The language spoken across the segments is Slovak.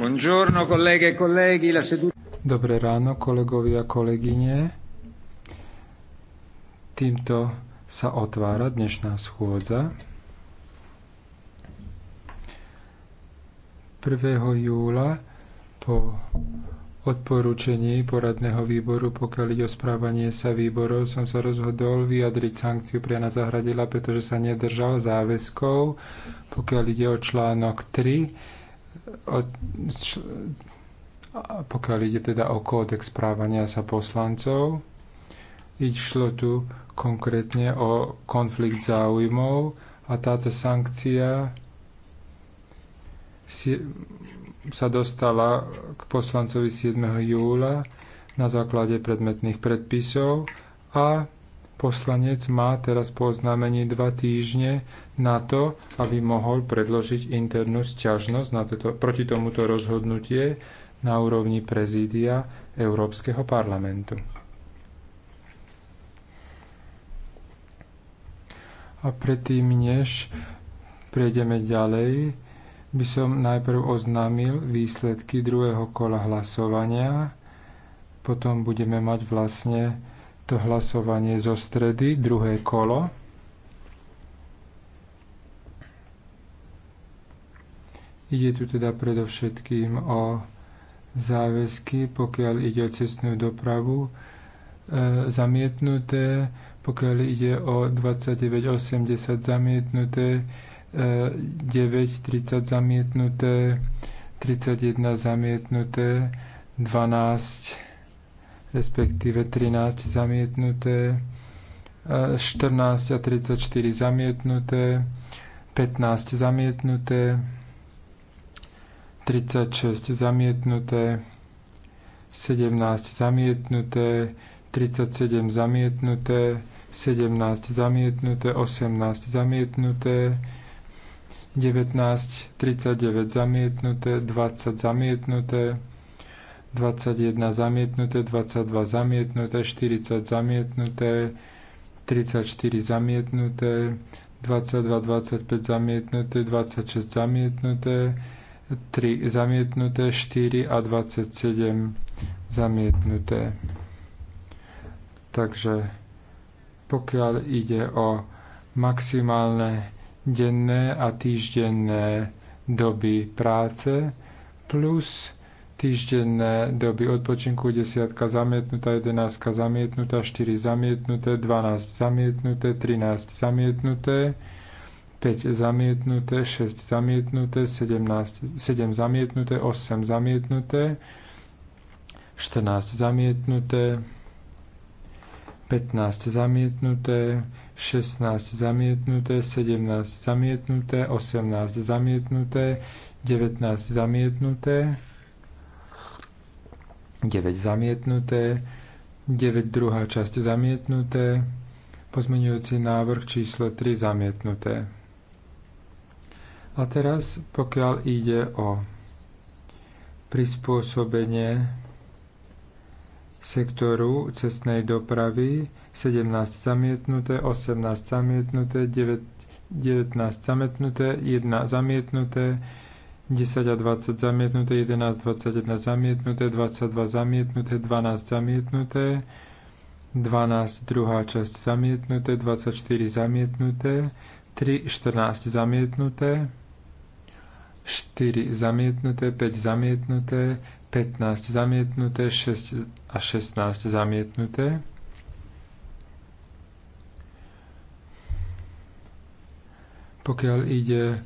E Dobré ráno, kolegovia a kolegyne. Týmto sa otvára dnešná schôdza. 1. júla po odporúčení poradného výboru, pokiaľ ide o správanie sa výborov, som sa rozhodol vyjadriť sankciu pre Zahradila, pretože sa nedržal záväzkov, pokiaľ ide o článok 3 pokiaľ ide teda o kódex správania sa poslancov, išlo tu konkrétne o konflikt záujmov a táto sankcia si, sa dostala k poslancovi 7. júla na základe predmetných predpisov a Poslanec má teraz po oznámení dva týždne na to, aby mohol predložiť internú sťažnosť na toto, proti tomuto rozhodnutie na úrovni prezídia Európskeho parlamentu. A predtým, než prejdeme ďalej, by som najprv oznámil výsledky druhého kola hlasovania. Potom budeme mať vlastne to hlasovanie zo stredy, druhé kolo. Ide tu teda predovšetkým o záväzky, pokiaľ ide o cestnú dopravu, e, zamietnuté, pokiaľ ide o 29,80 zamietnuté, e, 9,30 zamietnuté, 31 zamietnuté, 12 respektíve 13 zamietnuté, 14 a 34 zamietnuté, 15 zamietnuté, 36 zamietnuté, 17 zamietnuté, 37 zamietnuté, 17 zamietnuté, 18 zamietnuté, 19, 39 zamietnuté, 20 zamietnuté, 21 zamietnuté, 22 zamietnuté, 40 zamietnuté, 34 zamietnuté, 22, 25 zamietnuté, 26 zamietnuté, 3 zamietnuté, 4 a 27 zamietnuté. Takže pokiaľ ide o maximálne denné a týždenné doby práce plus týždenné doby odpočinku desiatka zamietnutá, 11 zamietnutá, 4 zamietnuté, 12 zamietnuté, 13 zamietnuté, 5 zamietnuté, 6 zamietnuté, 17, 7 zamietnuté, 8 zamietnuté, 14 zamietnuté, 15 zamietnuté, 16 zamietnuté, 17 zamietnuté, 18 zamietnuté, 19 zamietnuté, 9 zamietnuté, 9 druhá časť zamietnuté, pozmeňujúci návrh číslo 3 zamietnuté. A teraz, pokiaľ ide o prispôsobenie sektoru cestnej dopravy, 17 zamietnuté, 18 zamietnuté, 9, 19 zamietnuté, 1 zamietnuté, 10 a 20 zamietnuté, 11, 21 zamietnuté, 22 zamietnuté, 12 zamietnuté, 12 druhá časť zamietnuté, 24 zamietnuté, 3, 14 zamietnuté, 4 zamietnuté, 5 zamietnuté, 15 zamietnuté, 6 a 16 zamietnuté. Pokiaľ ide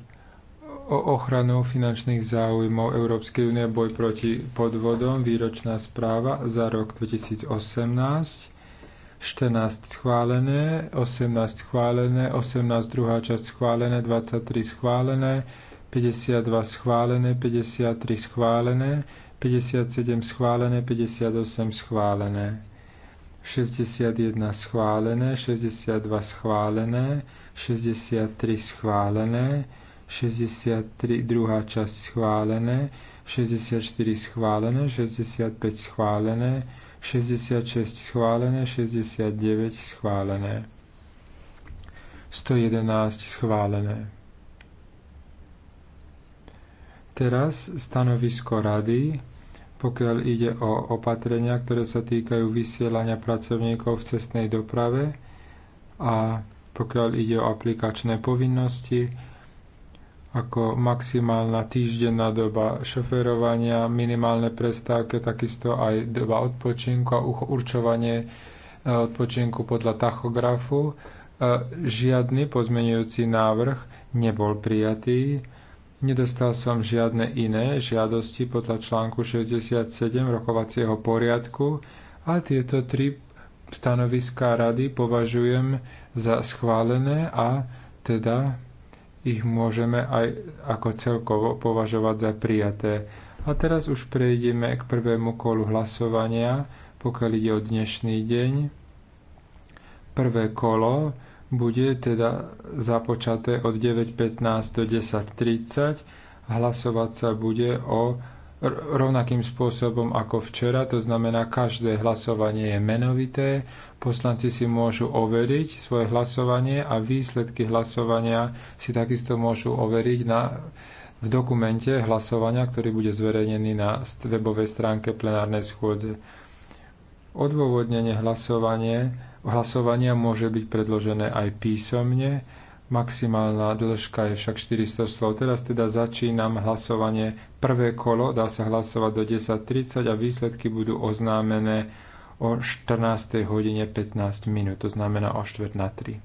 o ochranu finančných záujmov Európskej únie boj proti podvodom, výročná správa za rok 2018, 14 schválené, 18 schválené, 18 druhá časť schválené, 23 schválené, 52 schválené, 53 schválené, 57 schválené, 58 schválené, 61 schválené, 62 schválené, 63 schválené, 63 druhá časť schválené, 64 schválené, 65 schválené, 66 schválené, 69 schválené, 111 schválené. Teraz stanovisko rady, pokiaľ ide o opatrenia, ktoré sa týkajú vysielania pracovníkov v cestnej doprave a pokiaľ ide o aplikačné povinnosti, ako maximálna týždenná doba šoferovania, minimálne prestávke, takisto aj doba odpočinku a určovanie e, odpočinku podľa tachografu. E, žiadny pozmenujúci návrh nebol prijatý. Nedostal som žiadne iné žiadosti podľa článku 67 rokovacieho poriadku a tieto tri stanoviská rady považujem za schválené a teda ich môžeme aj ako celkovo považovať za prijaté. A teraz už prejdeme k prvému kolu hlasovania, pokiaľ ide o dnešný deň. Prvé kolo bude teda započaté od 9.15 do 10.30. Hlasovať sa bude o rovnakým spôsobom ako včera, to znamená, každé hlasovanie je menovité, Poslanci si môžu overiť svoje hlasovanie a výsledky hlasovania si takisto môžu overiť na, v dokumente hlasovania, ktorý bude zverejnený na webovej stránke plenárnej schôdze. Odôvodnenie hlasovanie, hlasovania môže byť predložené aj písomne. Maximálna dĺžka je však 400 slov. Teraz teda začínam hlasovanie. Prvé kolo dá sa hlasovať do 10.30 a výsledky budú oznámené o 14. hodine 15 minút, to znamená o štvrt na 3.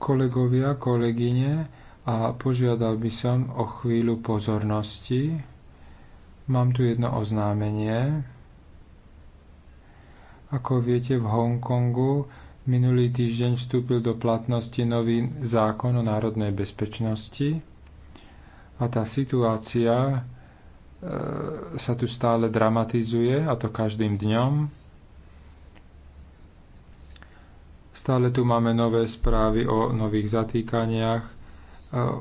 Kolegovia, kolegyne, a požiadal by som o chvíľu pozornosti. Mám tu jedno oznámenie. Ako viete, v Hongkongu minulý týždeň vstúpil do platnosti nový zákon o národnej bezpečnosti a tá situácia e, sa tu stále dramatizuje a to každým dňom. Stále tu máme nové správy o nových zatýkaniach, e,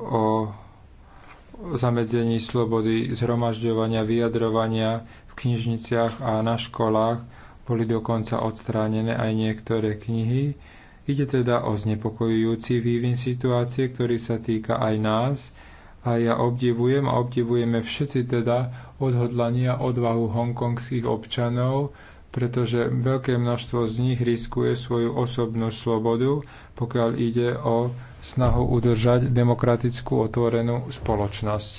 o zamedzení slobody zhromažďovania, vyjadrovania v knižniciach a na školách boli dokonca odstránené aj niektoré knihy. Ide teda o znepokojujúci vývin situácie, ktorý sa týka aj nás. A ja obdivujem a obdivujeme všetci teda odhodlania odvahu hongkongských občanov, pretože veľké množstvo z nich riskuje svoju osobnú slobodu, pokiaľ ide o snahu udržať demokratickú otvorenú spoločnosť.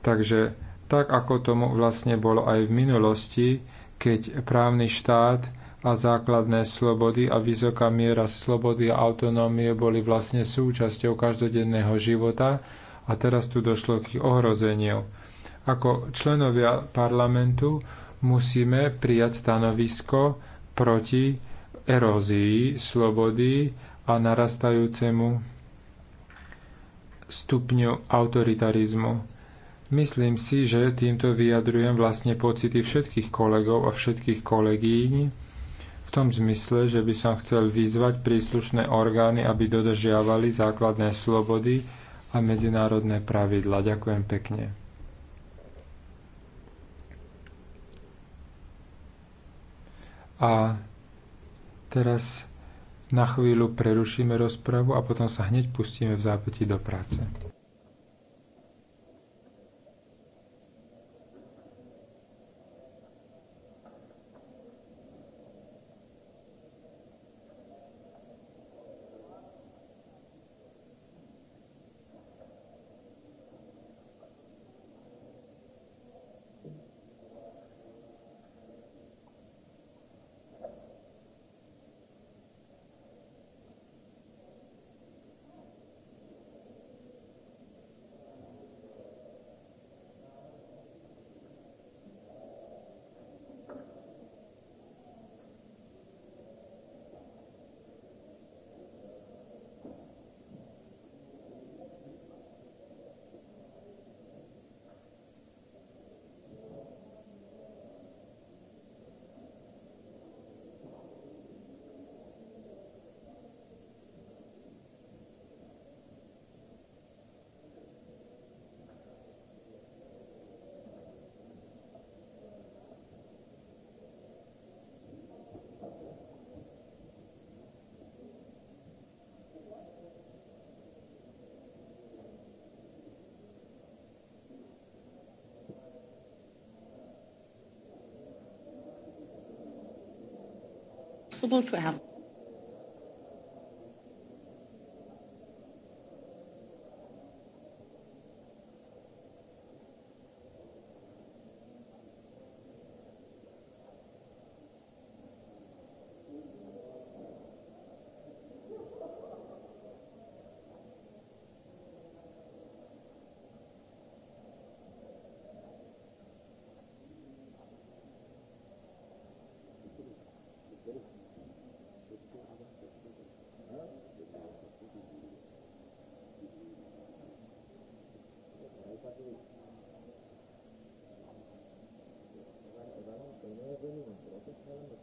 Takže tak, ako tomu vlastne bolo aj v minulosti, keď právny štát a základné slobody a vysoká miera slobody a autonómie boli vlastne súčasťou každodenného života a teraz tu došlo k ich ohrozeniu. Ako členovia parlamentu musíme prijať stanovisko proti erózii slobody a narastajúcemu stupňu autoritarizmu Myslím si, že týmto vyjadrujem vlastne pocity všetkých kolegov a všetkých kolegíň v tom zmysle, že by som chcel vyzvať príslušné orgány, aby dodržiavali základné slobody a medzinárodné pravidla. Ďakujem pekne. A teraz na chvíľu prerušíme rozpravu a potom sa hneď pustíme v zápäti do práce. possible to have Gracias.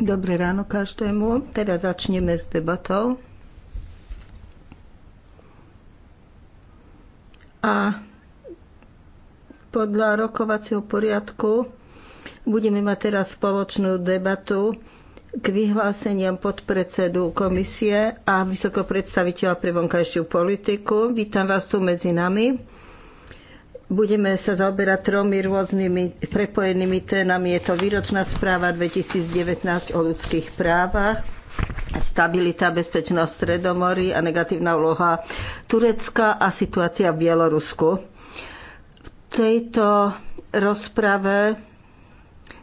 Dobré ráno každému. Teraz začneme s debatou. A podľa rokovacieho poriadku budeme mať teraz spoločnú debatu k vyhláseniam podpredsedu komisie a vysokopredstaviteľa pre vonkajšiu politiku. Vítam vás tu medzi nami. Budeme sa zaoberať tromi rôznymi prepojenými témami. Je to výročná správa 2019 o ľudských právach, stabilita, bezpečnosť Stredomory a negatívna úloha Turecka a situácia v Bielorusku. V tejto rozprave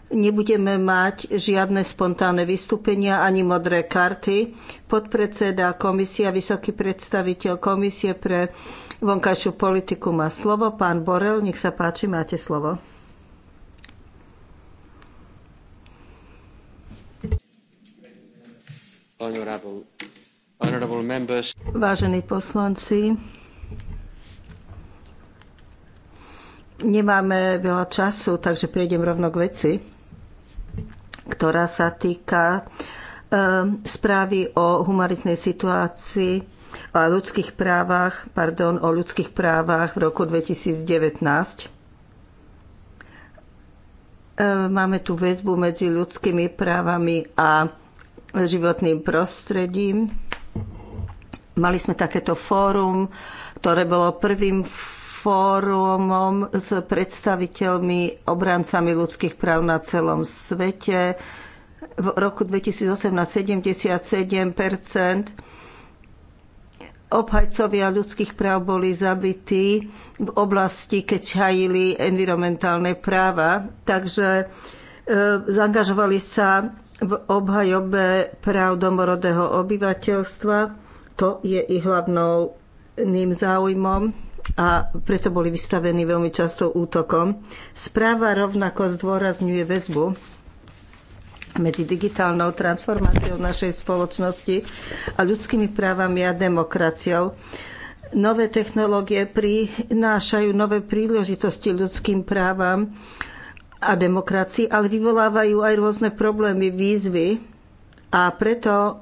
nebudeme mať žiadne spontánne vystúpenia ani modré karty. Podpredseda komisia, vysoký predstaviteľ komisie pre vonkajšiu politiku má slovo. Pán Borel, nech sa páči, máte slovo. Honorable, honorable Vážení poslanci, nemáme veľa času, takže prejdem rovno k veci ktorá sa týka ehm, správy o humanitnej situácii a ľudských právach, pardon, o ľudských právach v roku 2019. Ehm, máme tu väzbu medzi ľudskými právami a životným prostredím. Mali sme takéto fórum, ktoré bolo prvým fórumom s predstaviteľmi, obrancami ľudských práv na celom svete. V roku 2018 77 obhajcovia ľudských práv boli zabití v oblasti, keď čajili environmentálne práva. Takže e, zaangažovali sa v obhajobe práv domorodého obyvateľstva. To je ich hlavnou záujmom a preto boli vystavení veľmi často útokom. Správa rovnako zdôrazňuje väzbu medzi digitálnou transformáciou našej spoločnosti a ľudskými právami a demokraciou. Nové technológie prinášajú nové príležitosti ľudským právam a demokracii, ale vyvolávajú aj rôzne problémy, výzvy. A preto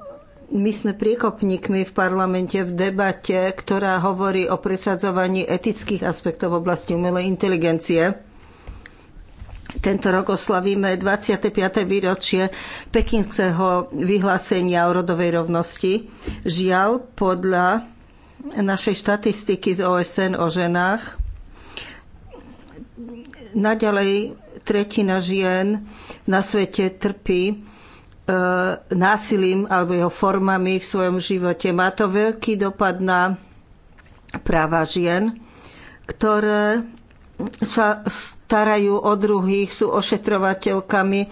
my sme priekopníkmi v parlamente v debate, ktorá hovorí o presadzovaní etických aspektov v oblasti umelej inteligencie. Tento rok oslavíme 25. výročie pekinského vyhlásenia o rodovej rovnosti. Žiaľ, podľa našej štatistiky z OSN o ženách, naďalej tretina žien na svete trpí E, násilím alebo jeho formami v svojom živote. Má to veľký dopad na práva žien, ktoré sa starajú o druhých, sú ošetrovateľkami e,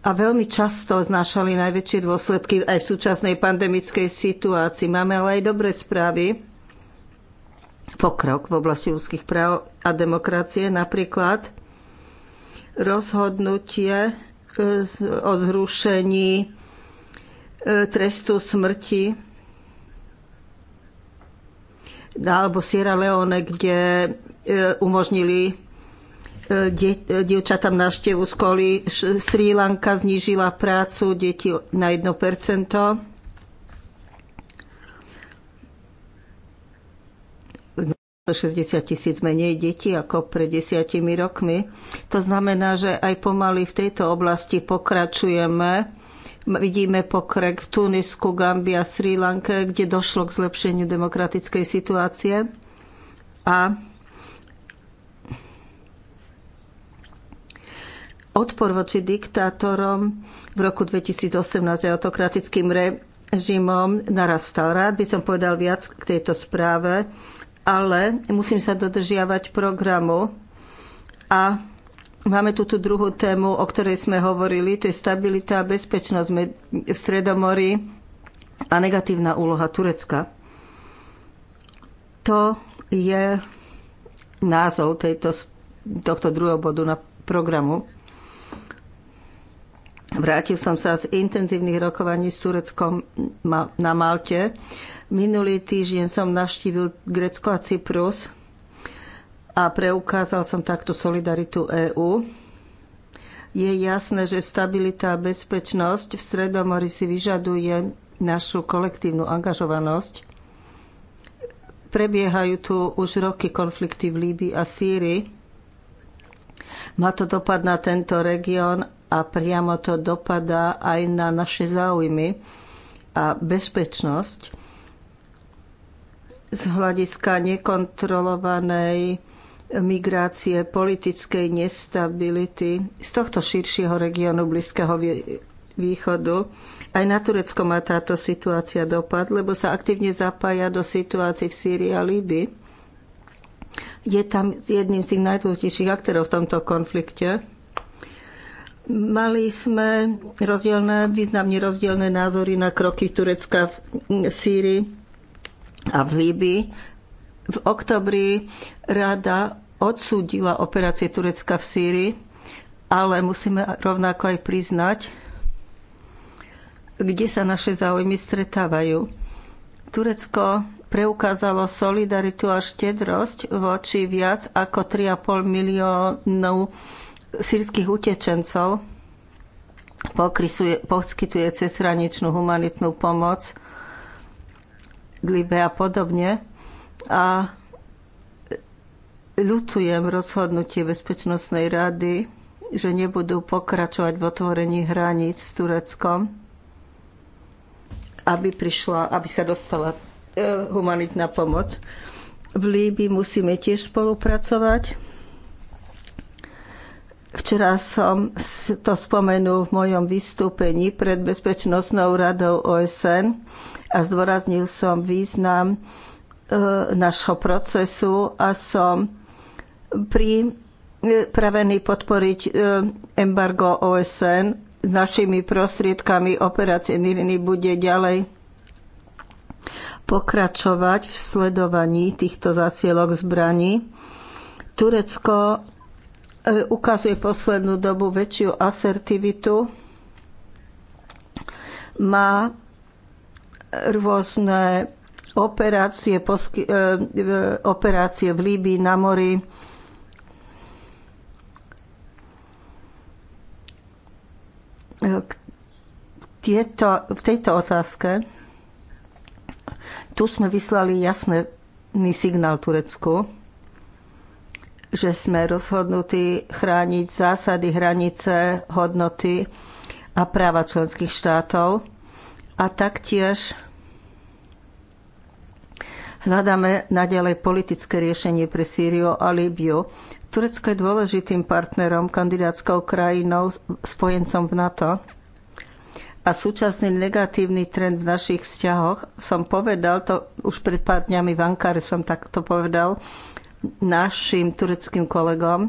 a veľmi často znášali najväčšie dôsledky aj v súčasnej pandemickej situácii. Máme ale aj dobré správy. Pokrok v oblasti ľudských práv a demokracie napríklad rozhodnutie o zrušení e, trestu smrti no, alebo Sierra Leone, kde e, umožnili e, dievčatám návštevu školy. Sri Lanka znížila prácu detí na 1%. 160 tisíc menej detí ako pred desiatimi rokmi. To znamená, že aj pomaly v tejto oblasti pokračujeme. Vidíme pokrek v Tunisku, Gambia, Sri Lanke, kde došlo k zlepšeniu demokratickej situácie. A odpor voči diktátorom v roku 2018 a autokratickým režimom narastal. Rád by som povedal viac k tejto správe ale musím sa dodržiavať programu. A máme tu tú druhú tému, o ktorej sme hovorili, to je stabilita a bezpečnosť v Stredomorí a negatívna úloha Turecka. To je názov tejto, tohto druhého bodu na programu. Vrátil som sa z intenzívnych rokovaní s Tureckom na Malte. Minulý týždeň som navštívil Grécko a Cyprus a preukázal som takto solidaritu EÚ. Je jasné, že stabilita a bezpečnosť v Stredomori si vyžaduje našu kolektívnu angažovanosť. Prebiehajú tu už roky konflikty v Líbii a Sýrii. Má to dopad na tento región a priamo to dopadá aj na naše záujmy a bezpečnosť z hľadiska nekontrolovanej migrácie, politickej nestability z tohto širšieho regiónu Blízkeho východu. Aj na Turecko má táto situácia dopad, lebo sa aktívne zapája do situácií v Sýrii a Líbii. Je tam jedným z tých najdôležitejších aktérov v tomto konflikte Mali sme rozdielne, významne rozdielne názory na kroky Turecka v Sýrii a v Líbii. V oktobri rada odsúdila operácie Turecka v Sýrii, ale musíme rovnako aj priznať, kde sa naše záujmy stretávajú. Turecko preukázalo solidaritu a štedrosť voči viac ako 3,5 miliónov sírskych utečencov, poskytuje cezhraničnú humanitnú pomoc Libe a podobne. A ľutujem rozhodnutie Bezpečnostnej rady, že nebudú pokračovať v otvorení hraníc s Tureckom, aby, prišla, aby sa dostala e, humanitná pomoc. V Líbi musíme tiež spolupracovať Včera som to spomenul v mojom vystúpení pred Bezpečnostnou radou OSN a zdôraznil som význam e, nášho procesu a som pripravený e, podporiť e, embargo OSN našimi prostriedkami operácie Niriny bude ďalej pokračovať v sledovaní týchto zasielok zbraní. Turecko E, ukazuje poslednú dobu väčšiu asertivitu, má rôzne operácie, posky, e, operácie v Líbii, na mori. E, tieto, v tejto otázke tu sme vyslali jasný signál Turecku, že sme rozhodnutí chrániť zásady, hranice, hodnoty a práva členských štátov. A taktiež hľadáme naďalej politické riešenie pre Sýriu a Líbiu. Turecko je dôležitým partnerom, kandidátskou krajinou, spojencom v NATO a súčasný negatívny trend v našich vzťahoch. Som povedal to už pred pár dňami v Ankare som takto povedal, našim tureckým kolegom,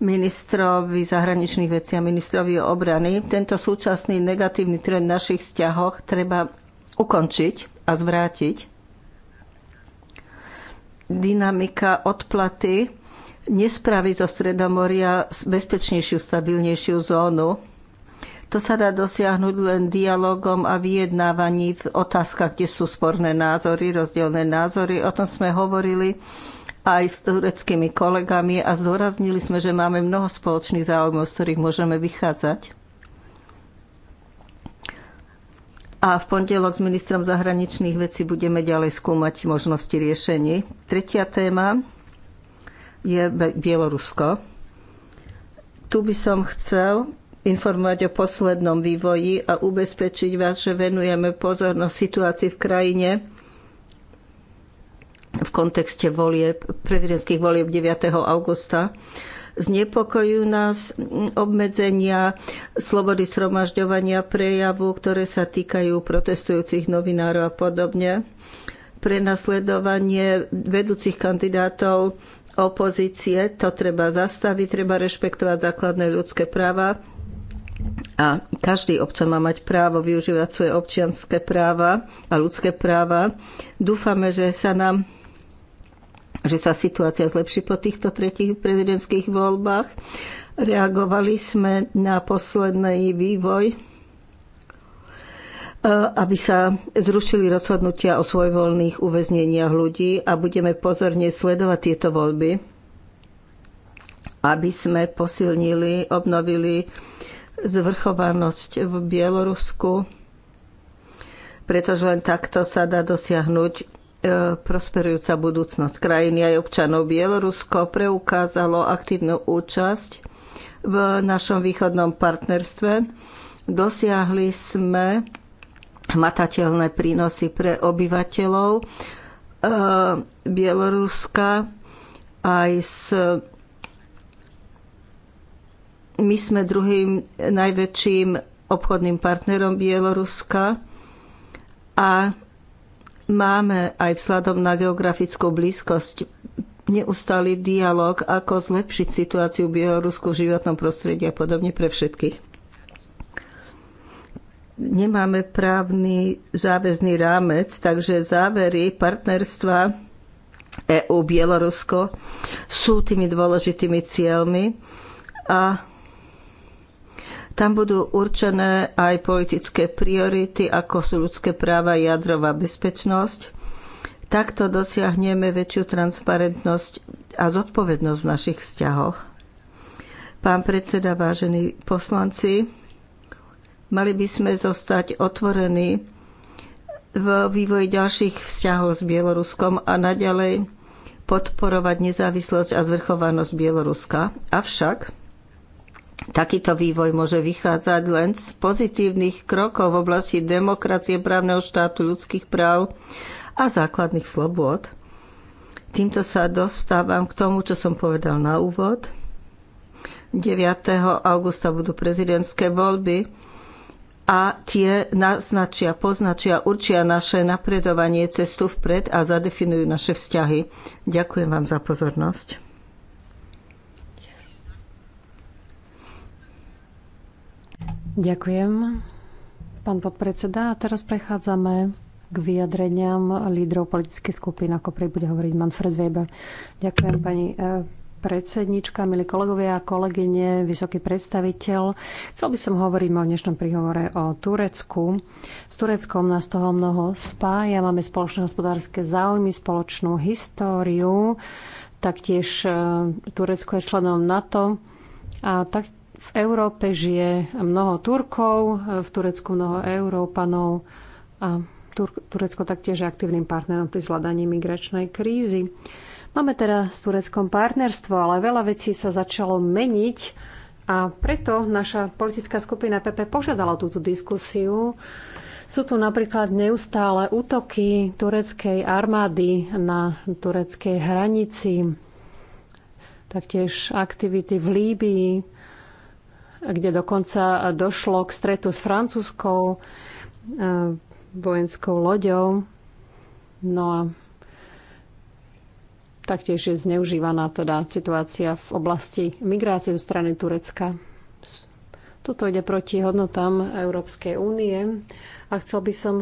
ministrovi zahraničných vecí a ministrovi obrany. Tento súčasný negatívny trend v našich vzťahoch treba ukončiť a zvrátiť. Dynamika odplaty nespraví zo Stredomoria bezpečnejšiu, stabilnejšiu zónu. To sa dá dosiahnuť len dialogom a vyjednávaním v otázkach, kde sú sporné názory, rozdielne názory. O tom sme hovorili aj s tureckými kolegami a zdôraznili sme, že máme mnoho spoločných záujmov, z ktorých môžeme vychádzať. A v pondelok s ministrom zahraničných vecí budeme ďalej skúmať možnosti riešení. Tretia téma je Bielorusko. Tu by som chcel informovať o poslednom vývoji a ubezpečiť vás, že venujeme pozornosť situácii v krajine v kontexte volieb, prezidentských volieb 9. augusta. Znepokojujú nás obmedzenia slobody sromažďovania prejavu, ktoré sa týkajú protestujúcich novinárov a podobne. Prenasledovanie vedúcich kandidátov opozície, to treba zastaviť, treba rešpektovať základné ľudské práva a každý občan má mať právo využívať svoje občianské práva a ľudské práva. Dúfame, že sa nám že sa situácia zlepší po týchto tretich prezidentských voľbách. Reagovali sme na posledný vývoj, e, aby sa zrušili rozhodnutia o svojvoľných uväzneniach ľudí a budeme pozorne sledovať tieto voľby, aby sme posilnili, obnovili zvrchovanosť v Bielorusku, pretože len takto sa dá dosiahnuť E, prosperujúca budúcnosť krajiny aj občanov. Bielorusko preukázalo aktívnu účasť v našom východnom partnerstve. Dosiahli sme matateľné prínosy pre obyvateľov e, Bieloruska aj s my sme druhým najväčším obchodným partnerom Bieloruska a máme aj vzhľadom na geografickú blízkosť neustály dialog, ako zlepšiť situáciu v Bielorusku v životnom prostredí a podobne pre všetkých. Nemáme právny záväzný rámec, takže závery partnerstva EU-Bielorusko sú tými dôležitými cieľmi a tam budú určené aj politické priority, ako sú ľudské práva, jadrová bezpečnosť. Takto dosiahneme väčšiu transparentnosť a zodpovednosť v našich vzťahoch. Pán predseda, vážení poslanci, mali by sme zostať otvorení v vývoji ďalších vzťahov s Bieloruskom a naďalej podporovať nezávislosť a zvrchovanosť Bieloruska. Avšak Takýto vývoj môže vychádzať len z pozitívnych krokov v oblasti demokracie, právneho štátu, ľudských práv a základných slobôd. Týmto sa dostávam k tomu, čo som povedal na úvod. 9. augusta budú prezidentské voľby a tie naznačia, poznačia, určia naše napredovanie cestu vpred a zadefinujú naše vzťahy. Ďakujem vám za pozornosť. Ďakujem, pán podpredseda. A teraz prechádzame k vyjadreniam lídrov politických skupín, ako prej bude hovoriť Manfred Weber. Ďakujem, pani e, predsednička, milí kolegovia a kolegyne, vysoký predstaviteľ. Chcel by som hovoriť o dnešnom príhovore o Turecku. S Tureckom nás toho mnoho spája, máme spoločné hospodárske záujmy, spoločnú históriu, taktiež e, Turecko je členom NATO a tak v Európe žije mnoho Turkov, v Turecku mnoho Európanov a Turecko taktiež je aktívnym partnerom pri zvládaní migračnej krízy. Máme teda s Tureckom partnerstvo, ale veľa vecí sa začalo meniť a preto naša politická skupina PP požiadala túto diskusiu. Sú tu napríklad neustále útoky tureckej armády na tureckej hranici, taktiež aktivity v Líbii, kde dokonca došlo k stretu s francúzskou eh, vojenskou loďou. No a taktiež je zneužívaná teda situácia v oblasti migrácie zo strany Turecka. Toto ide proti hodnotám Európskej únie a chcel by som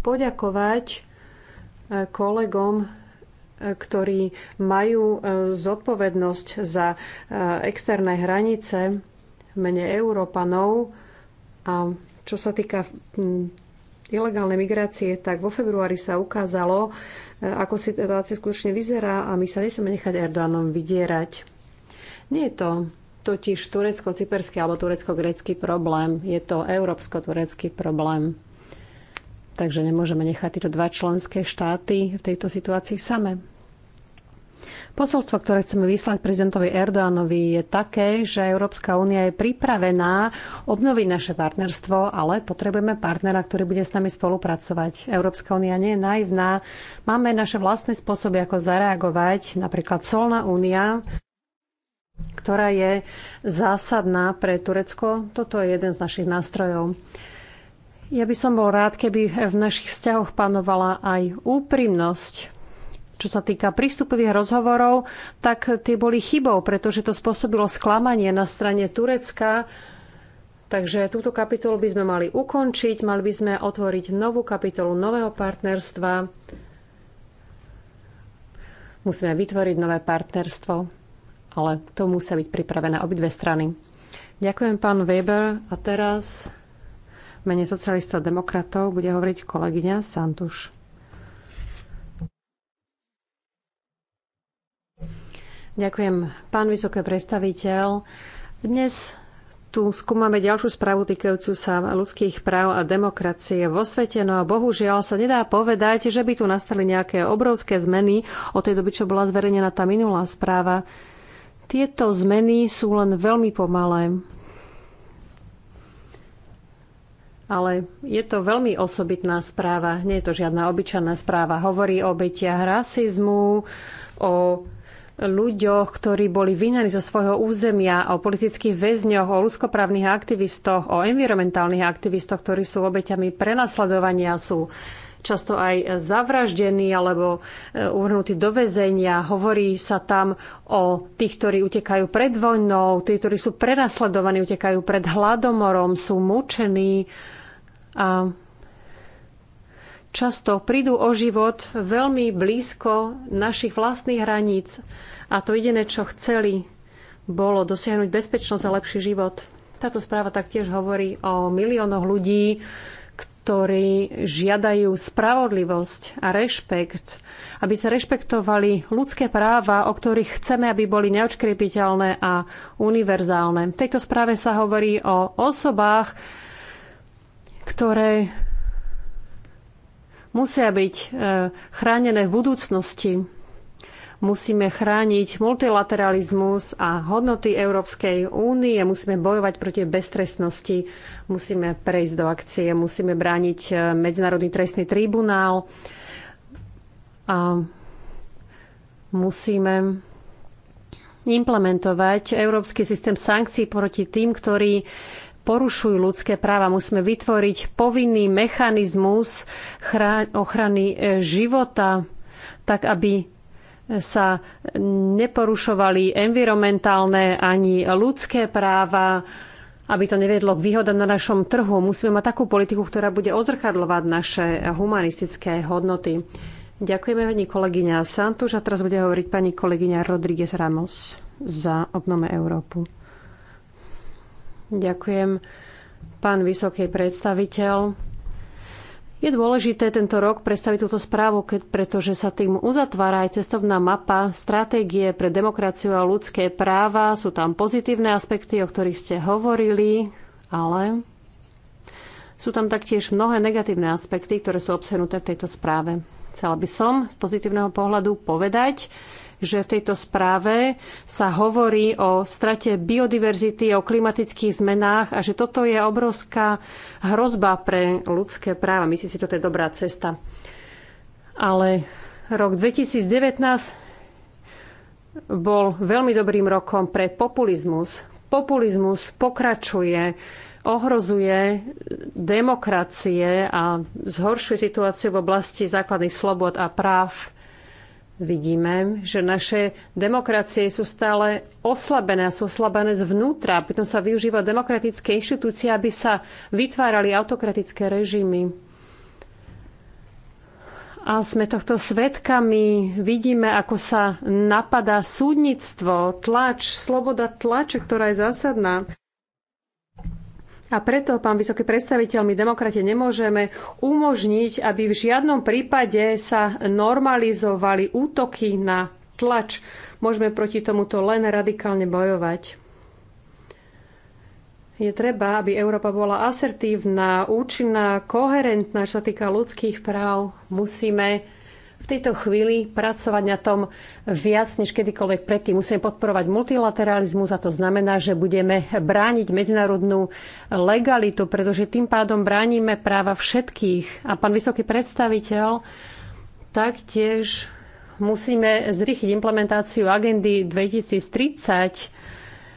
poďakovať eh, kolegom, eh, ktorí majú zodpovednosť za externé hranice mene Európanov. A čo sa týka hm, ilegálnej migrácie, tak vo februári sa ukázalo, e, ako situácia skutočne vyzerá a my sa nesme nechať Erdoganom vydierať. Nie je to totiž turecko-cyperský alebo turecko grecký problém. Je to európsko-turecký problém. Takže nemôžeme nechať tieto dva členské štáty v tejto situácii same. Posolstvo, ktoré chceme vyslať prezidentovi Erdoánovi, je také, že Európska únia je pripravená obnoviť naše partnerstvo, ale potrebujeme partnera, ktorý bude s nami spolupracovať. Európska únia nie je naivná. Máme naše vlastné spôsoby, ako zareagovať, napríklad Solná únia, ktorá je zásadná pre Turecko. Toto je jeden z našich nástrojov. Ja by som bol rád, keby v našich vzťahoch panovala aj úprimnosť, čo sa týka prístupových rozhovorov, tak tie boli chybou, pretože to spôsobilo sklamanie na strane Turecka. Takže túto kapitolu by sme mali ukončiť, mali by sme otvoriť novú kapitolu nového partnerstva. Musíme vytvoriť nové partnerstvo, ale to musia byť pripravené obidve strany. Ďakujem, pán Weber. A teraz mene socialistov a demokratov bude hovoriť kolegyňa Santuš. Ďakujem. Pán vysoké predstaviteľ, dnes tu skúmame ďalšiu správu týkajúcu sa ľudských práv a demokracie vo svete. No a bohužiaľ sa nedá povedať, že by tu nastali nejaké obrovské zmeny od tej doby, čo bola zverejnená tá minulá správa. Tieto zmeny sú len veľmi pomalé. Ale je to veľmi osobitná správa, nie je to žiadna obyčajná správa. Hovorí o obetiach rasizmu, o ľuďoch, ktorí boli vynaní zo svojho územia, o politických väzňoch, o ľudskoprávnych aktivistoch, o environmentálnych aktivistoch, ktorí sú obeťami prenasledovania, sú často aj zavraždení alebo e, uvrhnutí do väzenia. Hovorí sa tam o tých, ktorí utekajú pred vojnou, tí, ktorí sú prenasledovaní, utekajú pred hladomorom, sú mučení. A často prídu o život veľmi blízko našich vlastných hraníc. A to jediné, čo chceli, bolo dosiahnuť bezpečnosť a lepší život. Táto správa taktiež hovorí o miliónoch ľudí, ktorí žiadajú spravodlivosť a rešpekt, aby sa rešpektovali ľudské práva, o ktorých chceme, aby boli neočkrepiteľné a univerzálne. V tejto správe sa hovorí o osobách, ktoré musia byť e, chránené v budúcnosti. Musíme chrániť multilateralizmus a hodnoty Európskej únie, musíme bojovať proti beztrestnosti, musíme prejsť do akcie, musíme brániť e, Medzinárodný trestný tribunál a musíme implementovať európsky systém sankcií proti tým, ktorí porušujú ľudské práva. Musíme vytvoriť povinný mechanizmus ochrany e, života, tak aby sa neporušovali environmentálne ani ľudské práva, aby to neviedlo k výhodám na našom trhu. Musíme mať takú politiku, ktorá bude ozrkadľovať naše humanistické hodnoty. Ďakujeme pani kolegyňa Santuš a teraz bude hovoriť pani kolegyňa Rodríguez Ramos za obnome Európu. Ďakujem, pán vysoký predstaviteľ. Je dôležité tento rok predstaviť túto správu, pretože sa tým uzatvára aj cestovná mapa stratégie pre demokraciu a ľudské práva. Sú tam pozitívne aspekty, o ktorých ste hovorili, ale sú tam taktiež mnohé negatívne aspekty, ktoré sú obsenuté v tejto správe. Chcela by som z pozitívneho pohľadu povedať, že v tejto správe sa hovorí o strate biodiverzity, o klimatických zmenách a že toto je obrovská hrozba pre ľudské práva. Myslím si, že toto je dobrá cesta. Ale rok 2019 bol veľmi dobrým rokom pre populizmus. Populizmus pokračuje ohrozuje demokracie a zhoršuje situáciu v oblasti základných slobod a práv vidíme, že naše demokracie sú stále oslabené a sú oslabené zvnútra. Pritom sa využívajú demokratické inštitúcie, aby sa vytvárali autokratické režimy. A sme tohto svetkami. Vidíme, ako sa napadá súdnictvo, tlač, sloboda tlače, ktorá je zásadná. A preto, pán vysoký predstaviteľ, my demokrate nemôžeme umožniť, aby v žiadnom prípade sa normalizovali útoky na tlač. Môžeme proti tomuto len radikálne bojovať. Je treba, aby Európa bola asertívna, účinná, koherentná, čo sa týka ľudských práv. Musíme v tejto chvíli pracovať na tom viac než kedykoľvek predtým. Musíme podporovať multilateralizmus a to znamená, že budeme brániť medzinárodnú legalitu, pretože tým pádom bránime práva všetkých. A pán vysoký predstaviteľ taktiež musíme zrýchliť implementáciu agendy 2030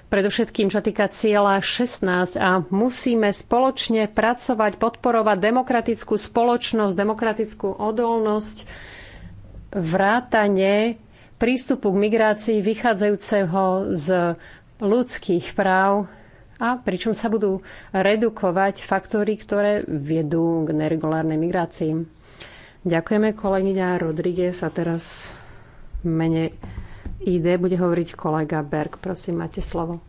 predovšetkým čo týka cieľa 16 a musíme spoločne pracovať, podporovať demokratickú spoločnosť, demokratickú odolnosť vrátane prístupu k migrácii vychádzajúceho z ľudských práv a pričom sa budú redukovať faktory, ktoré vedú k neregulárnej migrácii. Ďakujeme kolegyňa Rodríguez a teraz mene ID bude hovoriť kolega Berg. Prosím, máte slovo.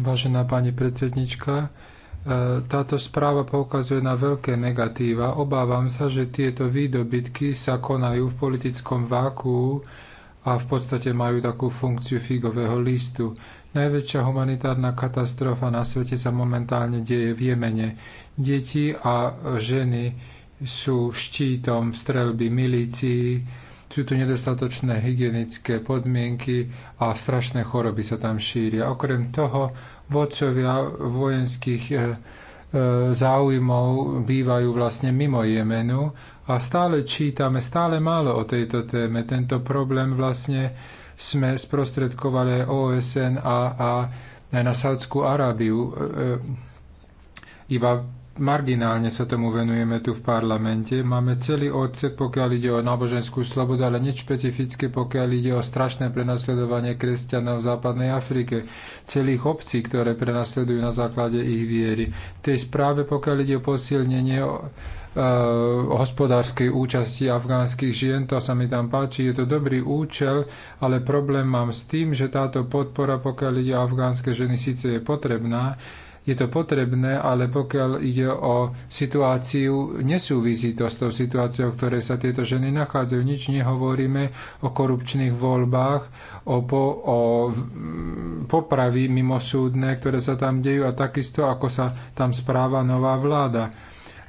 Vážená pani predsednička, táto správa poukazuje na veľké negatíva. Obávam sa, že tieto výdobytky sa konajú v politickom vákuu a v podstate majú takú funkciu figového listu. Najväčšia humanitárna katastrofa na svete sa momentálne deje v Jemene. Deti a ženy sú štítom strelby milícií, sú tu nedostatočné hygienické podmienky a strašné choroby sa tam šíria. Okrem toho, vodcovia vojenských e, e, záujmov bývajú vlastne mimo Jemenu a stále čítame stále málo o tejto téme. Tento problém vlastne sme sprostredkovali OSN a, a na Saudskú Arábiu. E, iba marginálne sa tomu venujeme tu v parlamente. Máme celý odsek, pokiaľ ide o náboženskú slobodu, ale nič špecifické, pokiaľ ide o strašné prenasledovanie kresťanov v západnej Afrike, celých obcí, ktoré prenasledujú na základe ich viery. V tej správe, pokiaľ ide o posilnenie e, hospodárskej účasti afgánskych žien, to sa mi tam páči, je to dobrý účel, ale problém mám s tým, že táto podpora, pokiaľ ide o afgánske ženy, síce je potrebná, je to potrebné, ale pokiaľ ide o situáciu, nesúvisí to s tou situáciou, v ktorej sa tieto ženy nachádzajú. Nič nehovoríme o korupčných voľbách, o, po, o popravy mimosúdne, ktoré sa tam dejú a takisto, ako sa tam správa nová vláda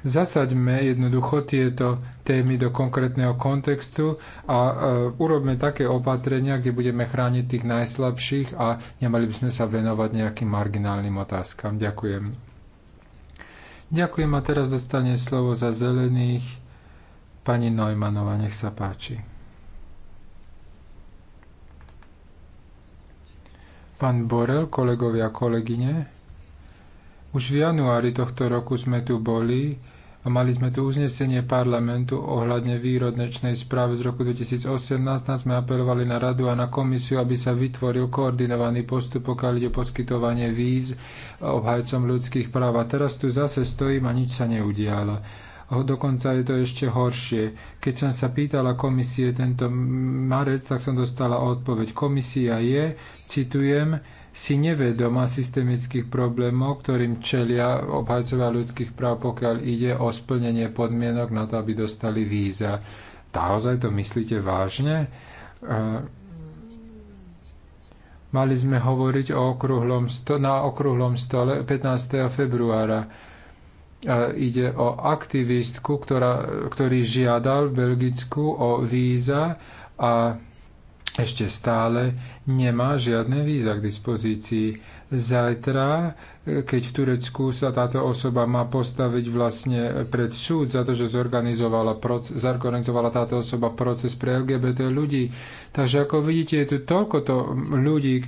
Zasaďme jednoducho tieto témy do konkrétneho kontextu a e, urobme také opatrenia, kde budeme chrániť tých najslabších a nemali by sme sa venovať nejakým marginálnym otázkam. Ďakujem. Ďakujem a teraz dostane slovo za zelených pani Neumanova. Nech sa páči. Pán Borel, kolegovia a kolegyne, už v januári tohto roku sme tu boli a mali sme tu uznesenie parlamentu ohľadne výrodnečnej správy z roku 2018. Tam sme apelovali na radu a na komisiu, aby sa vytvoril koordinovaný postup, pokiaľ ide poskytovanie víz obhajcom ľudských práv. A teraz tu zase stojím a nič sa neudialo. Dokonca je to ešte horšie. Keď som sa pýtala komisie tento marec, tak som dostala odpoveď. Komisia je, citujem, si nevedoma systemických problémov, ktorým čelia obhajcovia ľudských práv, pokiaľ ide o splnenie podmienok na to, aby dostali víza. Naozaj to myslíte vážne? Mali sme hovoriť o okrúhlom sto- na okrúhlom stole 15. februára ide o aktivistku, ktorá, ktorý žiadal v Belgicku o víza a ešte stále nemá žiadne víza k dispozícii. Zajtra, keď v Turecku sa táto osoba má postaviť vlastne pred súd za to, že zorganizovala, proces, zorganizovala táto osoba proces pre LGBT ľudí. Takže ako vidíte, je tu toľko to ľudí,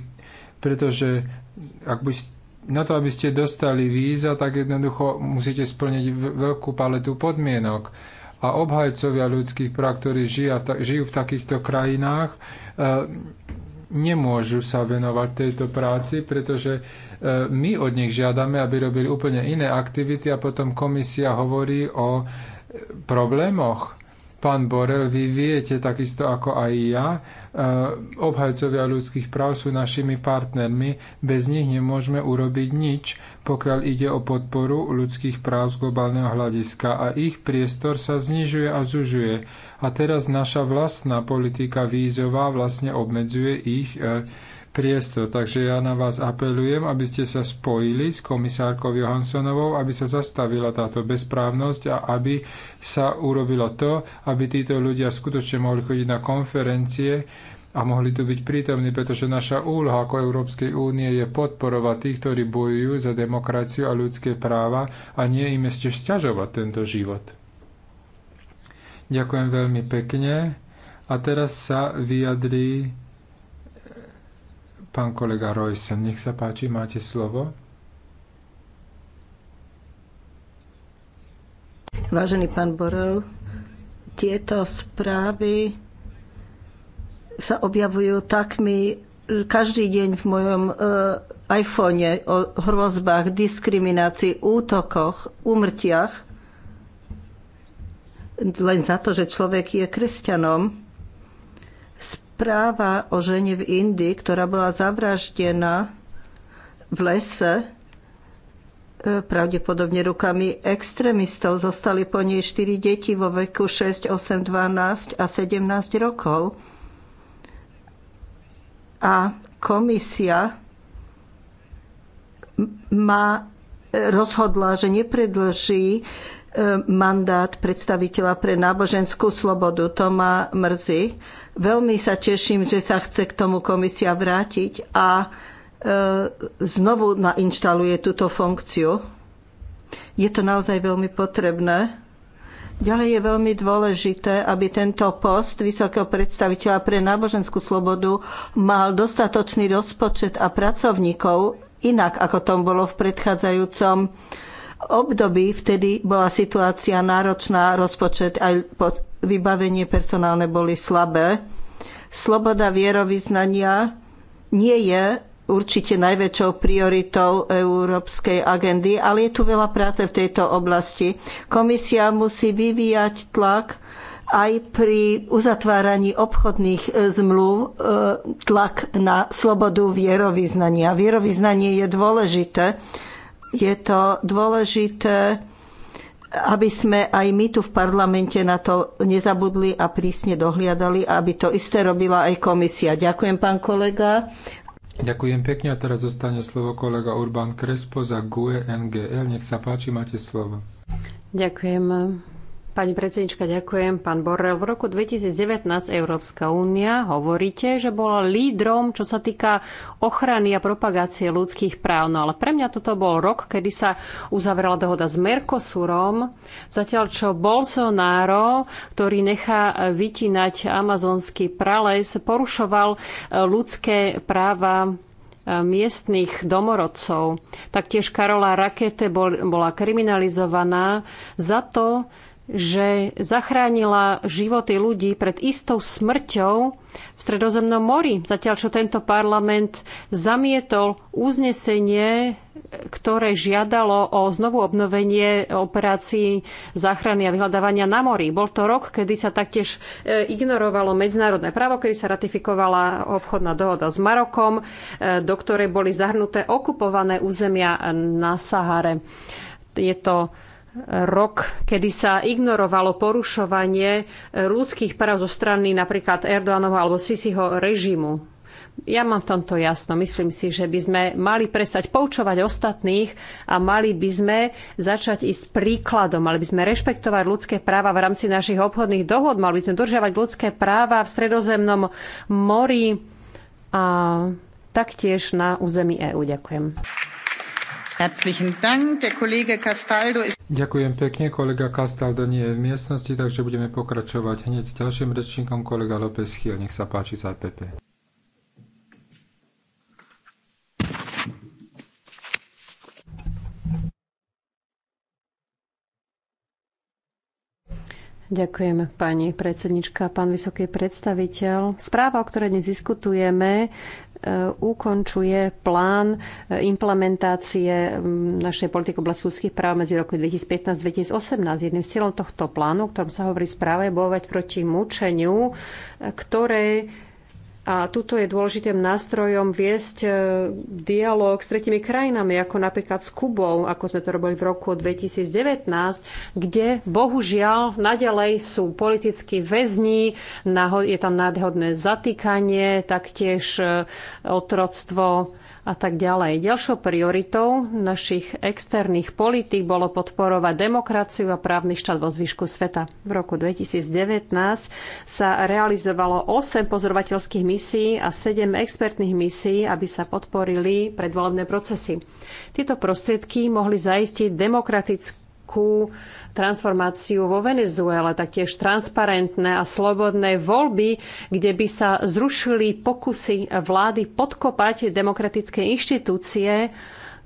pretože ak by na to, aby ste dostali víza, tak jednoducho musíte splniť veľkú paletu podmienok a obhajcovia ľudských práv, ktorí tak, žijú v takýchto krajinách, e, nemôžu sa venovať tejto práci, pretože e, my od nich žiadame, aby robili úplne iné aktivity a potom komisia hovorí o e, problémoch. Pán Borel, vy viete, takisto ako aj ja, e, obhajcovia ľudských práv sú našimi partnermi, bez nich nemôžeme urobiť nič, pokiaľ ide o podporu ľudských práv z globálneho hľadiska a ich priestor sa znižuje a zužuje. A teraz naša vlastná politika vízová vlastne obmedzuje ich e, priestor. Takže ja na vás apelujem, aby ste sa spojili s komisárkou Johanssonovou, aby sa zastavila táto bezprávnosť a aby sa urobilo to, aby títo ľudia skutočne mohli chodiť na konferencie, a mohli tu byť prítomní, pretože naša úloha ako Európskej únie je podporovať tých, ktorí bojujú za demokraciu a ľudské práva a nie im ešte sťažovať tento život. Ďakujem veľmi pekne a teraz sa vyjadrí Pán kolega Rojsen, nech sa páči, máte slovo. Vážený pán Borel, tieto správy sa objavujú takmi každý deň v mojom e, eh, iPhone o hrozbách, diskriminácii, útokoch, úmrtiach len za to, že človek je kresťanom. Správa o žene v Indii, ktorá bola zavraždená v lese, e, pravdepodobne rukami extrémistov. Zostali po nej štyri deti vo veku 6, 8, 12 a 17 rokov. A komisia ma e, rozhodla, že nepredlží e, mandát predstaviteľa pre náboženskú slobodu. To ma mrzí. Veľmi sa teším, že sa chce k tomu komisia vrátiť a e, znovu nainštaluje túto funkciu. Je to naozaj veľmi potrebné. Ďalej je veľmi dôležité, aby tento post vysokého predstaviteľa pre náboženskú slobodu mal dostatočný rozpočet a pracovníkov, inak ako tom bolo v predchádzajúcom období. Vtedy bola situácia náročná, rozpočet aj vybavenie personálne boli slabé. Sloboda vierovyznania nie je určite najväčšou prioritou európskej agendy, ale je tu veľa práce v tejto oblasti. Komisia musí vyvíjať tlak aj pri uzatváraní obchodných e, zmluv e, tlak na slobodu vierovyznania. Vierovyznanie je dôležité, je to dôležité, aby sme aj my tu v parlamente na to nezabudli a prísne dohliadali, aby to isté robila aj komisia. Ďakujem, pán kolega. Ďakujem pekne a teraz zostane slovo kolega Urban Krespo za GUE NGL. Nech sa páči, máte slovo. Ďakujem, Pani predsednička, ďakujem. Pán Borrell, v roku 2019 Európska únia hovoríte, že bola lídrom, čo sa týka ochrany a propagácie ľudských práv. No ale pre mňa toto bol rok, kedy sa uzavrela dohoda s Mercosurom, zatiaľ čo Bolsonaro, ktorý nechá vytínať amazonský prales, porušoval e, ľudské práva e, miestnych domorodcov. Taktiež Karola Rakete bol, bola kriminalizovaná za to, že zachránila životy ľudí pred istou smrťou v Stredozemnom mori, zatiaľ čo tento parlament zamietol uznesenie, ktoré žiadalo o znovu obnovenie operácií záchrany a vyhľadávania na mori. Bol to rok, kedy sa taktiež e, ignorovalo medzinárodné právo, kedy sa ratifikovala obchodná dohoda s Marokom, e, do ktorej boli zahrnuté okupované územia na Sahare. Je to rok, kedy sa ignorovalo porušovanie eh, ľudských práv zo strany napríklad Erdoánovho alebo Sisiho režimu. Ja mám v tomto jasno. Myslím si, že by sme mali prestať poučovať ostatných a mali by sme začať ísť príkladom. Mali by sme rešpektovať ľudské práva v rámci našich obchodných dohod. Mali by sme dodržiavať ľudské práva v stredozemnom mori a taktiež na území EÚ. Ďakujem. Ďakujem pekne, kolega Castaldo nie je v miestnosti, takže budeme pokračovať hneď s ďalším rečníkom, kolega López Chiel, nech sa páči za PP. E Ďakujem, pani predsednička, pán vysoký predstaviteľ. Správa, o ktorej dnes diskutujeme, E, ukončuje plán e, implementácie našej politiky oblasti ľudských práv medzi roku 2015-2018. Jedným z cieľov tohto plánu, o ktorom sa hovorí správe, je bojovať proti mučeniu, e, ktoré a tuto je dôležitým nástrojom viesť e, dialog s tretimi krajinami, ako napríklad s Kubou, ako sme to robili v roku 2019, kde bohužiaľ naďalej sú politickí väzni, je tam nádhodné zatýkanie, taktiež e, otroctvo a tak ďalej. Ďalšou prioritou našich externých politík bolo podporovať demokraciu a právny štát vo zvyšku sveta. V roku 2019 sa realizovalo 8 pozorovateľských misií a 7 expertných misií, aby sa podporili predvolebné procesy. Tieto prostriedky mohli zaistiť demokratickú veľkú transformáciu vo Venezuele, taktiež transparentné a slobodné voľby, kde by sa zrušili pokusy vlády podkopať demokratické inštitúcie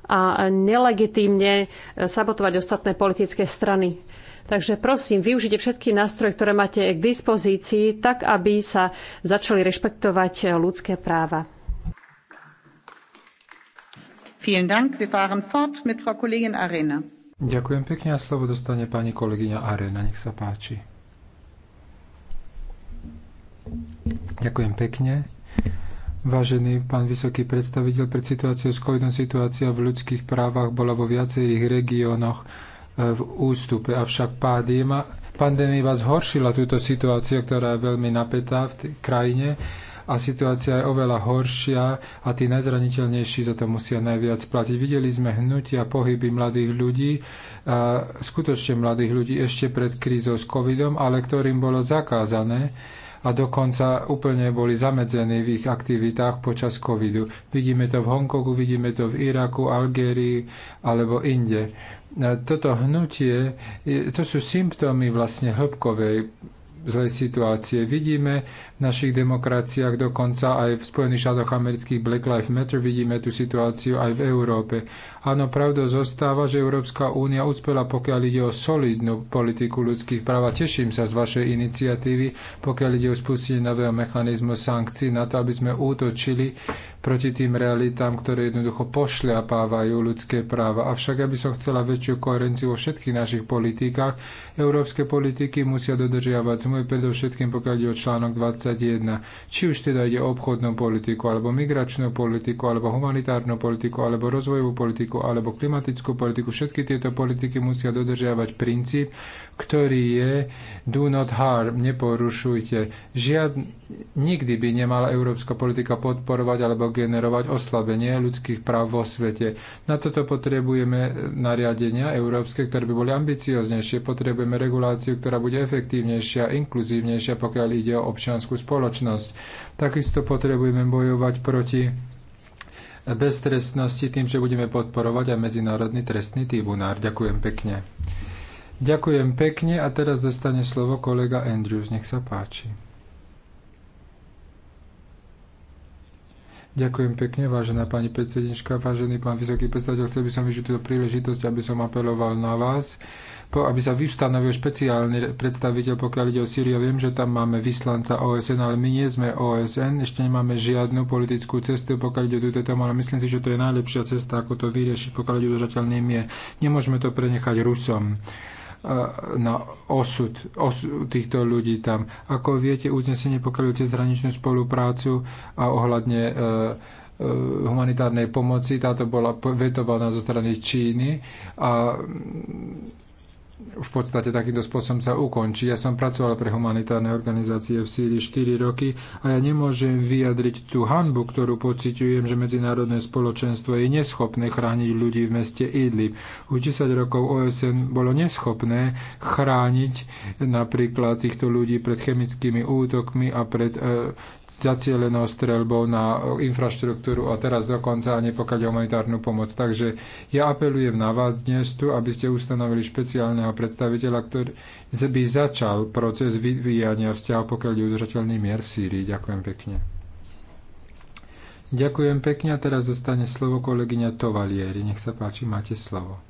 a nelegitímne sabotovať ostatné politické strany. Takže prosím, využite všetky nástroje, ktoré máte k dispozícii, tak aby sa začali rešpektovať ľudské práva. Vielen Dank. Wir fahren fort mit Frau Kollegin Arena. Ďakujem pekne a slovo dostane pani kolegyňa Arena. Nech sa páči. Ďakujem pekne. Vážený pán vysoký predstaviteľ, pred situáciou s covidom situácia v ľudských právach bola vo viacerých regiónoch e, v ústupe, avšak pandémia vás horšila túto situáciu, ktorá je veľmi napätá v krajine a situácia je oveľa horšia a tí najzraniteľnejší za to musia najviac platiť. Videli sme hnutia, pohyby mladých ľudí, skutočne mladých ľudí ešte pred krízou s covidom, ale ktorým bolo zakázané a dokonca úplne boli zamedzení v ich aktivitách počas covidu. Vidíme to v Hongkongu, vidíme to v Iraku, Algérii alebo inde. E, toto hnutie, e, to sú symptómy vlastne hĺbkovej zlej situácie. Vidíme v našich demokraciách, dokonca aj v Spojených štátoch amerických Black Lives Matter, vidíme tú situáciu aj v Európe. Áno, pravdou zostáva, že Európska únia uspela, pokiaľ ide o solidnú politiku ľudských práv. A teším sa z vašej iniciatívy, pokiaľ ide o spustenie nového mechanizmu sankcií na to, aby sme útočili proti tým realitám, ktoré jednoducho pošľapávajú ľudské práva. Avšak, aby som chcela väčšiu koherenciu vo všetkých našich politikách, európske politiky musia dodržiavať záujmu, predovšetkým pokiaľ ide o článok 21. Či už teda ide o obchodnú politiku, alebo migračnú politiku, alebo humanitárnu politiku, alebo rozvojovú politiku, alebo klimatickú politiku, všetky tieto politiky musia dodržiavať princíp, ktorý je do not harm, neporušujte. Žiadne Nikdy by nemala európska politika podporovať alebo generovať oslabenie ľudských práv vo svete. Na toto potrebujeme nariadenia európske, ktoré by boli ambicioznejšie. Potrebujeme reguláciu, ktorá bude efektívnejšia, inkluzívnejšia, pokiaľ ide o občianskú spoločnosť. Takisto potrebujeme bojovať proti beztrestnosti tým, že budeme podporovať aj Medzinárodný trestný tribunár. Ďakujem pekne. Ďakujem pekne a teraz dostane slovo kolega Andrews. Nech sa páči. Ďakujem pekne, vážená pani predsednička, vážený pán vysoký predstaviteľ. Chcel by som využiť túto príležitosť, aby som apeloval na vás, po, aby sa vystanovil špeciálny predstaviteľ, pokiaľ ide o Sýriu. Viem, že tam máme vyslanca OSN, ale my nie sme OSN, ešte nemáme žiadnu politickú cestu, pokiaľ ide o túto tému, ale myslím si, že to je najlepšia cesta, ako to vyriešiť, pokiaľ ide o udržateľný mier. Nemôžeme to prenechať Rusom na osud, osud týchto ľudí tam. Ako viete, uznesenie pokiaľ zhraničnú spoluprácu a ohľadne e, e, humanitárnej pomoci. Táto bola vetovaná zo strany Číny a v podstate takýmto spôsobom sa ukončí. Ja som pracoval pre humanitárne organizácie v Sýrii 4 roky a ja nemôžem vyjadriť tú hanbu, ktorú pociťujem, že medzinárodné spoločenstvo je neschopné chrániť ľudí v meste Idlib. Už 10 rokov OSN bolo neschopné chrániť napríklad týchto ľudí pred chemickými útokmi a pred e, zacielenou streľbou na infraštruktúru a teraz dokonca ani pokiaľ humanitárnu pomoc. Takže ja apelujem na vás dnes tu, aby ste ustanovili špeciálneho predstaviteľa, ktorý by začal proces vyvíjania vzťahov, pokiaľ je udržateľný mier v Sýrii. Ďakujem pekne. Ďakujem pekne a teraz zostane slovo kolegyňa Tovalieri. Nech sa páči, máte slovo.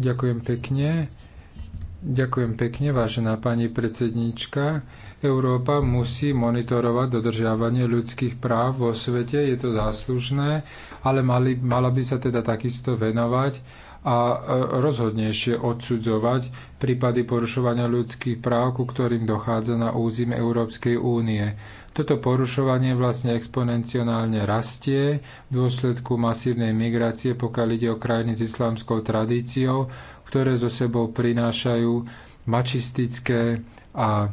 Ďakujem pekne. Ďakujem pekne, vážená pani predsednička. Európa musí monitorovať dodržiavanie ľudských práv vo svete, je to záslužné, ale mali, mala by sa teda takisto venovať a e, rozhodnejšie odsudzovať prípady porušovania ľudských práv, ku ktorým dochádza na území Európskej únie. Toto porušovanie vlastne exponenciálne rastie v dôsledku masívnej migrácie, pokiaľ ide o krajiny s islamskou tradíciou, ktoré zo sebou prinášajú mačistické a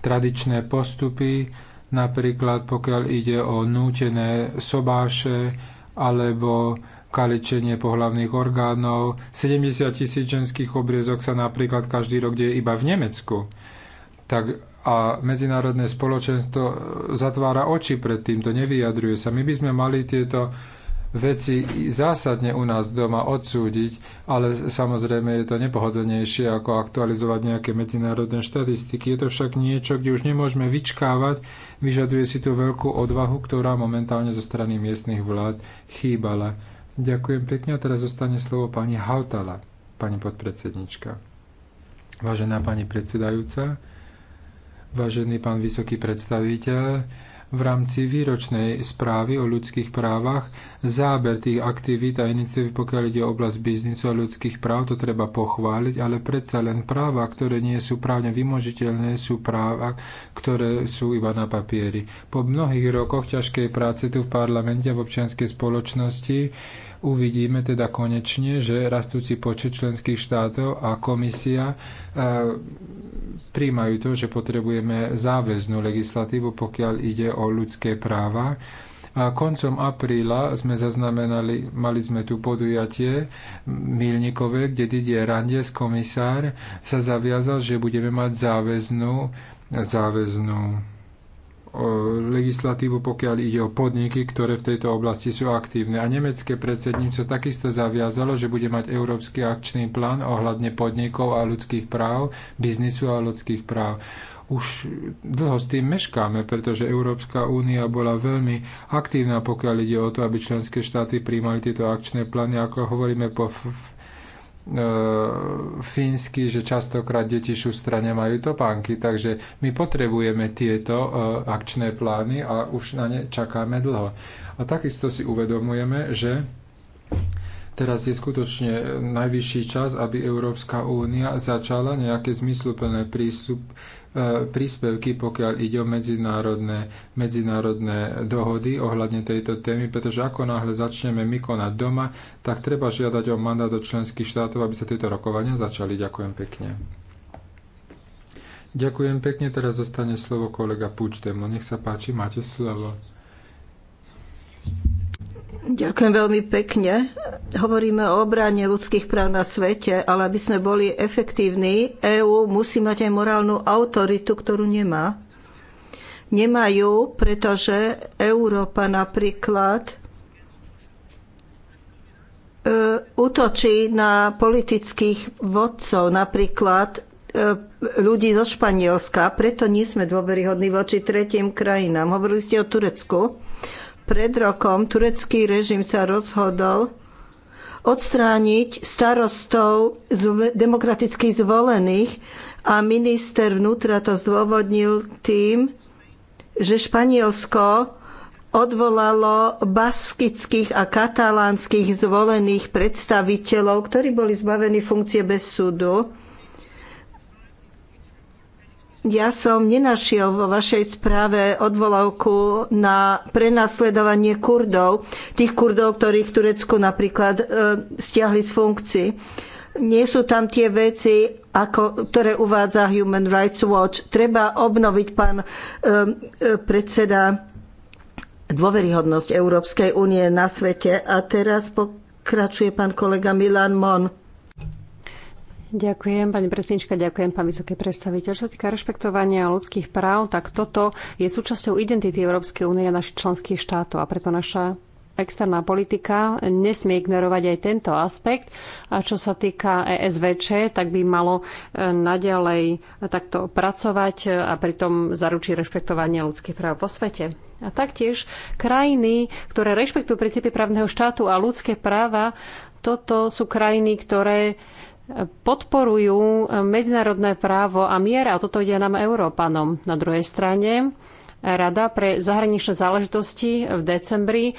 tradičné postupy, napríklad pokiaľ ide o nútené sobáše alebo kaličenie pohlavných orgánov. 70 tisíc ženských obriezok sa napríklad každý rok deje iba v Nemecku. Tak a medzinárodné spoločenstvo zatvára oči pred týmto, nevyjadruje sa. My by sme mali tieto veci zásadne u nás doma odsúdiť, ale samozrejme je to nepohodlnejšie ako aktualizovať nejaké medzinárodné štatistiky. Je to však niečo, kde už nemôžeme vyčkávať, vyžaduje si tú veľkú odvahu, ktorá momentálne zo strany miestnych vlád chýbala. Ďakujem pekne a teraz zostane slovo pani Hautala, pani podpredsednička. Vážená pani predsedajúca, vážený pán vysoký predstaviteľ, v rámci výročnej správy o ľudských právach. Záber tých aktivít a iniciatív, pokiaľ ide o oblasť biznisu a ľudských práv, to treba pochváliť, ale predsa len práva, ktoré nie sú právne vymožiteľné, sú práva, ktoré sú iba na papieri. Po mnohých rokoch ťažkej práce tu v parlamente a v občianskej spoločnosti uvidíme teda konečne, že rastúci počet členských štátov a komisia e, príjmajú to, že potrebujeme záväznú legislatívu, pokiaľ ide o ľudské práva. A koncom apríla sme zaznamenali, mali sme tu podujatie Milnikové, kde Didier Randes, komisár, sa zaviazal, že budeme mať záväznú, záväznú legislatívu, pokiaľ ide o podniky, ktoré v tejto oblasti sú aktívne. A nemecké predsedníctvo takisto zaviazalo, že bude mať európsky akčný plán ohľadne podnikov a ľudských práv, biznisu a ľudských práv už dlho s tým meškáme, pretože Európska únia bola veľmi aktívna, pokiaľ ide o to, aby členské štáty príjmali tieto akčné plány. Ako hovoríme po E, fínsky, že častokrát deti šustra nemajú topánky, takže my potrebujeme tieto e, akčné plány a už na ne čakáme dlho. A takisto si uvedomujeme, že Teraz je skutočne najvyšší čas, aby Európska únia začala nejaké zmysluplné prístup, E, príspevky, pokiaľ ide o medzinárodné, medzinárodné dohody ohľadne tejto témy, pretože ako náhle začneme my konať doma, tak treba žiadať o mandát od členských štátov, aby sa tieto rokovania začali. Ďakujem pekne. Ďakujem pekne, teraz zostane slovo kolega Pučtemo. Nech sa páči, máte slovo. Ďakujem veľmi pekne. Hovoríme o obrane ľudských práv na svete, ale aby sme boli efektívni, EÚ musí mať aj morálnu autoritu, ktorú nemá. Nemajú, pretože Európa napríklad e, útočí na politických vodcov, napríklad e, ľudí zo Španielska, preto nie sme dôveryhodní voči tretím krajinám. Hovorili ste o Turecku. Pred rokom turecký režim sa rozhodol odstrániť starostov z demokraticky zvolených a minister vnútra to zdôvodnil tým, že Španielsko odvolalo baskických a katalánskych zvolených predstaviteľov, ktorí boli zbavení funkcie bez súdu. Ja som nenašiel vo vašej správe odvolavku na prenasledovanie Kurdov, tých Kurdov, ktorí v Turecku napríklad e, stiahli z funkcií. Nie sú tam tie veci, ako, ktoré uvádza Human Rights Watch. Treba obnoviť, pán e, e predseda, dôveryhodnosť Európskej únie na svete. A teraz pokračuje pán kolega Milan Mon. Ďakujem, pani predsednička, ďakujem, pán vysoký predstaviteľ. Čo sa týka rešpektovania ľudských práv, tak toto je súčasťou identity Európskej únie a našich členských štátov a preto naša externá politika nesmie ignorovať aj tento aspekt. A čo sa týka ESVČ, tak by malo e, naďalej takto pracovať a pritom zaručí rešpektovanie ľudských práv vo svete. A taktiež krajiny, ktoré rešpektujú princípy právneho štátu a ľudské práva, toto sú krajiny, ktoré podporujú medzinárodné právo a mier A toto ide nám Európanom. Na druhej strane Rada pre zahraničné záležitosti v decembri e,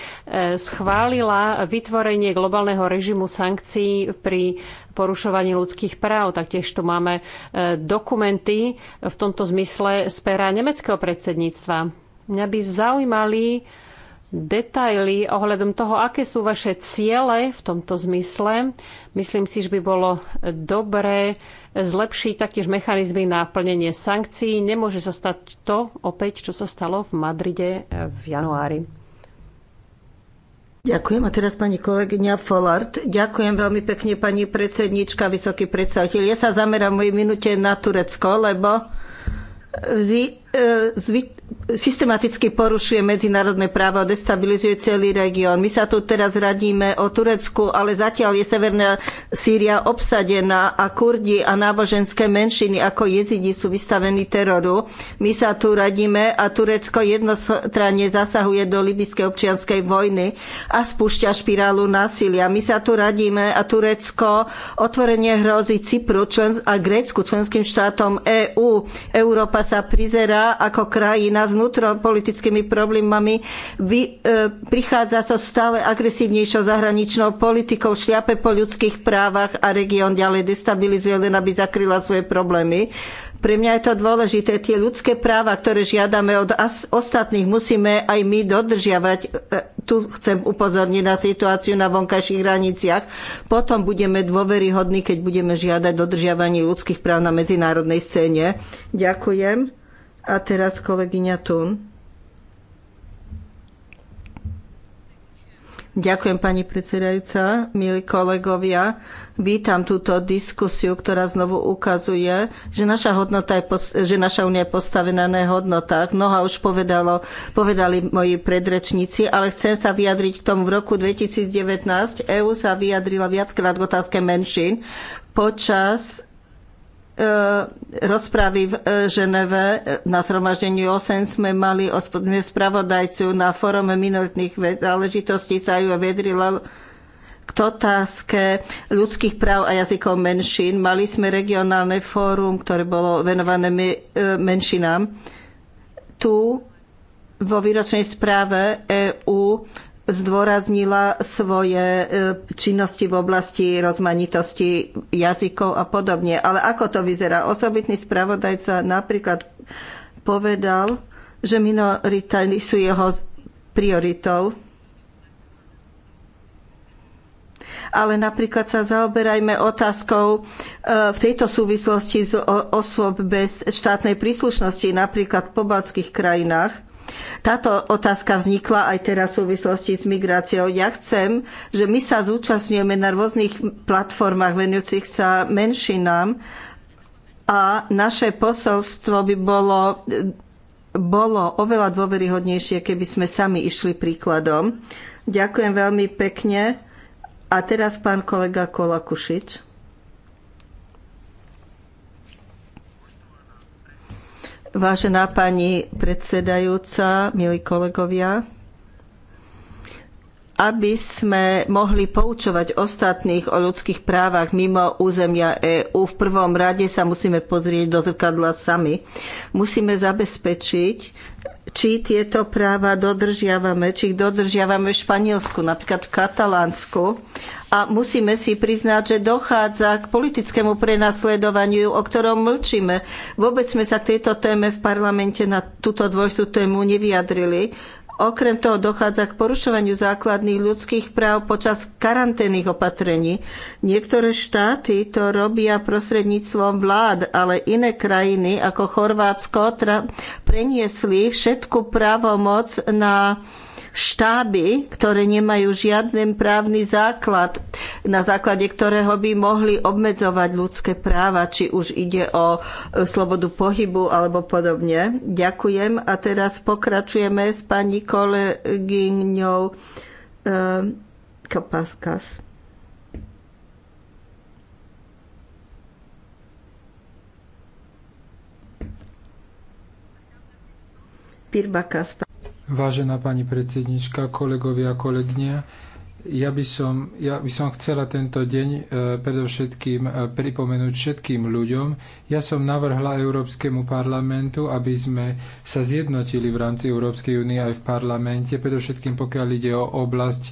schválila vytvorenie globálneho režimu sankcií pri porušovaní ľudských práv. Taktiež tu máme e, dokumenty v tomto zmysle z pera nemeckého predsedníctva. Mňa by zaujímali detaily ohľadom toho, aké sú vaše ciele v tomto zmysle. Myslím si, že by bolo dobré zlepšiť taktiež mechanizmy na plnenie sankcií. Nemôže sa stať to opäť, čo sa stalo v Madride eh, v januári. Ďakujem. A teraz pani kolegyňa Folard. Ďakujem veľmi pekne pani predsednička, vysoký predstaviteľ. Ja sa zamerám v mojej minúte na Turecko, lebo eh, zvi, systematicky porušuje medzinárodné právo a destabilizuje celý región. My sa tu teraz radíme o Turecku, ale zatiaľ je Severná Sýria obsadená a Kurdi a náboženské menšiny ako jezidi sú vystavení teroru. My sa tu radíme a Turecko jednostranne zasahuje do libyskej občianskej vojny a spúšťa špirálu násilia. My sa tu radíme a Turecko otvorene hrozí Cypru a Grécku členským štátom EÚ. Európa sa prizerá ako krajina spojená s vnútropolitickými problémami, vy, e, prichádza so stále agresívnejšou zahraničnou politikou, šliape po ľudských právach a región ďalej destabilizuje, len aby zakryla svoje problémy. Pre mňa je to dôležité. Tie ľudské práva, ktoré žiadame od ostatných, musíme aj my dodržiavať. E, tu chcem upozorniť na situáciu na vonkajších hraniciach. Potom budeme dôveryhodní, keď budeme žiadať dodržiavanie ľudských práv na medzinárodnej scéne. Ďakujem. A teraz kolegyňa Tun. Ďakujem, pani predsedajúca, milí kolegovia. Vítam túto diskusiu, ktorá znovu ukazuje, že naša, hodnota je, že naša únia je postavená na hodnotách. Mnoha už povedalo, povedali moji predrečníci, ale chcem sa vyjadriť k tomu. V roku 2019 EÚ sa vyjadrila viackrát k otázke menšín počas E, rozpravy v e, Ženeve na zhromaždení OSN sme mali spravodajcu na fórome minoritných záležitostí sa ju vedrila k otázke ľudských práv a jazykov menšín. Mali sme regionálne fórum, ktoré bolo venované e, menšinám. Tu vo výročnej správe EÚ zdôraznila svoje e, činnosti v oblasti rozmanitosti jazykov a podobne. Ale ako to vyzerá? Osobitný spravodajca napríklad povedal, že minorita sú jeho prioritou. Ale napríklad sa zaoberajme otázkou e, v tejto súvislosti z osôb bez štátnej príslušnosti, napríklad v pobaltských krajinách táto otázka vznikla aj teraz v súvislosti s migráciou. Ja chcem, že my sa zúčastňujeme na rôznych platformách venujúcich sa menšinám a naše posolstvo by bolo bolo oveľa dôveryhodnejšie, keby sme sami išli príkladom. Ďakujem veľmi pekne. A teraz pán kolega Kolakušič. Vážená pani predsedajúca, milí kolegovia, aby sme mohli poučovať ostatných o ľudských právach mimo územia EÚ. V prvom rade sa musíme pozrieť do zrkadla sami. Musíme zabezpečiť, či tieto práva dodržiavame, či ich dodržiavame v Španielsku, napríklad v Katalánsku. A musíme si priznať, že dochádza k politickému prenasledovaniu, o ktorom mlčíme. Vôbec sme sa k tejto téme v parlamente na túto dôležitú tému nevyjadrili Okrem toho dochádza k porušovaniu základných ľudských práv počas karanténnych opatrení. Niektoré štáty to robia prostredníctvom vlád, ale iné krajiny ako Chorvátsko preniesli všetku právomoc na štáby, ktoré nemajú žiadny právny základ, na základe ktorého by mohli obmedzovať ľudské práva, či už ide o e, slobodu pohybu alebo podobne. Ďakujem a teraz pokračujeme s pani kolegyňou e, Kapaskas. Pirbakas. Vážená pani predsednička, kolegovia a ja by som, ja by som chcela tento deň e, predovšetkým e, pripomenúť všetkým ľuďom. Ja som navrhla Európskemu parlamentu, aby sme sa zjednotili v rámci Európskej únie aj v parlamente, predovšetkým pokiaľ ide o oblasť e,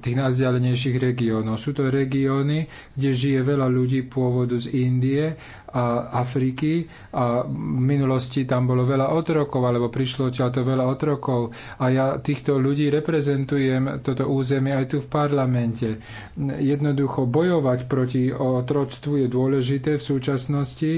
tých najvzdialenejších regiónov. Sú to regióny, kde žije veľa ľudí pôvodu z Indie a Afriky a v minulosti tam bolo veľa otrokov, alebo prišlo to veľa otrokov a ja týchto ľudí reprezentujem toto územie aj tu v parlamente. Jednoducho bojovať proti otroctvu je dôležité v súčasnosti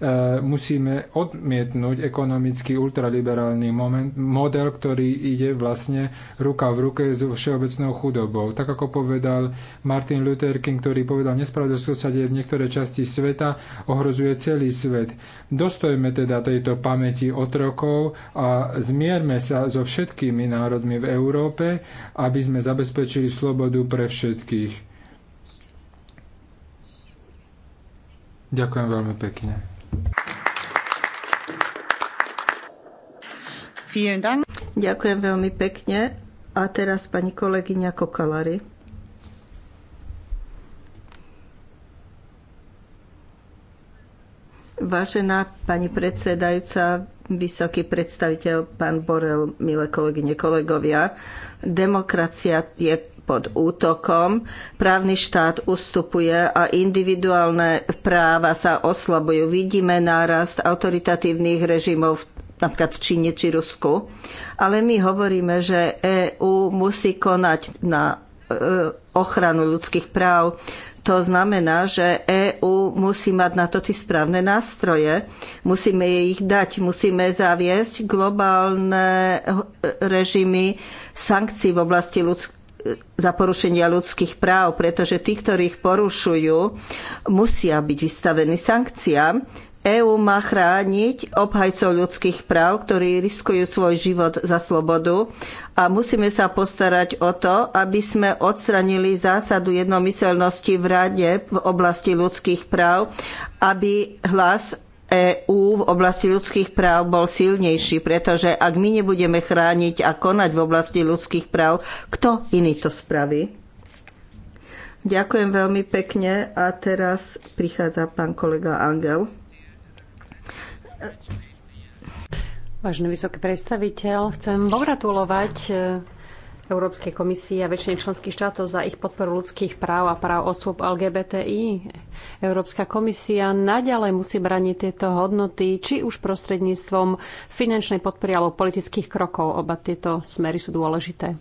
Eh, musíme odmietnúť ekonomický ultraliberálny moment, model, ktorý ide vlastne ruka v ruke so všeobecnou chudobou. Tak ako povedal Martin Luther King, ktorý povedal, nespravodlivosť, sa deje v niektoré časti sveta, ohrozuje celý svet. Dostojme teda tejto pamäti otrokov a zmierme sa so všetkými národmi v Európe, aby sme zabezpečili slobodu pre všetkých. Ďakujem veľmi pekne. Ďakujem veľmi pekne. A teraz pani kolegyňa Kokalary. Vážená pani predsedajúca, vysoký predstaviteľ pán Borel, milé kolegyne, kolegovia, demokracia je pod útokom, právny štát ustupuje a individuálne práva sa oslabujú. Vidíme nárast autoritatívnych režimov napríklad v Číne či Rusku. Ale my hovoríme, že EÚ musí konať na e, ochranu ľudských práv. To znamená, že EÚ musí mať na to tie správne nástroje, musíme jej ich dať, musíme zaviesť globálne režimy sankcií v oblasti ľudských za porušenia ľudských práv, pretože tí, ktorí ich porušujú, musia byť vystavení sankciám. EÚ má chrániť obhajcov ľudských práv, ktorí riskujú svoj život za slobodu a musíme sa postarať o to, aby sme odstranili zásadu jednomyseľnosti v Rade v oblasti ľudských práv, aby hlas EÚ v oblasti ľudských práv bol silnejší, pretože ak my nebudeme chrániť a konať v oblasti ľudských práv, kto iný to spraví? Ďakujem veľmi pekne a teraz prichádza pán kolega Angel. Vážený vysoký predstaviteľ, chcem pogratulovať e, Európskej komisie a väčšine členských štátov za ich podporu ľudských práv a práv osôb LGBTI. Európska komisia naďalej musí braniť tieto hodnoty, či už prostredníctvom finančnej podpory alebo politických krokov. Oba tieto smery sú dôležité.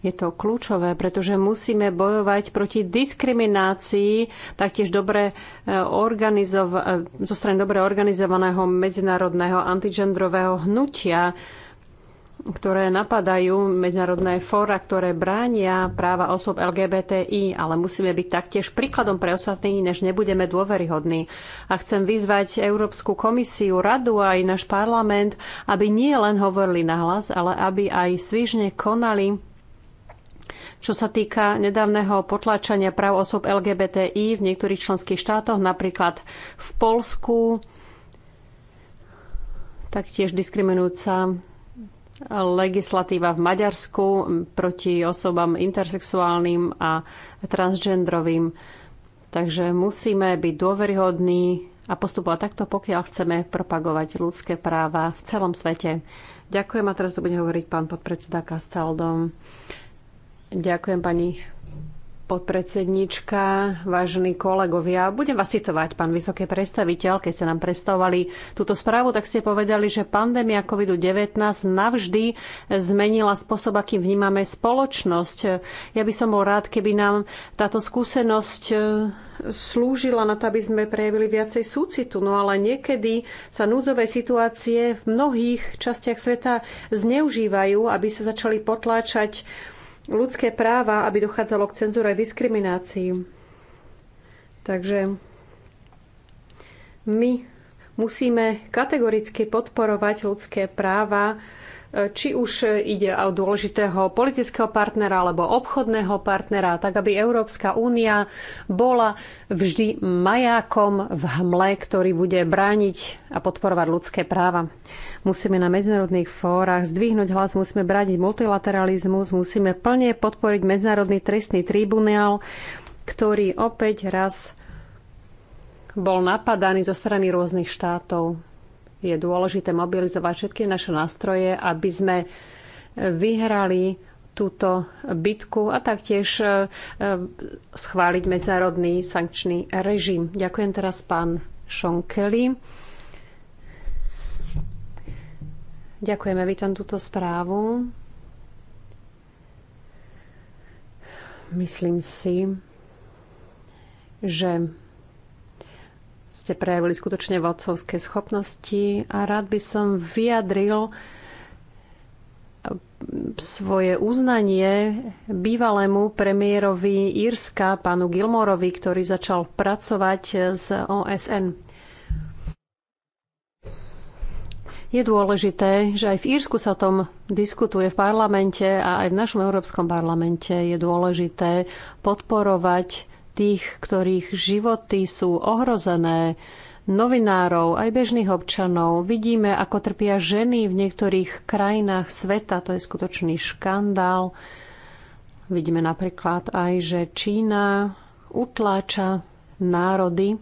Je to kľúčové, pretože musíme bojovať proti diskriminácii taktiež dobre e, organizova- e, zo strany dobre organizovaného medzinárodného antigendrového hnutia ktoré napadajú medzinárodné fóra, ktoré bránia práva osob LGBTI, ale musíme byť taktiež príkladom pre ostatní, než nebudeme dôveryhodní. A chcem vyzvať Európsku komisiu, radu aj náš parlament, aby nie len hovorili nahlas, ale aby aj svižne konali čo sa týka nedávneho potláčania práv osob LGBTI v niektorých členských štátoch, napríklad v Polsku, taktiež diskriminujúca legislatíva v Maďarsku proti osobám intersexuálnym a transgendrovým. Takže musíme byť dôveryhodní a postupovať takto, pokiaľ chceme propagovať ľudské práva v celom svete. Ďakujem a teraz to bude hovoriť pán podpredseda Kastaldom. Ďakujem pani podpredsednička, vážení kolegovia. Budem vás citovať, pán vysoký predstaviteľ, keď ste nám predstavovali túto správu, tak ste povedali, že pandémia COVID-19 navždy zmenila spôsob, akým vnímame spoločnosť. Ja by som bol rád, keby nám táto skúsenosť e, slúžila na to, aby sme prejavili viacej súcitu. No ale niekedy sa núdzové situácie v mnohých častiach sveta zneužívajú, aby sa začali potláčať ľudské práva, aby dochádzalo k cenzúre a diskriminácii. Takže my musíme kategoricky podporovať ľudské práva, e, či už ide o dôležitého politického partnera alebo obchodného partnera, tak aby Európska únia bola vždy majákom v hmle, ktorý bude brániť a podporovať ľudské práva musíme na medzinárodných fórach zdvihnúť hlas, musíme brániť multilateralizmus, musíme plne podporiť Medzinárodný trestný tribunál, ktorý opäť raz bol napadaný zo strany rôznych štátov. Je dôležité mobilizovať všetky naše nástroje, aby sme vyhrali túto bitku a taktiež e, e, schváliť medzinárodný sankčný režim. Ďakujem teraz pán Šonkeli. Ďakujeme, vítam túto správu. Myslím si, že ste prejavili skutočne vodcovské schopnosti a rád by som vyjadril svoje uznanie bývalému premiérovi Írska, pánu Gilmorovi, ktorý začal pracovať z OSN. Je dôležité, že aj v Írsku sa o tom diskutuje v parlamente a aj v našom Európskom parlamente je dôležité podporovať tých, ktorých životy sú ohrozené, novinárov, aj bežných občanov. Vidíme, ako trpia ženy v niektorých krajinách sveta. To je skutočný škandál. Vidíme napríklad aj, že Čína utláča národy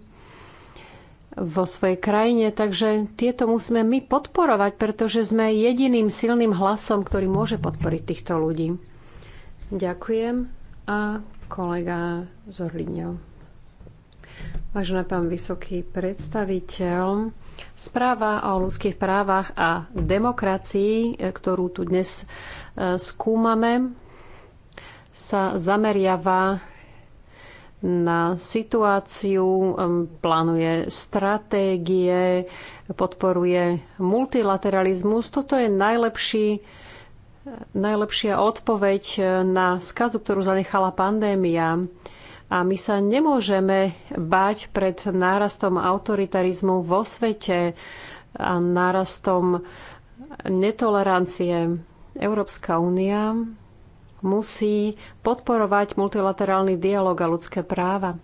vo svojej krajine, takže tieto musíme my podporovať, pretože sme jediným silným hlasom, ktorý môže podporiť týchto ľudí. Ďakujem. A kolega Zorliňo. Vážená pán vysoký predstaviteľ, správa o ľudských právach a demokracii, ktorú tu dnes e, skúmame, sa zameriava na situáciu, plánuje stratégie, podporuje multilateralizmus. Toto je najlepší, najlepšia odpoveď eh, na skazu, ktorú zanechala pandémia. A my sa nemôžeme báť pred nárastom autoritarizmu vo svete a nárastom netolerancie. Európska únia musí podporovať multilaterálny dialog a ľudské práva.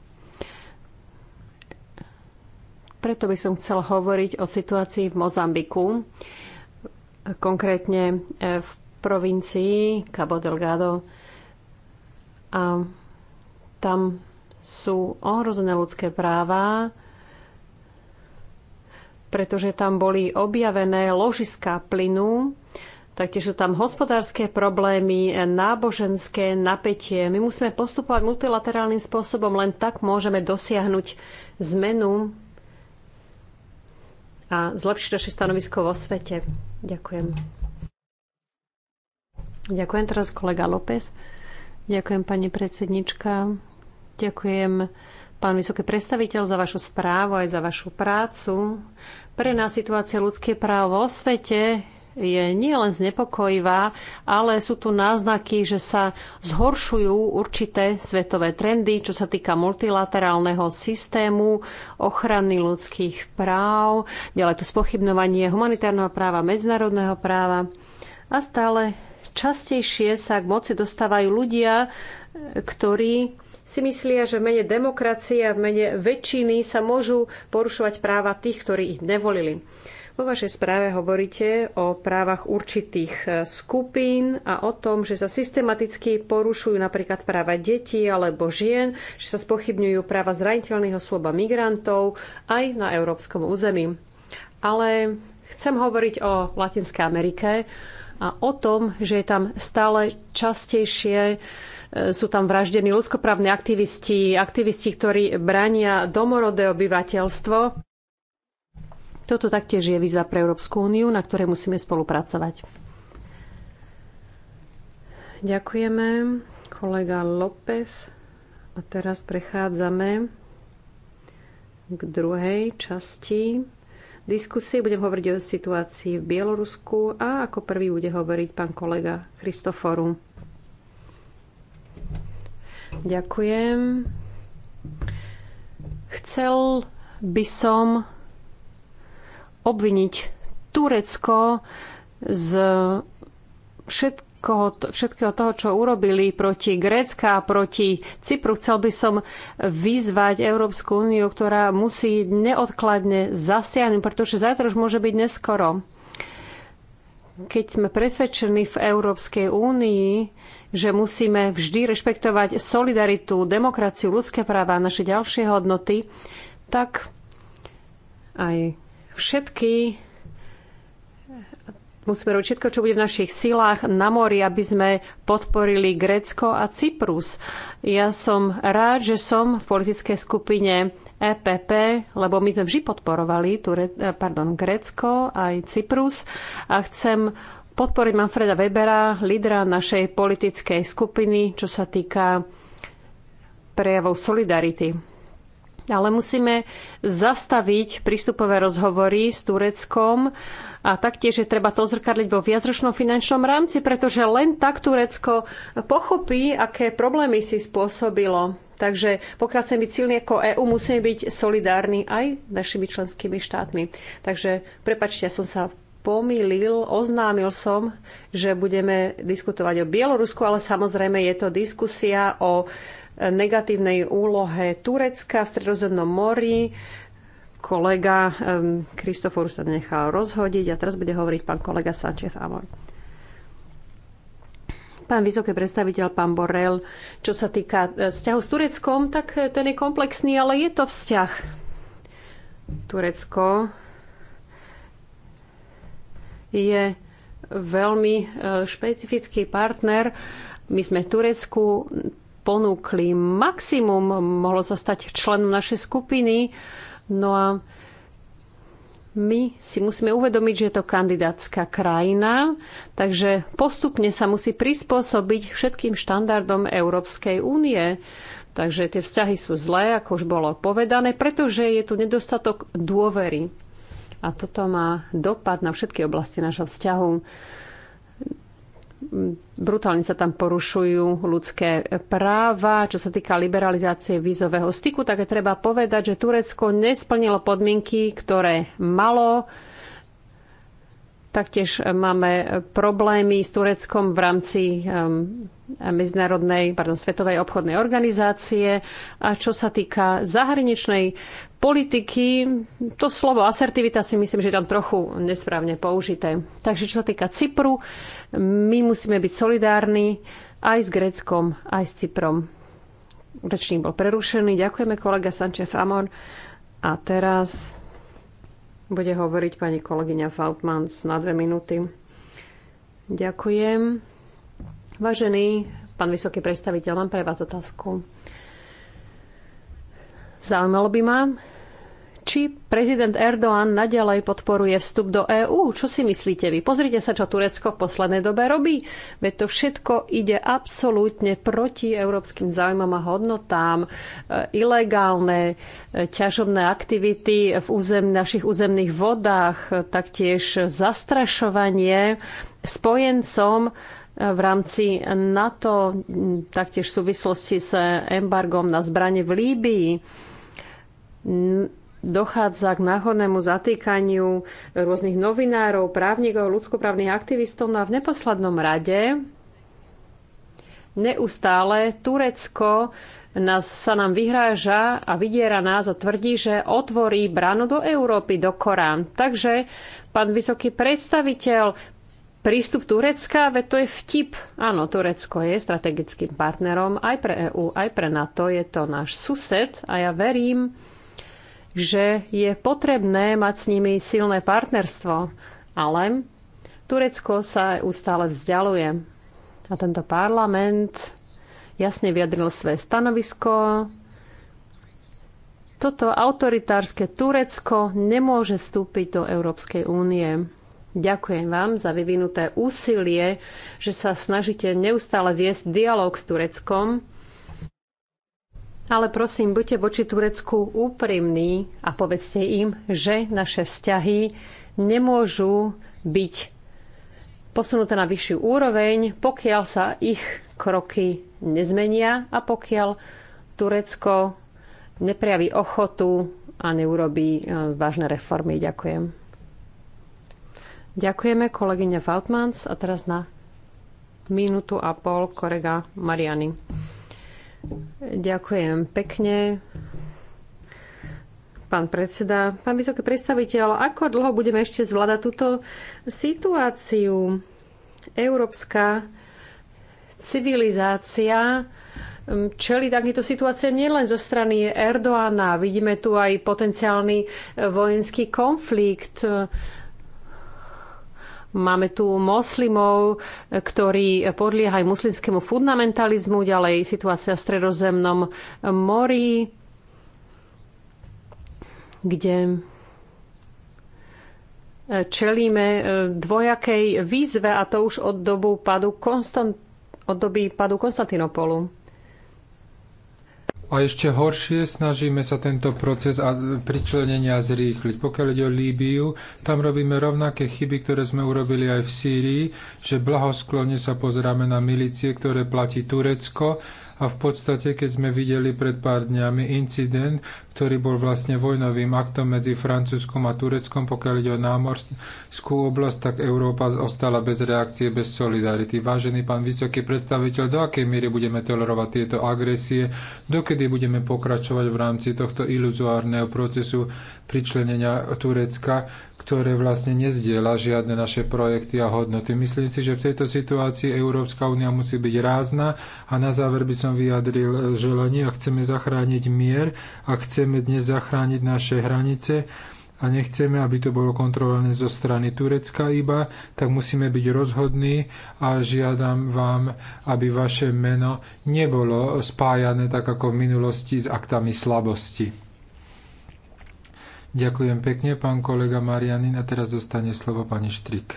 Preto by som chcel hovoriť o situácii v Mozambiku, konkrétne e, v provincii Cabo Delgado. A tam sú ohrozené ľudské práva, pretože tam boli objavené ložiska plynu, Taktiež sú tam hospodárske problémy, náboženské napätie. My musíme postupovať multilaterálnym spôsobom, len tak môžeme dosiahnuť zmenu a zlepšiť naše stanovisko vo svete. Ďakujem. Ďakujem teraz kolega López. Ďakujem pani predsednička. Ďakujem pán vysoký predstaviteľ za vašu správu aj za vašu prácu. Pre nás situácia ľudské právo vo svete je nielen znepokojivá, ale sú tu náznaky, že sa zhoršujú určité svetové trendy, čo sa týka multilaterálneho systému, ochrany ľudských práv, ďalej tu spochybnovanie humanitárneho práva, medzinárodného práva. A stále častejšie sa k moci dostávajú ľudia, ktorí si myslia, že v mene demokracie a v mene väčšiny sa môžu porušovať práva tých, ktorí ich nevolili. Vo vašej správe hovoríte o právach určitých e, skupín a o tom, že sa systematicky porušujú napríklad práva detí alebo žien, že sa spochybňujú práva zraniteľných osôb a migrantov aj na európskom území. Ale chcem hovoriť o Latinskej Amerike a o tom, že je tam stále častejšie e, sú tam vraždení ľudskoprávni aktivisti, aktivisti, ktorí brania domorodé obyvateľstvo. Toto taktiež je víza pre Európsku úniu, na ktorej musíme spolupracovať. Ďakujeme, kolega López. A teraz prechádzame k druhej časti diskusie. Budem hovoriť o situácii v Bielorusku a ako prvý bude hovoriť pán kolega Kristoforu. Ďakujem. Chcel by som obviniť Turecko z všetkoho, všetkého toho, čo urobili proti Grécka a proti Cypru. Chcel by som vyzvať Európsku úniu, ktorá musí neodkladne zasiahnuť, pretože zajtra už môže byť neskoro. Keď sme presvedčení v Európskej únii, že musíme vždy rešpektovať solidaritu, demokraciu, ľudské práva a naše ďalšie hodnoty, tak aj všetky musíme robiť všetko, čo bude v našich silách na mori, aby sme podporili Grécko a Cyprus. Ja som rád, že som v politickej skupine EPP, lebo my sme vždy podporovali Ture, eh, pardon, Grécko aj Cyprus a chcem podporiť Manfreda Webera, lídra našej politickej skupiny, čo sa týka prejavov solidarity ale musíme zastaviť prístupové rozhovory s Tureckom a taktiež je treba to zrkadliť vo viacročnom finančnom rámci, pretože len tak Turecko pochopí, aké problémy si spôsobilo. Takže pokiaľ chceme byť silní ako EÚ, musíme byť solidárni aj našimi členskými štátmi. Takže prepačte, ja som sa pomýlil, oznámil som, že budeme diskutovať o Bielorusku, ale samozrejme je to diskusia o negatívnej úlohe Turecka v Stredozemnom mori. Kolega Kristofor sa nechal rozhodiť a teraz bude hovoriť pán kolega Sánchez Amor. Pán vysoký predstaviteľ, pán Borel, čo sa týka e, vzťahu s Tureckom, tak e, ten je komplexný, ale je to vzťah. Turecko je veľmi e, špecifický partner. My sme Turecku ponúkli maximum, mohlo sa stať členom našej skupiny. No a my si musíme uvedomiť, že je to kandidátska krajina, takže postupne sa musí prispôsobiť všetkým štandardom Európskej únie. Takže tie vzťahy sú zlé, ako už bolo povedané, pretože je tu nedostatok dôvery. A toto má dopad na všetky oblasti našho vzťahu brutálne sa tam porušujú ľudské práva. Čo sa týka liberalizácie vízového styku, tak je treba povedať, že Turecko nesplnilo podmienky, ktoré malo. Taktiež máme problémy s Tureckom v rámci medzinárodnej, pardon, Svetovej obchodnej organizácie. A čo sa týka zahraničnej politiky, to slovo asertivita si myslím, že je tam trochu nesprávne použité. Takže čo sa týka Cypru, my musíme byť solidárni aj s Gréckom, aj s Cyprom. Rečník bol prerušený. Ďakujeme kolega Sanchez Amor. A teraz bude hovoriť pani kolegyňa Fautmans na dve minúty. Ďakujem. Vážený pán vysoký predstaviteľ, mám pre vás otázku. Zaujímalo by ma, či prezident Erdoğan naďalej podporuje vstup do EÚ. Čo si myslíte vy? Pozrite sa, čo Turecko v poslednej dobe robí. Veď to všetko ide absolútne proti európskym záujmom a hodnotám. E, ilegálne e, ťažobné aktivity v územ, našich územných vodách, e, taktiež zastrašovanie spojencom v rámci NATO, taktiež v súvislosti s embargom na zbranie v Líbii dochádza k náhodnému zatýkaniu rôznych novinárov, právnikov, ľudskoprávnych aktivistov. No a v neposlednom rade neustále Turecko nás, sa nám vyhráža a vydiera nás a tvrdí, že otvorí bránu do Európy, do Korán. Takže, pán vysoký predstaviteľ, prístup Turecka, veď to je vtip. Áno, Turecko je strategickým partnerom aj pre EÚ, aj pre NATO, je to náš sused a ja verím, že je potrebné mať s nimi silné partnerstvo, ale Turecko sa ustále vzdialuje. A tento parlament jasne vyjadril svoje stanovisko. Toto autoritárske Turecko nemôže vstúpiť do Európskej únie. Ďakujem vám za vyvinuté úsilie, že sa snažíte neustále viesť dialog s Tureckom ale prosím, buďte voči Turecku úprimní a povedzte im, že naše vzťahy nemôžu byť posunuté na vyššiu úroveň, pokiaľ sa ich kroky nezmenia a pokiaľ Turecko neprejaví ochotu a neurobí e, vážne reformy. Ďakujem. Ďakujeme kolegyne Vautmans a teraz na minútu a pol kolega Mariany. Ďakujem pekne. Pán predseda, pán vysoký predstaviteľ, ako dlho budeme ešte zvládať túto situáciu? Európska civilizácia mm, čeli takéto situácie nielen zo strany Erdoána. Vidíme tu aj potenciálny eh, vojenský konflikt. Máme tu moslimov, ktorí podliehajú muslimskému fundamentalizmu, ďalej situácia v stredozemnom mori, kde čelíme e, dvojakej výzve a to už od, dobu padu Konstant- od doby padu Konstantinopolu. A ešte horšie, snažíme sa tento proces pričlenenia zrýchliť. Pokiaľ ide o Líbiu, tam robíme rovnaké chyby, ktoré sme urobili aj v Sýrii, že blahosklonne sa pozeráme na milície, ktoré platí Turecko a v podstate, keď sme videli pred pár dňami incident, ktorý bol vlastne vojnovým aktom medzi Francúzskom a Tureckom, pokiaľ ide o námorskú oblasť, tak Európa ostala bez reakcie, bez solidarity. Vážený pán vysoký predstaviteľ, do akej miery budeme tolerovať tieto agresie, dokedy budeme pokračovať v rámci tohto iluzuárneho procesu pričlenenia Turecka ktoré vlastne nezdieľa žiadne naše projekty a hodnoty. Myslím si, že v tejto situácii Európska únia musí byť rázna a na záver by som vyjadril želanie, ak chceme zachrániť mier, a chceme dnes zachrániť naše hranice, a nechceme, aby to bolo kontrolované zo strany Turecka iba, tak musíme byť rozhodní a žiadam vám, aby vaše meno nebolo spájané tak ako v minulosti s aktami slabosti. Ďakujem pekne, pán kolega Marianin. A teraz dostane slovo pani Štrik.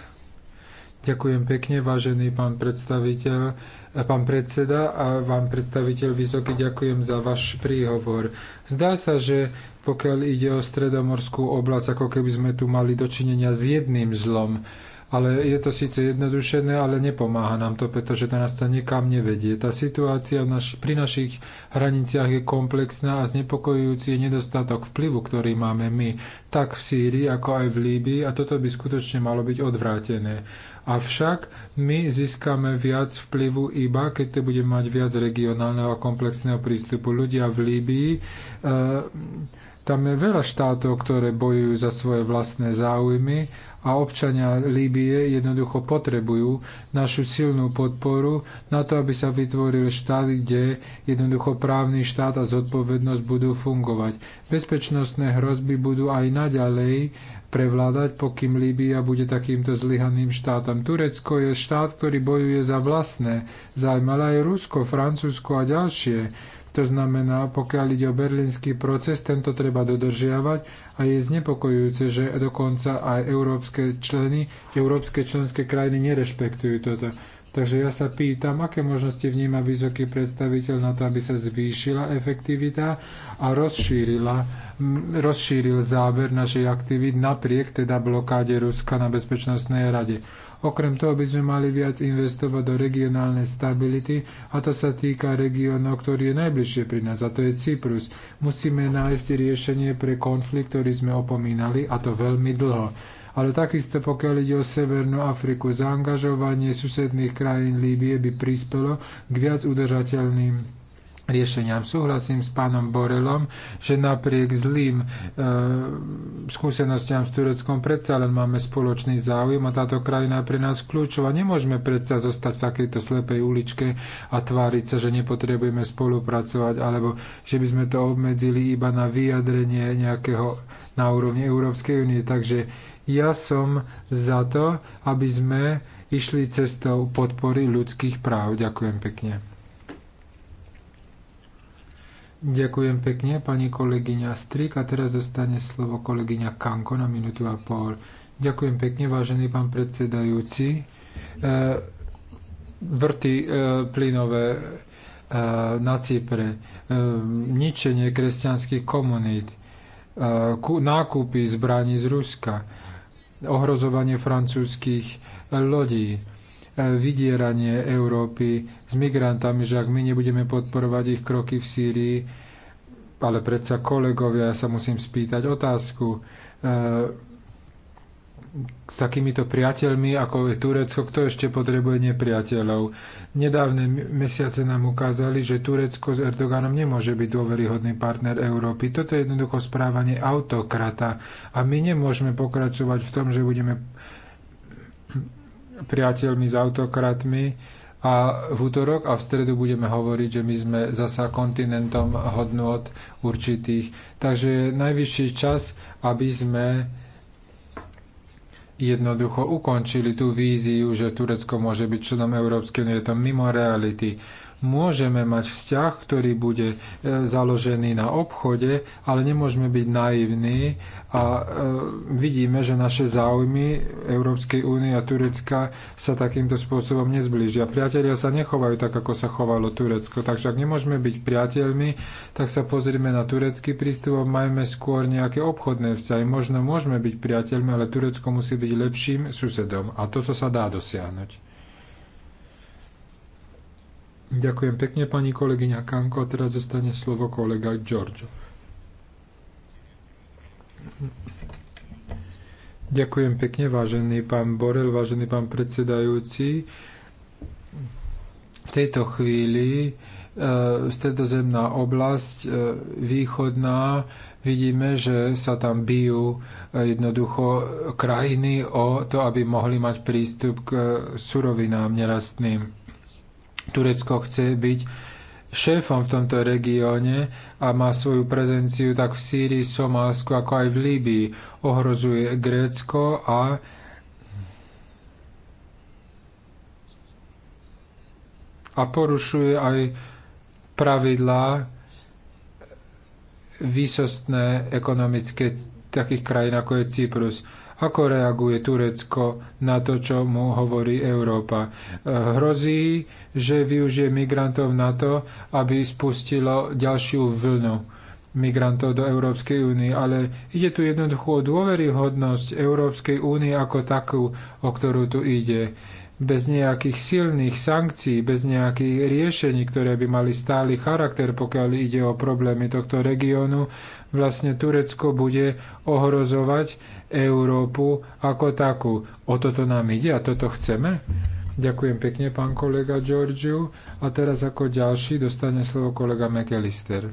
Ďakujem pekne, vážený pán predstaviteľ, eh, pán predseda a vám predstaviteľ Vysoký, ďakujem za váš príhovor. Zdá sa, že pokiaľ ide o stredomorskú oblasť, ako keby sme tu mali dočinenia s jedným zlom, ale je to síce jednodušené, ale nepomáha nám to, pretože to nás to nikam nevedie. Tá situácia naš, pri našich hraniciach je komplexná a znepokojujúci je nedostatok vplyvu, ktorý máme my, tak v Sýrii, ako aj v Líbii a toto by skutočne malo byť odvrátené. Avšak my získame viac vplyvu iba, keď to bude mať viac regionálneho a komplexného prístupu. Ľudia v Líbii e, tam je veľa štátov, ktoré bojujú za svoje vlastné záujmy a občania Líbie jednoducho potrebujú našu silnú podporu na to, aby sa vytvoril štát, kde jednoducho právny štát a zodpovednosť budú fungovať. Bezpečnostné hrozby budú aj naďalej prevládať, pokým Líbia bude takýmto zlyhaným štátom. Turecko je štát, ktorý bojuje za vlastné zaujímavé aj Rusko, Francúzsko a ďalšie to znamená, pokiaľ ide o berlínsky proces, tento treba dodržiavať a je znepokojujúce, že dokonca aj európske členy, európske členské krajiny nerešpektujú toto. Takže ja sa pýtam, aké možnosti vníma vysoký predstaviteľ na to, aby sa zvýšila efektivita a rozšírila, rozšíril záber našich aktivít napriek teda blokáde Ruska na Bezpečnostnej rade. Okrem toho by sme mali viac investovať do regionálnej stability a to sa týka regiónov, ktorý je najbližšie pri nás a to je Cyprus. Musíme nájsť riešenie pre konflikt, ktorý sme opomínali a to veľmi dlho ale takisto pokiaľ ide o Severnú Afriku, zaangažovanie susedných krajín Líbie by prispelo k viac udržateľným riešeniam. Súhlasím s pánom Borelom, že napriek zlým e, skúsenostiam s Tureckom predsa len máme spoločný záujem a táto krajina je pre nás kľúčová. Nemôžeme predsa zostať v takejto slepej uličke a tváriť sa, že nepotrebujeme spolupracovať alebo že by sme to obmedzili iba na vyjadrenie nejakého na úrovni Európskej únie. Takže ja som za to, aby sme išli cestou podpory ľudských práv. Ďakujem pekne. Ďakujem pekne, pani kolegyňa Strik. A teraz dostane slovo kolegyňa Kanko na minútu a pol. Ďakujem pekne, vážený pán predsedajúci. E, vrty e, plynové e, na Cypre, ničenie kresťanských komunít, nákupy zbraní z Ruska, ohrozovanie francúzských lodí, E, vydieranie Európy s migrantami, že ak my nebudeme podporovať ich kroky v Sýrii, ale predsa kolegovia, ja sa musím spýtať otázku, e, s takýmito priateľmi, ako je Turecko, kto ešte potrebuje nepriateľov. Nedávne mesiace nám ukázali, že Turecko s Erdoganom nemôže byť dôveryhodný partner Európy. Toto je jednoducho správanie autokrata a my nemôžeme pokračovať v tom, že budeme priateľmi, s autokratmi a v útorok a v stredu budeme hovoriť, že my sme zasa kontinentom hodnot určitých. Takže je najvyšší čas, aby sme jednoducho ukončili tú víziu, že Turecko môže byť členom Európskej únie. Je to mimo reality. Môžeme mať vzťah, ktorý bude e, založený na obchode, ale nemôžeme byť naivní a e, vidíme, že naše záujmy Európskej únie a Turecka sa takýmto spôsobom nezblížia. Priatelia sa nechovajú tak, ako sa chovalo Turecko. Takže ak nemôžeme byť priateľmi, tak sa pozrime na turecký prístup a majme skôr nejaké obchodné vzťahy. Možno môžeme byť priateľmi, ale Turecko musí byť lepším susedom. A to, co sa dá dosiahnuť. Ďakujem pekne, pani kolegyňa Kanko. A teraz zostane slovo kolega Giorgio. Ďakujem pekne, vážený pán Borel, vážený pán predsedajúci. V tejto chvíli e, stredozemná oblasť e, východná, vidíme, že sa tam bijú e, jednoducho krajiny o to, aby mohli mať prístup k surovinám nerastným. Turecko chce byť šéfom v tomto regióne a má svoju prezenciu tak v Sýrii, Somálsku, ako aj v Líbii. Ohrozuje Grécko a a porušuje aj pravidlá výsostné ekonomické takých krajín, ako je Cyprus. Ako reaguje Turecko na to, čo mu hovorí Európa? E, hrozí, že využije migrantov na to, aby spustilo ďalšiu vlnu migrantov do Európskej únie, ale ide tu jednoducho o dôveryhodnosť Európskej únie ako takú, o ktorú tu ide bez nejakých silných sankcií, bez nejakých riešení, ktoré by mali stály charakter, pokiaľ ide o problémy tohto regiónu, vlastne Turecko bude ohrozovať Európu ako takú. O toto nám ide a toto chceme? Ďakujem pekne, pán kolega Georgiu. A teraz ako ďalší dostane slovo kolega McAllister.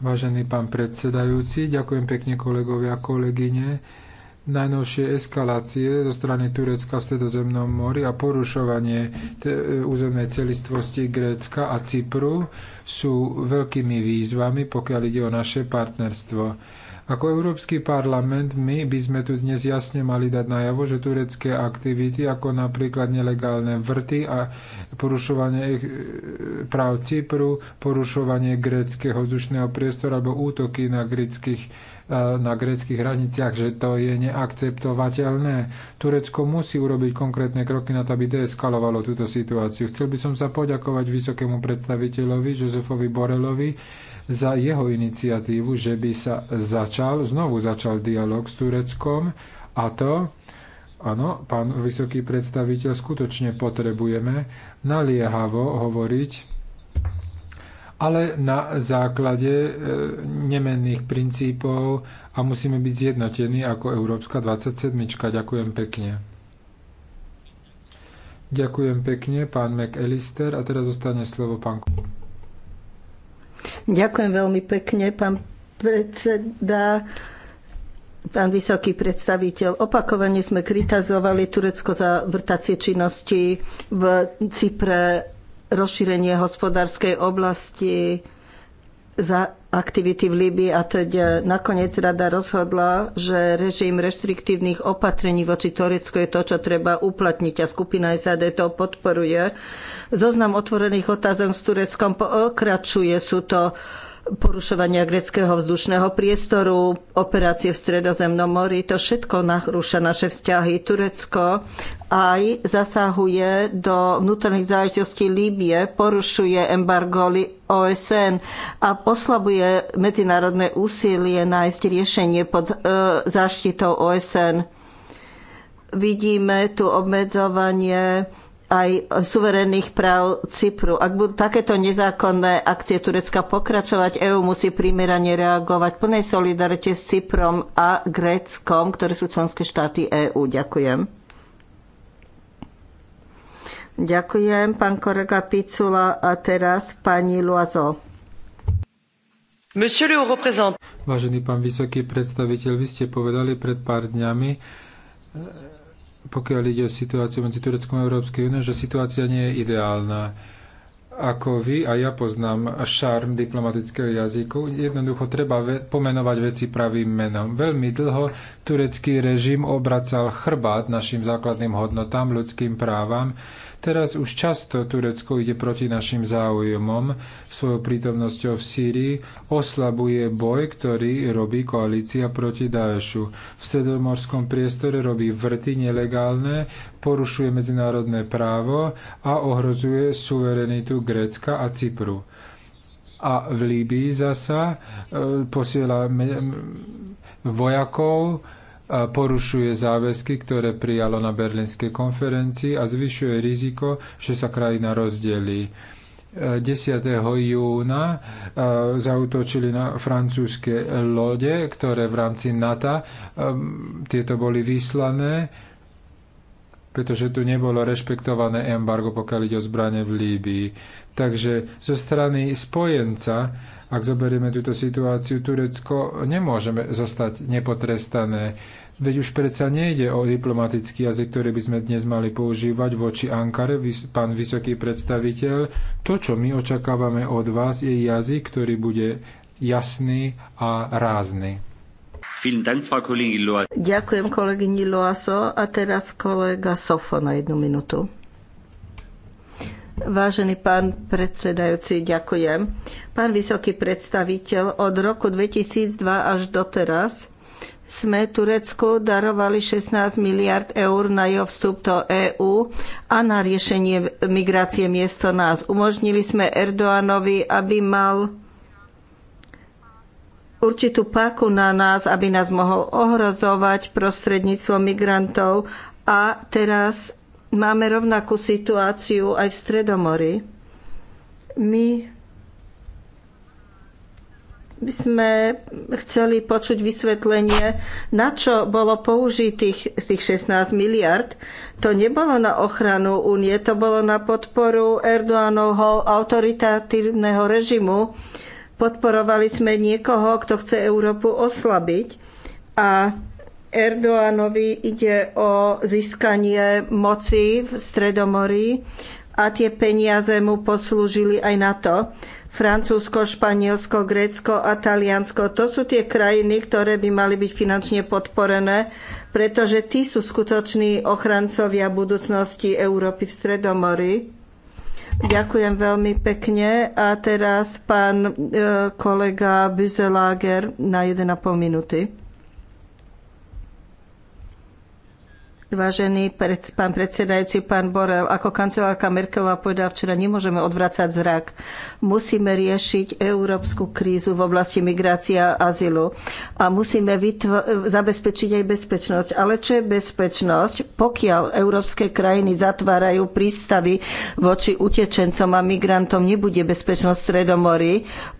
Vážený pán predsedajúci, ďakujem pekne kolegovia a kolegyne. Najnovšie eskalácie zo strany Turecka v Stredozemnom mori a porušovanie územnej celistvosti Grécka a Cypru sú veľkými výzvami, pokiaľ ide o naše partnerstvo ako Európsky parlament my by sme tu dnes jasne mali dať najavo, že turecké aktivity, ako napríklad nelegálne vrty a porušovanie e, práv Cypru, porušovanie gréckého vzdušného priestoru alebo útoky na gréckých e, na greckých hraniciach, že to je neakceptovateľné. Turecko musí urobiť konkrétne kroky na to, aby deeskalovalo túto situáciu. Chcel by som sa poďakovať vysokému predstaviteľovi Josefovi Borelovi, za jeho iniciatívu, že by sa začal, znovu začal dialog s Tureckom a to, áno, pán vysoký predstaviteľ, skutočne potrebujeme naliehavo hovoriť ale na základe e, nemenných princípov a musíme byť zjednotení ako Európska 27. Ďakujem pekne. Ďakujem pekne, pán McAllister. A teraz zostane slovo pán... Ďakujem veľmi pekne, pán predseda, pán vysoký predstaviteľ. Opakovane sme kritizovali Turecko za vrtacie činnosti v Cypre, rozšírenie hospodárskej oblasti, za aktivity v Líbii a teď e, nakoniec rada rozhodla, že režim reštriktívnych opatrení voči Turecku je to, čo treba uplatniť a skupina SAD to podporuje. Zoznam otvorených otázok s Tureckom pokračuje, sú to porušovania greckého vzdušného priestoru, operácie v Stredozemnom mori, to všetko narúša naše vzťahy. Turecko aj zasahuje do vnútorných záležitostí Líbie, porušuje embargo OSN a oslabuje medzinárodné úsilie nájsť riešenie pod e, záštitou OSN. Vidíme tu obmedzovanie aj suverénnych práv Cypru. Ak budú takéto nezákonné akcie Turecka pokračovať, EÚ musí primerane reagovať plnej solidarite s Cyprom a Gréckom, ktoré sú členské štáty EÚ. Ďakujem. Ďakujem, pán kolega Picula a teraz pani Loazo. Vážený pán vysoký predstaviteľ, vy ste povedali pred pár dňami, pokiaľ ide o situáciu medzi Tureckom a Európskej únie, že situácia nie je ideálna. Ako vy a ja poznám šarm diplomatického jazyku, jednoducho treba ve- pomenovať veci pravým menom. Veľmi dlho turecký režim obracal chrbát našim základným hodnotám, ľudským právam. Teraz už často Turecko ide proti našim záujmom. Svojou prítomnosťou v Sýrii oslabuje boj, ktorý robí koalícia proti Daešu. V stredomorskom priestore robí vrty nelegálne, porušuje medzinárodné právo a ohrozuje suverenitu Grécka a Cypru. A v Líbii zasa e, posiela vojakov, porušuje záväzky, ktoré prijalo na berlínskej konferencii a zvyšuje riziko, že sa krajina rozdelí. 10. E, júna e, zautočili na francúzske lode, ktoré v rámci NATO e, tieto boli vyslané, pretože tu nebolo rešpektované embargo, pokiaľ ide o zbranie v Líbii. Takže zo strany spojenca, ak zoberieme túto situáciu, Turecko nemôžeme zostať nepotrestané. Veď už predsa nejde o diplomatický jazyk, ktorý by sme dnes mali používať voči Ankare, pán vysoký predstaviteľ. To, čo my očakávame od vás, je jazyk, ktorý bude jasný a rázny. Ďakujem kolegyni Loaso a teraz kolega Sofo na jednu minútu. Vážený pán predsedajúci, ďakujem. Pán vysoký predstaviteľ, od roku 2002 až doteraz sme Turecku darovali 16 miliard eur na jeho vstup do EÚ a na riešenie migrácie miesto nás. Umožnili sme Erdoánovi, aby mal určitú páku na nás, aby nás mohol ohrozovať prostredníctvom migrantov a teraz Máme rovnakú situáciu aj v Stredomori. My by sme chceli počuť vysvetlenie, na čo bolo použitých tých 16 miliard. To nebolo na ochranu únie, to bolo na podporu Erdoánovho autoritatívneho režimu. Podporovali sme niekoho, kto chce Európu oslabiť. A Erdoánovi ide o získanie moci v Stredomorí a tie peniaze mu poslúžili aj na to. Francúzsko, Španielsko, Grécko a Taliansko. To sú tie krajiny, ktoré by mali byť finančne podporené, pretože tí sú skutoční ochrancovia budúcnosti Európy v Stredomori. Ďakujem veľmi pekne. A teraz pán e, kolega Büzelager na 1,5 minúty. Vážený pred, pán predsedajúci, pán Borel, ako kancelárka Merkelová povedala včera, nemôžeme odvracať zrak. Musíme riešiť európsku krízu v oblasti migrácie a azylu a musíme zabezpečiť aj bezpečnosť. Ale čo je bezpečnosť? Pokiaľ európske krajiny zatvárajú prístavy voči utečencom a migrantom, nebude bezpečnosť v Stredomorí.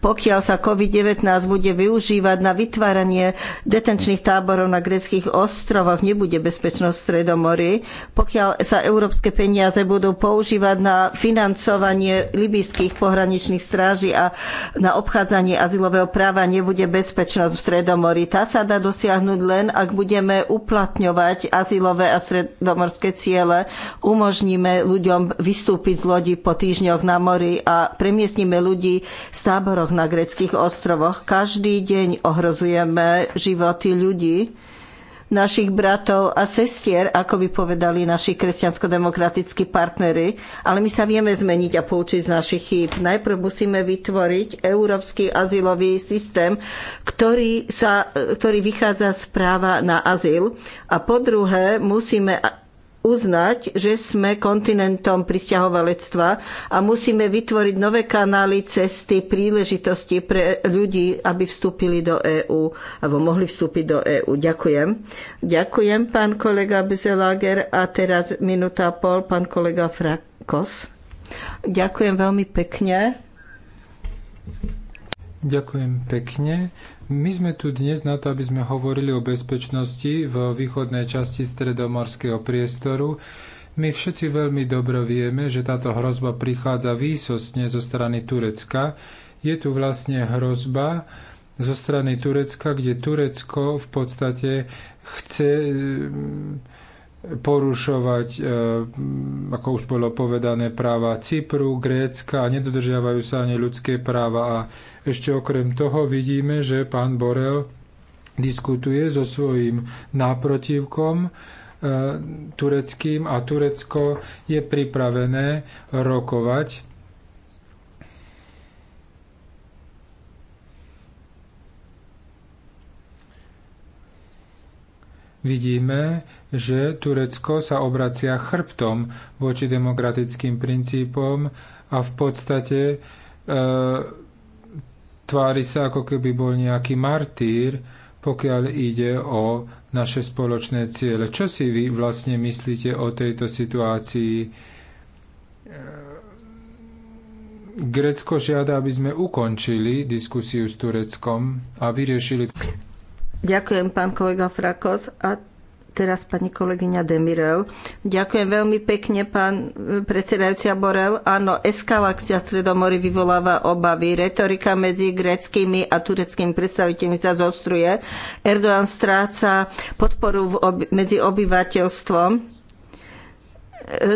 Pokiaľ sa COVID-19 bude využívať na vytváranie detenčných táborov na greckých ostrovoch, nebude bezpečnosť v Stredomorí. Pokiaľ sa európske peniaze budú používať na financovanie libyských pohraničných stráží a na obchádzanie azylového práva, nebude bezpečnosť v Stredomorí. Tá sa dá dosiahnuť len, ak budeme uplatňovať azylové a stredomorské ciele, umožníme ľuďom vystúpiť z lodi po týždňoch na mori a premiestnime ľudí z táboroch na greckých ostrovoch. Každý deň ohrozujeme životy ľudí našich bratov a sestier, ako by povedali naši kresťansko-demokratickí partnery, ale my sa vieme zmeniť a poučiť z našich chýb. Najprv musíme vytvoriť európsky azylový systém, ktorý, sa, ktorý vychádza z práva na azyl a po druhé musíme uznať, že sme kontinentom pristahovalectva a musíme vytvoriť nové kanály, cesty, príležitosti pre ľudí, aby vstúpili do EÚ alebo mohli vstúpiť do EÚ. Ďakujem. Ďakujem, pán kolega Bzelager. A teraz minúta a pol, pán kolega Frakos. Ďakujem veľmi pekne. Ďakujem pekne. My sme tu dnes na to, aby sme hovorili o bezpečnosti v východnej časti stredomorského priestoru. My všetci veľmi dobre vieme, že táto hrozba prichádza výsostne zo strany Turecka. Je tu vlastne hrozba zo strany Turecka, kde Turecko v podstate chce mm, porušovať, e, mm, ako už bolo povedané, práva Cypru, Grécka a nedodržiavajú sa ani ľudské práva a ešte okrem toho vidíme, že pán Borel diskutuje so svojím náprotivkom, e, tureckým a Turecko je pripravené rokovať. Vidíme, že Turecko sa obracia chrbtom voči demokratickým princípom a v podstate e, tvári sa, ako keby bol nejaký martýr, pokiaľ ide o naše spoločné ciele. Čo si vy vlastne myslíte o tejto situácii? Ehm, Grécko žiada, aby sme ukončili diskusiu s Tureckom a vyriešili. Ďakujem, pán kolega Frakos. A teraz pani kolegyňa Demirel. Ďakujem veľmi pekne, pán e, predsedajúci Borel. Áno, eskalácia Stredomory vyvoláva obavy. Retorika medzi gréckými a tureckými predstaviteľmi sa zostruje. Erdogan stráca podporu medzi obyvateľstvom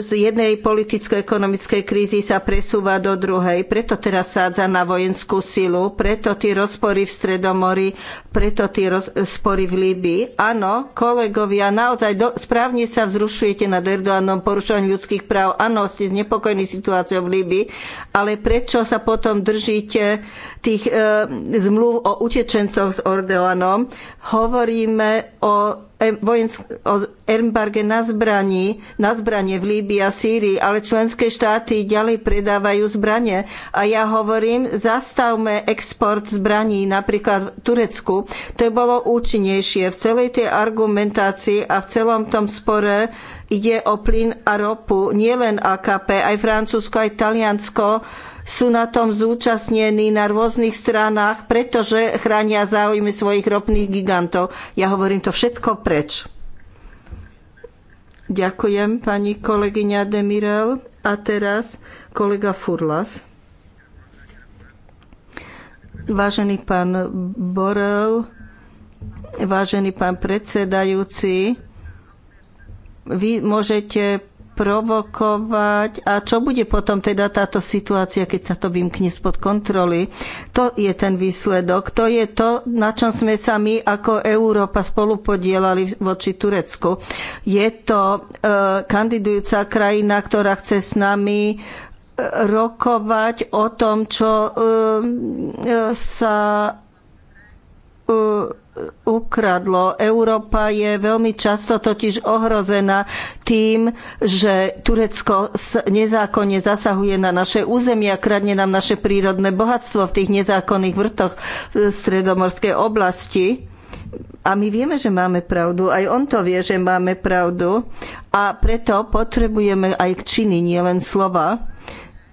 z jednej politicko-ekonomickej krízy sa presúva do druhej. Preto teraz sádza na vojenskú silu, preto tie rozpory v Stredomori, preto tie rozpory v Líbii. Áno, kolegovia, naozaj do, správne sa vzrušujete nad Erdoánom porušovaním ľudských práv. Áno, ste znepokojení situáciou v Líbii, ale prečo sa potom držíte tých e, zmluv o utečencoch s Erdoánom? Hovoríme o embarge na, zbraní, na zbranie v Líbii a Sýrii, ale členské štáty ďalej predávajú zbranie. A ja hovorím, zastavme export zbraní napríklad v Turecku. To bolo účinnejšie. V celej tej argumentácii a v celom tom spore ide o plyn a ropu. Nielen AKP, aj Francúzsko, aj Taliansko sú na tom zúčastnení na rôznych stranách, pretože chránia záujmy svojich ropných gigantov. Ja hovorím to všetko preč. Ďakujem, pani kolegyňa Demirel. A teraz kolega Furlas. Vážený pán Borel, vážený pán predsedajúci, vy môžete provokovať a čo bude potom teda táto situácia, keď sa to vymkne spod kontroly. To je ten výsledok. To je to, na čom sme sa my ako Európa spolupodielali voči Turecku. Je to e, kandidujúca krajina, ktorá chce s nami e, rokovať o tom, čo e, sa ukradlo. Európa je veľmi často totiž ohrozená tým, že Turecko nezákonne zasahuje na naše územie a kradne nám naše prírodné bohatstvo v tých nezákonných vrtoch v e, stredomorskej oblasti. A my vieme, že máme pravdu. Aj on to vie, že máme pravdu. A preto potrebujeme aj činy, nielen slova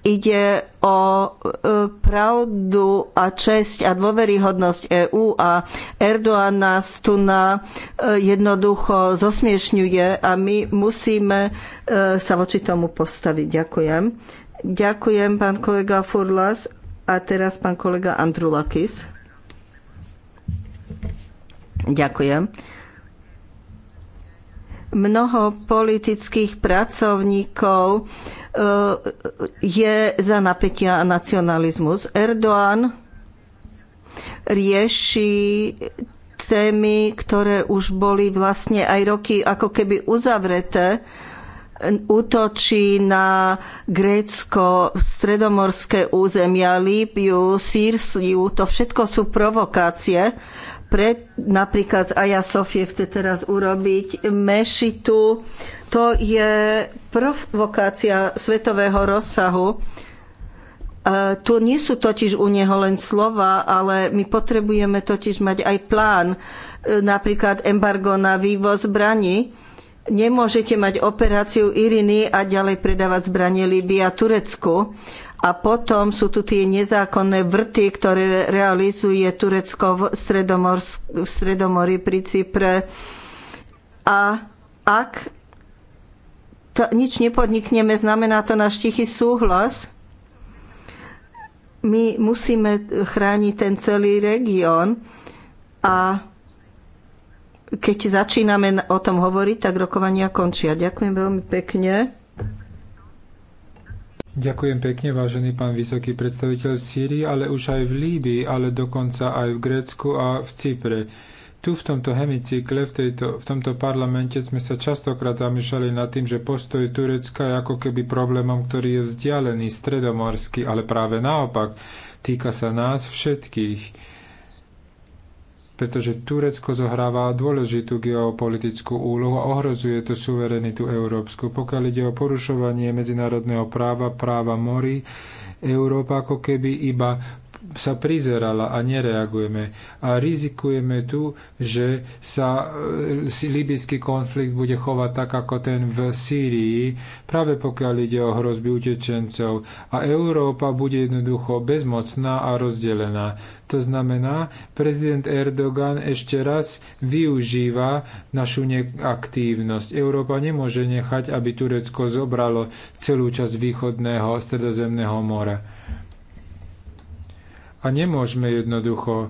ide o e, pravdu a česť a dôveryhodnosť EÚ a Erdoğan nás tu na e, jednoducho zosmiešňuje a my musíme e, sa voči tomu postaviť. Ďakujem. Ďakujem, pán kolega Furlas. A teraz pán kolega Andrulakis. Ďakujem mnoho politických pracovníkov E, je za napätia a nacionalizmus. Erdoğan rieši témy, ktoré už boli vlastne aj roky ako keby uzavreté útočí na Grécko, stredomorské územia, Líbiu, Sýrsiu, to všetko sú provokácie. Pre, napríklad z Aja Sofie chce teraz urobiť mešitu to je provokácia svetového rozsahu. E, tu nie sú totiž u neho len slova, ale my potrebujeme totiž mať aj plán, e, napríklad embargo na vývoz zbraní. Nemôžete mať operáciu Iriny a ďalej predávať zbranie Líbii a Turecku. A potom sú tu tie nezákonné vrty, ktoré realizuje Turecko v, Stredomor, v Stredomori pri Cypre. A ak to, nič nepodnikneme, znamená to náš tichý súhlas. My musíme chrániť ten celý región a keď začíname o tom hovoriť, tak rokovania končia. Ďakujem veľmi pekne. Ďakujem pekne, vážený pán vysoký predstaviteľ v Sýrii, ale už aj v Líbii, ale dokonca aj v Grécku a v Cypre. Tu v tomto hemicykle, v, tejto, v tomto parlamente sme sa častokrát zamýšľali nad tým, že postoj Turecka je ako keby problémom, ktorý je vzdialený, stredomorský, ale práve naopak, týka sa nás všetkých pretože Turecko zohráva dôležitú geopolitickú úlohu a ohrozuje to suverenitu európsku. Pokiaľ ide o porušovanie medzinárodného práva, práva mori, Európa ako keby iba sa prizerala a nereagujeme. A rizikujeme tu, že sa e, libyský konflikt bude chovať tak, ako ten v Sýrii, práve pokiaľ ide o hrozby utečencov. A Európa bude jednoducho bezmocná a rozdelená. To znamená, prezident Erdogan ešte raz využíva našu neaktívnosť. Európa nemôže nechať, aby Turecko zobralo celú časť východného stredozemného mora a nemôžeme jednoducho e,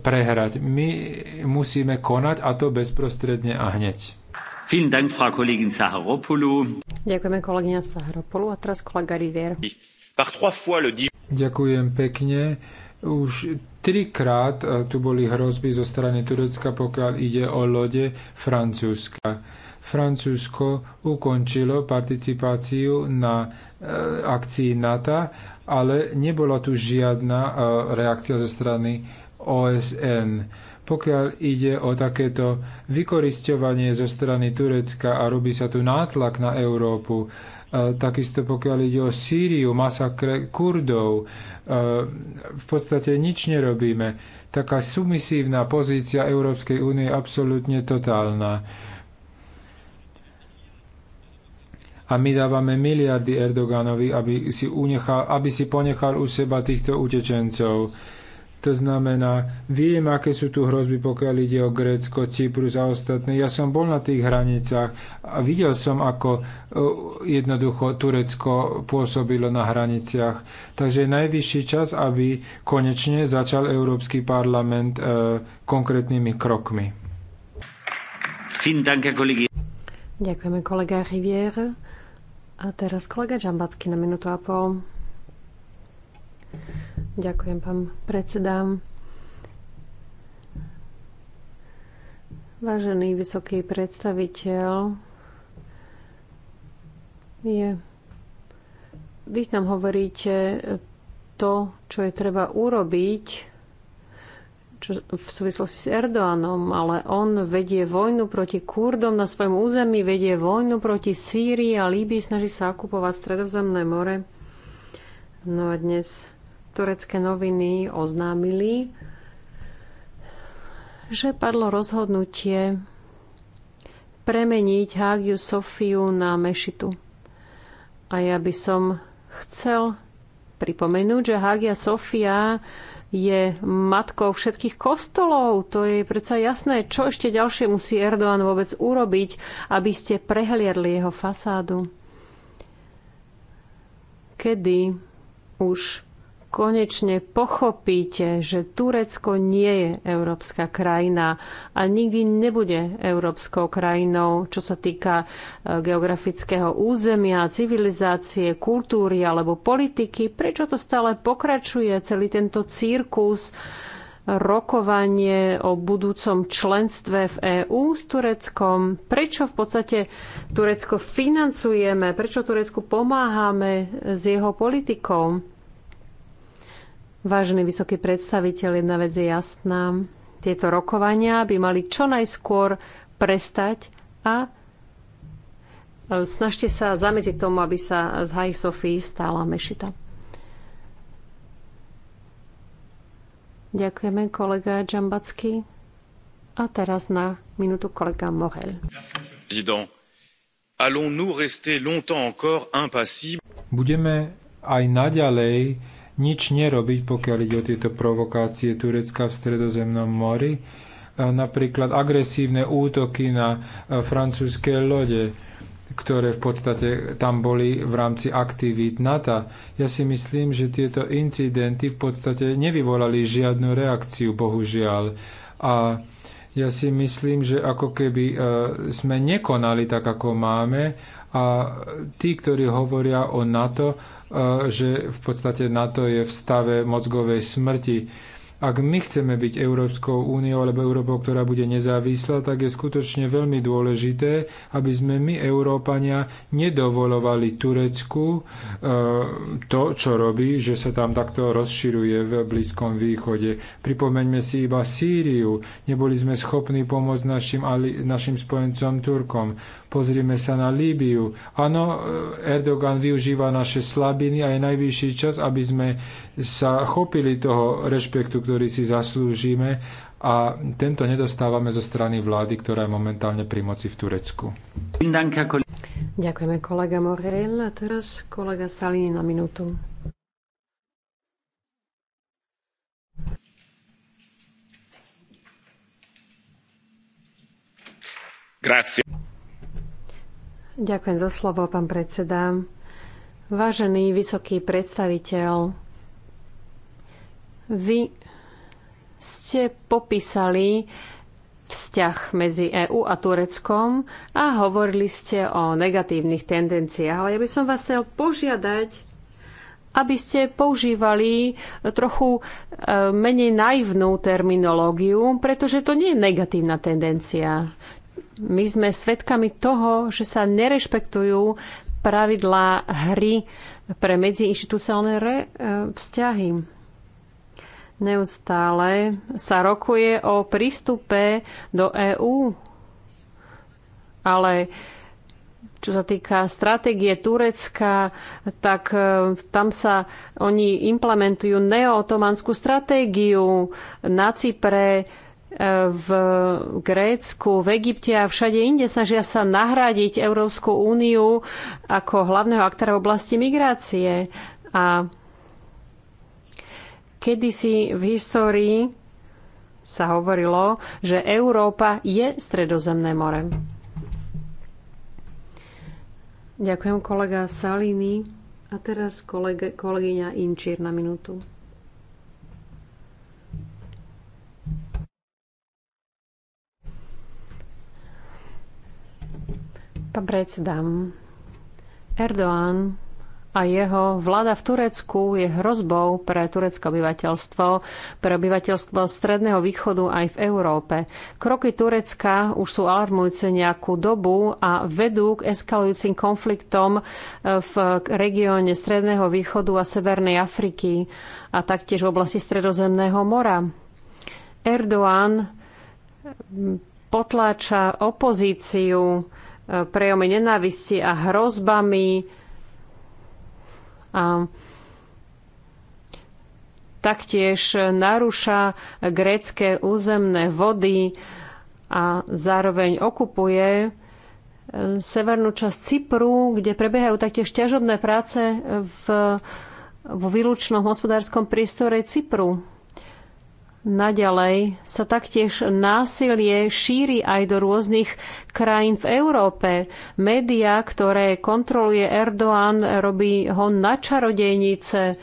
prehrať. My musíme konať a to bezprostredne a hneď. Ďakujeme kolegyňa Saharopoulu a teraz kolega Rivier. Ďakujem pekne. Už trikrát e, tu boli hrozby zo strany Turecka, pokiaľ ide o lode Francúzska. Francúzsko ukončilo participáciu na e, akcii NATO ale nebola tu žiadna e, reakcia zo strany OSN. Pokiaľ ide o takéto vykoristovanie zo strany Turecka a robí sa tu nátlak na Európu, e, takisto pokiaľ ide o Sýriu, masakre Kurdov, e, v podstate nič nerobíme. Taká submisívna pozícia Európskej únie je absolútne totálna. a my dávame miliardy Erdoganovi, aby si, unechal, aby si ponechal u seba týchto utečencov. To znamená, viem, aké sú tu hrozby, pokiaľ ide o Grécko, Cyprus a ostatné. Ja som bol na tých hraniciach a videl som, ako e, jednoducho Turecko pôsobilo na hraniciach. Takže je najvyšší čas, aby konečne začal Európsky parlament e, konkrétnymi krokmi. Ďakujeme kolega Riviere. A teraz kolega Žambacký na minútu a pol. Ďakujem, pán predseda. Vážený vysoký predstaviteľ, je. Vy nám hovoríte to, čo je treba urobiť čo, v súvislosti s Erdoánom, ale on vedie vojnu proti Kurdom na svojom území, vedie vojnu proti Sýrii a Líbii, snaží sa okupovať Stredozemné more. No a dnes turecké noviny oznámili, že padlo rozhodnutie premeniť Hagiu Sofiu na mešitu. A ja by som chcel pripomenúť, že Hagia Sofia je matkou všetkých kostolov. To je predsa jasné. Čo ešte ďalšie musí Erdoğan vôbec urobiť, aby ste prehliadli jeho fasádu? Kedy už konečne pochopíte, že Turecko nie je európska krajina a nikdy nebude európskou krajinou, čo sa týka e, geografického územia, civilizácie, kultúry alebo politiky. Prečo to stále pokračuje, celý tento cirkus, rokovanie o budúcom členstve v EÚ s Tureckom, prečo v podstate Turecko financujeme, prečo Turecku pomáhame s jeho politikou Vážený vysoký predstaviteľ, jedna vec je jasná. Tieto rokovania by mali čo najskôr prestať a e, snažte sa zamedziť tomu, aby sa z High Sofii stala mešita. Ďakujeme kolega Džambacký. A teraz na minútu kolega Morel. Budeme aj naďalej nič nerobiť, pokiaľ ide o tieto provokácie Turecka v Stredozemnom mori, e, napríklad agresívne útoky na e, francúzske lode, ktoré v podstate tam boli v rámci aktivít NATO. Ja si myslím, že tieto incidenty v podstate nevyvolali žiadnu reakciu, bohužiaľ. A ja si myslím, že ako keby e, sme nekonali tak, ako máme a tí, ktorí hovoria o NATO, že v podstate NATO je v stave mozgovej smrti. Ak my chceme byť Európskou úniou alebo Európou, ktorá bude nezávislá, tak je skutočne veľmi dôležité, aby sme my, Európania, nedovolovali Turecku e, to, čo robí, že sa tam takto rozširuje v Blízkom východe. Pripomeňme si iba Sýriu. Neboli sme schopní pomôcť našim, našim spojencom Turkom. Pozrime sa na Líbiu. Áno, Erdogan využíva naše slabiny a je najvyšší čas, aby sme sa chopili toho rešpektu, ktorý si zaslúžime a tento nedostávame zo strany vlády, ktorá je momentálne pri moci v Turecku. Ďakujeme kolega Morel a teraz kolega Salini na minútu. Grazie. Ďakujem za slovo, pán predseda. Vážený vysoký predstaviteľ, vy ste popísali vzťah medzi EÚ a Tureckom a hovorili ste o negatívnych tendenciách. Ale ja by som vás chcel požiadať, aby ste používali trochu e, menej naivnú terminológiu, pretože to nie je negatívna tendencia. My sme svedkami toho, že sa nerešpektujú pravidlá hry pre medziinstitucionálne e, vzťahy. Neustále sa rokuje o prístupe do EÚ, ale čo sa týka stratégie Turecka, tak e, tam sa oni implementujú neotomanskú stratégiu na Cypre, v Grécku, v Egypte a všade inde snažia sa nahradiť Európsku úniu ako hlavného aktéra v oblasti migrácie. A kedysi v histórii sa hovorilo, že Európa je stredozemné more. Ďakujem kolega Salini. A teraz kolegyňa Inčír na minútu. Pán predseda, Erdoğan a jeho vláda v Turecku je hrozbou pre turecké obyvateľstvo, pre obyvateľstvo Stredného východu aj v Európe. Kroky Turecka už sú alarmujúce nejakú dobu a vedú k eskalujúcim konfliktom e, v regióne Stredného východu a Severnej Afriky a taktiež v oblasti Stredozemného mora. Erdoğan potláča opozíciu, prejomy nenávisti a hrozbami. A taktiež narúša grécké územné vody a zároveň okupuje eh, severnú časť Cypru, kde prebiehajú taktiež ťažobné práce v, vo výlučnom hospodárskom priestore Cypru. Naďalej sa taktiež násilie šíri aj do rôznych krajín v Európe. Média, ktoré kontroluje Erdoğan, robí ho na čarodejnice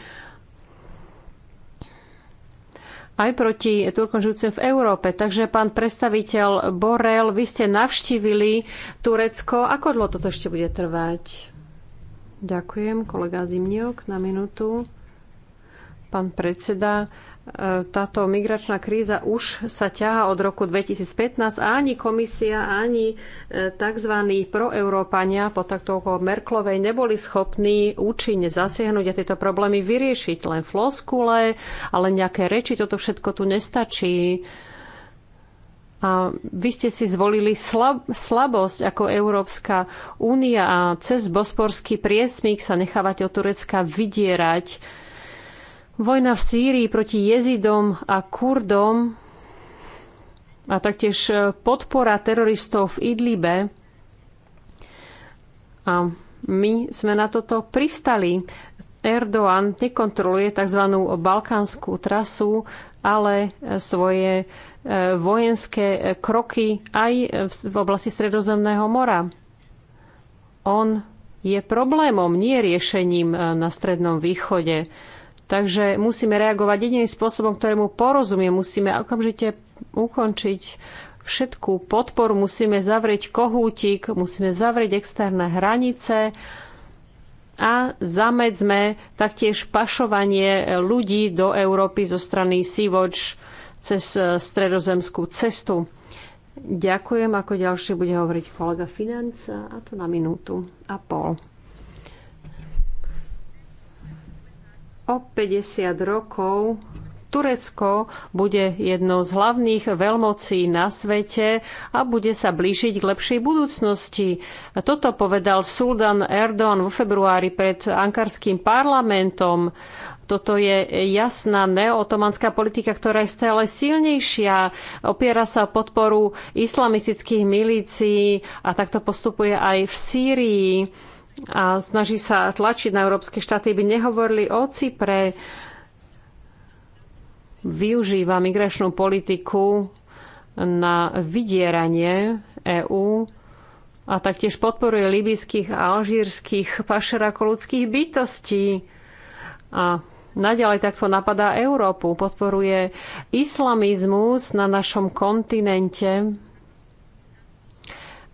aj proti Turkom žijúcim v Európe. Takže pán predstaviteľ Borel, vy ste navštívili Turecko. Ako dlho toto ešte bude trvať? Ďakujem, kolega Zimniok, na minútu. Pán predseda, táto migračná kríza už sa ťaha od roku 2015 a ani komisia, ani e, tzv. proeurópania po takto Merklovej neboli schopní účinne zasiahnuť a tieto problémy vyriešiť. Len floskule, ale nejaké reči, toto všetko tu nestačí. A vy ste si zvolili slab, slabosť ako Európska únia a cez bosporský priesmík sa nechávate od Turecka vydierať Vojna v Sýrii proti jezidom a kurdom a taktiež e, podpora teroristov v Idlibe. A my sme na toto pristali. Erdoğan nekontroluje tzv. balkánskú trasu, ale e, svoje e, vojenské kroky aj v oblasti Stredozemného mora. On je problémom, nie riešením na Strednom východe. Takže musíme reagovať jediným spôsobom, ktorému porozumie. Musíme okamžite ukončiť všetkú podporu, musíme zavrieť kohútik, musíme zavrieť externé hranice a zamedzme taktiež pašovanie ľudí do Európy zo strany Sea-Watch cez stredozemskú cestu. Ďakujem. Ako ďalšie bude hovoriť kolega Financa a to na minútu a pol. O 50 rokov Turecko bude jednou z hlavných veľmocí na svete a bude sa blížiť k lepšej budúcnosti. Toto povedal Sultan Erdogan vo februári pred ankarským parlamentom. Toto je jasná neotomanská politika, ktorá je stále silnejšia, opiera sa o podporu islamistických milícií a takto postupuje aj v Sýrii a snaží sa tlačiť na európske štáty, by nehovorili o Cypre, využíva migračnú politiku na vydieranie EÚ a taktiež podporuje libyských a alžírskych pašerákov ľudských bytostí. A naďalej takto napadá Európu, podporuje islamizmus na našom kontinente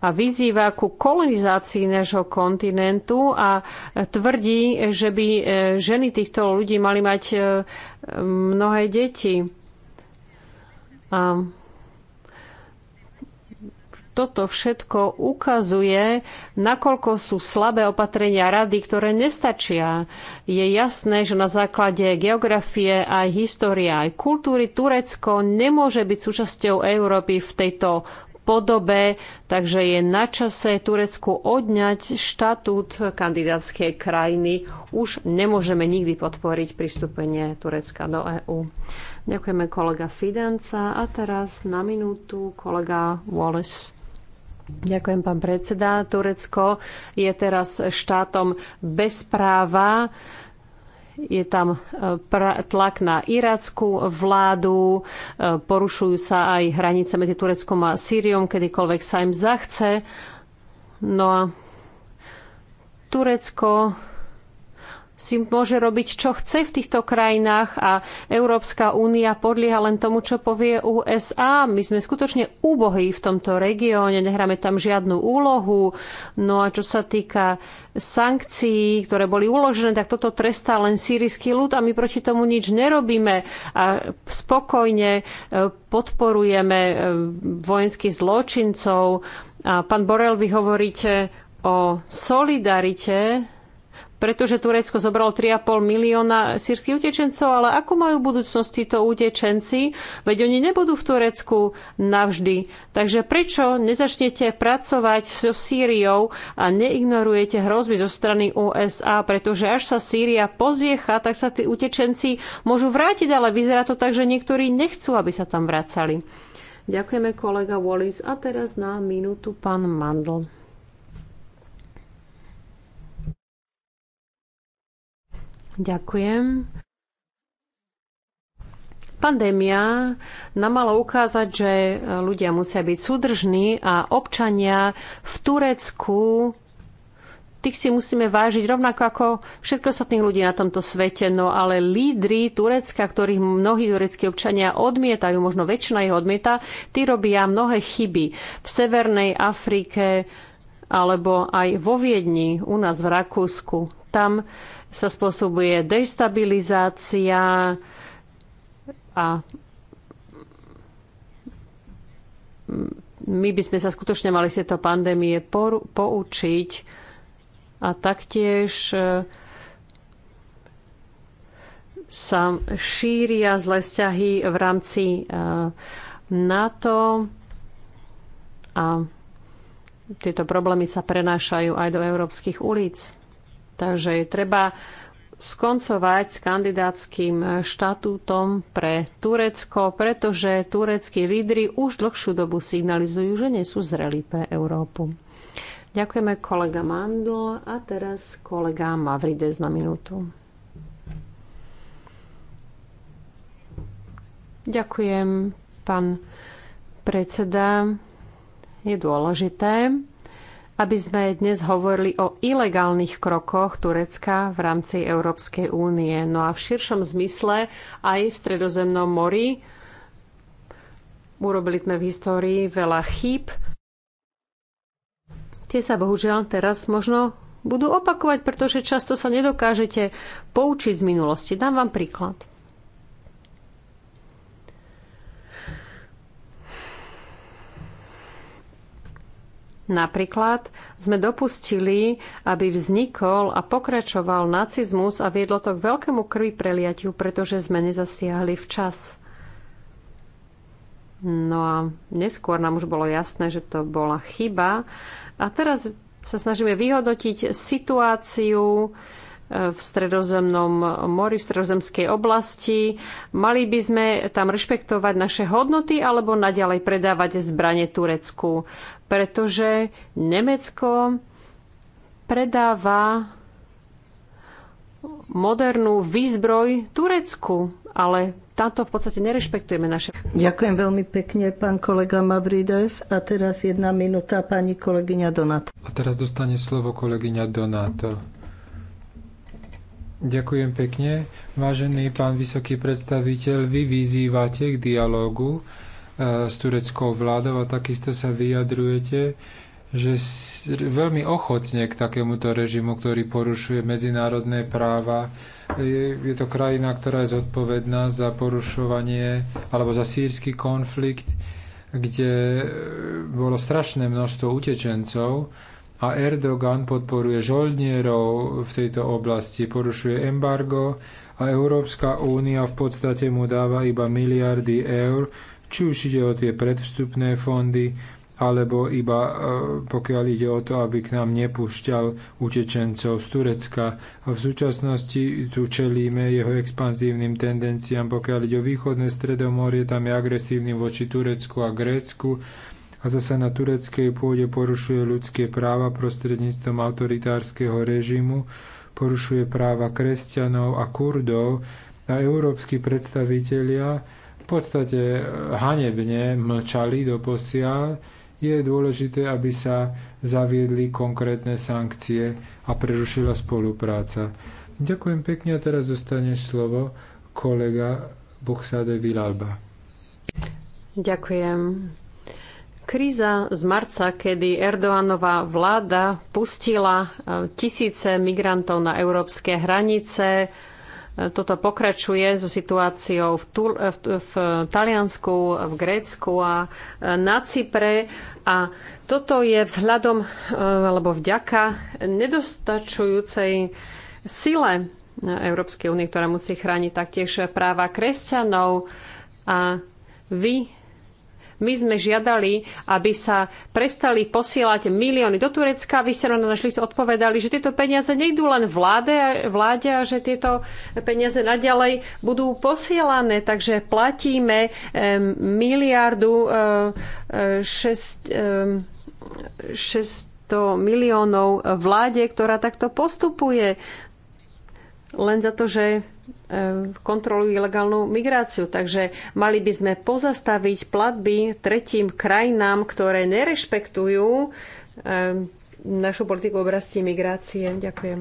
a vyzýva ku kolonizácii nášho kontinentu a tvrdí, že by e, ženy týchto ľudí mali mať e, mnohé deti. A toto všetko ukazuje, nakoľko sú slabé opatrenia rady, ktoré nestačia. Je jasné, že na základe geografie aj histórie, aj kultúry Turecko nemôže byť súčasťou Európy v tejto podobe, takže je na čase Turecku odňať štatút kandidátskej krajiny. Už nemôžeme nikdy podporiť pristúpenie Turecka do EÚ. Ďakujeme kolega Fidanca a teraz na minútu kolega Wallace. Ďakujem, pán predseda. Turecko je teraz štátom bez práva je tam e, tlak na irackú vládu, e, porušujú sa aj hranice medzi Tureckom a Sýriom, kedykoľvek sa im zachce. No a Turecko si môže robiť, čo chce v týchto krajinách a Európska únia podlieha len tomu, čo povie USA. My sme skutočne úbohí v tomto regióne, nehráme tam žiadnu úlohu. No a čo sa týka sankcií, ktoré boli uložené, tak toto trestá len sírisky ľud a my proti tomu nič nerobíme a spokojne e, podporujeme e, vojenských zločincov. A pán Borel, vy hovoríte o solidarite pretože Turecko zobralo 3,5 milióna sírskych utečencov, ale ako majú budúcnosť títo utečenci? Veď oni nebudú v Turecku navždy. Takže prečo nezačnete pracovať so Sýriou a neignorujete hrozby zo strany USA, pretože až sa Sýria pozviecha, tak sa tí utečenci môžu vrátiť, ale vyzerá to tak, že niektorí nechcú, aby sa tam vracali. Ďakujeme kolega Wallis a teraz na minútu pán Mandl. Ďakujem. Pandémia nám mala ukázať, že ľudia musia byť súdržní a občania v Turecku tých si musíme vážiť rovnako ako všetko ostatných ľudí na tomto svete. No ale lídry Turecka, ktorých mnohí tureckí občania odmietajú, možno väčšina ich odmieta, tí robia mnohé chyby. V Severnej Afrike alebo aj vo Viedni, u nás v Rakúsku. Tam sa spôsobuje destabilizácia a my by sme sa skutočne mali z tejto pandémie poučiť a taktiež e, sa šíria zlé vzťahy v rámci e, NATO a tieto problémy sa prenášajú aj do európskych ulic. Takže je treba skoncovať s kandidátským štatútom pre Turecko, pretože tureckí lídry už dlhšiu dobu signalizujú, že nie sú zreli pre Európu. Ďakujeme kolega Mando a teraz kolega Mavrides na minútu. Ďakujem, pán predseda. Je dôležité, aby sme dnes hovorili o ilegálnych krokoch Turecka v rámci Európskej únie. No a v širšom zmysle aj v Stredozemnom mori urobili sme v histórii veľa chýb. Tie sa bohužiaľ teraz možno budú opakovať, pretože často sa nedokážete poučiť z minulosti. Dám vám príklad. Napríklad sme dopustili, aby vznikol a pokračoval nacizmus a viedlo to k veľkému krvi preliatiu, pretože sme nezasiahli včas. No a neskôr nám už bolo jasné, že to bola chyba. A teraz sa snažíme vyhodnotiť situáciu, v stredozemnom mori, v stredozemskej oblasti. Mali by sme tam rešpektovať naše hodnoty alebo naďalej predávať zbranie Turecku, pretože Nemecko predáva modernú výzbroj Turecku, ale táto v podstate nerešpektujeme naše. Ďakujem veľmi pekne, pán kolega Mavrides. A teraz jedna minúta, pani kolegyňa Donato. A teraz dostane slovo kolegyňa Donato. Ďakujem pekne. Vážený pán vysoký predstaviteľ, vy vyzývate k dialogu eh, s tureckou vládou a takisto sa vyjadrujete, že veľmi ochotne k takémuto režimu, ktorý porušuje medzinárodné práva. Je, je to krajina, ktorá je zodpovedná za porušovanie alebo za sírsky konflikt, kde eh, bolo strašné množstvo utečencov a Erdogan podporuje žoldnierov v tejto oblasti, porušuje embargo a Európska únia v podstate mu dáva iba miliardy eur, či už ide o tie predvstupné fondy, alebo iba e, pokiaľ ide o to, aby k nám nepúšťal utečencov z Turecka. A v súčasnosti tu čelíme jeho expanzívnym tendenciám, pokiaľ ide o východné stredomorie, tam je agresívny voči Turecku a Grécku a zase na tureckej pôde porušuje ľudské práva prostredníctvom autoritárskeho režimu, porušuje práva kresťanov a kurdov a európsky predstavitelia v podstate hanebne mlčali do posiaľ, je dôležité, aby sa zaviedli konkrétne sankcie a prerušila spolupráca. Ďakujem pekne a teraz zostane slovo kolega Buxade Vilalba. Ďakujem. Kríza z marca, kedy Erdoánová vláda pustila e, tisíce migrantov na európske hranice, e, toto pokračuje so situáciou v, Tul- e, v, v Taliansku, v Grécku a na Cypre. A toto je vzhľadom alebo vďaka nedostačujúcej sile Európskej únie, ktorá musí chrániť taktiež práva kresťanov. A vy my sme žiadali, aby sa prestali posielať milióny do Turecka. Vy ste na náš list odpovedali, že tieto peniaze nejdú len vláde, vláde a že tieto peniaze naďalej budú posielané. Takže platíme eh, miliardu 6, eh, 600 eh, miliónov vláde, ktorá takto postupuje len za to, že kontrolujú ilegálnu migráciu. Takže mali by sme pozastaviť platby tretím krajinám, ktoré nerešpektujú eh, našu politiku v oblasti migrácie. Ďakujem.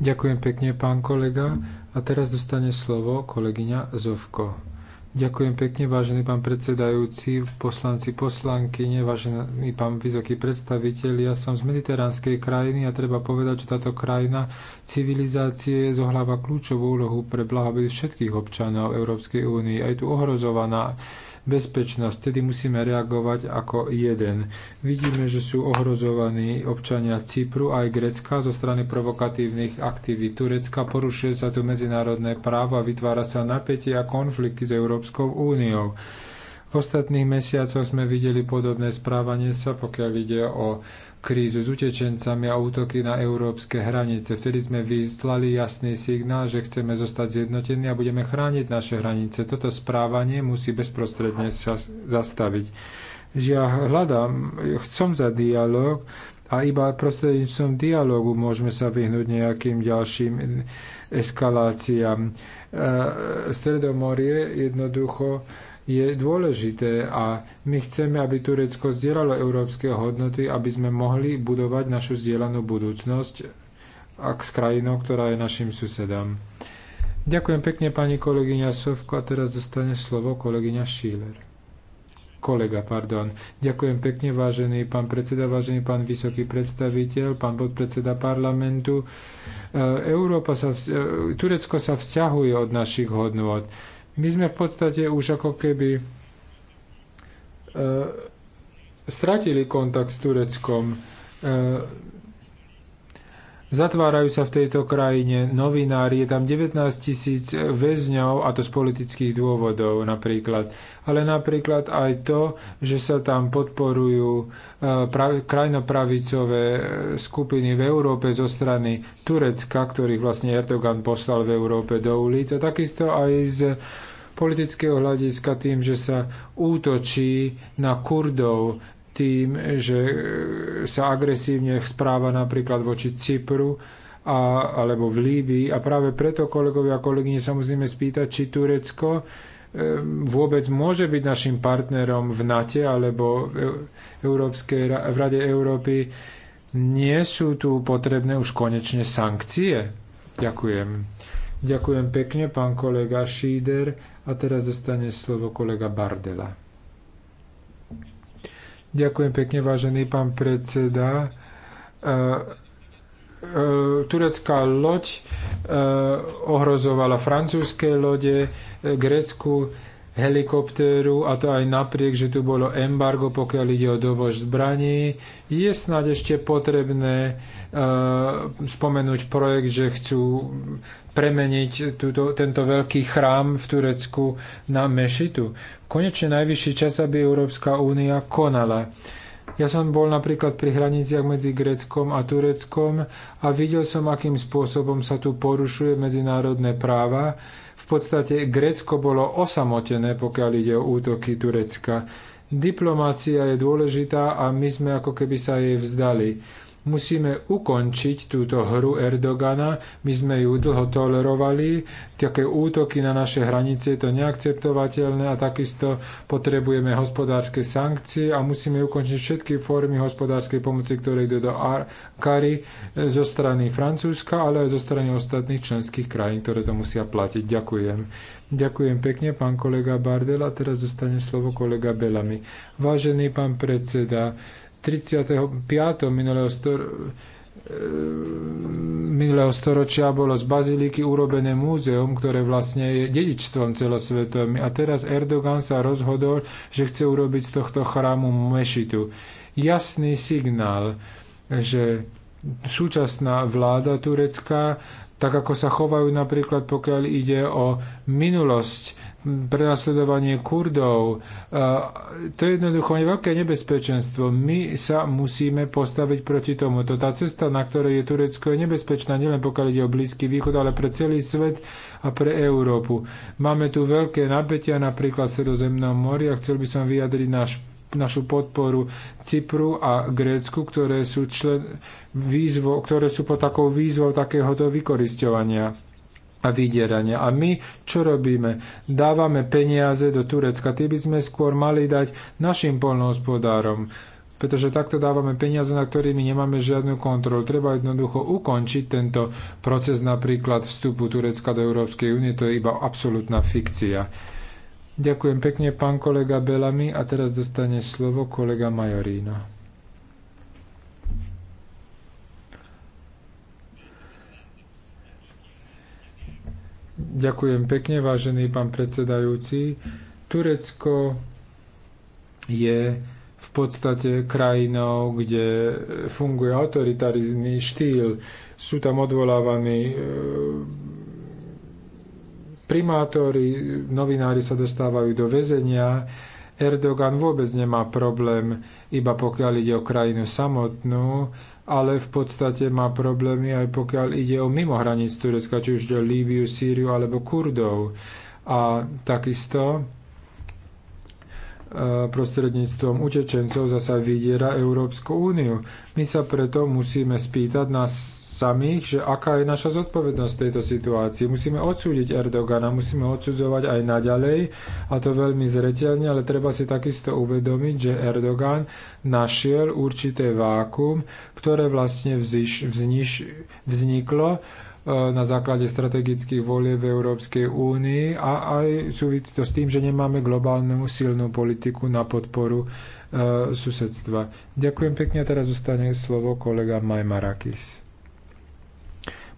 Ďakujem pekne, pán kolega. A teraz dostane slovo kolegyňa Zovko. Ďakujem pekne, vážený pán predsedajúci, poslanci, poslanky, vážený pán vysoký predstaviteľ. Ja som z mediteránskej krajiny a treba povedať, že táto krajina civilizácie zohláva kľúčovú úlohu pre blahobyt všetkých občanov Európskej únie. Aj tu ohrozovaná bezpečnosť. Vtedy musíme reagovať ako jeden. Vidíme, že sú ohrozovaní občania Cypru aj Grecka zo strany provokatívnych aktivít Turecka. Porušuje sa tu medzinárodné právo a vytvára sa napätie a konflikty s Európskou úniou. V ostatných mesiacoch sme videli podobné správanie sa, pokiaľ ide o krízu s utečencami a útoky na európske hranice. Vtedy sme vyslali jasný signál, že chceme zostať zjednotení a budeme chrániť naše hranice. Toto správanie musí bezprostredne sa zastaviť. Že ja hľadám, chcem za dialog a iba prostredníctvom dialogu môžeme sa vyhnúť nejakým ďalším eskaláciám. E, Stredomorie jednoducho je dôležité a my chceme, aby Turecko zdieľalo európske hodnoty, aby sme mohli budovať našu zdieľanú budúcnosť ak s krajinou, ktorá je našim susedom. Ďakujem pekne pani kolegyňa Sovko a teraz dostane slovo kolegyňa Schiller. Kolega, pardon. Ďakujem pekne, vážený pán predseda, vážený pán vysoký predstaviteľ, pán podpredseda parlamentu. E, Európa sa, e, Turecko sa vzťahuje od našich hodnôt. My sme v podstate už ako keby e, stratili kontakt s Tureckom. E, Zatvárajú sa v tejto krajine novinári, je tam 19 tisíc väzňov, a to z politických dôvodov napríklad. Ale napríklad aj to, že sa tam podporujú e, krajnopravicové e, skupiny v Európe zo strany Turecka, ktorých vlastne Erdogan poslal v Európe do ulic a takisto aj z politického hľadiska tým, že sa útočí na Kurdov tým, že sa agresívne správa napríklad voči Cypru a, alebo v Líbii. A práve preto, kolegovia a kolegyne, sa musíme spýtať, či Turecko e, vôbec môže byť našim partnerom v NATO alebo Európskej, v Rade Európy. Nie sú tu potrebné už konečne sankcie? Ďakujem. Ďakujem pekne, pán kolega Šíder. A teraz dostane slovo kolega Bardela. Ďakujem pekne, vážený pán predseda. E, e, turecká loď e, ohrozovala francúzske lode, Grécku helikoptéru, a to aj napriek, že tu bolo embargo, pokiaľ ide o dovoz zbraní. Je snáď ešte potrebné e, spomenúť projekt, že chcú premeniť túto, tento veľký chrám v Turecku na mešitu. Konečne najvyšší čas, aby Európska únia konala. Ja som bol napríklad pri hraniciach medzi Gréckom a Tureckom a videl som, akým spôsobom sa tu porušuje medzinárodné práva podstate Grécko bolo osamotené, pokiaľ ide o útoky Turecka. Diplomácia je dôležitá a my sme ako keby sa jej vzdali. Musíme ukončiť túto hru Erdogana. My sme ju dlho tolerovali. Také útoky na naše hranice je to neakceptovateľné a takisto potrebujeme hospodárske sankcie a musíme ukončiť všetky formy hospodárskej pomoci, ktoré idú do Kary e, zo strany Francúzska, ale aj zo strany ostatných členských krajín, ktoré to musia platiť. Ďakujem. Ďakujem pekne, pán kolega Bardel. A teraz zostane slovo kolega Belami. Vážený pán predseda, 35. minulého storočia e, minulého storočia bolo z Baziliky urobené múzeum, ktoré vlastne je dedičstvom celosvetovým. A teraz Erdogan sa rozhodol, že chce urobiť z tohto chrámu mešitu. Jasný signál, že súčasná vláda turecká, tak ako sa chovajú napríklad pokiaľ ide o minulosť prenasledovanie Kurdov. To je jednoducho veľké nebezpečenstvo. My sa musíme postaviť proti To Tá cesta, na ktorej je Turecko, je nebezpečná nielen pokiaľ ide o Blízky východ, ale pre celý svet a pre Európu. Máme tu veľké napätia napríklad v Sredozemnom mori a chcel by som vyjadriť náš našu podporu Cypru a Grécku, ktoré sú, člen, výzvo, ktoré sú pod takou výzvou takéhoto vykoristovania a vydierania. A my čo robíme? Dávame peniaze do Turecka. Tie by sme skôr mali dať našim polnohospodárom, pretože takto dávame peniaze, na ktorými nemáme žiadnu kontrolu. Treba jednoducho ukončiť tento proces napríklad vstupu Turecka do Európskej únie. To je iba absolútna fikcia. Ďakujem pekne, pán kolega Belami. A teraz dostane slovo kolega Majorína. Ďakujem pekne, vážený pán predsedajúci. Turecko je v podstate krajinou, kde funguje autoritarizný štýl. Sú tam odvolávaní e, primátori, novinári sa dostávajú do väzenia. Erdogan vôbec nemá problém, iba pokiaľ ide o krajinu samotnú, ale v podstate má problémy aj pokiaľ ide o mimo hranic Turecka, či už do o Líbiu, Sýriu alebo Kurdov. A takisto e, prostredníctvom utečencov zasa vydiera Európsku úniu. My sa preto musíme spýtať na samých, že aká je naša zodpovednosť v tejto situácii. Musíme odsúdiť Erdogana, musíme odsudzovať aj naďalej, a to veľmi zretelne, ale treba si takisto uvedomiť, že Erdogan našiel určité vákum, ktoré vlastne vzniš, vzniš, vzniklo e, na základe strategických volie v Európskej únii a aj súvisí to s tým, že nemáme globálnu silnú politiku na podporu e, susedstva. Ďakujem pekne, teraz zostane slovo kolega Majmarakis.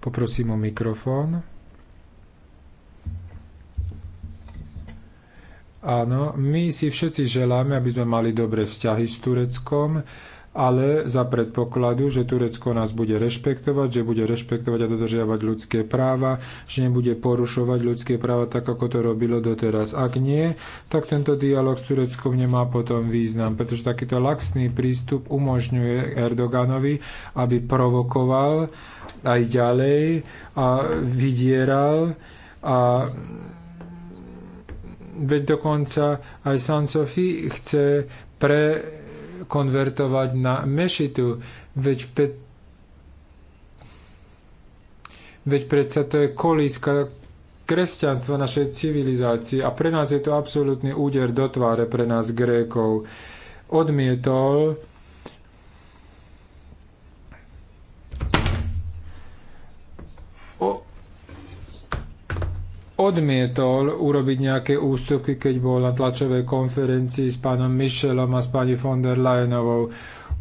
Poprosím o mikrofón. Áno, my si všetci želáme, aby sme mali dobré vzťahy s Tureckom ale za predpokladu, že Turecko nás bude rešpektovať, že bude rešpektovať a dodržiavať ľudské práva, že nebude porušovať ľudské práva tak, ako to robilo doteraz. Ak nie, tak tento dialog s Tureckom nemá potom význam, pretože takýto laxný prístup umožňuje Erdoganovi, aby provokoval aj ďalej a vydieral a veď dokonca aj Sansofi chce pre konvertovať na mešitu, veď pe- Veď predsa to je kolíska kresťanstva našej civilizácii a pre nás je to absolútny úder do tváre, pre nás Grékov. Odmietol odmietol urobiť nejaké ústupky, keď bol na tlačovej konferencii s pánom Michelom a s pani von der Leyenovou.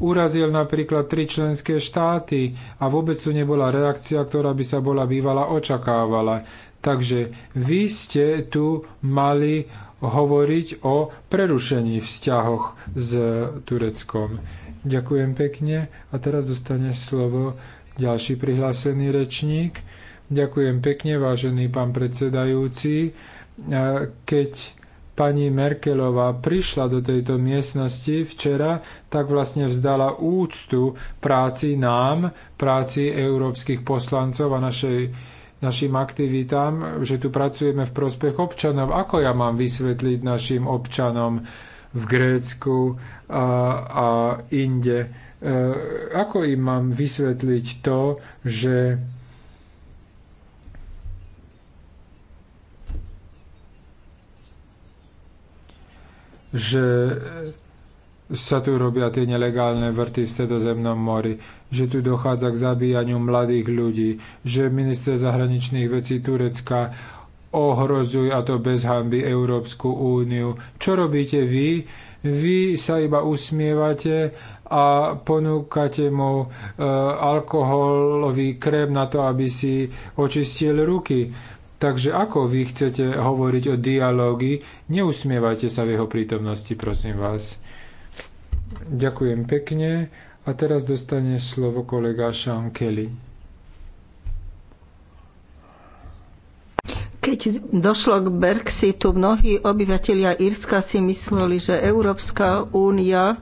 Urazil napríklad tri členské štáty a vôbec tu nebola reakcia, ktorá by sa bola bývala očakávala. Takže vy ste tu mali hovoriť o prerušení vzťahoch s Tureckom. Ďakujem pekne a teraz dostane slovo ďalší prihlásený rečník Ďakujem pekne, vážený pán predsedajúci. Keď pani Merkelová prišla do tejto miestnosti včera, tak vlastne vzdala úctu práci nám, práci európskych poslancov a našej, našim aktivitám, že tu pracujeme v prospech občanov. Ako ja mám vysvetliť našim občanom v Grécku a, a inde? E, ako im mám vysvetliť to, že že sa tu robia tie nelegálne vrty v Stredozemnom mori, že tu dochádza k zabíjaniu mladých ľudí, že minister zahraničných vecí Turecka ohrozuj a to bez hamby Európsku úniu. Čo robíte vy? Vy sa iba usmievate a ponúkate mu e, alkoholový krém na to, aby si očistil ruky Takže ako vy chcete hovoriť o dialógi, neusmievajte sa v jeho prítomnosti, prosím vás. Ďakujem pekne a teraz dostane slovo kolega Sean Kelly. Keď došlo k Brexitu, mnohí obyvatelia Írska si mysleli, že Európska únia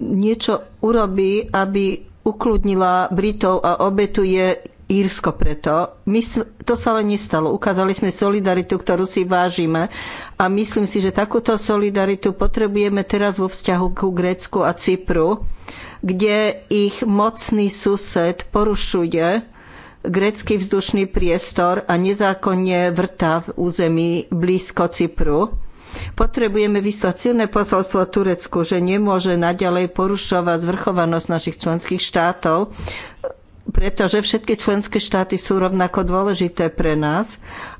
niečo urobí, aby ukludnila Britov a obetuje Írsko preto. My, to sa ale nestalo. Ukázali sme solidaritu, ktorú si vážime a myslím si, že takúto solidaritu potrebujeme teraz vo vzťahu ku Grécku a Cypru, kde ich mocný sused porušuje grécky vzdušný priestor a nezákonne vrta v území blízko Cypru. Potrebujeme vyslať silné posolstvo Turecku, že nemôže naďalej porušovať zvrchovanosť našich členských štátov pretože všetky členské štáty sú rovnako dôležité pre nás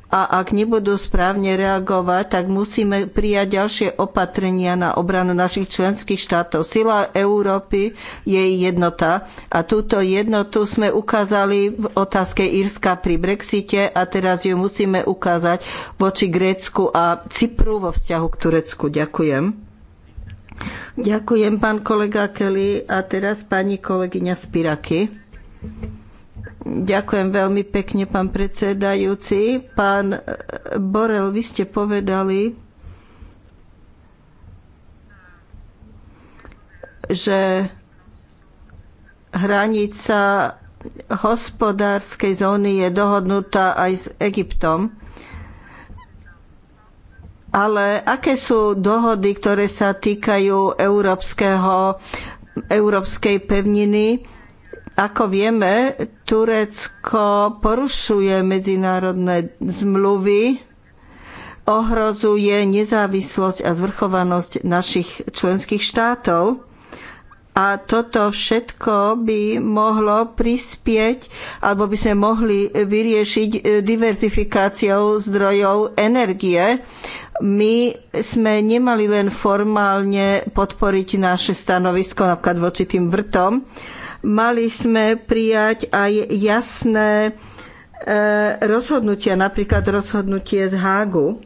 a ak nebudú správne reagovať, tak musíme prijať ďalšie opatrenia na obranu našich členských štátov. Sila Európy je jednota a túto jednotu sme ukázali v otázke Írska pri Brexite a teraz ju musíme ukázať voči Grécku a Cypru vo vzťahu k Turecku. Ďakujem. Ďakujem, pán kolega Kelly. A teraz pani kolegyňa Spiraky. Ďakujem veľmi pekne, pán predsedajúci. Pán e, Borel, vy ste povedali, že hranica hospodárskej zóny je dohodnutá aj s Egyptom. Ale aké sú dohody, ktoré sa týkajú európskeho, európskej pevniny? Ako vieme, Turecko porušuje medzinárodné zmluvy, ohrozuje nezávislosť a zvrchovanosť našich členských štátov. A toto všetko by mohlo prispieť, alebo by sme mohli vyriešiť diverzifikáciou zdrojov energie. My sme nemali len formálne podporiť naše stanovisko napríklad voči tým vrtom, Mali sme prijať aj jasné e, rozhodnutia, napríklad rozhodnutie z Hágu.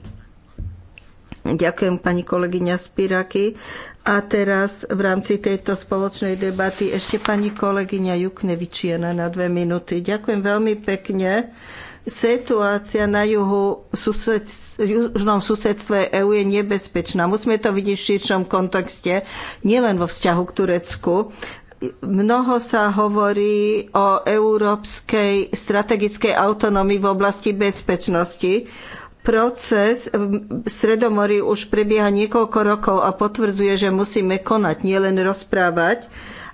Ďakujem pani kolegyňa Spiraky. A teraz v rámci tejto spoločnej debaty ešte pani kolegyňa Juknevičiena na dve minúty. Ďakujem veľmi pekne. Situácia na juhu, sused, južnom susedstve EÚ je nebezpečná. Musíme to vidieť v širšom kontexte, nielen vo vzťahu k Turecku mnoho sa hovorí o európskej strategickej autonómii v oblasti bezpečnosti. Proces v Stredomorí už prebieha niekoľko rokov a potvrdzuje, že musíme konať, nielen rozprávať.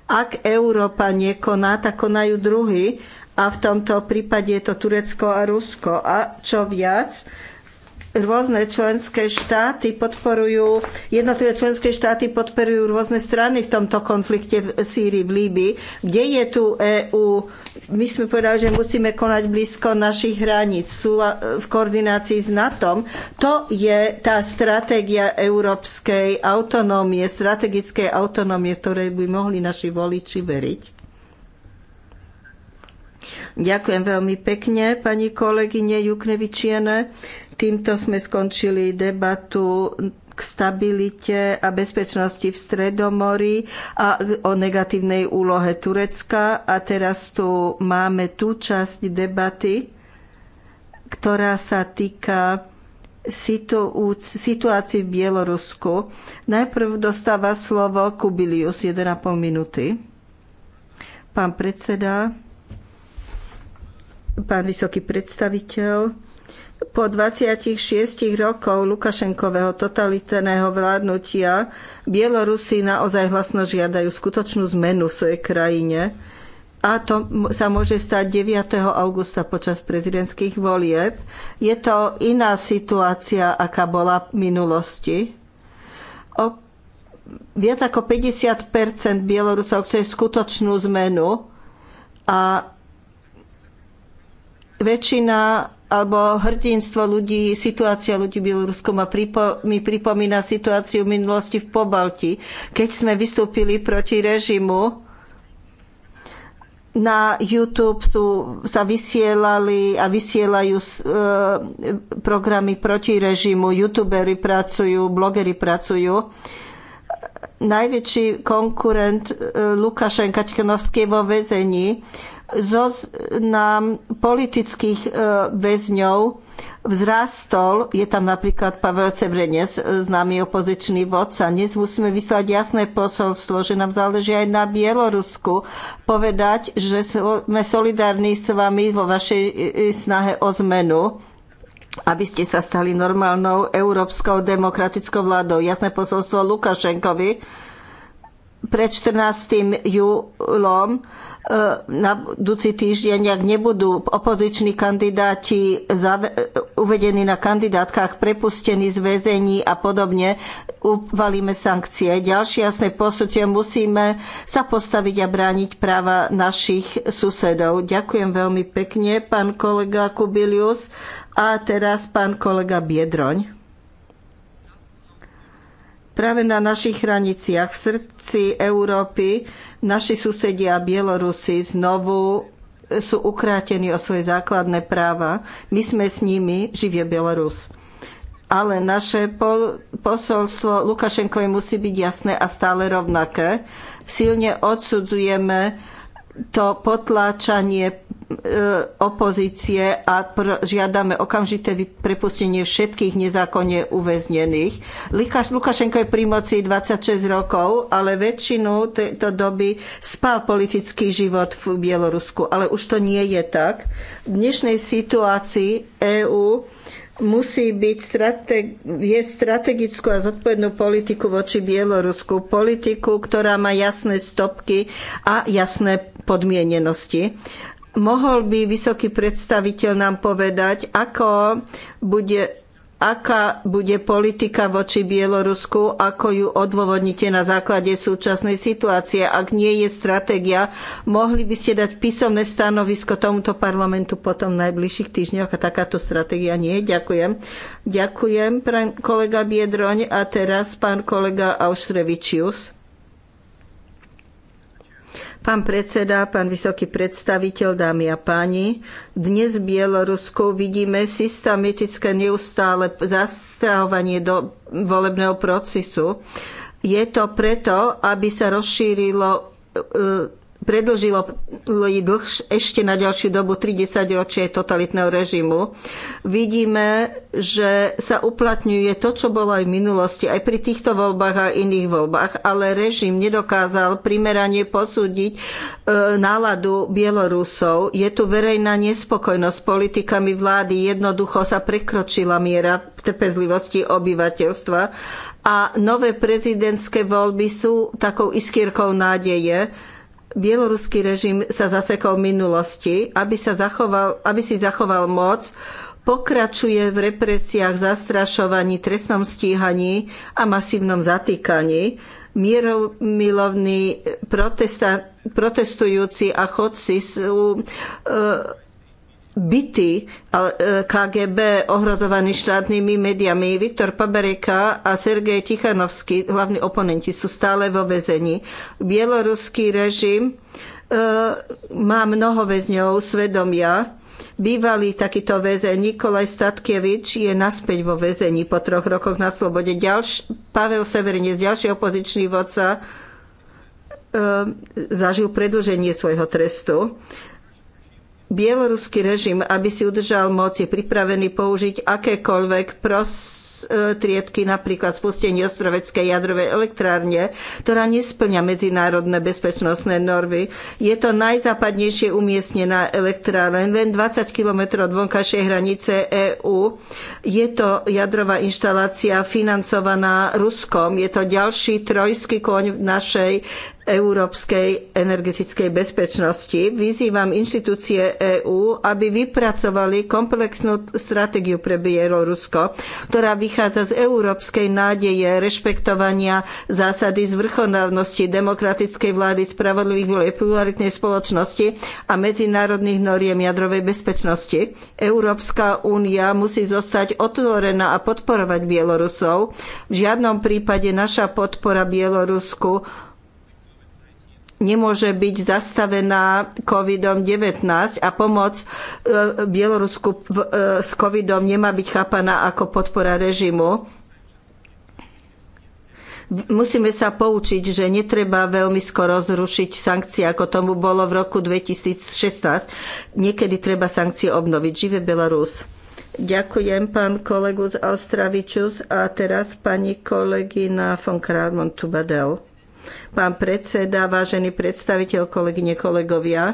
Ak Európa nekoná, tak konajú druhy a v tomto prípade je to Turecko a Rusko. A čo viac, rôzne členské štáty podporujú, jednotlivé členské štáty podporujú rôzne strany v tomto konflikte v Sýrii, v Líbii. Kde je tu EÚ? My sme povedali, že musíme konať blízko našich hraníc v koordinácii s NATO. To je tá stratégia európskej autonómie, strategickej autonómie, ktorej by mohli naši voliči veriť. Ďakujem veľmi pekne, pani kolegyne Juknevičiene. Týmto sme skončili debatu k stabilite a bezpečnosti v Stredomori a o negatívnej úlohe Turecka. A teraz tu máme tú časť debaty, ktorá sa týka situácii v Bielorusku. Najprv dostáva slovo Kubilius, 1,5 minúty. Pán predseda, pán vysoký predstaviteľ, po 26 rokov Lukašenkového totalitného vládnutia Bielorusi naozaj hlasno žiadajú skutočnú zmenu v svojej krajine a to sa môže stať 9. augusta počas prezidentských volieb. Je to iná situácia, aká bola v minulosti. O viac ako 50 Bielorusov chce skutočnú zmenu a väčšina alebo hrdinstvo ľudí, situácia ľudí v Bielorusku ma pripo, mi pripomína situáciu v minulosti v Pobalti, keď sme vystúpili proti režimu. Na YouTube sú, sa vysielali a vysielajú e, programy proti režimu, youtuberi pracujú, blogeri pracujú najväčší konkurent e, Lukašenka Čkanovský vo vezení, e, zoznam politických e, väzňov vzrastol. Je tam napríklad Pavel Sevrenec, e, známy opozičný vodca. Dnes musíme vyslať jasné posolstvo, že nám záleží aj na Bielorusku. Povedať, že sme solidárni s vami vo vašej e, snahe o zmenu aby ste sa stali normálnou európskou demokratickou vládou. Jasné posolstvo Lukašenkovi, pred 14. júlom e, na budúci týždeň, ak nebudú opoziční kandidáti uvedení na kandidátkach, prepustení z väzení a podobne, uvalíme sankcie. Ďalšie jasné posudie musíme sa postaviť a brániť práva našich susedov. Ďakujem veľmi pekne, pán kolega Kubilius. A teraz pán kolega Biedroň. Práve na našich hraniciach, v srdci Európy, naši susedia Bielorusi znovu e, sú ukrátení o svoje základné práva. My sme s nimi, živie Bielorus. Ale naše posolstvo Lukašenkovi musí byť jasné a stále rovnaké. Silne odsudzujeme to potláčanie E, opozície a žiadame okamžité prepustenie všetkých nezákonne uväznených. Lukašenko je pri moci 26 rokov, ale väčšinu tejto doby spal politický život v Bielorusku, ale už to nie je tak. V dnešnej situácii EÚ musí byť strate- viesť strategickú a zodpovednú politiku voči Bielorusku. Politiku, ktorá má jasné stopky a jasné podmienenosti mohol by vysoký predstaviteľ nám povedať, ako bude, aká bude politika voči Bielorusku, ako ju odôvodnite na základe súčasnej situácie. Ak nie je stratégia, mohli by ste dať písomné stanovisko tomuto parlamentu potom v najbližších týždňoch a takáto stratégia nie. Ďakujem. Ďakujem, pán kolega Biedroň a teraz pán kolega Austrevičius. Pán predseda, pán vysoký predstaviteľ, dámy a páni, dnes v Bielorusku vidíme systematické neustále zastrahovanie do volebného procesu. Je to preto, aby sa rozšírilo e, predlžilo dlh ešte na ďalšiu dobu 30 ročie totalitného režimu. Vidíme, že sa uplatňuje to, čo bolo aj v minulosti, aj pri týchto voľbách a iných voľbách, ale režim nedokázal primerane posúdiť e, náladu Bielorusov. Je tu verejná nespokojnosť s politikami vlády, jednoducho sa prekročila miera trpezlivosti obyvateľstva a nové prezidentské voľby sú takou iskierkou nádeje, bieloruský režim sa zasekol v minulosti, aby, sa zachoval, aby si zachoval moc, pokračuje v represiách, zastrašovaní, trestnom stíhaní a masívnom zatýkaní. Mieromilovní protestujúci a chodci sú e, bytý e, KGB ohrozovaný štátnymi médiami. Viktor Pabereka a Sergej Tichanovský, hlavní oponenti, sú stále vo väzení. Bieloruský režim e, má mnoho väzňov svedomia. Bývalý takýto väzeň Nikolaj Statkevič je naspäť vo väzení po troch rokoch na slobode. Ďalš, Pavel Severinec, ďalší opozičný vodca, e, zažil predĺženie svojho trestu. Bieloruský režim, aby si udržal moc, je pripravený použiť akékoľvek prostriedky, e, napríklad spustenie ostroveckej jadrovej elektrárne, ktorá nesplňa medzinárodné bezpečnostné normy. Je to najzápadnejšie umiestnená elektrárne, len 20 km od vonkajšej hranice EÚ. Je to jadrová inštalácia financovaná Ruskom. Je to ďalší trojský koň v našej európskej energetickej bezpečnosti. Vyzývam inštitúcie EÚ, aby vypracovali komplexnú stratégiu pre Bielorusko, ktorá vychádza z európskej nádeje rešpektovania zásady zvrchovanosti demokratickej vlády, spravodlivých volieb, pluralitnej spoločnosti a medzinárodných noriem jadrovej bezpečnosti. Európska únia musí zostať otvorená a podporovať Bielorusov. V žiadnom prípade naša podpora Bielorusku nemôže byť zastavená COVID-19 a pomoc e, Bielorusku e, s COVIDom nemá byť chápaná ako podpora režimu. Musíme sa poučiť, že netreba veľmi skoro zrušiť sankcie, ako tomu bolo v roku 2016. Niekedy treba sankcie obnoviť. Žive Belarus. Ďakujem pán kolegu z Austravičus a teraz pani kolegyna von Kramon Tubadel. Pán predseda, vážený predstaviteľ, kolegyne, kolegovia,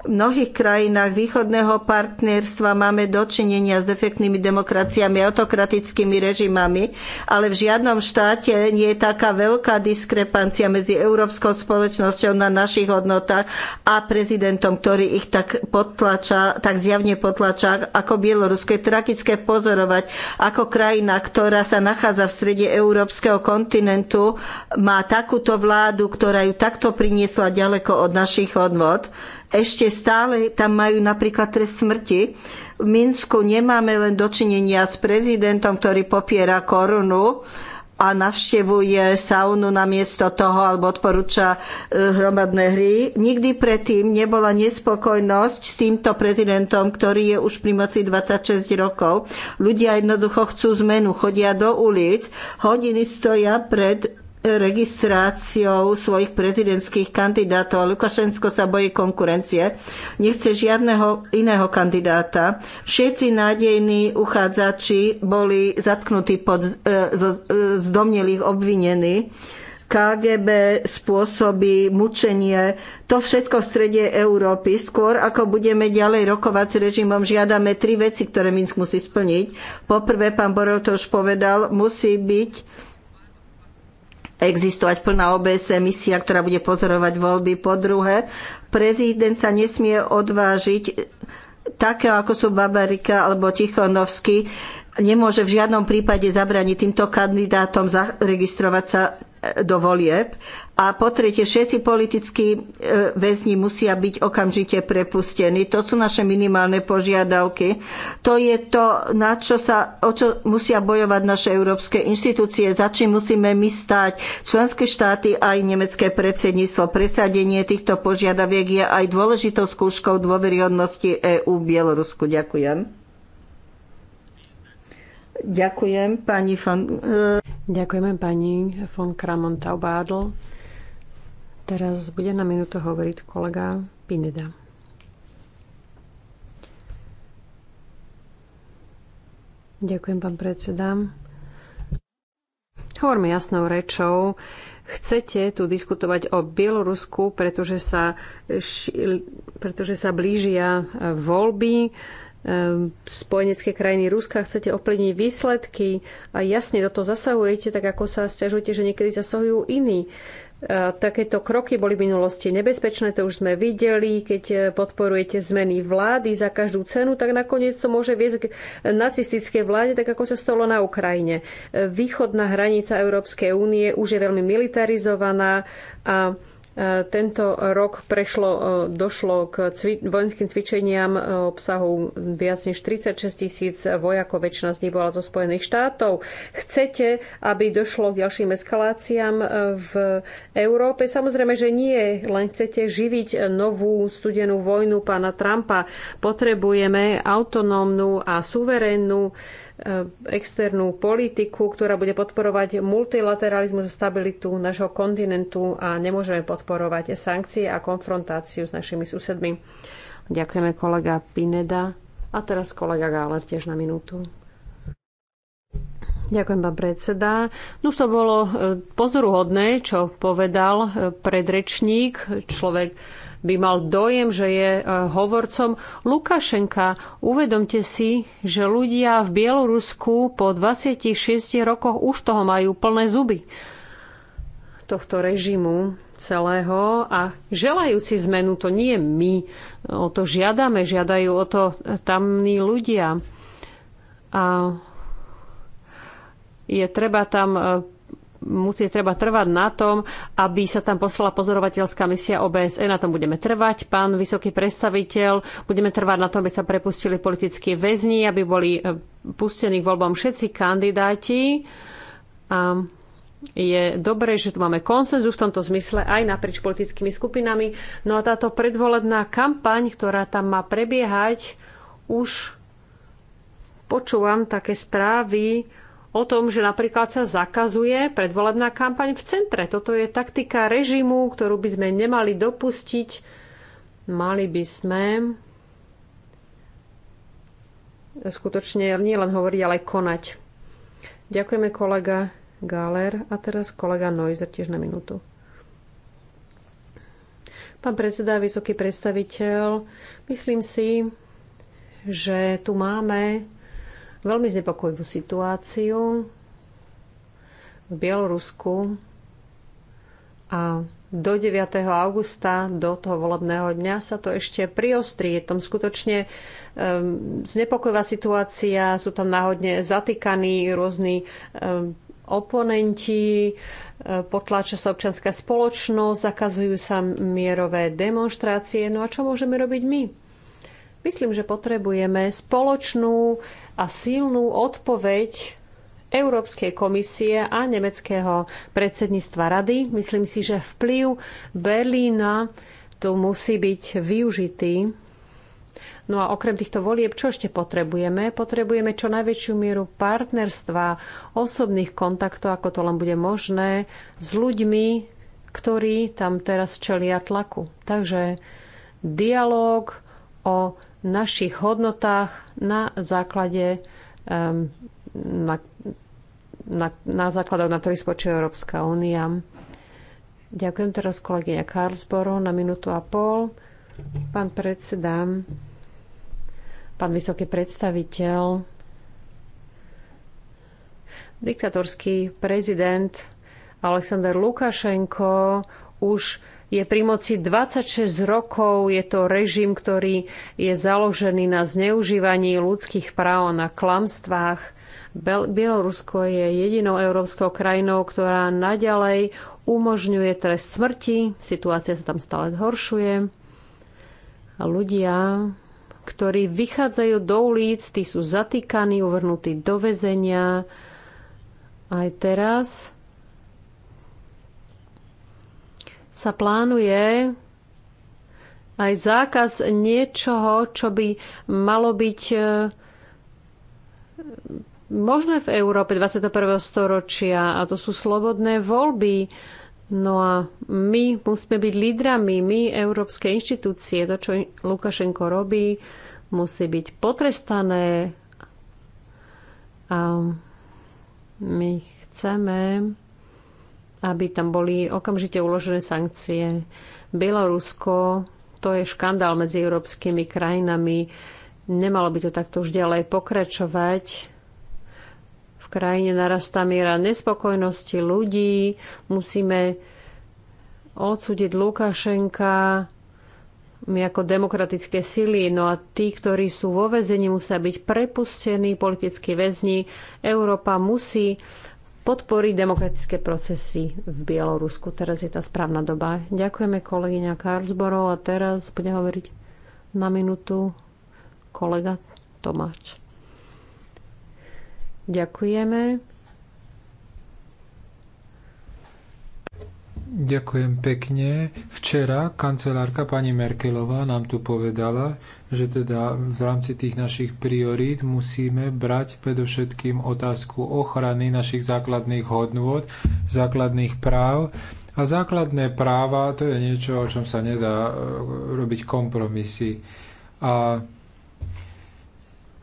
v mnohých krajinách východného partnerstva máme dočinenia s defektnými demokraciami, autokratickými režimami, ale v žiadnom štáte nie je taká veľká diskrepancia medzi európskou spoločnosťou na našich hodnotách a prezidentom, ktorý ich tak potlača, tak zjavne potlača ako Bielorusko. Je tragické pozorovať, ako krajina, ktorá sa nachádza v strede európskeho kontinentu, má takúto vládu, ktorá ju takto priniesla ďaleko od našich hodnot ešte stále tam majú napríklad trest smrti. V Minsku nemáme len dočinenia s prezidentom, ktorý popiera korunu a navštevuje saunu namiesto toho alebo odporúča e, hromadné hry. Nikdy predtým nebola nespokojnosť s týmto prezidentom, ktorý je už pri moci 26 rokov. Ľudia jednoducho chcú zmenu, chodia do ulic, hodiny stoja pred registráciou svojich prezidentských kandidátov. Lukašensko sa bojí konkurencie. Nechce žiadneho iného kandidáta. Všetci nádejní uchádzači boli zatknutí pod e, e, zdomnelých obvinení. KGB spôsobí mučenie. To všetko v strede Európy. Skôr ako budeme ďalej rokovať s režimom, žiadame tri veci, ktoré Minsk musí splniť. Poprvé, pán Borel to už povedal, musí byť existovať plná OBS misia, ktorá bude pozorovať voľby. Po druhé, prezident sa nesmie odvážiť také ako sú Babarika alebo Tichonovský, nemôže v žiadnom prípade zabrániť týmto kandidátom zaregistrovať sa do volieb. A po tretie, všetci politickí e, väzni musia byť okamžite prepustení. To sú naše minimálne požiadavky. To je to, na čo sa, o čo musia bojovať naše európske inštitúcie, za čím musíme my stáť. Členské štáty aj nemecké predsedníctvo. Presadenie týchto požiadaviek je aj dôležitou skúškou dôveryhodnosti EÚ v Bielorusku. Ďakujem. Ďakujem pani von... E, Ďakujeme pani von Kramon Taubádl. Teraz bude na minútu hovoriť kolega Pineda. Ďakujem, pán predseda. Hovorme jasnou rečou. Chcete tu diskutovať o Bielorusku, pretože sa, pretože sa blížia voľby Ehm, spojenecké krajiny Ruska, chcete ovplyvniť výsledky a jasne do toho zasahujete, tak ako sa stiažujete, že niekedy zasahujú iní. Takéto kroky boli v minulosti nebezpečné, to už sme videli, keď e, podporujete zmeny vlády za každú cenu, tak nakoniec to môže viesť k nacistickej vláde, tak ako sa stalo na Ukrajine. E, východná hranica Európskej únie už je veľmi militarizovaná a E, tento rok prešlo, e, došlo k cvi- vojenským cvičeniam e, obsahu viac než 36 tisíc vojakov, väčšina z nich bola zo Spojených štátov. Chcete, aby došlo k ďalším eskaláciám v Európe? Samozrejme, že nie, len chcete živiť novú studenú vojnu pána Trumpa. Potrebujeme autonómnu a suverénnu Eh, externú politiku, ktorá bude podporovať multilateralizmus a stabilitu našho kontinentu a nemôžeme podporovať sankcie a konfrontáciu s našimi susedmi. Ďakujeme kolega Pineda a teraz kolega Gáler tiež na minútu. Ďakujem, pán predseda. No už to bolo eh, pozoruhodné, čo povedal eh, predrečník, človek, by mal dojem, že je e, hovorcom Lukašenka. Uvedomte si, že ľudia v Bielorusku po 26 rokoch už toho majú plné zuby tohto režimu celého a želajú si zmenu, to nie my o to žiadame, žiadajú o to tamní ľudia. A je treba tam e, musí treba trvať na tom, aby sa tam poslala pozorovateľská misia OBSE. Na tom budeme trvať, pán vysoký predstaviteľ. Budeme trvať na tom, aby sa prepustili politickí väzni, aby boli e, pustení k voľbám všetci kandidáti. A je dobré, že tu máme konsenzus v tomto zmysle aj naprieč politickými skupinami. No a táto predvolebná kampaň, ktorá tam má prebiehať, už počúvam také správy, o tom, že napríklad sa zakazuje predvolebná kampaň v centre. Toto je taktika režimu, ktorú by sme nemali dopustiť. Mali by sme skutočne nie len hovoriť, ale aj konať. Ďakujeme kolega Galer a teraz kolega Noizer tiež na minútu. Pán predseda, vysoký predstaviteľ, myslím si, že tu máme veľmi znepokojivú situáciu v Bielorusku a do 9. augusta, do toho volebného dňa sa to ešte priostrí. Je tam skutočne um, znepokojivá situácia, sú tam náhodne zatýkaní rôzni um, oponenti, ehm, potláča sa občianská spoločnosť, zakazujú sa mierové demonstrácie. No a čo môžeme robiť my? Myslím, že potrebujeme spoločnú a silnú odpoveď Európskej komisie a nemeckého predsedníctva rady. Myslím si, že vplyv Berlína tu musí byť využitý. No a okrem týchto volieb, čo ešte potrebujeme? Potrebujeme čo najväčšiu mieru partnerstva, osobných kontaktov, ako to len bude možné, s ľuďmi, ktorí tam teraz čelia tlaku. Takže dialog o našich hodnotách na základe na, na, na základoch, na ktorých spočíva Európska únia. Ďakujem teraz kolegyňa Karlsboro na minútu a pol. Pán predseda, pán vysoký predstaviteľ, diktatorský prezident Aleksandr Lukašenko už je pri moci 26 rokov. Je to režim, ktorý je založený na zneužívaní ľudských práv na klamstvách. Bielorusko je jedinou európskou krajinou, ktorá naďalej umožňuje trest smrti. Situácia sa tam stále zhoršuje. A ľudia, ktorí vychádzajú do ulic, tí sú zatýkaní, uvrnutí do väzenia. Aj teraz sa plánuje aj zákaz niečoho, čo by malo byť e, možné v Európe 21. storočia a to sú slobodné voľby. No a my musíme byť lídrami, my, európske inštitúcie, to, čo Lukašenko robí, musí byť potrestané a my chceme, aby tam boli okamžite uložené sankcie. Bielorusko, to je škandál medzi európskymi krajinami. Nemalo by to takto už ďalej pokračovať. V krajine narastá miera nespokojnosti ľudí. Musíme odsúdiť Lukašenka, my ako demokratické sily, no a tí, ktorí sú vo väzení, musia byť prepustení, politickí väzni. Európa musí podporiť demokratické procesy v Bielorusku. Teraz je tá správna doba. Ďakujeme kolegyňa Karlsborov a teraz bude hovoriť na minútu kolega Tomáč. Ďakujeme. Ďakujem pekne. Včera kancelárka pani Merkelová nám tu povedala, že teda v rámci tých našich priorít musíme brať predovšetkým otázku ochrany našich základných hodnôt, základných práv. A základné práva to je niečo, o čom sa nedá e, robiť kompromisy. A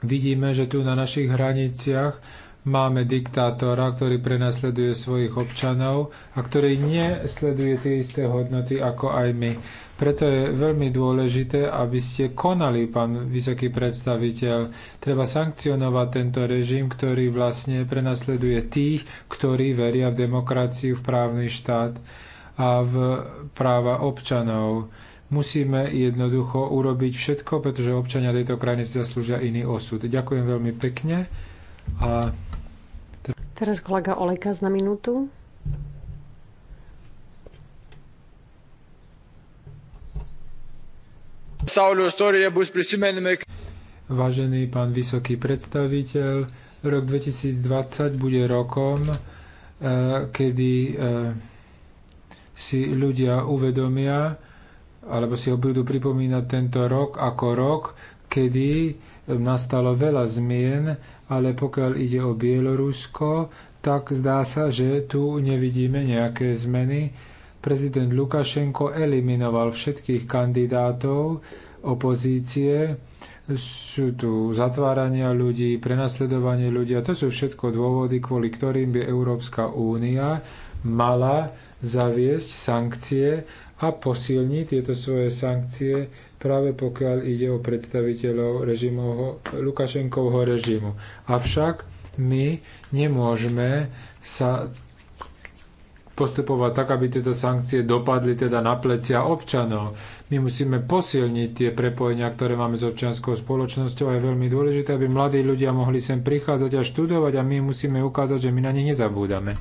vidíme, že tu na našich hraniciach máme diktátora, ktorý prenasleduje svojich občanov a ktorý nesleduje tie isté hodnoty ako aj my. Preto je veľmi dôležité, aby ste konali, pán vysoký predstaviteľ. Treba sankcionovať tento režim, ktorý vlastne prenasleduje tých, ktorí veria v demokraciu, v právny štát a v práva občanov. Musíme jednoducho urobiť všetko, pretože občania tejto krajiny si zaslúžia iný osud. Ďakujem veľmi pekne. A... Teraz kolega Oleka na minútu. Vážený pán vysoký predstaviteľ, rok 2020 bude rokom, e, kedy e, si ľudia uvedomia, alebo si ho budú pripomínať tento rok ako rok, kedy e, nastalo veľa zmien, ale pokiaľ ide o Bielorusko, tak zdá sa, že tu nevidíme nejaké zmeny prezident Lukašenko eliminoval všetkých kandidátov opozície. Sú tu zatvárania ľudí, prenasledovanie ľudí a to sú všetko dôvody, kvôli ktorým by Európska únia mala zaviesť sankcie a posilniť tieto svoje sankcie práve pokiaľ ide o predstaviteľov režimov, Lukašenkovho režimu. Avšak my nemôžeme sa postupovať tak, aby tieto sankcie dopadli teda na plecia občanov. My musíme posilniť tie prepojenia, ktoré máme s občianskou spoločnosťou a je veľmi dôležité, aby mladí ľudia mohli sem prichádzať a študovať a my musíme ukázať, že my na ne nezabúdame.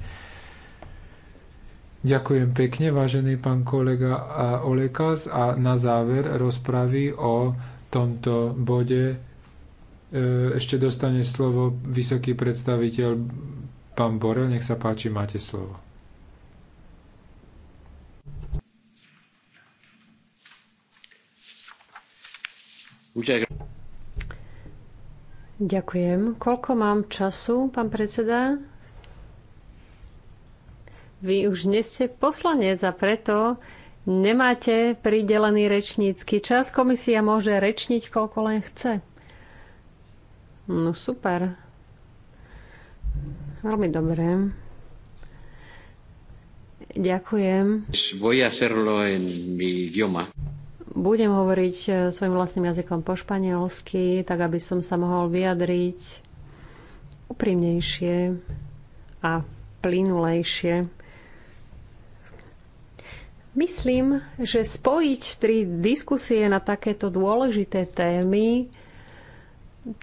Ďakujem pekne, vážený pán kolega Olekas. A na záver rozpravy o tomto bode e, ešte dostane slovo vysoký predstaviteľ pán Borel. Nech sa páči, máte slovo. Ďakujem. Koľko mám času, pán predseda? Vy už nie ste poslanec a preto nemáte pridelený rečnícky čas. Komisia môže rečniť, koľko len chce. No super. Veľmi dobré. Ďakujem. Voy a hacerlo en mi idioma budem hovoriť eh, svojim vlastným jazykom po španielsky, tak aby som sa mohol vyjadriť úprimnejšie a plynulejšie. Myslím, že spojiť tri diskusie na takéto dôležité témy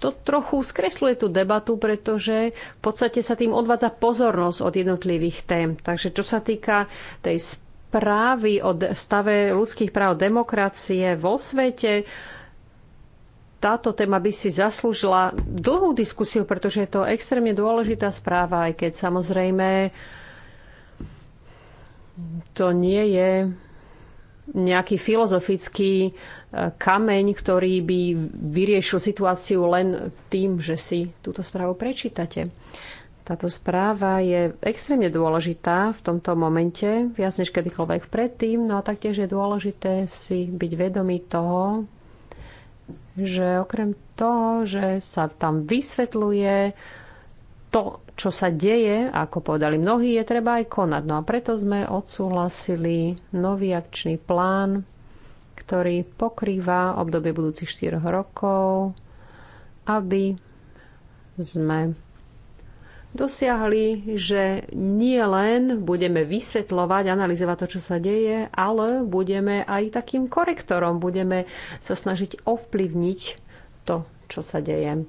to trochu skresluje tú debatu, pretože v podstate sa tým odvádza pozornosť od jednotlivých tém. Takže čo sa týka tej správy o stave ľudských práv demokracie vo svete. Táto téma by si zaslúžila dlhú diskusiu, pretože je to extrémne dôležitá správa, aj keď samozrejme to nie je nejaký filozofický e, kameň, ktorý by vyriešil situáciu len tým, že si túto správu prečítate. Táto správa je extrémne dôležitá v tomto momente, viac než kedykoľvek predtým, no a taktiež je dôležité si byť vedomý toho, že okrem toho, že sa tam vysvetľuje to, čo sa deje, ako povedali mnohí, je treba aj konať. No a preto sme odsúhlasili nový akčný plán, ktorý pokrýva obdobie budúcich 4 rokov, aby sme dosiahli, že nie len budeme vysvetľovať, analyzovať to, čo sa deje, ale budeme aj takým korektorom, budeme sa snažiť ovplyvniť to, čo sa deje.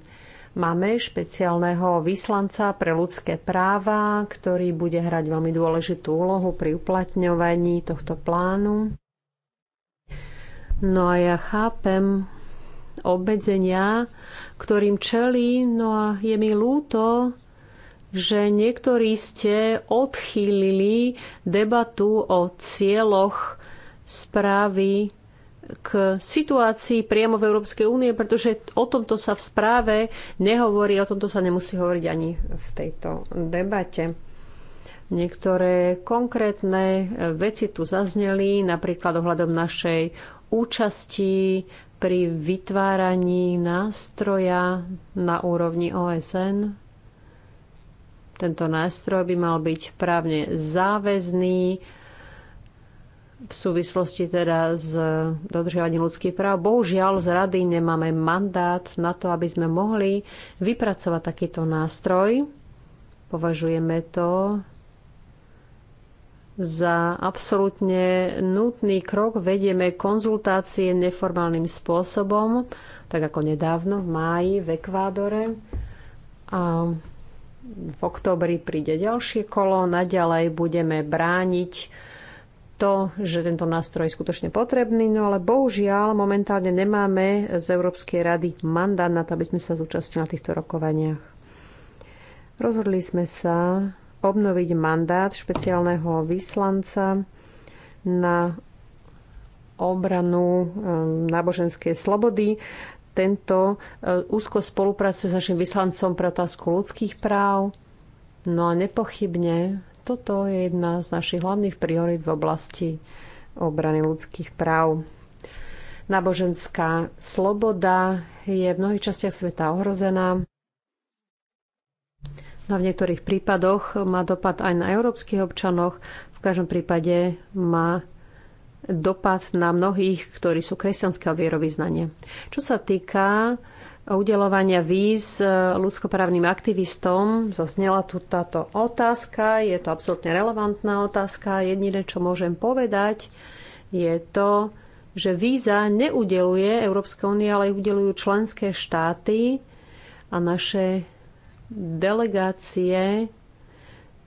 Máme špeciálneho vyslanca pre ľudské práva, ktorý bude hrať veľmi dôležitú úlohu pri uplatňovaní tohto plánu. No a ja chápem obmedzenia, ktorým čelí, no a je mi ľúto, že niektorí ste odchýlili debatu o cieľoch správy k situácii priamo v Európskej únie, pretože o tomto sa v správe nehovorí, o tomto sa nemusí hovoriť ani v tejto debate. Niektoré konkrétne veci tu zazneli, napríklad ohľadom našej účasti pri vytváraní nástroja na úrovni OSN tento nástroj by mal byť právne záväzný v súvislosti teda s dodržiavaním ľudských práv. Bohužiaľ z rady nemáme mandát na to, aby sme mohli vypracovať takýto nástroj. Považujeme to za absolútne nutný krok vedieme konzultácie neformálnym spôsobom, tak ako nedávno v máji v Ekvádore. A v oktobri príde ďalšie kolo. Naďalej budeme brániť to, že tento nástroj je skutočne potrebný, no ale bohužiaľ momentálne nemáme z Európskej rady mandát na to, aby sme sa zúčastnili na týchto rokovaniach. Rozhodli sme sa obnoviť mandát špeciálneho vyslanca na obranu eh, náboženskej slobody tento e, úzko spolupracuje s našim vyslancom pre otázku ľudských práv. No a nepochybne, toto je jedna z našich hlavných priorit v oblasti obrany ľudských práv. Náboženská sloboda je v mnohých častiach sveta ohrozená. No v niektorých prípadoch má dopad aj na európskych občanoch. V každom prípade má dopad na mnohých, ktorí sú kresťanského vierovýznania. Čo sa týka udelovania víz eh, ľudskoprávnym aktivistom, zaznela tu táto otázka. Je to absolútne relevantná otázka. Jediné, čo môžem povedať, je to, že víza neudeluje Európska únia, ale ich udelujú členské štáty a naše delegácie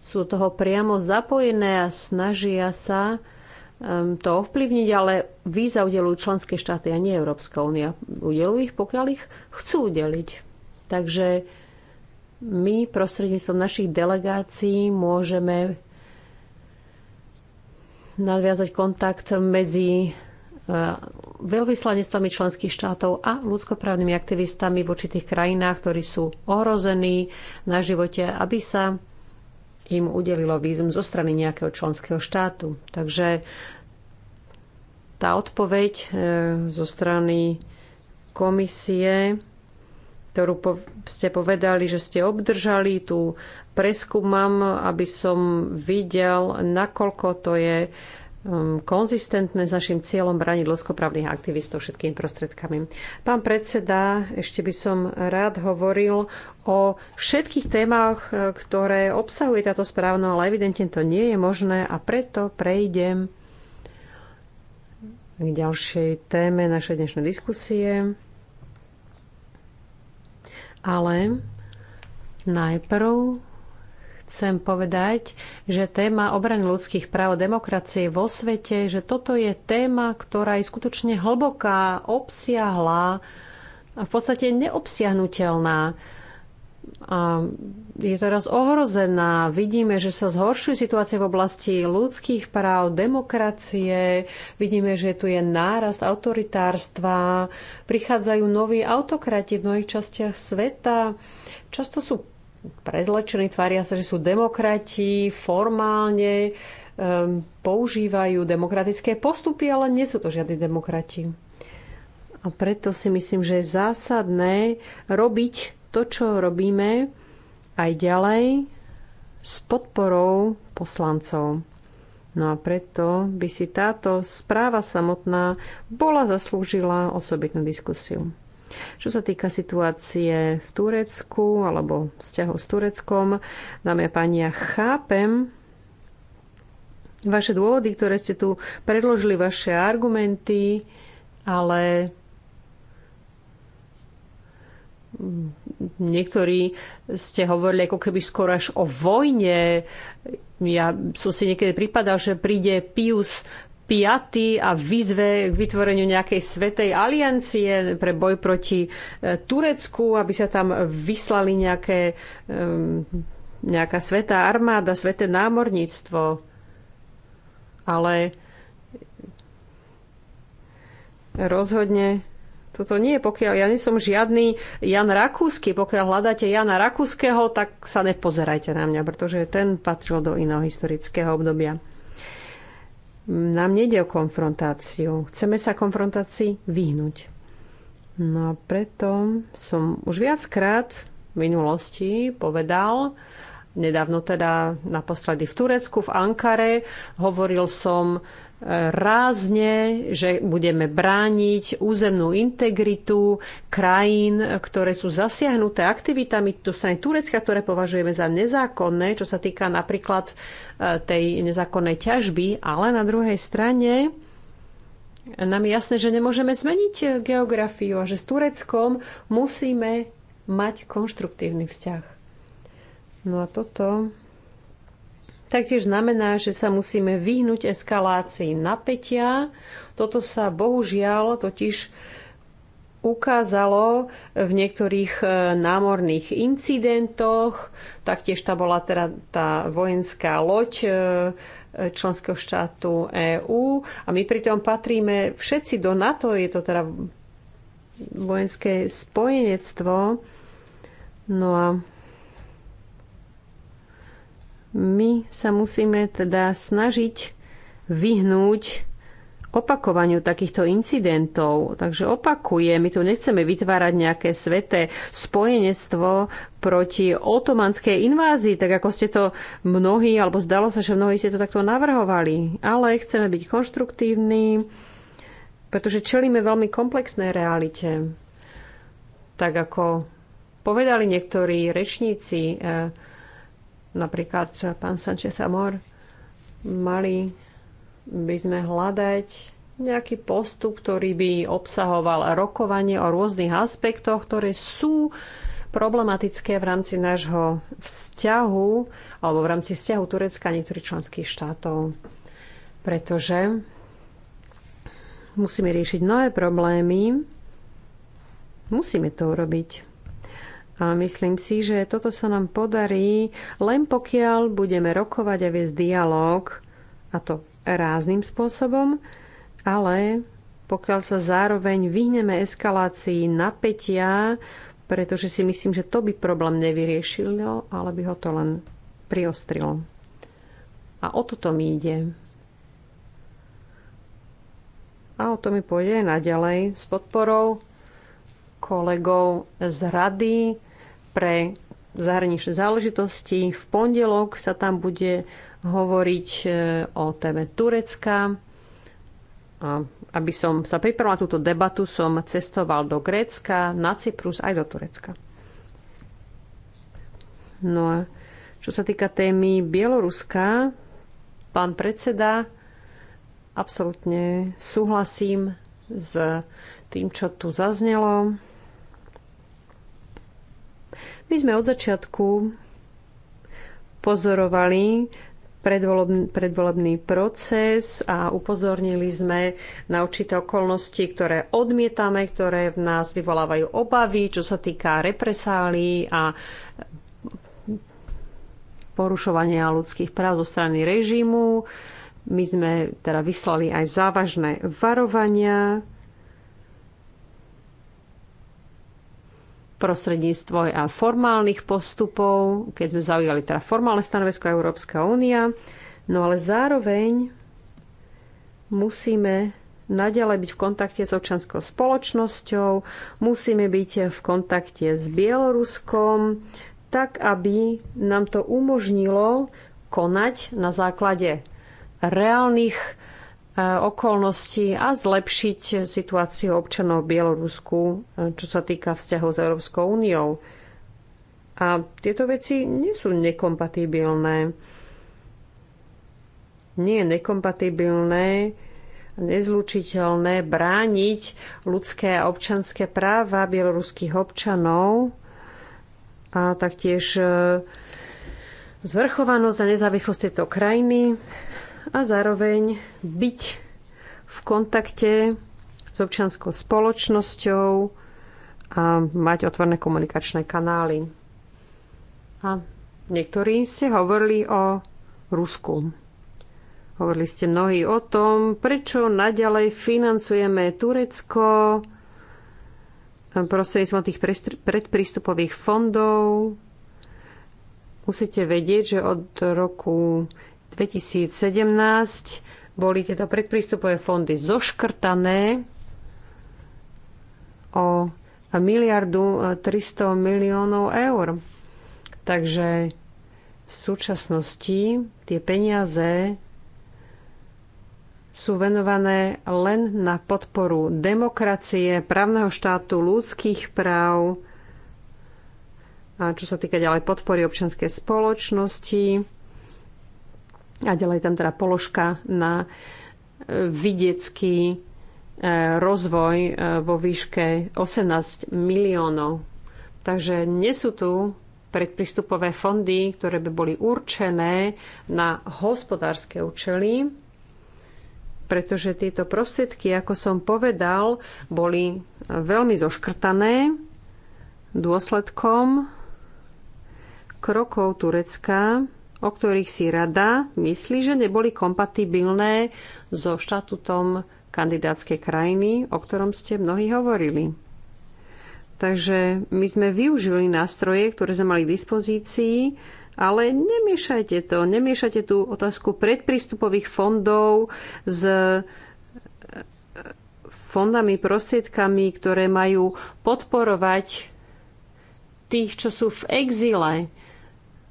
sú toho priamo zapojené a snažia sa Ehm, to ovplyvniť, ale víza udelujú členské štáty a nie Európska únia. Udelujú ich, pokiaľ ich chcú udeliť. Takže my prostredníctvom našich delegácií môžeme nadviazať kontakt medzi eh, veľvyslanectvami členských štátov a ľudskoprávnymi aktivistami v určitých krajinách, ktorí sú ohrození na živote, aby sa im udelilo vízum zo strany nejakého členského štátu. Takže tá odpoveď e, zo strany komisie, ktorú ste povedali, že ste obdržali, tu preskúmam, aby som videl, nakoľko to je Um, konzistentné s našim cieľom braniť ľudskoprávnych aktivistov všetkými prostredkami. Pán predseda, ešte by som rád hovoril o všetkých témach, eh, ktoré obsahuje táto správna, no ale evidentne to nie je možné a preto prejdem k ďalšej téme našej dnešnej diskusie. Ale najprv chcem povedať, že téma obrany ľudských práv a demokracie vo svete, že toto je téma, ktorá je skutočne hlboká, obsiahla a v podstate neobsiahnutelná a je teraz ohrozená. Vidíme, že sa zhoršuje situácia v oblasti ľudských práv, demokracie. Vidíme, že tu je nárast autoritárstva. Prichádzajú noví autokrati v mnohých častiach sveta. Často sú prezlečení, tvária sa, že sú demokrati, formálne um, používajú demokratické postupy, ale nie sú to žiadni demokrati. A preto si myslím, že je zásadné robiť to, čo robíme aj ďalej s podporou poslancov. No a preto by si táto správa samotná bola zaslúžila osobitnú diskusiu. Čo sa týka situácie v Turecku alebo vzťahov s Tureckom, dámy a páni, ja chápem vaše dôvody, ktoré ste tu predložili, vaše argumenty, ale niektorí ste hovorili ako keby skoro až o vojne. Ja som si niekedy pripadal, že príde Pius piaty a vyzve k vytvoreniu nejakej svetej aliancie pre boj proti e, Turecku, aby sa tam vyslali nejaké, e, nejaká svetá armáda, sveté námorníctvo. Ale rozhodne toto nie, je pokiaľ ja nie som žiadny Jan Rakúsky, pokiaľ hľadáte Jana Rakúskeho, tak sa nepozerajte na mňa, pretože ten patril do iného historického obdobia. Nám nejde o konfrontáciu. Chceme sa konfrontácii vyhnúť. No a preto som už viackrát v minulosti povedal, nedávno teda naposledy v Turecku, v Ankare, hovoril som rázne, že budeme brániť územnú integritu krajín, ktoré sú zasiahnuté aktivitami do strany Turecka, ktoré považujeme za nezákonné, čo sa týka napríklad e, tej nezákonnej ťažby, ale na druhej strane nám je jasné, že nemôžeme zmeniť geografiu a že s Tureckom musíme mať konštruktívny vzťah. No a toto taktiež znamená, že sa musíme vyhnúť eskalácii napätia. Toto sa bohužiaľ totiž ukázalo v niektorých e, námorných incidentoch. Taktiež tá bola teda tá vojenská loď e, členského štátu EÚ a my pritom patríme všetci do NATO, je to teda vojenské spojenectvo. No a my sa musíme teda snažiť vyhnúť opakovaniu takýchto incidentov. Takže opakuje, my tu nechceme vytvárať nejaké sveté spojenectvo proti otomanskej invázii, tak ako ste to mnohí, alebo zdalo sa, že mnohí ste to takto navrhovali. Ale chceme byť konštruktívni, pretože čelíme veľmi komplexnej realite. Tak ako povedali niektorí rečníci, eh, napríklad pán Sanchez Amor, mali by sme hľadať nejaký postup, ktorý by obsahoval rokovanie o rôznych aspektoch, ktoré sú problematické v rámci nášho vzťahu alebo v rámci vzťahu Turecka a niektorých členských štátov. Pretože musíme riešiť mnohé problémy, musíme to urobiť. A myslím si, že toto sa nám podarí len pokiaľ budeme rokovať a viesť dialog, a to rázným spôsobom, ale pokiaľ sa zároveň vyhneme eskalácii napätia, pretože si myslím, že to by problém nevyriešilo, ale by ho to len priostrilo. A o toto mi ide. A o to mi pôjde naďalej s podporou kolegov z rady, pre zahraničné záležitosti. V pondelok sa tam bude hovoriť e, o téme Turecka. A aby som sa pripravila na túto debatu, som cestoval do Grécka, na Cyprus aj do Turecka. No a čo sa týka témy Bieloruska, pán predseda, absolútne súhlasím s tým, čo tu zaznelo. My sme od začiatku pozorovali predvolebný, proces a upozornili sme na určité okolnosti, ktoré odmietame, ktoré v nás vyvolávajú obavy, čo sa týka represálí a porušovania ľudských práv zo strany režimu. My sme teda vyslali aj závažné varovania prostredníctvo a formálnych postupov, keď sme zaujali teda formálne stanovisko Európska únia. No ale zároveň musíme naďalej byť v kontakte s občanskou spoločnosťou, musíme byť v kontakte s Bieloruskom, tak aby nám to umožnilo konať na základe reálnych E, okolnosti a zlepšiť situáciu občanov v Bielorusku, e, čo sa týka vzťahov s Európskou úniou. A tieto veci nie sú nekompatibilné. Nie je nekompatibilné, nezlučiteľné brániť ľudské a občanské práva bieloruských občanov a taktiež e, zvrchovanosť a nezávislosť tejto krajiny a zároveň byť v kontakte s občianskou spoločnosťou a mať otvorné komunikačné kanály. A niektorí ste hovorili o Rusku. Hovorili ste mnohí o tom, prečo naďalej financujeme Turecko prostredníctvom tých predprístupových fondov. Musíte vedieť, že od roku 2017 boli tieto predprístupové fondy zoškrtané o miliardu 300 e, miliónov eur. Takže v súčasnosti tie peniaze sú venované len na podporu demokracie, právneho štátu, ľudských práv, a čo sa týka ďalej podpory občianskej spoločnosti, a ďalej tam teda položka na e, vidiecký e, rozvoj e, vo výške 18 miliónov. Takže nie sú tu predpristupové fondy, ktoré by boli určené na hospodárske účely, pretože tieto prostriedky, ako som povedal, boli veľmi zoškrtané dôsledkom krokov Turecka o ktorých si rada myslí, že neboli kompatibilné so štatutom kandidátskej krajiny, o ktorom ste mnohí hovorili. Takže my sme využili nástroje, ktoré sme mali k dispozícii, ale nemiešajte to, nemiešajte tú otázku predprístupových fondov s e, fondami, prostriedkami, ktoré majú podporovať tých, čo sú v exíle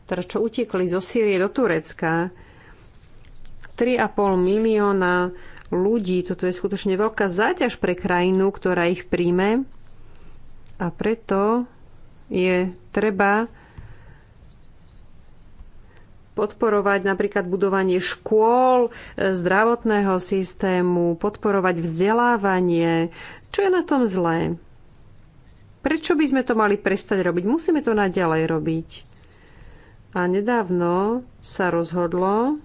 teda čo utekli zo Sýrie do Turecka. 3,5 milióna ľudí, toto je skutočne veľká záťaž pre krajinu, ktorá ich príjme a preto je treba podporovať napríklad budovanie škôl, e, zdravotného systému, podporovať vzdelávanie. Čo je na tom zlé? Prečo by sme to mali prestať robiť? Musíme to naďalej robiť. A nedávno sa rozhodlo,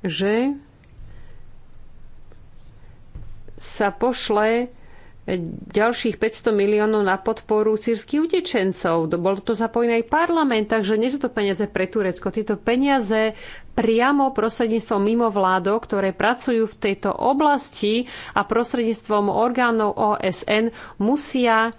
že sa pošle ďalších 500 miliónov na podporu sírskych utečencov. Bol to zapojený aj parlament, takže nie sú to peniaze pre Turecko. Tieto peniaze priamo prostredníctvom mimo mimovládok, ktoré pracujú v tejto oblasti a prostredníctvom orgánov OSN musia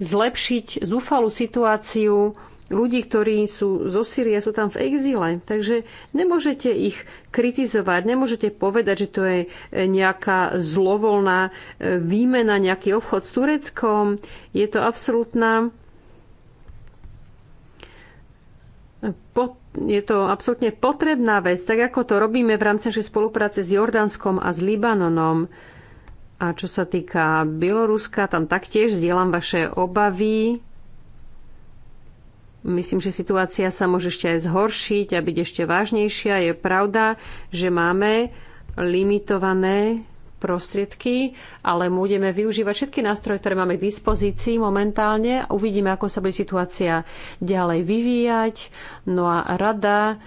zlepšiť zúfalú situáciu ľudí, ktorí sú zo Syrie, sú tam v exíle. Takže nemôžete ich kritizovať, nemôžete povedať, že to je e, nejaká zlovolná e, výmena, nejaký obchod s Tureckom. Je to absolútna je to absolútne potrebná vec, tak ako to robíme v rámci našej spolupráce s Jordánskom a s Libanonom. A čo sa týka Bieloruska, tam taktiež zdieľam vaše obavy. Myslím, že situácia sa môže ešte aj zhoršiť a byť ešte vážnejšia. Je pravda, že máme limitované prostriedky, ale budeme využívať všetky nástroje, ktoré máme k dispozícii momentálne. Uvidíme, ako sa bude situácia ďalej vyvíjať. No a rada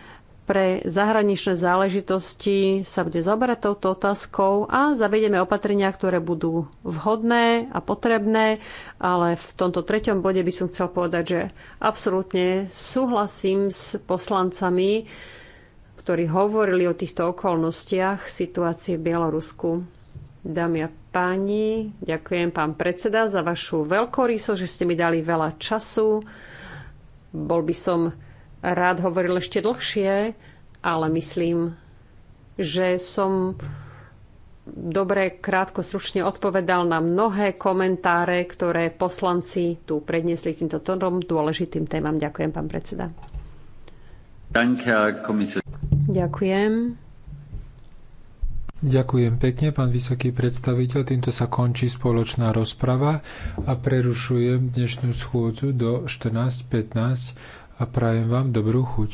pre zahraničné záležitosti sa bude zaoberať touto otázkou a zavedieme opatrenia, ktoré budú vhodné a potrebné, ale v tomto treťom bode by som chcel povedať, že absolútne súhlasím s poslancami, ktorí hovorili o týchto okolnostiach situácie v Bielorusku. Dámy a páni, ďakujem pán predseda za vašu veľkorysosť, že ste mi dali veľa času. Bol by som rád hovoril ešte dlhšie, ale myslím, že som dobre krátko stručne odpovedal na mnohé komentáre, ktoré poslanci tu predniesli týmto tónom dôležitým témam. Ďakujem, pán predseda. Ďakujem. Ďakujem pekne, pán vysoký predstaviteľ. Týmto sa končí spoločná rozprava a prerušujem dnešnú schôdzu do 14.15 a prajem vám dobrú chuť.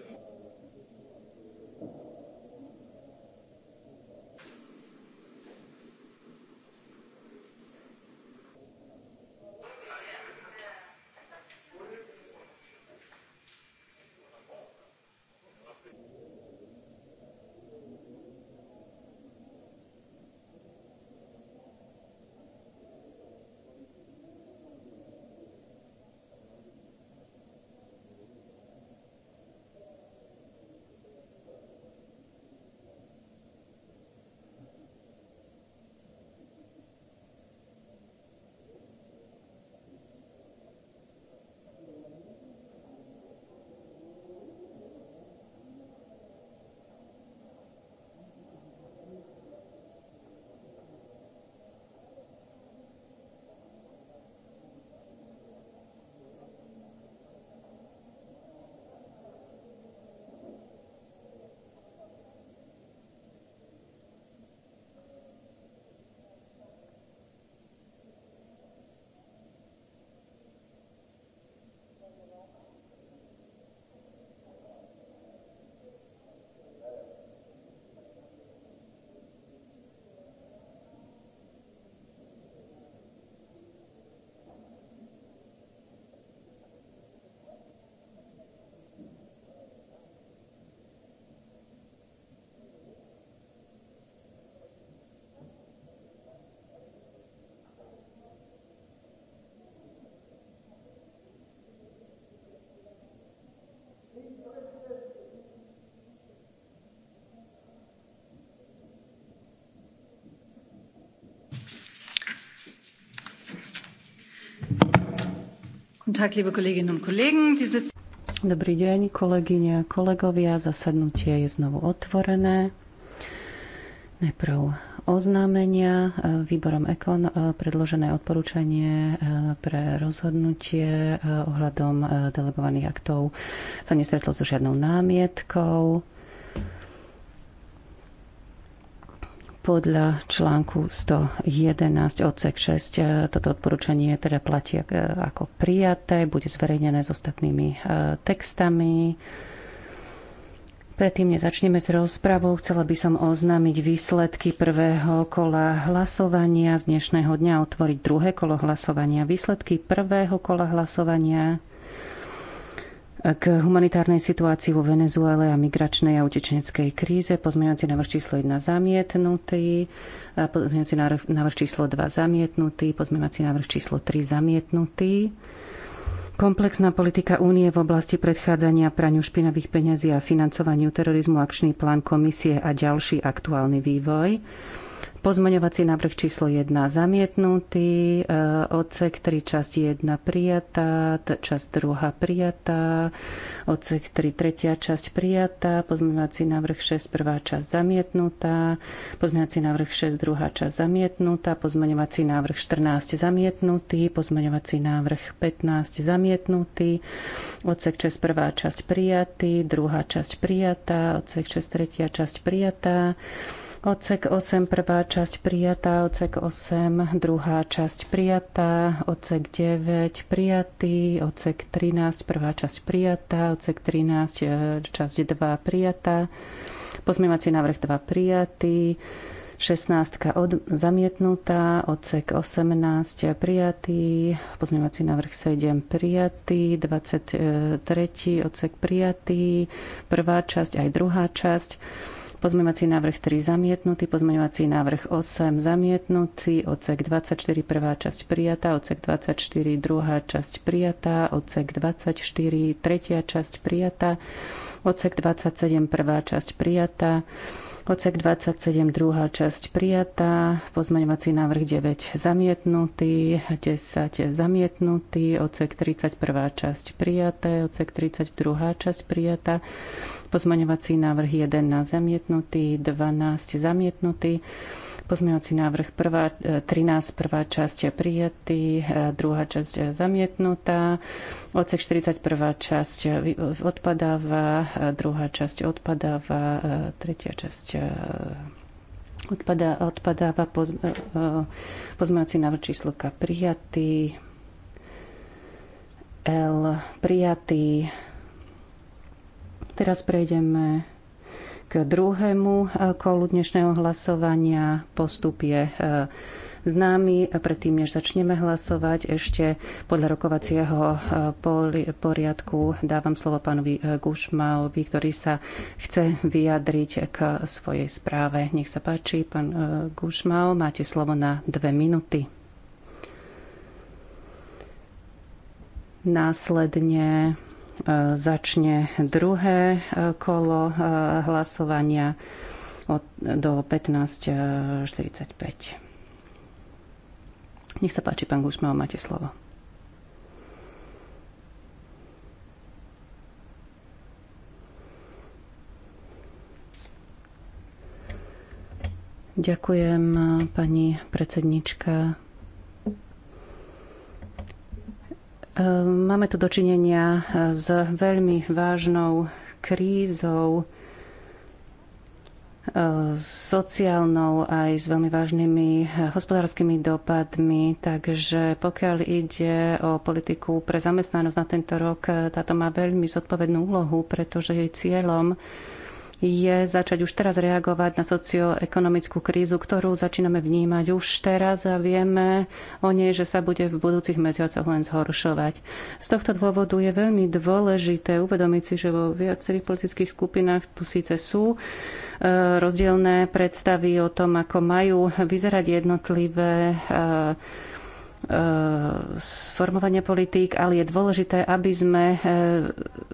Dobrý deň, kolegyne a kolegovia. Zasadnutie je znovu otvorené. Najprv oznámenia. E, výborom EKON e, predložené odporúčanie e, pre rozhodnutie ohľadom delegovaných aktov sa nestretlo so žiadnou námietkou. Podľa článku 111 odsek 6 e, toto odporúčanie teda platí e, ako prijaté, bude zverejnené s ostatnými e, textami. Predtým, nezačneme s rozpravou, chcela by som oznámiť výsledky prvého kola hlasovania z dnešného dňa, otvoriť druhé kolo hlasovania. Výsledky prvého kola hlasovania k humanitárnej situácii vo Venezuele a migračnej a utečeneckej kríze. Pozmeňovací návrh číslo 1 zamietnutý, pozmeňovací návrh, návrh číslo 2 zamietnutý, pozmeňovací návrh číslo 3 zamietnutý. Komplexná politika únie v oblasti predchádzania praniu špinavých peňazí a financovaniu terorizmu, akčný plán komisie a ďalší aktuálny vývoj. Pozmeňovací návrh číslo 1 zamietnutý, e, odsek 3 časť 1 prijatá, časť 2 prijatá, odsek 3 tretia časť prijatá, pozmeňovací návrh 6 prvá časť zamietnutá, pozmeňovací návrh 6 druhá časť zamietnutá, pozmeňovací návrh 14 zamietnutý, pozmeňovací návrh 15 zamietnutý, odsek 6 prvá časť prijatý, druhá časť prijatá, odsek 6 tretia časť prijatá, Odsek 8, prvá časť prijatá, odsek 8, druhá časť prijatá, odsek 9 prijatý, odsek 13, prvá časť prijatá, odsek 13, e, časť 2 prijatá, pozmievací návrh 2 prijatý, 16 od, zamietnutá, odsek 18 prijatý, pozmievací návrh 7 prijatý, 23 e, odsek prijatý, prvá časť aj druhá časť Pozmeňovací návrh 3 zamietnutý, pozmeňovací návrh 8 zamietnutý, odsek 24 prvá časť prijatá, odsek 24 druhá časť prijatá, odsek 24 tretia časť prijatá, odsek 27 prvá časť prijatá, Odsek 27, druhá časť prijatá, pozmeňovací návrh 9 zamietnutý, 10 zamietnutý, odsek 31, časť prijaté, odsek 32, časť prijatá, Pozmaňovací návrh 11 zamietnutý, 12 zamietnutý. Pozmeňovací návrh prvá, 13, e, prvá časť je prijatý, e, druhá časť je zamietnutá, odsek 41. časť e, odpadáva, druhá časť odpadáva, tretia časť odpadá, odpadáva, pozmeňovací návrh číslo K prijatý, L prijatý, Teraz prejdeme k druhému e, kolu dnešného hlasovania. Postup je e, známy. Predtým, než začneme hlasovať, ešte podľa rokovacieho e, poriadku dávam slovo pánovi Gušmaovi, ktorý sa chce vyjadriť k svojej správe. Nech sa páči, pán Gušmao, máte slovo na dve minúty. Následne začne druhé e, kolo e, hlasovania do 15.45. Nech sa páči, pán Gusmeo, máte slovo. Ďakujem, pani predsednička. Ehm, máme tu dočinenia eh, s veľmi vážnou krízou eh, sociálnou aj s veľmi vážnymi eh, hospodárskymi dopadmi. Takže pokiaľ ide o politiku pre zamestnanosť na tento rok, táto má veľmi zodpovednú úlohu, pretože jej cieľom je začať už teraz reagovať na socioekonomickú krízu, ktorú začíname vnímať už teraz a vieme o nej, že sa bude v budúcich mesiacoch len zhoršovať. Z tohto dôvodu je veľmi dôležité uvedomiť si, že vo viacerých politických skupinách tu síce sú e, rozdielne predstavy o tom, ako majú vyzerať jednotlivé e, sformovania politík, ale je dôležité, aby sme e,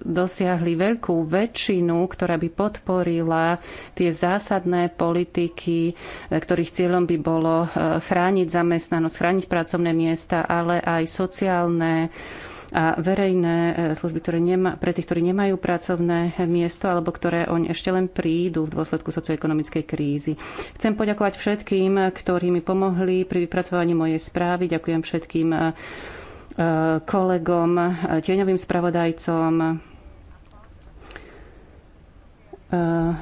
dosiahli veľkú väčšinu, ktorá by podporila tie zásadné politiky, e, ktorých cieľom by bolo e, chrániť zamestnanosť, chrániť pracovné miesta, ale aj sociálne a verejné e, služby, ktoré nema, pre tých, ktorí nemajú pracovné miesto alebo ktoré oni ešte len prídu v dôsledku socioekonomickej krízy. Chcem poďakovať všetkým, ktorí mi pomohli pri vypracovaní mojej správy. Ďakujem všetkým e, e, kolegom, tieňovým spravodajcom, Eh,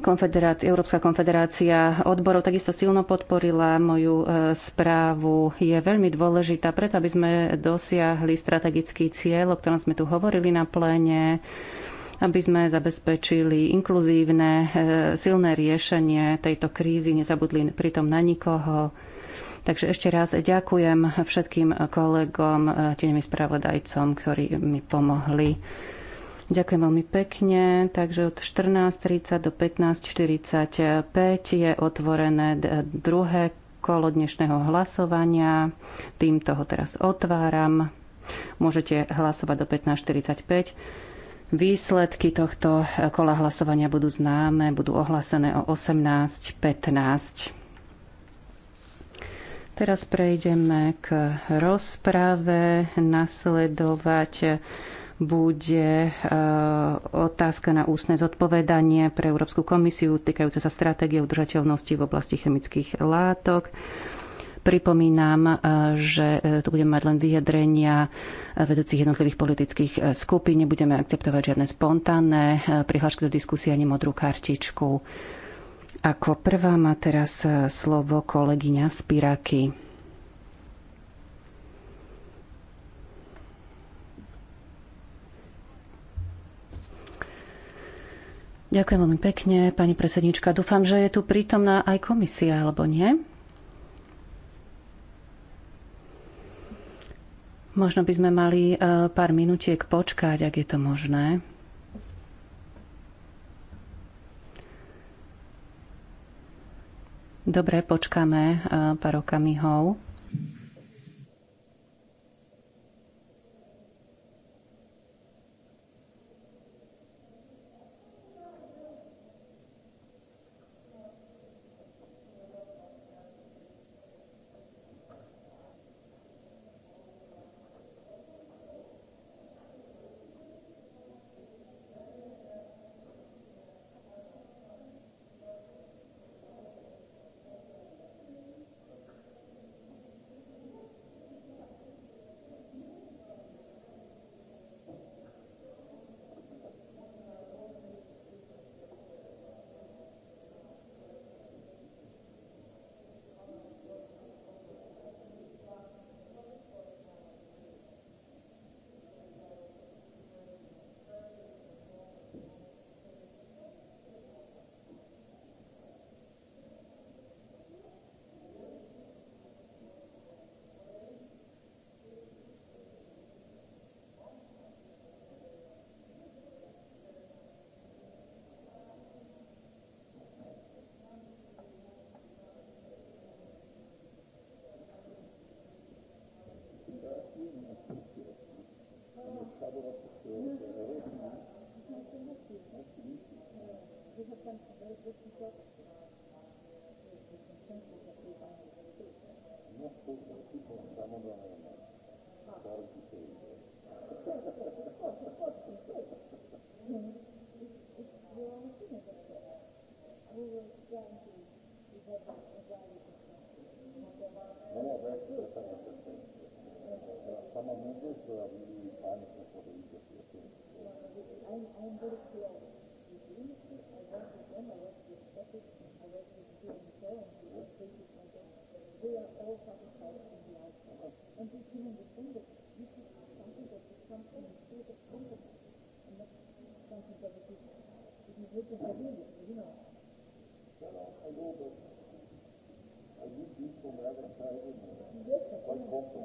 konfederácia, Európska konfederácia odborov takisto silno podporila moju eh, správu. Je veľmi dôležitá preto, aby sme dosiahli strategický cieľ, o ktorom sme tu hovorili na pléne, aby sme zabezpečili inkluzívne, eh, silné riešenie tejto krízy, nezabudli pritom na nikoho. Takže ešte raz ďakujem všetkým kolegom, tieňmi spravodajcom, ktorí mi pomohli Ďakujem veľmi pekne. Takže od 14.30 do 15.45 je otvorené druhé kolo dnešného hlasovania. Týmto ho teraz otváram. Môžete hlasovať do 15.45. Výsledky tohto e, kola hlasovania budú známe, budú ohlásené o 18.15. Teraz prejdeme k rozprave. Nasledovať bude e, otázka na ústne zodpovedanie pre Európsku komisiu týkajúce sa stratégie udržateľnosti v oblasti chemických látok. Pripomínam, e, že e, tu budeme mať len vyjadrenia vedúcich jednotlivých politických skupín. Nebudeme akceptovať žiadne spontánne prihlášky do diskusie ani modrú kartičku. Ako prvá má teraz slovo kolegyňa Spiraky. Ďakujem veľmi pekne, pani predsednička. Dúfam, že je tu prítomná aj komisia, alebo nie? Možno by sme mali e, pár minutiek počkať, ak je to možné. Dobre, počkáme e, pár okamihov. Mr. you I know, but I need these from advertising. Yes, of course.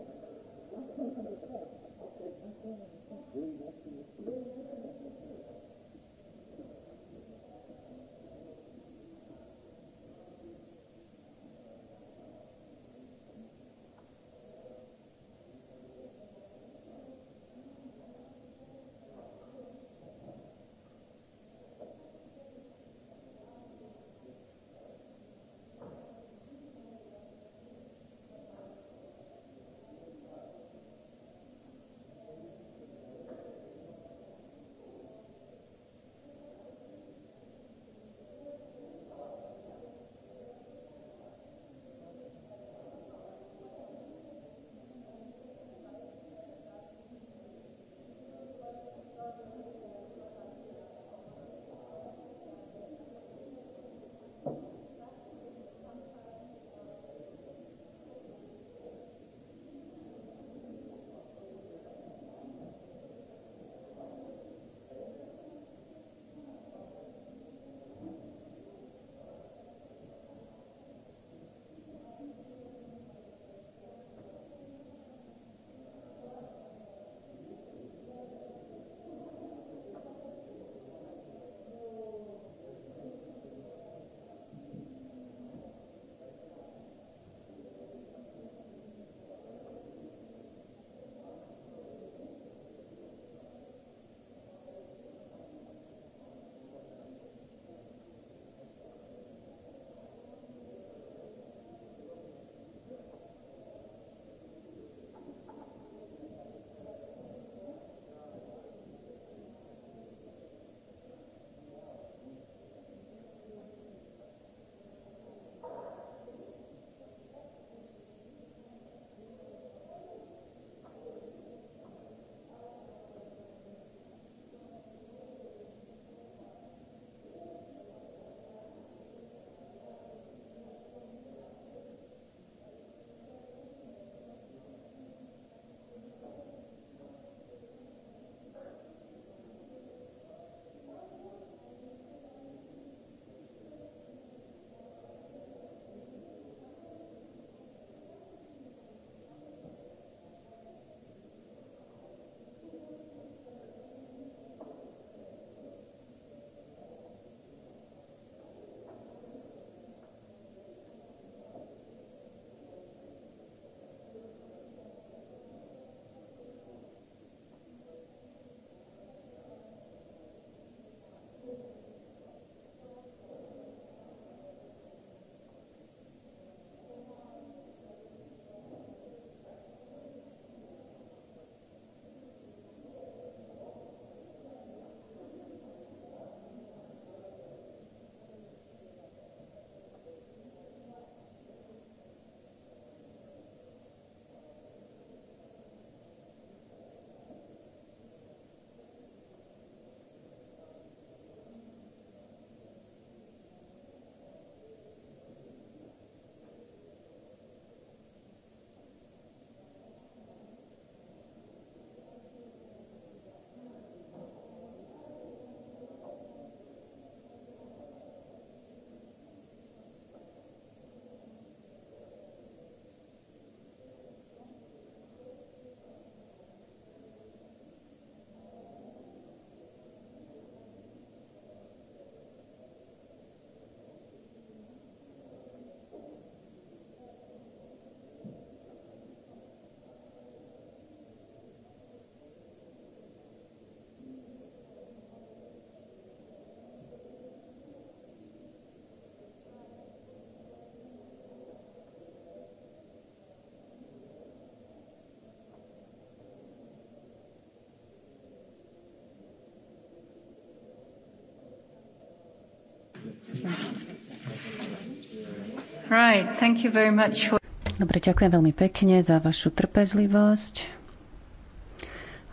Right, thank you very much. Dobre, ďakujem veľmi pekne za vašu trpezlivosť.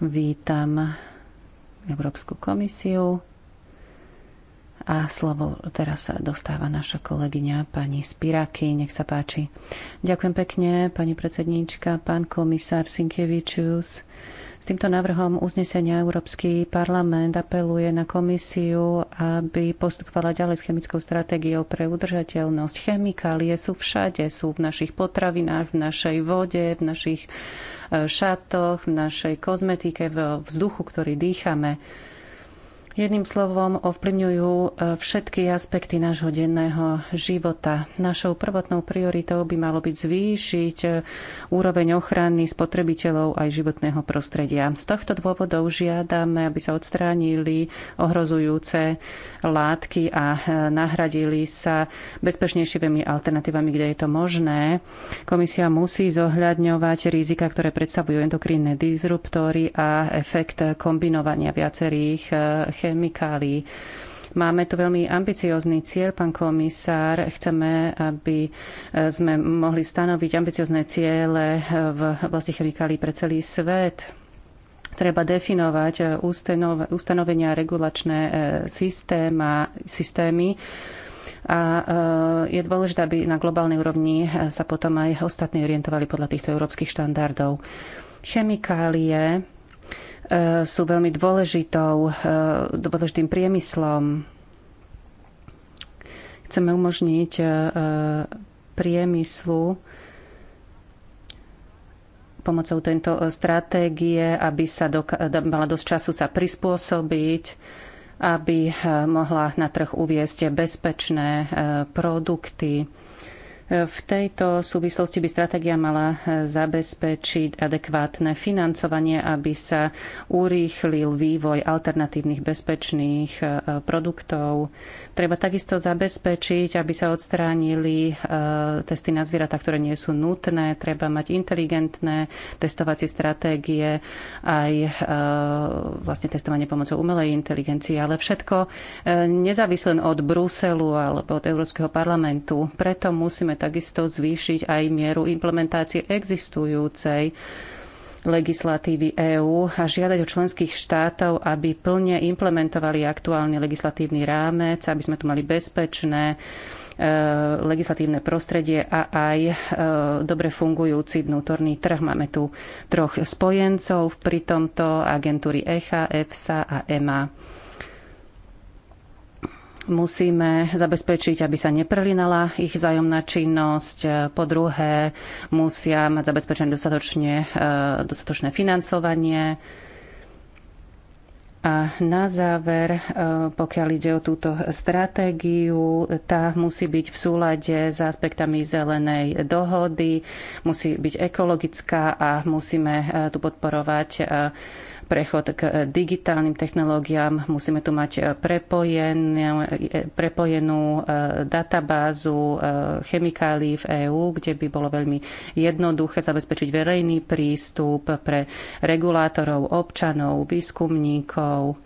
Vítam Európsku komisiu a slovo teraz sa dostáva naša kolegyňa pani Spiraky. Nech sa páči. Ďakujem pekne, pani predsedníčka, pán komisár Sinkevičius. S týmto návrhom uznesenia Európsky parlament apeluje na komisiu, aby postupovala ďalej s chemickou stratégiou pre udržateľnosť. Chemikálie sú všade, sú v našich potravinách, v našej vode, v našich e, šatoch, v našej kozmetike, v vzduchu, ktorý dýchame. Jedným slovom ovplyvňujú e, všetky aspekty nášho denného života. Našou prvotnou prioritou by malo byť zvýšiť e, úroveň ochrany spotrebiteľov aj životného prostredia. Z tohto dôvodov žiadame, aby sa odstránili ohrozujúce látky a e, nahradili sa bezpečnejšími alternatívami, kde je to možné. Komisia musí zohľadňovať rizika, ktoré predstavujú endokrinné disruptory a efekt kombinovania viacerých chemikálií. Máme tu veľmi ambiciózny cieľ, pán komisár. Chceme, aby e, sme mohli stanoviť ambiciozne ciele e, v oblasti chemikálií pre celý svet. Treba definovať e, ustanovenia regulačné systéma, systémy a je dôležité, aby na globálnej úrovni sa potom aj ostatní orientovali podľa týchto európskych štandardov. Chemikálie E, sú veľmi dôležitou, e, dôležitým priemyslom. Chceme umožniť e, priemyslu pomocou tejto stratégie, aby sa mala dosť času sa prispôsobiť, aby mohla na trh uviesť bezpečné produkty, v tejto súvislosti by stratégia mala zabezpečiť adekvátne financovanie, aby sa urýchlil vývoj alternatívnych bezpečných e, produktov. Treba takisto zabezpečiť, aby sa odstránili e, testy na zvieratá, ktoré nie sú nutné. Treba mať inteligentné testovacie stratégie, aj e, vlastne testovanie pomocou umelej inteligencie, ale všetko nezávislen od Bruselu alebo od Európskeho parlamentu. Preto musíme takisto zvýšiť aj mieru implementácie existujúcej legislatívy EÚ a žiadať o členských štátov, aby plne implementovali aktuálny legislatívny rámec, aby sme tu mali bezpečné e, legislatívne prostredie a aj e, dobre fungujúci vnútorný trh. Máme tu troch spojencov pri tomto agentúry ECHA, EFSA a EMA. E Musíme zabezpečiť, aby sa neprelinala ich vzájomná činnosť. Po druhé, musia mať zabezpečené dostatočne, e, dostatočné financovanie. A na záver, e, pokiaľ ide o túto stratégiu, tá musí byť v súlade s aspektami zelenej dohody, musí byť ekologická a musíme e, tu podporovať prechod k digitálnym technológiám. Musíme tu mať eh, eh, prepojenú, prepojenú eh, databázu chemikálií v EÚ, kde by bolo veľmi jednoduché zabezpečiť verejný prístup pre regulátorov, občanov, výskumníkov.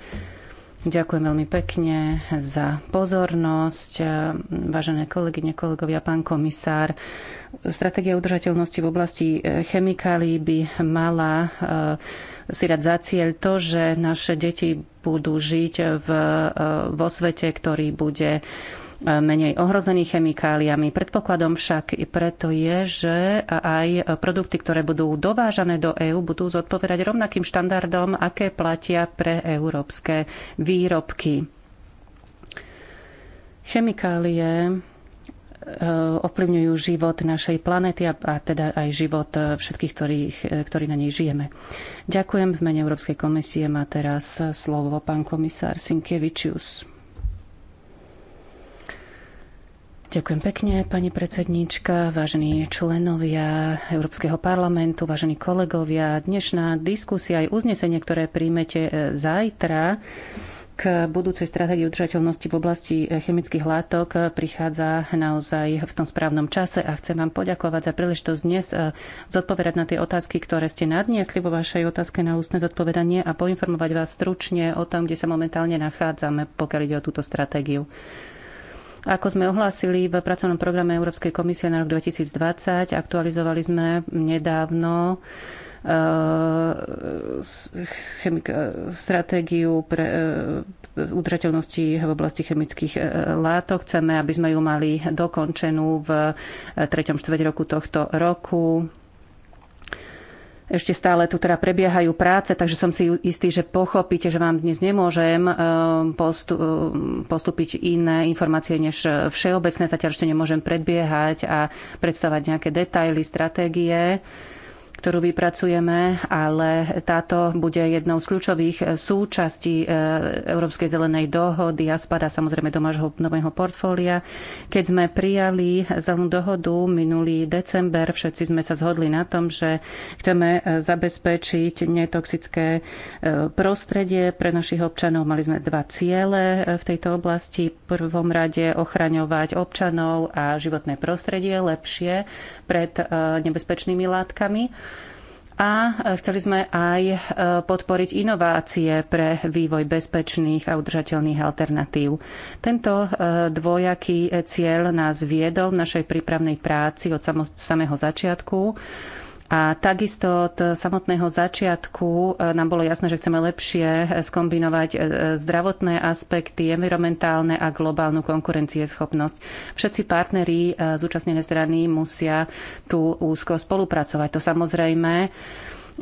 Ďakujem veľmi pekne za pozornosť. Vážené kolegyne, kolegovia, pán komisár, stratégia udržateľnosti v oblasti chemikálií by mala si dať za cieľ to, že naše deti budú žiť v, e, vo svete, ktorý bude e, menej ohrozený chemikáliami. Predpokladom však i preto je, že aj produkty, ktoré budú dovážané do EÚ, budú zodpovedať rovnakým štandardom, aké platia pre európske výrobky. Chemikálie Eh, ovplyvňujú život našej planety a, a teda aj život eh, všetkých, ktorých, eh, ktorí na nej žijeme. Ďakujem. V mene Európskej komisie má teraz slovo pán komisár Sinkevičius. Ďakujem pekne, pani predsedníčka, vážení členovia Európskeho parlamentu, vážení kolegovia. Dnešná diskusia aj uznesenie, ktoré príjmete zajtra, k budúcej stratégii udržateľnosti v oblasti chemických látok prichádza naozaj v tom správnom čase a chcem vám poďakovať za príležitosť dnes eh, zodpovedať na tie otázky, ktoré ste nadniesli vo vašej otázke na ústne zodpovedanie a poinformovať vás stručne o tom, kde sa momentálne nachádzame, pokiaľ ide o túto stratégiu. Ako sme ohlásili v pracovnom programe Európskej komisie na rok 2020, aktualizovali sme nedávno Eh, stratégiu pre eh, udržateľnosti v oblasti chemických eh, látok. Chceme, aby sme ju mali dokončenú v 3. štvrť roku tohto roku. Ešte stále tu teda prebiehajú práce, takže som si istý, že pochopíte, že vám dnes nemôžem postúpiť iné informácie než všeobecné. Zatiaľ ešte nemôžem predbiehať a predstavať nejaké detaily, stratégie ktorú vypracujeme, ale táto bude jednou z kľúčových eh, súčastí eh, Európskej zelenej dohody a spada samozrejme do nášho nového portfólia. Keď sme prijali zelenú dohodu minulý december, všetci sme sa zhodli na tom, že chceme eh, zabezpečiť netoxické prostredie pre našich občanov. Mali sme dva ciele v tejto oblasti. V prvom rade ochraňovať občanov a životné prostredie lepšie pred nebezpečnými látkami a chceli sme aj e, podporiť inovácie pre vývoj bezpečných a udržateľných alternatív. Tento e, dvojaký e, cieľ nás viedol v našej prípravnej práci od samého začiatku a takisto od samotného začiatku e, nám bolo jasné, že chceme lepšie e, skombinovať e, zdravotné aspekty, environmentálne a globálnu konkurencieschopnosť. Všetci partneri zúčastnené strany musia tu úzko spolupracovať. To samozrejme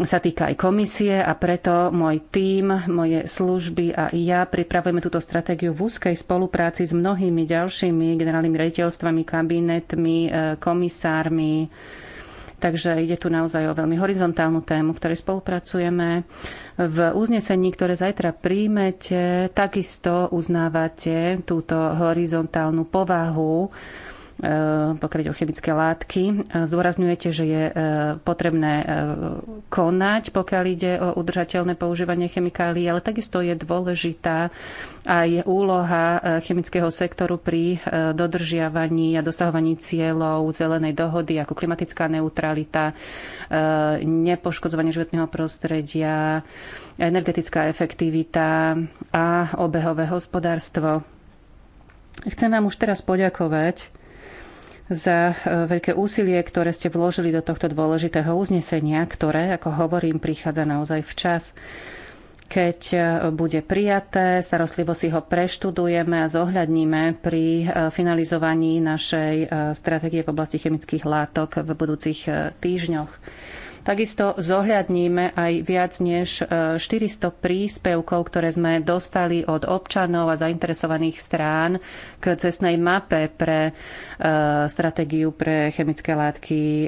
sa týka aj komisie a preto môj tím, moje služby a ja pripravujeme túto stratégiu v úzkej spolupráci s mnohými ďalšími generálnymi rejiteľstvami, kabinetmi, komisármi, Takže ide tu naozaj o veľmi horizontálnu tému, ktorej spolupracujeme. V uznesení, ktoré zajtra príjmete, takisto uznávate túto horizontálnu povahu Eh, pokryť o chemické látky. Eh, Zdôrazňujete, že je eh, potrebné konať, pokiaľ ide o udržateľné používanie chemikálií, ale takisto je dôležitá aj úloha chemického sektoru pri dodržiavaní a dosahovaní cieľov zelenej dohody ako klimatická neutralita, nepoškodzovanie životného prostredia, energetická efektivita a obehové hospodárstvo. Chcem vám už teraz poďakovať za e, veľké úsilie, ktoré ste vložili do tohto dôležitého uznesenia, ktoré, ako hovorím, prichádza naozaj včas. Keď e, bude prijaté, starostlivo si ho preštudujeme a zohľadníme pri e, finalizovaní našej stratégie v oblasti chemických látok v budúcich týždňoch. Takisto zohľadníme aj viac než 400 e, príspevkov, ktoré sme dostali od občanov a zainteresovaných strán k cestnej mape pre e, stratégiu pre chemické látky. E,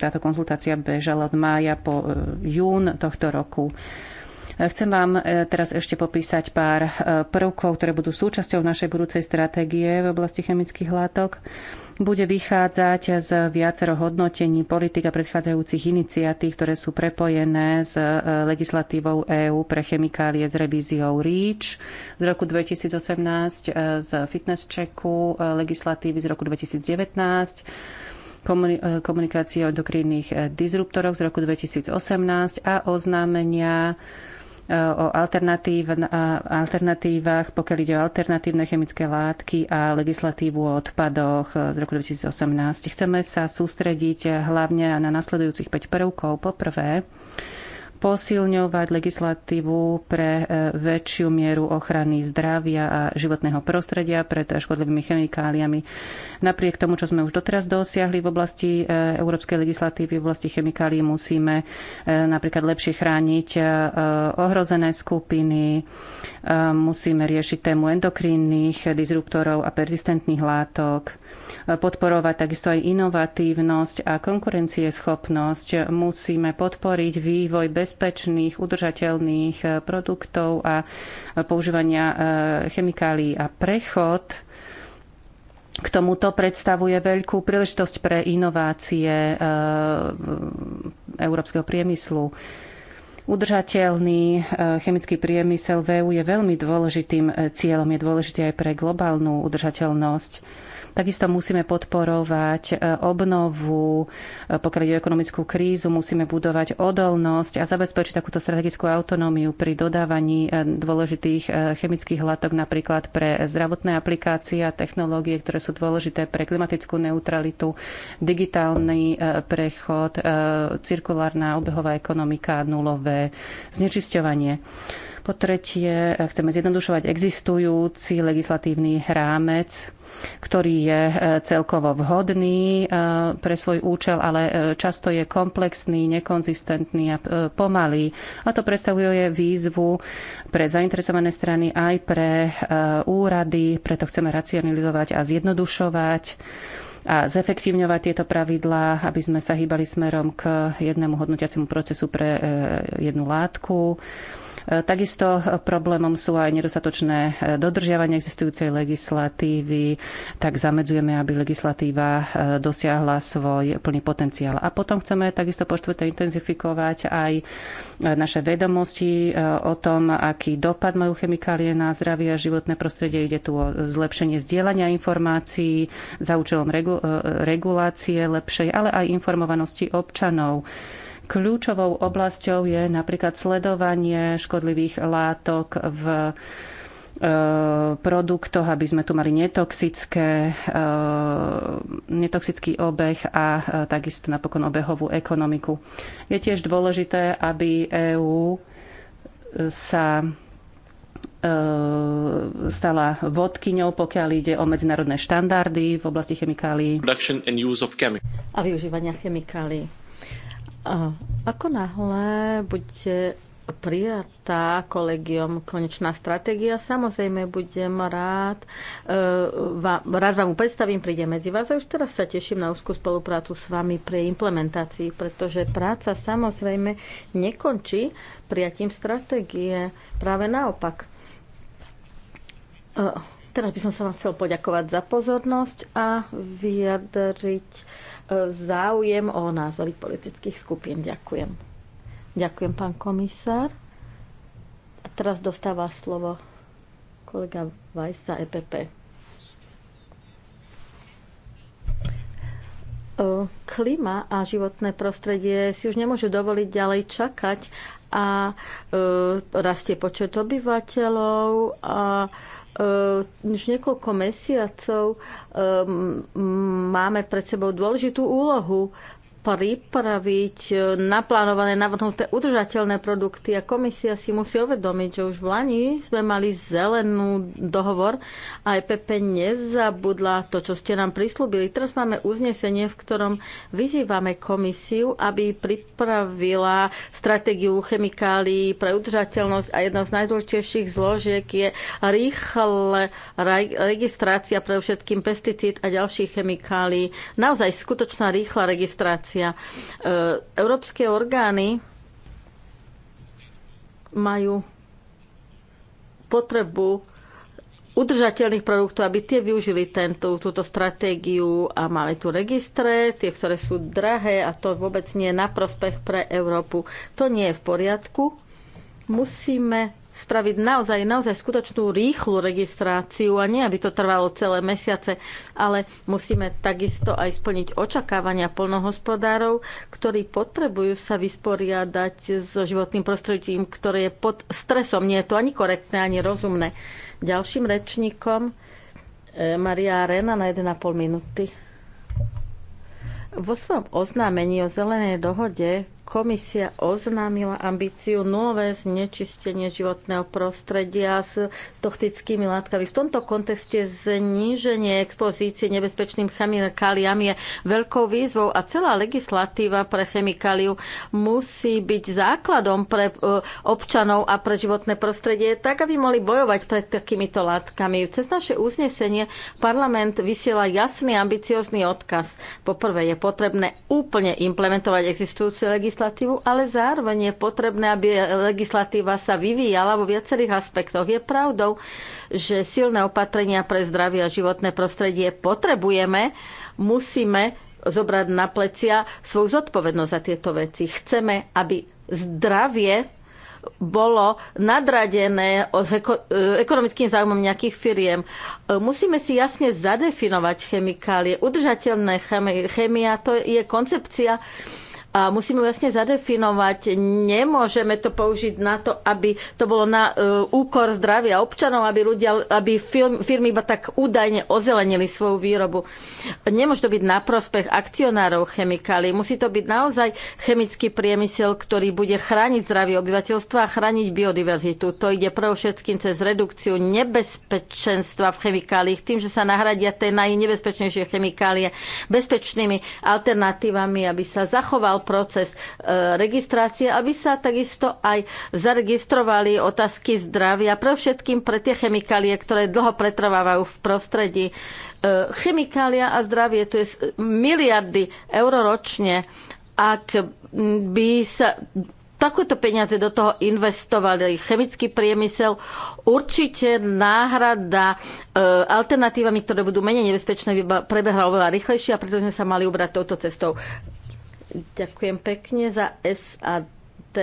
táto konzultácia bežala od mája po jún tohto roku. Chcem vám teraz ešte popísať pár prvkov, ktoré budú súčasťou našej budúcej stratégie v oblasti chemických látok bude vychádzať z viacero hodnotení politik a predchádzajúcich iniciatív, ktoré sú prepojené s e, legislatívou EÚ pre chemikálie s revíziou REACH z roku 2018, e, z fitness checku e, legislatívy z roku 2019, komunikácie o endokrínnych disruptoroch z roku 2018 a oznámenia o alternatív, alternatívach, pokiaľ ide o alternatívne chemické látky a legislatívu o odpadoch z roku 2018. Chceme sa sústrediť hlavne na nasledujúcich 5 prvkov. Poprvé, posilňovať legislatívu pre e, väčšiu mieru ochrany zdravia a životného prostredia pred škodlivými chemikáliami. Napriek tomu, čo sme už doteraz dosiahli v oblasti e, európskej legislatívy, v oblasti chemikálií musíme e, napríklad lepšie chrániť ohrozené skupiny, musíme riešiť tému endokrínnych disruptorov a persistentných látok, podporovať takisto aj inovatívnosť a konkurencieschopnosť. Musíme podporiť vývoj bezpečných, udržateľných eh, produktov a eh, používania eh, chemikálií a prechod k tomuto predstavuje veľkú príležitosť pre inovácie európskeho priemyslu. Udržateľný chemický priemysel v EÚ je veľmi dôležitým cieľom, je dôležitý aj pre globálnu udržateľnosť. Takisto musíme podporovať e, obnovu, e, pokiaľ ide o ekonomickú krízu, musíme budovať odolnosť a zabezpečiť takúto strategickú autonómiu pri dodávaní e, dôležitých chemických látok napríklad pre zdravotné aplikácie a technológie, ktoré sú dôležité pre klimatickú neutralitu, digitálny prechod, cirkulárna obehová ekonomika, nulové znečisťovanie. Po tretie, chceme zjednodušovať existujúci legislatívny rámec ktorý je e, celkovo vhodný e, pre svoj účel, ale e, často je komplexný, nekonzistentný a pomalý. A to predstavuje výzvu pre zainteresované strany aj pre úrady, preto chceme racionalizovať a zjednodušovať a zefektívňovať tieto pravidlá, aby sme sa hýbali smerom k jednému hodnotiacemu procesu pre jednu látku E, takisto problémom sú aj nedostatočné e, dodržiavanie existujúcej legislatívy, tak zamedzujeme, aby legislatíva e, dosiahla svoj plný potenciál. A potom chceme takisto po štvrté intenzifikovať aj naše vedomosti o tom, aký dopad majú chemikálie na zdravie a životné prostredie. Ide tu o zlepšenie zdieľania informácií za účelom regu- regulácie lepšej, ale aj informovanosti občanov Kľúčovou oblasťou je napríklad sledovanie škodlivých látok v e, produktoch, aby sme tu mali netoxické, e, netoxický obeh a e, takisto napokon obehovú ekonomiku. Je tiež dôležité, aby EÚ sa stala vodkyňou, pokiaľ ide o medzinárodné štandardy v oblasti chemikálií a využívania chemikálií ako náhle bude prijatá kolegium konečná stratégia, samozrejme budem rád, e, rád vám predstavím, príde medzi vás a už teraz sa teším na úzkú spoluprácu s vami pri implementácii, pretože práca samozrejme nekončí prijatím stratégie. Práve naopak. E, teraz by som sa vám chcel poďakovať za pozornosť a vyjadriť záujem o názory politických skupín. Ďakujem. Ďakujem, pán komisár. A teraz dostáva slovo kolega Vajsa EPP. Klima a životné prostredie si už nemôžu dovoliť ďalej čakať a rastie počet obyvateľov a Uh, už niekoľko mesiacov um, máme pred sebou dôležitú úlohu pripraviť e, naplánované, navrhnuté udržateľné produkty a komisia si musí uvedomiť, že už v Lani sme mali zelenú dohovor a EPP nezabudla to, čo ste nám prislúbili. Teraz máme uznesenie, v ktorom vyzývame komisiu, aby pripravila stratégiu chemikálií pre udržateľnosť a jedna z najdôležitejších zložiek je rýchle registrácia pre všetkým pesticíd a ďalších chemikálií. Naozaj skutočná rýchla registrácia situácia. E, európske orgány majú potrebu udržateľných produktov, aby tie využili tento, túto stratégiu a mali tu registre, tie, ktoré sú drahé a to vôbec nie je na prospech pre Európu. To nie je v poriadku. Musíme spraviť naozaj, naozaj skutočnú rýchlu registráciu a nie, aby to trvalo celé mesiace, ale musíme takisto aj splniť očakávania polnohospodárov, ktorí potrebujú sa vysporiadať so životným prostredím, ktoré je pod stresom. Nie je to ani korektné, ani rozumné. Ďalším rečníkom eh, Maria Arena na 1,5 minúty. Vo svojom oznámení o zelenej dohode komisia oznámila ambíciu nulové znečistenie životného prostredia s toxickými látkami. V tomto kontexte zníženie expozície nebezpečným chemikáliám je veľkou výzvou a celá legislatíva pre chemikáliu musí byť základom pre e, občanov a pre životné prostredie, tak aby mohli bojovať pred takýmito látkami. Cez naše uznesenie parlament vysiela jasný ambiciózny odkaz. Poprvé je potrebné úplne implementovať existujúcu legislatívu, ale zároveň je potrebné, aby legislatíva sa vyvíjala vo viacerých aspektoch. Je pravdou, že silné opatrenia pre zdravie a životné prostredie potrebujeme, musíme zobrať na plecia svoju zodpovednosť za tieto veci. Chceme, aby zdravie bolo nadradené e, ekonomickým záujmom nejakých firiem. E, musíme si jasne zadefinovať chemikálie. Udržateľné chemia, to je koncepcia, a musíme jasne zadefinovať, nemôžeme to použiť na to, aby to bolo na e, úkor zdravia občanov, aby, ľudia, aby firmy iba tak údajne ozelenili svoju výrobu. Nemôže to byť na prospech akcionárov chemikálií. Musí to byť naozaj chemický priemysel, ktorý bude chrániť zdravie obyvateľstva a chrániť biodiverzitu. To ide pre všetkým cez redukciu nebezpečenstva v chemikáliách, tým, že sa nahradia tie najnebezpečnejšie chemikálie bezpečnými alternatívami, aby sa zachoval proces e, registrácie, aby sa takisto aj zaregistrovali otázky zdravia, pre všetkým pre tie chemikálie, ktoré dlho pretrvávajú v prostredí. E, chemikália a zdravie, to je miliardy eur ročne, ak by sa takéto peniaze do toho investovali. Chemický priemysel určite náhrada e, alternatívami, ktoré budú menej nebezpečné, by prebehla oveľa rýchlejšie a preto sme sa mali ubrať touto cestou. Ďakujem pekne za SAT,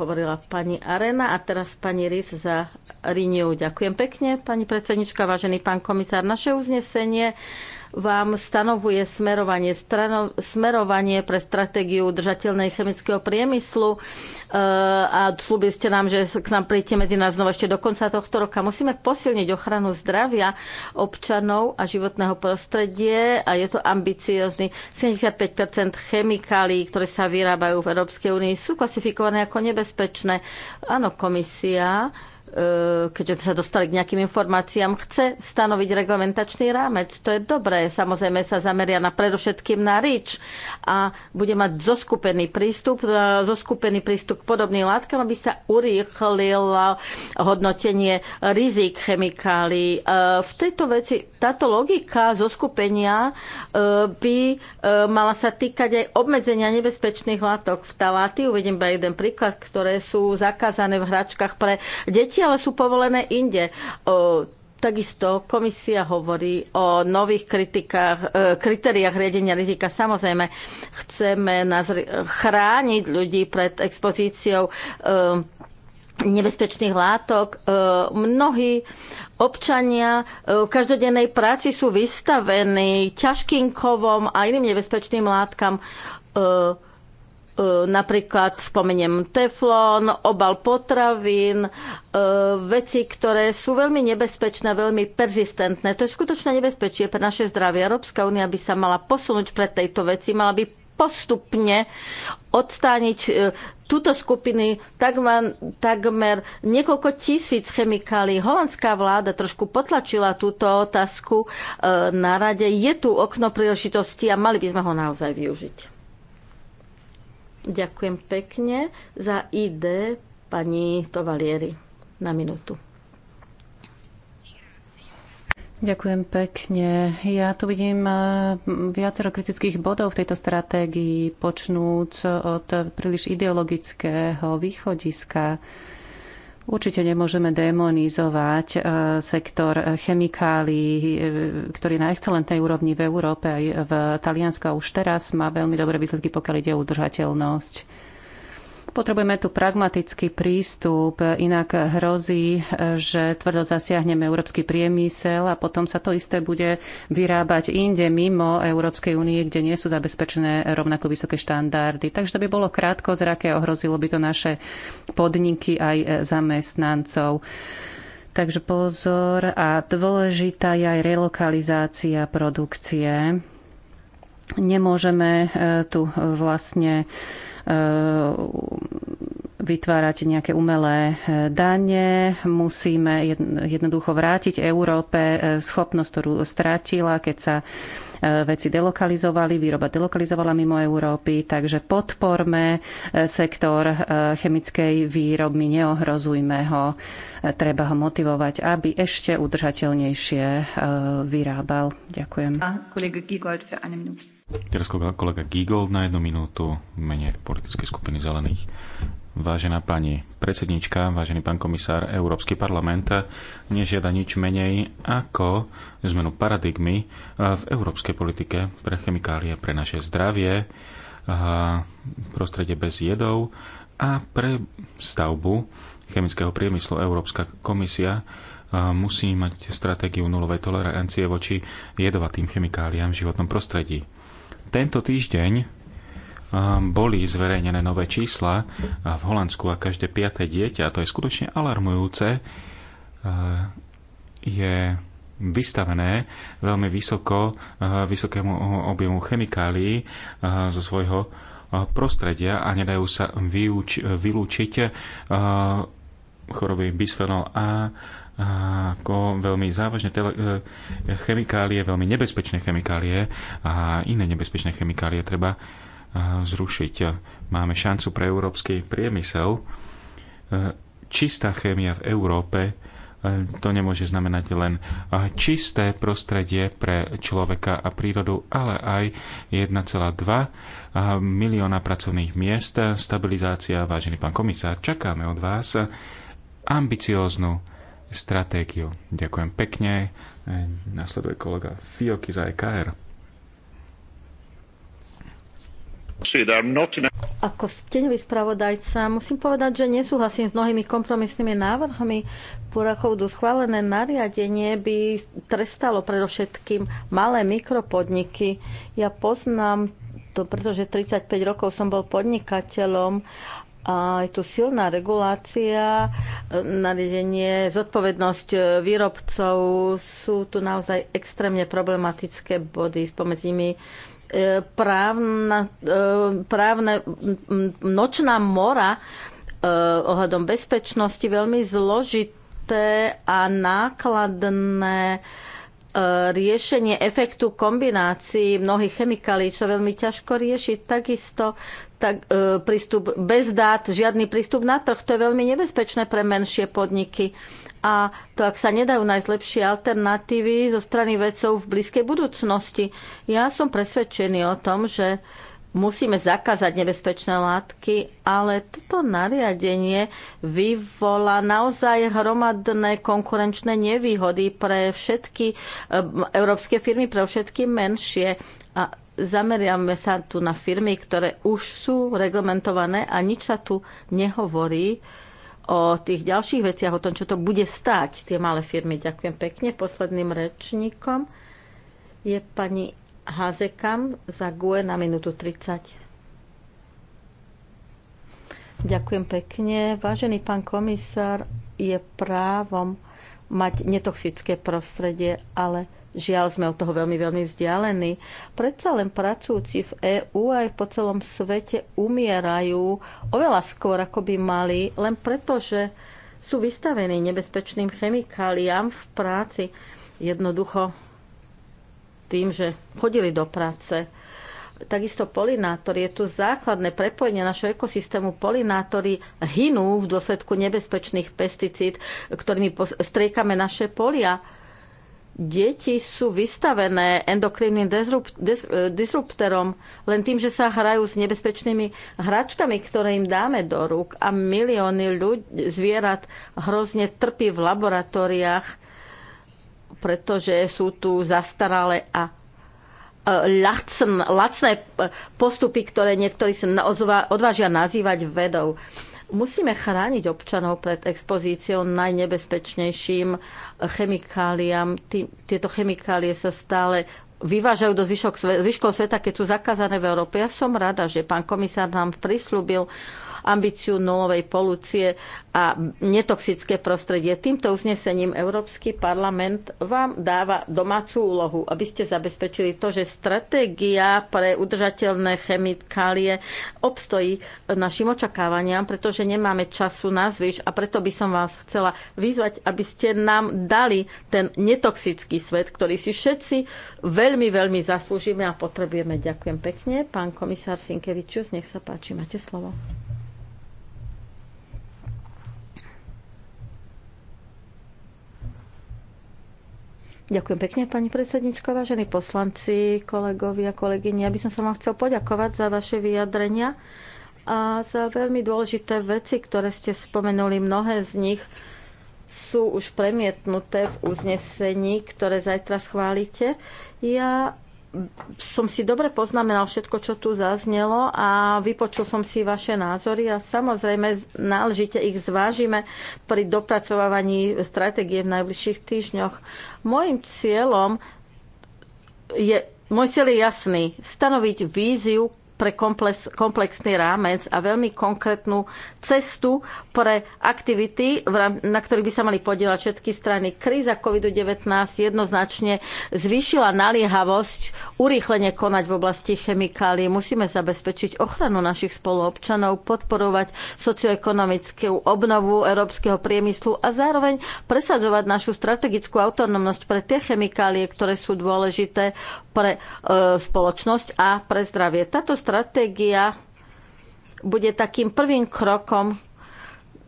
hovorila pani Arena a teraz pani Rys za Riniu. Ďakujem pekne, pani predsednička, vážený pán komisár. Naše uznesenie vám stanovuje smerovanie, strano, smerovanie pre stratégiu držateľnej chemického priemyslu e, a slúbili ste nám, že k nám príjete medzi nás znova ešte do konca tohto roka. Musíme posilniť ochranu zdravia občanov a životného prostredie a je to ambiciózny 75 chemikálií, ktoré sa vyrábajú v Európskej únii, sú klasifikované ako nebezpečné. Áno, komisia E, keďže sa dostali k nejakým informáciám, chce stanoviť reglementačný rámec. To je dobré. Samozrejme sa zameria na predovšetkým na rič a bude mať zoskupený prístup, e, zoskupený prístup k podobným látkam, aby sa urýchlilo hodnotenie rizik chemikálií. E, v tejto veci táto logika zoskupenia by mala sa týkať aj obmedzenia nebezpečných látok v taláty. Uvedím iba jeden príklad, ktoré sú zakázané v hračkách pre deti deti ale sú povolené inde. O, Takisto komisia hovorí o nových kritikách, e, kritériách riadenia rizika. Samozrejme, chceme chrániť ľudí pred expozíciou e, nebezpečných látok. E, mnohí občania v každodennej práci sú vystavení ťažkým kovom a iným nebezpečným látkam E, napríklad spomeniem teflón, obal potravín, e, veci, ktoré sú veľmi nebezpečné, veľmi persistentné. To je skutočné nebezpečie pre naše zdravie. Európska únia by sa mala posunúť pre tejto veci, mala by postupne odstániť e, túto skupiny takmer, takmer niekoľko tisíc chemikálií. Holandská vláda trošku potlačila túto otázku na rade. Je tu okno príležitosti a mali by sme ho naozaj využiť. Ďakujem pekne za ID pani Tovalieri na minútu. Ďakujem pekne. Ja tu vidím e, viacero kritických bodov v tejto stratégii, počnúc od príliš ideologického východiska Určite nemôžeme demonizovať e, sektor e, chemikálií, e, ktorý na excelentnej úrovni v Európe aj v Taliansku. Už teraz má veľmi dobré výsledky, pokiaľ ide o udržateľnosť. Potrebujeme tu pragmatický prístup, inak hrozí, že tvrdo zasiahneme európsky priemysel a potom sa to isté bude vyrábať inde mimo Európskej únie, kde nie sú zabezpečené rovnako vysoké štandardy. Takže to by bolo krátko zrake, ohrozilo by to naše podniky aj zamestnancov. Takže pozor a dôležitá je aj relokalizácia produkcie. Nemôžeme eh, tu vlastne E, vytvárať nejaké umelé e, dane. Musíme jednoducho vrátiť Európe e, schopnosť, ktorú stratila, keď sa E, veci delokalizovali, výroba delokalizovala mimo Európy, takže podporme e, sektor e, chemickej výroby, neohrozujme ho, treba ho motivovať, aby ešte udržateľnejšie vyrábal. Ďakujem. kolega für eine Minute. Teraz kolega Giegold na jednu minútu v mene politickej skupiny zelených. Vážená pani predsednička, vážený pán komisár, Európsky parlament nežiada nič menej ako zmenu paradigmy v európskej politike pre chemikálie, pre naše zdravie, prostredie bez jedov a pre stavbu chemického priemyslu Európska komisia musí mať stratégiu nulovej tolerancie voči jedovatým chemikáliám v životnom prostredí. Tento týždeň boli zverejnené nové čísla v Holandsku a každé piaté dieťa, a to je skutočne alarmujúce, je vystavené veľmi vysoko, vysokému objemu chemikálií zo svojho prostredia a nedajú sa vyuč, vylúčiť choroby bisphenol A, ako veľmi závažné tele, e, chemikálie, veľmi nebezpečné chemikálie a iné nebezpečné chemikálie treba zrušiť. Máme šancu pre európsky priemysel. E, čistá chémia v Európe e, to nemôže znamenať len e, čisté prostredie pre človeka a prírodu, ale aj 1,2 milióna pracovných miest. Stabilizácia, vážený pán komisár, čakáme od vás ambicióznu stratégiu. Ďakujem pekne. Nasleduje kolega Fioky za EKR. Ako steňový spravodajca musím povedať, že nesúhlasím s mnohými kompromisnými návrhmi. do schválené nariadenie by trestalo predovšetkým malé mikropodniky. Ja poznám to, pretože 35 rokov som bol podnikateľom a je tu silná regulácia, nariadenie, zodpovednosť výrobcov. Sú tu naozaj extrémne problematické body. Spomedzi nimi E, právna, e, právne nočná mora e, ohľadom bezpečnosti veľmi zložité a nákladné riešenie efektu kombinácií mnohých chemikálií, čo veľmi ťažko riešiť. Takisto tak, prístup bez dát, žiadny prístup na trh. To je veľmi nebezpečné pre menšie podniky a to, ak sa nedajú nájsť lepšie alternatívy zo strany vedcov v blízkej budúcnosti. Ja som presvedčený o tom, že musíme zakázať nebezpečné látky, ale toto nariadenie vyvolá naozaj hromadné konkurenčné nevýhody pre všetky e, európske firmy, pre všetky menšie. A zameriame sa tu na firmy, ktoré už sú reglementované a nič sa tu nehovorí o tých ďalších veciach, o tom, čo to bude stáť, tie malé firmy. Ďakujem pekne. Posledným rečníkom je pani Hazekam za GUE na minútu 30. Ďakujem pekne. Vážený pán komisár, je právom mať netoxické prostredie, ale Žiaľ, sme od toho veľmi, veľmi vzdialení. Predsa len pracujúci v EÚ aj po celom svete umierajú oveľa skôr, ako by mali, len preto, že sú vystavení nebezpečným chemikáliám v práci. Jednoducho tým, že chodili do práce. Takisto polinátor je tu základné prepojenie našho ekosystému. Polinátory hynú v dôsledku nebezpečných pesticíd, ktorými striekame naše polia deti sú vystavené endokrinným eh, disruptorom len tým, že sa hrajú s nebezpečnými hračkami, ktoré im dáme do rúk a milióny ľudí, zvierat hrozne trpí v laboratóriách, pretože sú tu zastaralé a eh, lacné eh, postupy, ktoré niektorí sa odvážia nazývať vedou. Musíme chrániť občanov pred expozíciou najnebezpečnejším chemikáliám. Tieto chemikálie sa stále vyvážajú do zvyšok, zvyškov sveta, keď sú zakázané v Európe. Ja som rada, že pán komisár nám prislúbil ambíciu nulovej polúcie a netoxické prostredie. Týmto uznesením Európsky parlament vám dáva domácu úlohu, aby ste zabezpečili to, že stratégia pre udržateľné chemikálie obstojí našim očakávaniam, pretože nemáme času na zvyš a preto by som vás chcela vyzvať, aby ste nám dali ten netoxický svet, ktorý si všetci veľmi, veľmi zaslúžime a potrebujeme. Ďakujem pekne. Pán komisár Sinkevičius, nech sa páči, máte slovo. Ďakujem pekne, pani predsednička, vážení poslanci, kolegovia, kolegyne. Ja by som sa vám chcel poďakovať za vaše vyjadrenia a za veľmi dôležité veci, ktoré ste spomenuli. Mnohé z nich sú už premietnuté v uznesení, ktoré zajtra schválite. Ja som si dobre poznamenal všetko, čo tu zaznelo a vypočul som si vaše názory a samozrejme náležite ich zvážime pri dopracovávaní stratégie v najbližších týždňoch. Mojím cieľom je, môj cieľ je jasný, stanoviť víziu, pre komplex, komplexný rámec a veľmi konkrétnu cestu pre aktivity, na ktorých by sa mali podielať všetky strany. Kríza COVID-19 jednoznačne zvýšila naliehavosť urýchlenie konať v oblasti chemikálií. Musíme zabezpečiť ochranu našich spoluobčanov, podporovať socioekonomickú obnovu európskeho priemyslu a zároveň presadzovať našu strategickú autonomnosť pre tie chemikálie, ktoré sú dôležité pre e, spoločnosť a pre zdravie. Táto stratégia bude takým prvým krokom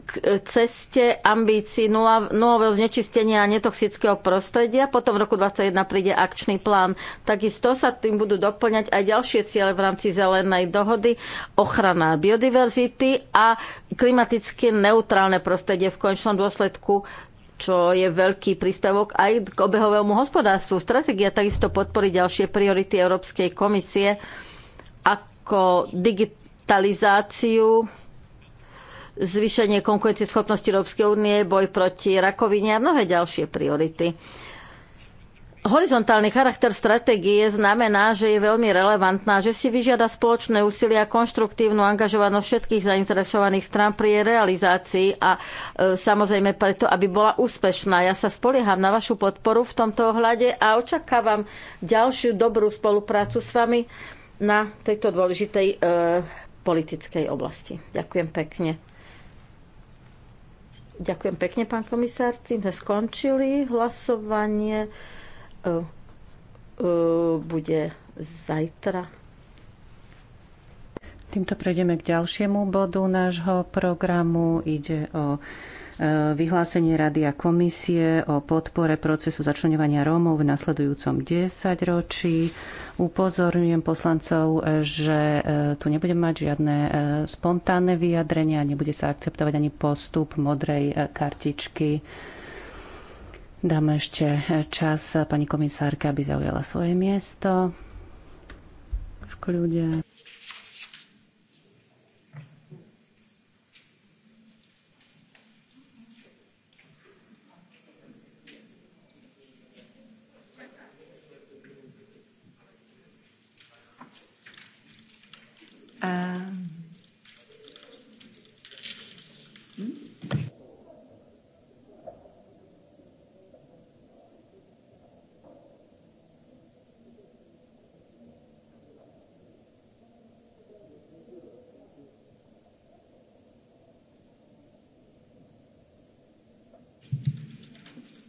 k ceste ambícií nulového znečistenia a netoxického prostredia. Potom v roku 2021 príde akčný plán. Takisto sa tým budú doplňať aj ďalšie ciele v rámci zelenej dohody, ochrana biodiverzity a klimaticky neutrálne prostredie. V končnom dôsledku čo je veľký príspevok aj k obehovému hospodárstvu. Stratégia takisto podporí ďalšie priority Európskej komisie ako digitalizáciu, zvýšenie konkurencieschopnosti Európskej únie, boj proti rakovine a mnohé ďalšie priority. Horizontálny charakter stratégie znamená, že je veľmi relevantná, že si vyžiada spoločné úsilie a konštruktívnu angažovanosť všetkých zainteresovaných strán pri jej realizácii a e, samozrejme preto, aby bola úspešná. Ja sa spolieham na vašu podporu v tomto ohľade a očakávam ďalšiu dobrú spoluprácu s vami na tejto dôležitej e, politickej oblasti. Ďakujem pekne. Ďakujem pekne, pán komisár. Tým sme skončili hlasovanie bude zajtra. Týmto prejdeme k ďalšiemu bodu nášho programu. Ide o e, vyhlásenie Rady a komisie o podpore procesu začlenovania Rómov v nasledujúcom desaťročí. Upozorňujem poslancov, že e, tu nebudem mať žiadne e, spontánne vyjadrenia, nebude sa akceptovať ani postup modrej kartičky Dáme ešte čas pani komisárke, aby zaujala svoje miesto v kľude. Um.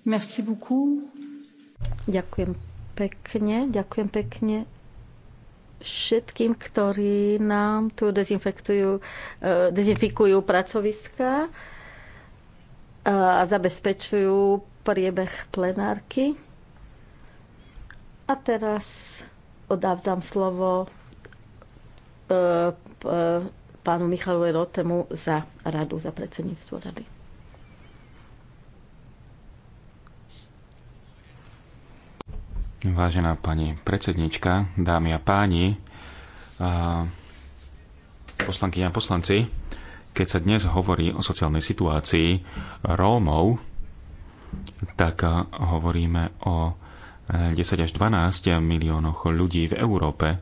Merci beaucoup. Ďakujem pekne, ďakujem pekne všetkým, ktorí nám tu dezinfektujú, e, dezinfikujú pracoviska e, a zabezpečujú priebeh plenárky. A teraz odávdam slovo e, pánu Michalu Erotemu za radu, za predsedníctvo rady. Vážená pani predsednička, dámy a páni, poslankyňa a poslanci, keď sa dnes hovorí o sociálnej situácii Rómov, tak hovoríme o 10 e, až 12 miliónoch ľudí v Európe.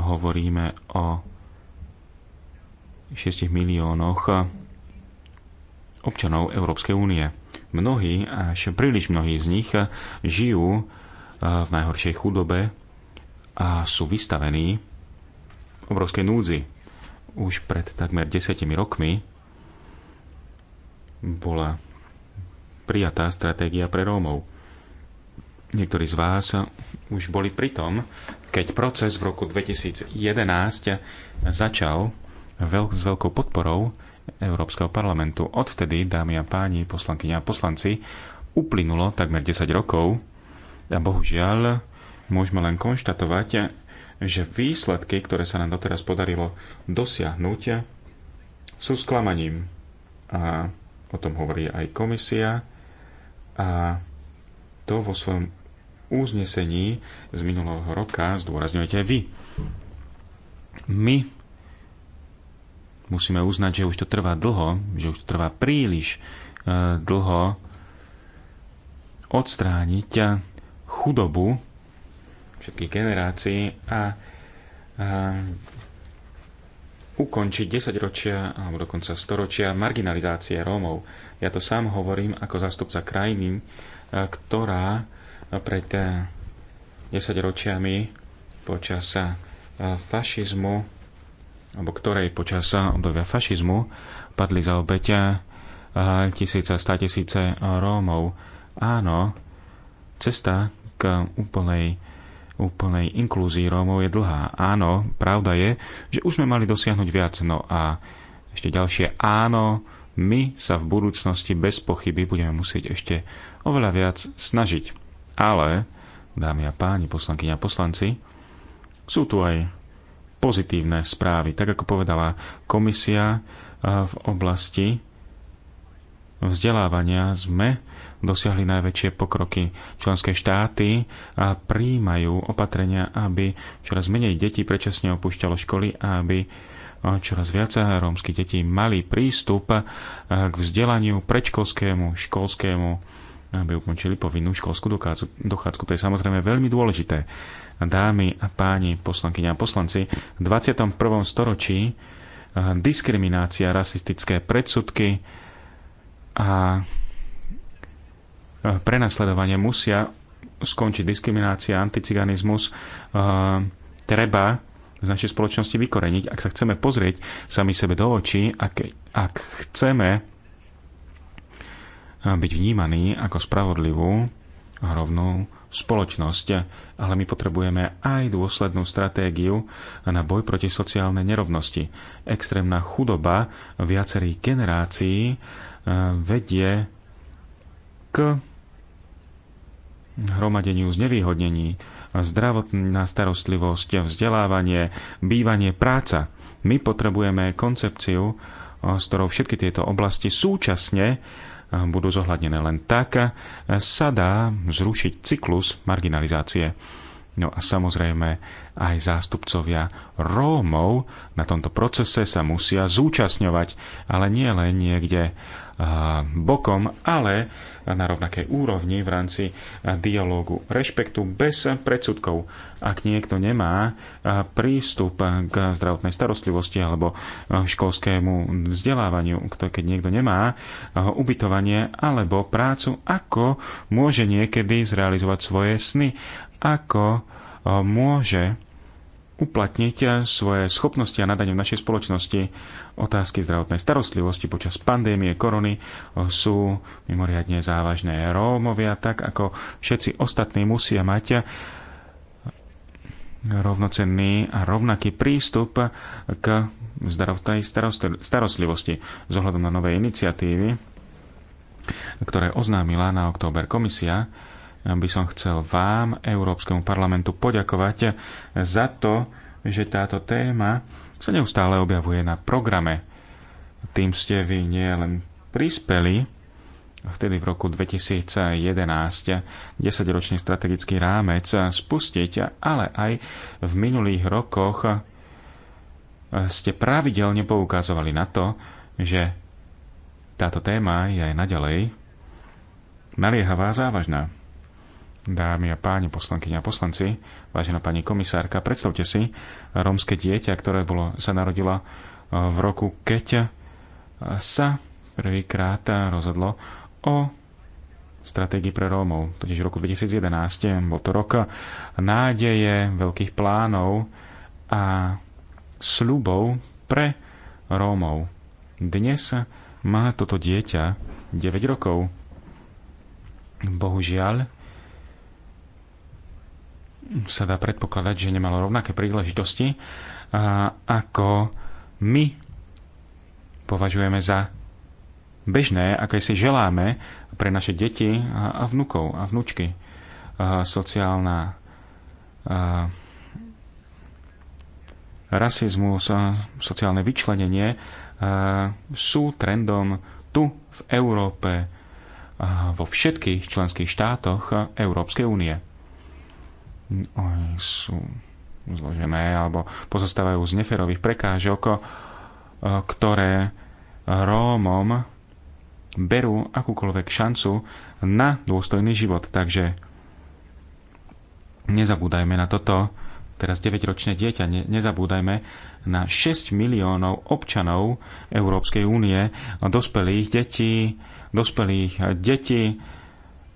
Hovoríme o 6 miliónoch občanov Európskej únie. Mnohí, až príliš mnohí z nich, e, žijú v najhoršej chudobe a sú vystavení obrovskej núdzi. Už pred takmer desiatimi rokmi bola prijatá stratégia pre Rómov. Niektorí z vás už boli pri tom, keď proces v roku 2011 začal veľk, s veľkou podporou Európskeho parlamentu. Odvtedy, dámy a páni, poslankyňa a poslanci, uplynulo takmer 10 rokov a bohužiaľ, môžeme len konštatovať, že výsledky, ktoré sa nám doteraz podarilo dosiahnuť, sú sklamaním. A o tom hovorí aj komisia. A to vo svojom uznesení z minulého roka zdôrazňujete aj vy. My musíme uznať, že už to trvá dlho, že už to trvá príliš eh, dlho odstrániť chudobu všetkých generácií a, a ukončiť 10 ročia alebo dokonca storočia marginalizácie Rómov. Ja to sám hovorím ako zástupca krajiny, ktorá pred 10 ročiami počas fašizmu alebo ktorej počas obdobia fašizmu padli za obeťa tisíce, stá tisíce Rómov. Áno, cesta k úplnej, úplnej inklúzii Rómov je dlhá. Áno, pravda je, že už sme mali dosiahnuť viac. No a ešte ďalšie áno, my sa v budúcnosti bez pochyby budeme musieť ešte oveľa viac snažiť. Ale, dámy a páni, poslanky a poslanci, sú tu aj pozitívne správy. Tak ako povedala komisia eh, v oblasti vzdelávania sme dosiahli najväčšie pokroky. Členské štáty príjmajú opatrenia, aby čoraz menej detí predčasne opúšťalo školy a aby čoraz viac rómskych detí mali prístup k vzdelaniu predškolskému, školskému, aby ukončili povinnú školskú dochádzku. To je samozrejme veľmi dôležité. Dámy a páni, poslankyňa a poslanci, v 21. storočí diskriminácia, rasistické predsudky a prenasledovanie, musia skončiť diskriminácia, anticiganizmus, eh, treba z našej spoločnosti vykoreniť. Ak sa chceme pozrieť sami sebe do očí, ak, ak chceme eh, byť vnímaní ako spravodlivú, rovnú spoločnosť, ale my potrebujeme aj dôslednú stratégiu na boj proti sociálnej nerovnosti. Extrémna chudoba viacerých generácií eh, vedie k hromadeniu znevýhodnení, zdravotná starostlivosť, vzdelávanie, bývanie, práca. My potrebujeme koncepciu, s ktorou všetky tieto oblasti súčasne eh, budú zohľadnené. Len tak eh, sa dá zrušiť cyklus marginalizácie. No a samozrejme aj zástupcovia Rómov na tomto procese sa musia zúčastňovať, ale nie len niekde eh, bokom, ale na rovnakej úrovni v rámci e, dialógu rešpektu bez predsudkov. Ak niekto nemá e, prístup k zdravotnej starostlivosti alebo e, školskému vzdelávaniu, keď niekto nemá ubytovanie alebo prácu, ako môže niekedy zrealizovať svoje sny, ako môže uplatniť svoje schopnosti a nadanie v našej spoločnosti. Otázky zdravotnej starostlivosti počas pandémie korony sú mimoriadne závažné. Rómovia, tak ako všetci ostatní, musia mať rovnocenný a rovnaký prístup k zdravotnej starostlivosti. Z ohľadom na nové iniciatívy, ktoré oznámila na október komisia, by som chcel vám, Európskemu parlamentu, poďakovať za to, že táto téma sa neustále objavuje na programe. Tým ste vy nielen prispeli vtedy v roku 2011 10-ročný strategický rámec spustiť, ale aj v minulých rokoch ste pravidelne poukazovali na to, že táto téma je aj naďalej naliehavá a závažná dámy a páni poslankyňa a poslanci, vážená pani komisárka, predstavte si rómske dieťa, ktoré bolo, sa narodilo e, v roku, keď sa prvýkrát rozhodlo o stratégii pre Rómov. Totiž v roku 2011 bol to rok nádeje, veľkých plánov a sľubov pre Rómov. Dnes má toto dieťa 9 rokov. Bohužiaľ, sa dá predpokladať, že nemalo rovnaké príležitosti, ako my považujeme za bežné, aké si želáme pre naše deti a vnukov a vnúčky. Sociálna rasizmus, sociálne vyčlenenie sú trendom tu v Európe, vo všetkých členských štátoch Európskej únie. Oni sú zložené alebo pozostávajú z neferových prekážok, e, ktoré Rómom berú akúkoľvek šancu na dôstojný život. Takže nezabúdajme na toto. Teraz 9-ročné dieťa, nezabúdajme na 6 miliónov občanov Európskej únie, dospelých detí, dospelých detí,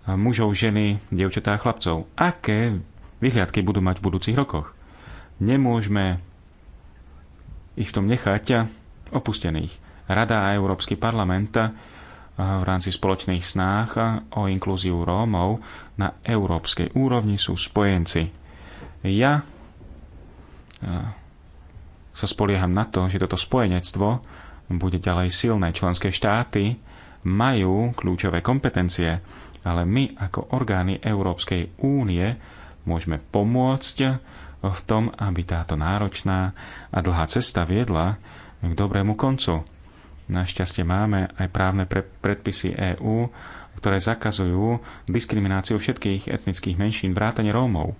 mužov, ženy, dievčatá a chlapcov. Aké vyhliadky budú mať v budúcich rokoch. Nemôžeme ich v tom nechať opustených. Rada a Európsky parlament eh, v rámci spoločných snách eh, o inklúziu Rómov na európskej úrovni sú spojenci. Ja eh, sa spolieham na to, že toto spojenectvo bude ďalej silné. Členské štáty majú kľúčové kompetencie, ale my ako orgány Európskej únie môžeme pomôcť v tom, aby táto náročná a dlhá cesta viedla k dobrému koncu. Našťastie máme aj právne pre- predpisy EÚ, ktoré zakazujú diskrimináciu všetkých etnických menšín vrátane Rómov.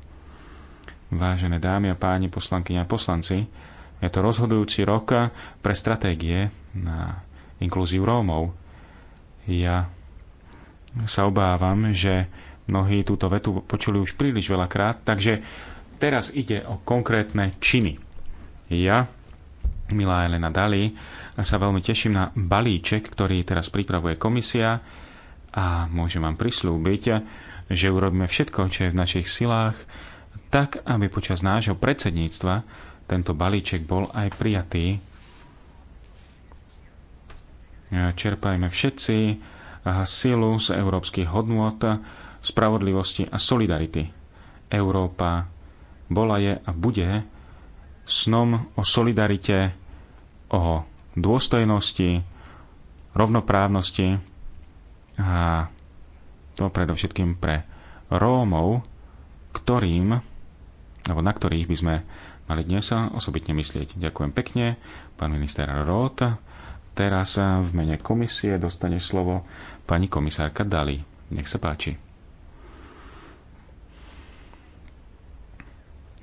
Vážené dámy a páni poslanky a poslanci, je to rozhodujúci rok pre stratégie na inklúziu Rómov. Ja sa obávam, že Mnohí túto vetu počuli už príliš veľakrát, takže teraz ide o konkrétne činy. Ja, milá Elena Dali, sa veľmi teším na balíček, ktorý teraz pripravuje komisia a môžem vám prislúbiť, že urobíme všetko, čo je v našich silách, tak, aby počas nášho predsedníctva tento balíček bol aj prijatý. Čerpajme všetci silu z európskych hodnôt, spravodlivosti a solidarity. Európa bola je a bude snom o solidarite, o dôstojnosti, rovnoprávnosti a to predovšetkým pre Rómov, ktorým, alebo na ktorých by sme mali dnes osobitne myslieť. Ďakujem pekne, pán minister Roth. Teraz v mene komisie dostane slovo pani komisárka Dali. Nech sa páči.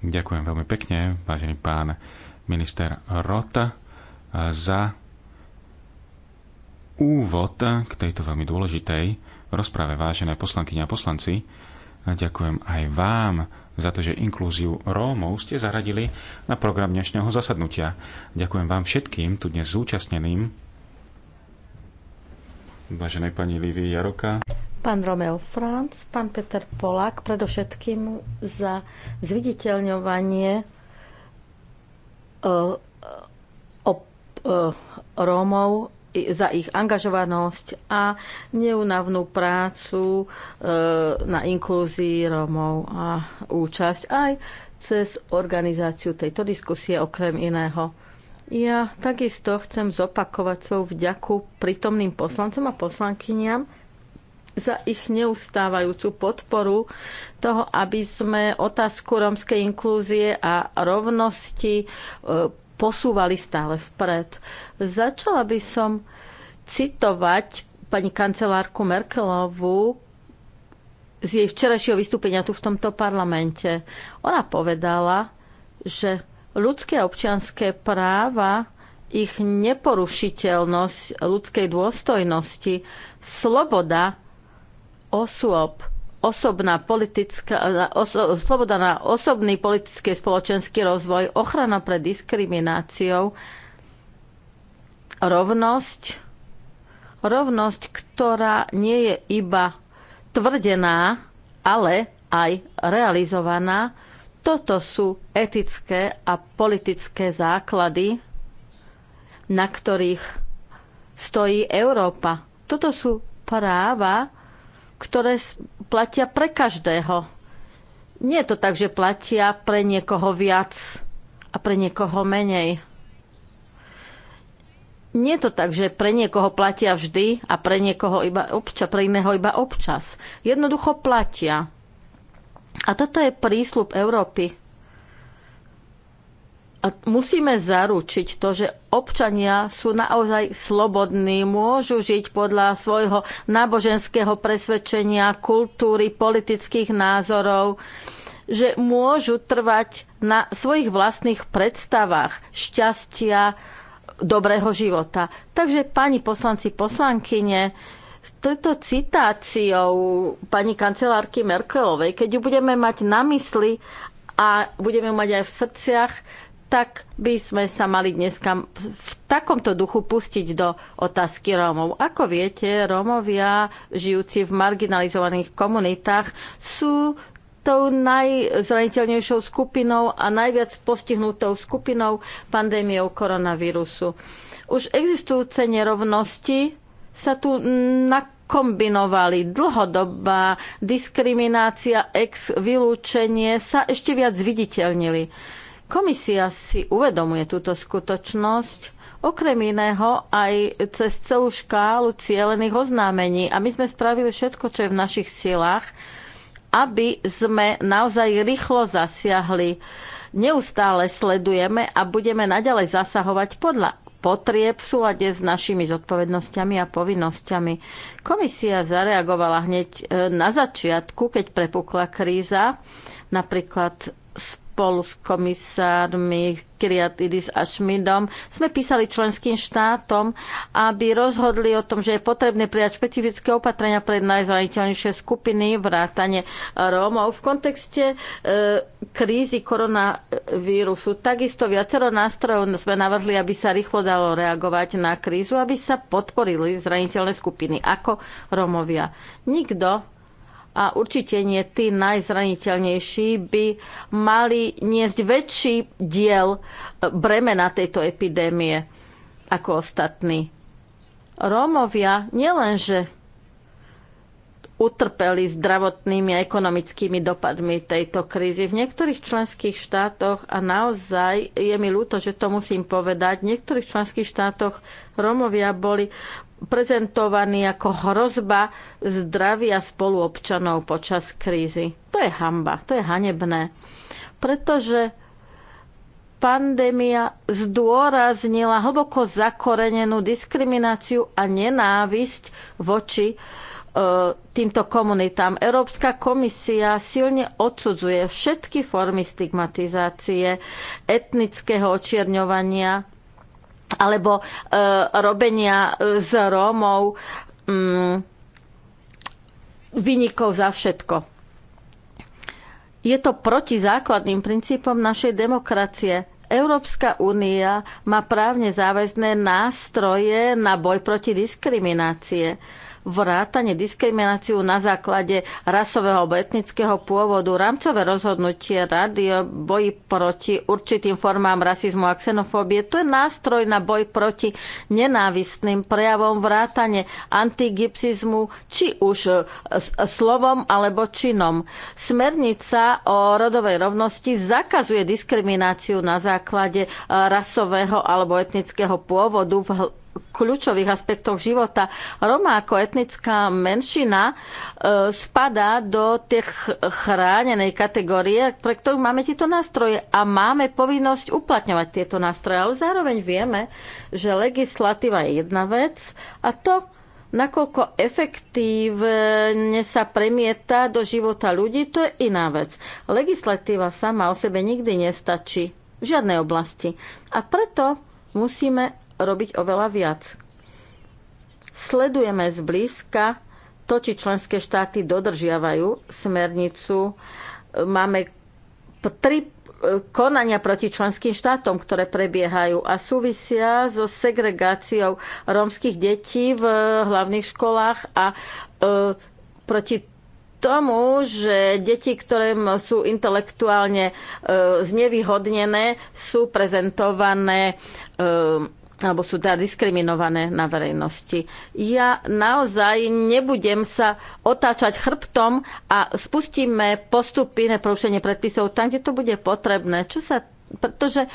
Ďakujem veľmi pekne, vážený pán minister Rota, za úvod k tejto veľmi dôležitej rozprave, vážené poslankyne a poslanci. ďakujem aj vám za to, že inklúziu Rómov ste zaradili na program dnešného zasadnutia. Ďakujem vám všetkým tu dnes zúčastneným váženej pani Lívy Jaroka, pán Romeo Franc, pán Peter Polák, predovšetkým za zviditeľňovanie e, e, e, Rómov za ich angažovanosť a neunavnú prácu na inklúzii Rómov a účasť aj cez organizáciu tejto diskusie okrem iného. Ja takisto chcem zopakovať svoju vďaku prítomným poslancom a poslankyniam za ich neustávajúcu podporu toho, aby sme otázku rómskej inklúzie a rovnosti e, posúvali stále vpred. Začala by som citovať pani kancelárku Merkelovú z jej včerajšieho vystúpenia tu v tomto parlamente. Ona povedala, že ľudské a občianské práva, ich neporušiteľnosť ľudskej dôstojnosti, sloboda osôb, osobná politická, oso, sloboda na osobný politický spoločenský rozvoj, ochrana pred diskrimináciou, rovnosť, rovnosť, ktorá nie je iba tvrdená, ale aj realizovaná, toto sú etické a politické základy, na ktorých stojí Európa. Toto sú práva, ktoré platia pre každého. Nie je to tak, že platia pre niekoho viac a pre niekoho menej. Nie je to tak, že pre niekoho platia vždy a pre niekoho iba občas, pre iného iba občas. Jednoducho platia. A toto je prísľub Európy. A musíme zaručiť to, že občania sú naozaj slobodní, môžu žiť podľa svojho náboženského presvedčenia, kultúry, politických názorov, že môžu trvať na svojich vlastných predstavách šťastia, dobrého života. Takže pani poslanci, poslankyne, s touto citáciou pani kancelárky Merkelovej, keď ju budeme mať na mysli a budeme ju mať aj v srdciach, tak by sme sa mali dneska v takomto duchu pustiť do otázky Rómov. Ako viete, Rómovia, žijúci v marginalizovaných komunitách, sú tou najzraniteľnejšou skupinou a najviac postihnutou skupinou pandémiou koronavírusu. Už existujúce nerovnosti sa tu nakombinovali. Dlhodobá diskriminácia, ex vylúčenie sa ešte viac viditeľnili. Komisia si uvedomuje túto skutočnosť, okrem iného aj cez celú škálu cielených oznámení. A my sme spravili všetko, čo je v našich silách, aby sme naozaj rýchlo zasiahli neustále sledujeme a budeme naďalej zasahovať podľa potrieb v súlade s našimi zodpovednosťami a povinnosťami. Komisia zareagovala hneď e, na začiatku, keď prepukla kríza, napríklad s spolu s komisármi Kriatidis a Šmidom sme písali členským štátom, aby rozhodli o tom, že je potrebné prijať špecifické opatrenia pre najzraniteľnejšie skupiny, vrátane Rómov. V kontexte e, krízy koronavírusu takisto viacero nástrojov sme navrhli, aby sa rýchlo dalo reagovať na krízu, aby sa podporili zraniteľné skupiny ako Rómovia. Nikto a určite nie tí najzraniteľnejší, by mali niesť väčší diel e, bremena tejto epidémie ako ostatní. Rómovia nielenže utrpeli zdravotnými a ekonomickými dopadmi tejto krízy. V niektorých členských štátoch, a naozaj je mi ľúto, že to musím povedať, v niektorých členských štátoch Romovia boli prezentovaný ako hrozba zdravia spoluobčanov počas krízy. To je hamba, to je hanebné. Pretože pandémia zdôraznila hlboko zakorenenú diskrimináciu a nenávisť voči e, týmto komunitám. Európska komisia silne odsudzuje všetky formy stigmatizácie, etnického očierňovania alebo e, robenia z e, Rómov mm, vynikov za všetko. Je to proti základným princípom našej demokracie. Európska únia má právne záväzné nástroje na boj proti diskriminácie vrátane diskrimináciu na základe rasového alebo etnického pôvodu. Rámcové rozhodnutie rady o boji proti určitým formám rasizmu a xenofóbie. To je nástroj na boj proti nenávistným prejavom vrátane antigipsizmu, či už slovom alebo činom. Smernica o rodovej rovnosti zakazuje diskrimináciu na základe eh, rasového alebo etnického pôvodu v kľúčových aspektoch života. Roma ako etnická menšina spada e, spadá do tých chránenej kategórie, pre ktorú máme tieto nástroje a máme povinnosť uplatňovať tieto nástroje. Ale zároveň vieme, že legislatíva je jedna vec a to, nakoľko efektívne sa premieta do života ľudí, to je iná vec. Legislatíva sama o sebe nikdy nestačí v žiadnej oblasti. A preto musíme robiť oveľa viac. Sledujeme zblízka to, či členské štáty dodržiavajú smernicu. Máme tri e, konania proti členským štátom, ktoré prebiehajú a súvisia so segregáciou rómskych detí v e, hlavných školách a e, proti tomu, že deti, ktoré sú intelektuálne e, znevýhodnené, sú prezentované e, alebo sú teda diskriminované na verejnosti. Ja naozaj nebudem sa otáčať chrbtom a spustíme postupy na porušenie predpisov tam, kde to bude potrebné. Čo sa pretože e,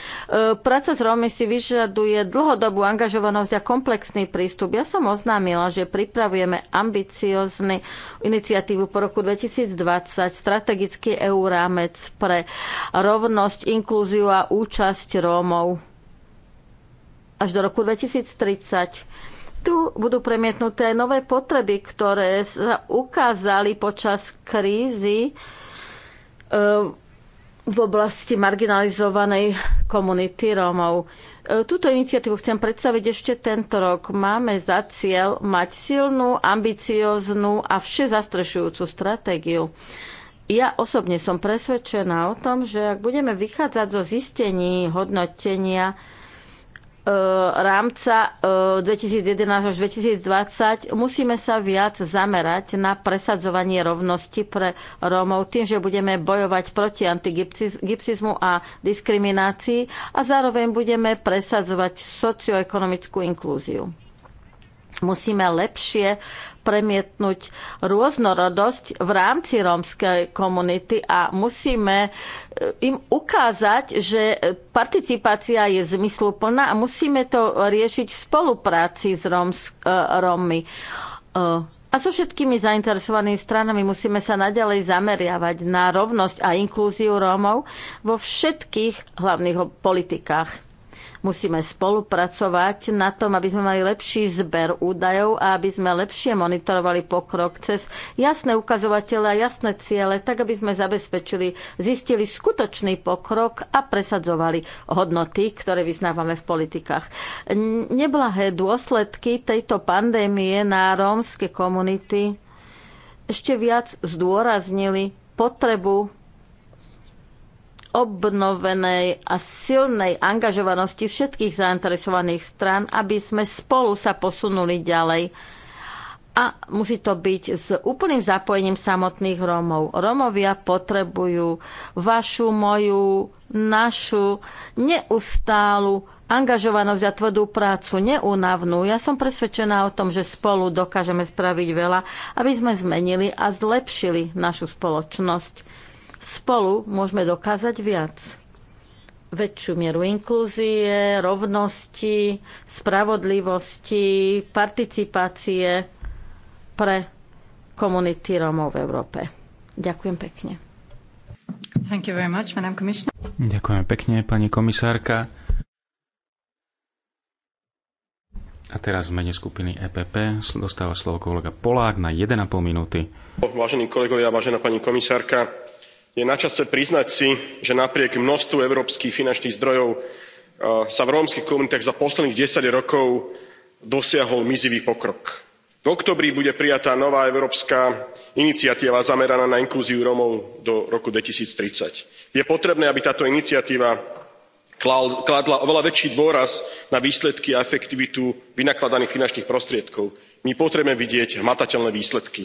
práca s Rómi si vyžaduje dlhodobú angažovanosť a komplexný prístup. Ja som oznámila, že pripravujeme ambiciózny iniciatívu po roku 2020, strategický EU rámec pre rovnosť, inklúziu a účasť Rómov až do roku 2030. Tu budú premietnuté nové potreby, ktoré sa ukázali počas krízy e, v oblasti marginalizovanej komunity Rómov. E, túto iniciatívu chcem predstaviť ešte tento rok. Máme za cieľ mať silnú, ambicioznú a vše zastrešujúcu stratégiu. Ja osobne som presvedčená o tom, že ak budeme vychádzať zo zistení hodnotenia Eh, rámca 2011 eh, až 2020 musíme sa viac zamerať na presadzovanie rovnosti pre Rómov tým, že budeme bojovať proti antigypsizmu a diskriminácii a zároveň budeme presadzovať socioekonomickú inklúziu. Musíme lepšie premietnúť rôznorodosť v rámci rómskej komunity a musíme e, im ukázať, že participácia je zmysluplná a musíme to riešiť v spolupráci s Rómmi. E, e, a so všetkými zainteresovanými stranami musíme sa naďalej zameriavať na rovnosť a inklúziu Rómov vo všetkých hlavných politikách. Musíme spolupracovať na tom, aby sme mali lepší zber údajov a aby sme lepšie monitorovali pokrok cez jasné ukazovatele a jasné ciele, tak aby sme zabezpečili, zistili skutočný pokrok a presadzovali hodnoty, ktoré vyznávame v politikách. Neblahé dôsledky tejto pandémie na rómske komunity ešte viac zdôraznili potrebu obnovenej a silnej angažovanosti všetkých zainteresovaných strán, aby sme spolu sa posunuli ďalej. A musí to byť s úplným zapojením samotných Rómov. Rómovia potrebujú vašu, moju, našu neustálu angažovanosť a tvrdú prácu, neúnavnú. Ja som presvedčená o tom, že spolu dokážeme spraviť veľa, aby sme zmenili a zlepšili našu spoločnosť spolu môžeme dokázať viac. Väčšiu mieru inklúzie, rovnosti, spravodlivosti, participácie pre komunity Rómov v Európe. Ďakujem pekne. Thank you very much, Madam Commissioner. Ďakujem pekne, pani komisárka. A teraz v mene skupiny EPP dostáva slovo kolega Polák na 1,5 minúty. Vážení kolegovia, vážená pani komisárka, je na čase priznať si že napriek množstvu európskych finančných zdrojov e, sa v rómskych komunitách za posledných desať rokov dosiahol mizivý pokrok. v októbri bude prijatá nová európska iniciatíva zameraná na inklúziu rómov do roku. two thousand and thirty je potrebné aby táto iniciatíva kládla oveľa väčší dôraz na výsledky a efektivitu vynakladaných finančných prostriedkov. my potrebujeme vidieť hmatateľné výsledky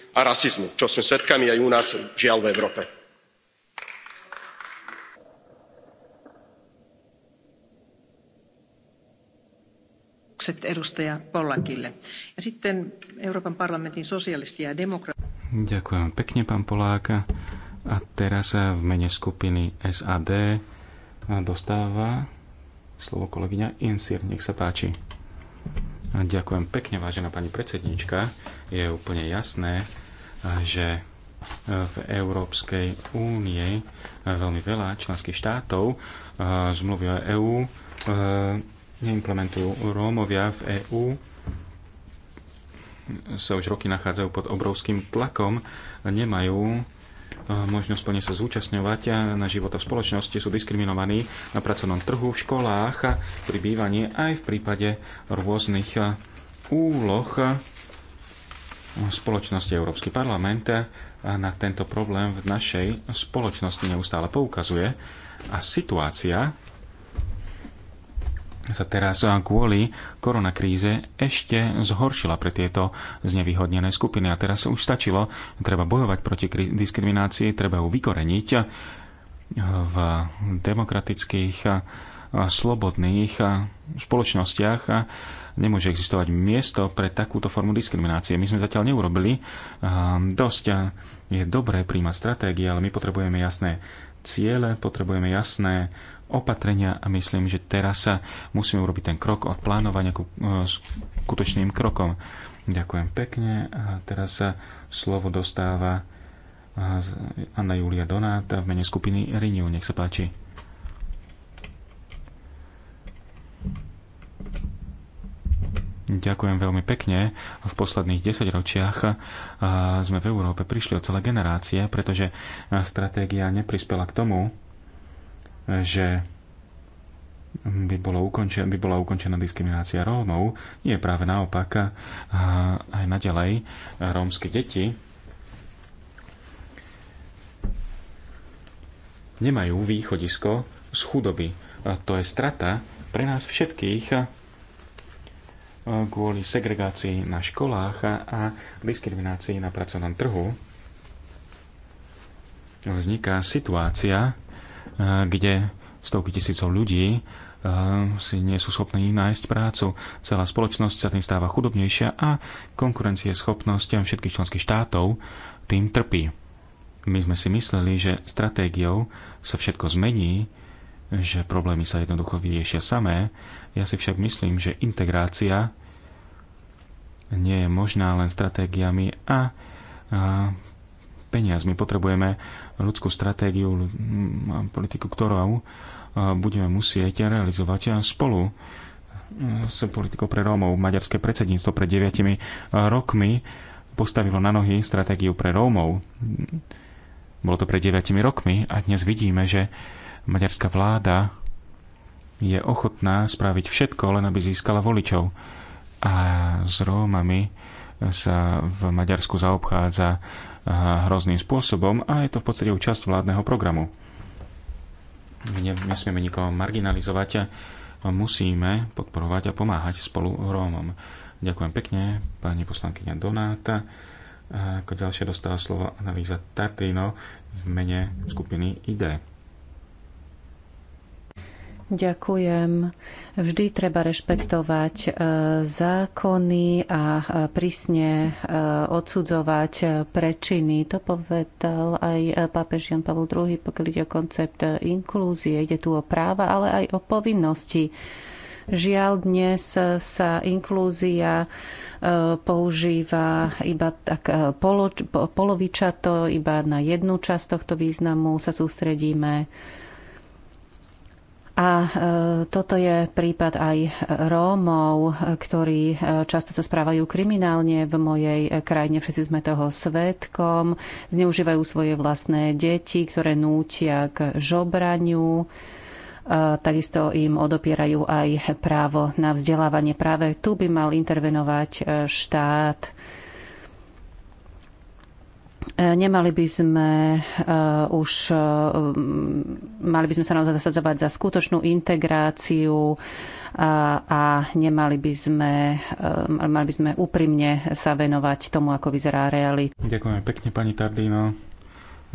a rasizmu čoho sme svedkami aj u nás žiaľ v európe. Ďakujem pekne, pán A teraz sa v mene skupiny SAD dostáva slovo kolegyňa Insir. Nech sa páči. Ďakujem pekne, vážená pani predsedníčka. Je úplne jasné, že e, v Európskej únie e, veľmi veľa členských štátov e, zmluvy o EÚ neimplementujú Rómovia v EÚ sa už roky nachádzajú pod obrovským tlakom, nemajú možnosť plne sa zúčastňovať na života v spoločnosti, sú diskriminovaní na pracovnom trhu, v školách, pri bývaní aj v prípade rôznych úloh, spoločnosti Európsky parlament na tento problém v našej spoločnosti neustále poukazuje a situácia sa teraz kvôli koronakríze ešte zhoršila pre tieto znevýhodnené skupiny. A teraz už stačilo, treba bojovať proti diskriminácii, treba ju vykoreniť v demokratických, slobodných spoločnostiach nemôže existovať miesto pre takúto formu diskriminácie. My sme zatiaľ neurobili ehm, dosť. Je dobré príjmať stratégie, ale my potrebujeme jasné ciele, potrebujeme jasné opatrenia a myslím, že teraz sa musíme urobiť ten krok od plánovania ku e, skutočným krokom. Ďakujem pekne a teraz sa slovo dostáva e, Anna Julia Donáta v mene skupiny Renew. Nech sa páči. Ďakujem veľmi pekne. V posledných 10 ročiach sme v Európe prišli o celé generácie, pretože stratégia neprispela k tomu, že by, bolo ukončen, by bola ukončená diskriminácia Rómov. Nie je práve naopak. Aj naďalej rómske deti nemajú východisko z chudoby. To je strata pre nás všetkých kvôli segregácii na školách a diskriminácii na pracovnom trhu vzniká situácia, eh, kde stovky tisícov ľudí eh, si nie sú schopní nájsť prácu. Celá spoločnosť sa tým stáva chudobnejšia a konkurencie schopnosť všetkých členských štátov tým trpí. My sme si mysleli, že stratégiou sa všetko zmení, že problémy sa jednoducho vyriešia samé. Ja si však myslím, že integrácia nie je možná len stratégiami a, a peniazmi. Potrebujeme ľudskú stratégiu, politiku, ktorou budeme musieť realizovať spolu e, s politikou pre Rómov. Maďarské predsedníctvo pred 9 e, rokmi postavilo na nohy stratégiu pre Rómov. Bolo to pred 9 rokmi a dnes vidíme, že maďarská vláda je ochotná spraviť všetko, len aby získala voličov. A s Rómami sa v Maďarsku zaobchádza eh, hrozným spôsobom a je to v podstate časť vládneho programu. Nesmieme nikoho marginalizovať, musíme podporovať a pomáhať spolu Rómom. Ďakujem pekne, pani poslankyňa Donáta. A ako ďalšie dostala slovo analýza Tartino v mene skupiny ID. Ďakujem. Vždy treba rešpektovať e, zákony a e, prísne e, odsudzovať prečiny. To povedal aj pápež Jan Pavel II, pokiaľ ide o koncept inklúzie. Ide tu o práva, ale aj o povinnosti. Žiaľ, dnes sa inklúzia používa iba tak polovičato, iba na jednu časť tohto významu sa sústredíme a e, toto je prípad aj Rómov, e, ktorí e, často sa správajú kriminálne v mojej krajine. Všetci sme toho svetkom. Zneužívajú svoje vlastné deti, ktoré nútia k žobraniu. Takisto im odopierajú aj právo na vzdelávanie. Práve tu by mal intervenovať štát E, nemali by sme e, už, e, mali by sme sa naozaj zasadzovať za skutočnú integráciu a nemali by sme, mali by sme úprimne sa venovať tomu, ako vyzerá realita. Ďakujem pekne, pani Tardino.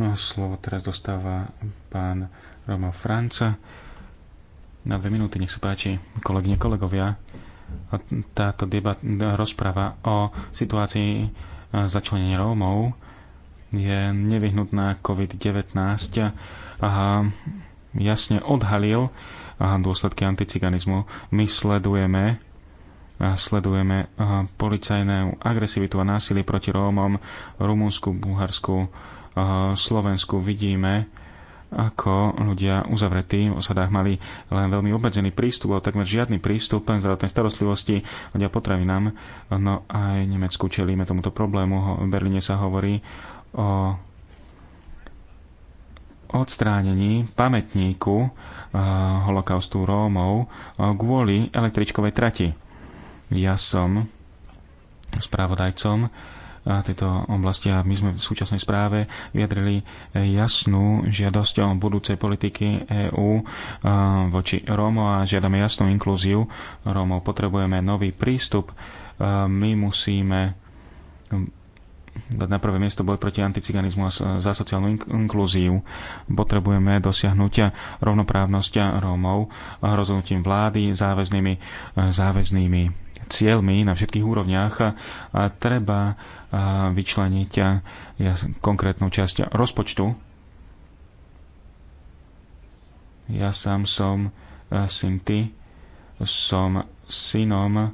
No, slovo teraz dostáva pán Roman Franca. Na dve minúty, nech sa páči, kolegyne, kolegovia. Táto debat, rozpráva o situácii začlenenia Rómov je nevyhnutná COVID-19 a jasne odhalil dôsledky anticiganizmu. My sledujeme sledujeme policajnú agresivitu a násilie proti Rómom, Rumunsku, Bulharsku, Slovensku. Vidíme, ako ľudia uzavretí v osadách mali len veľmi obmedzený prístup, ale takmer žiadny prístup len zdravotnej starostlivosti, ľudia potravinám. No aj Nemecku čelíme tomuto problému. V Berlíne sa hovorí o odstránení pamätníku eh, holokaustu Rómov eh, kvôli električkovej trati. Ja som spravodajcom eh, tejto oblasti a my sme v súčasnej správe vyjadrili jasnú žiadosť o budúcej politiky EÚ voči Rómo a žiadame jasnú inklúziu Rómov. Potrebujeme nový prístup. My musíme dať na prvé miesto boj proti anticiganizmu a za sociálnu inklúziu. Potrebujeme dosiahnuť rovnoprávnosť Rómov rozhodnutím vlády záväznými, záväznými cieľmi na všetkých úrovniach a treba vyčleniť konkrétnu časť rozpočtu. Ja sám som Sinti, som synom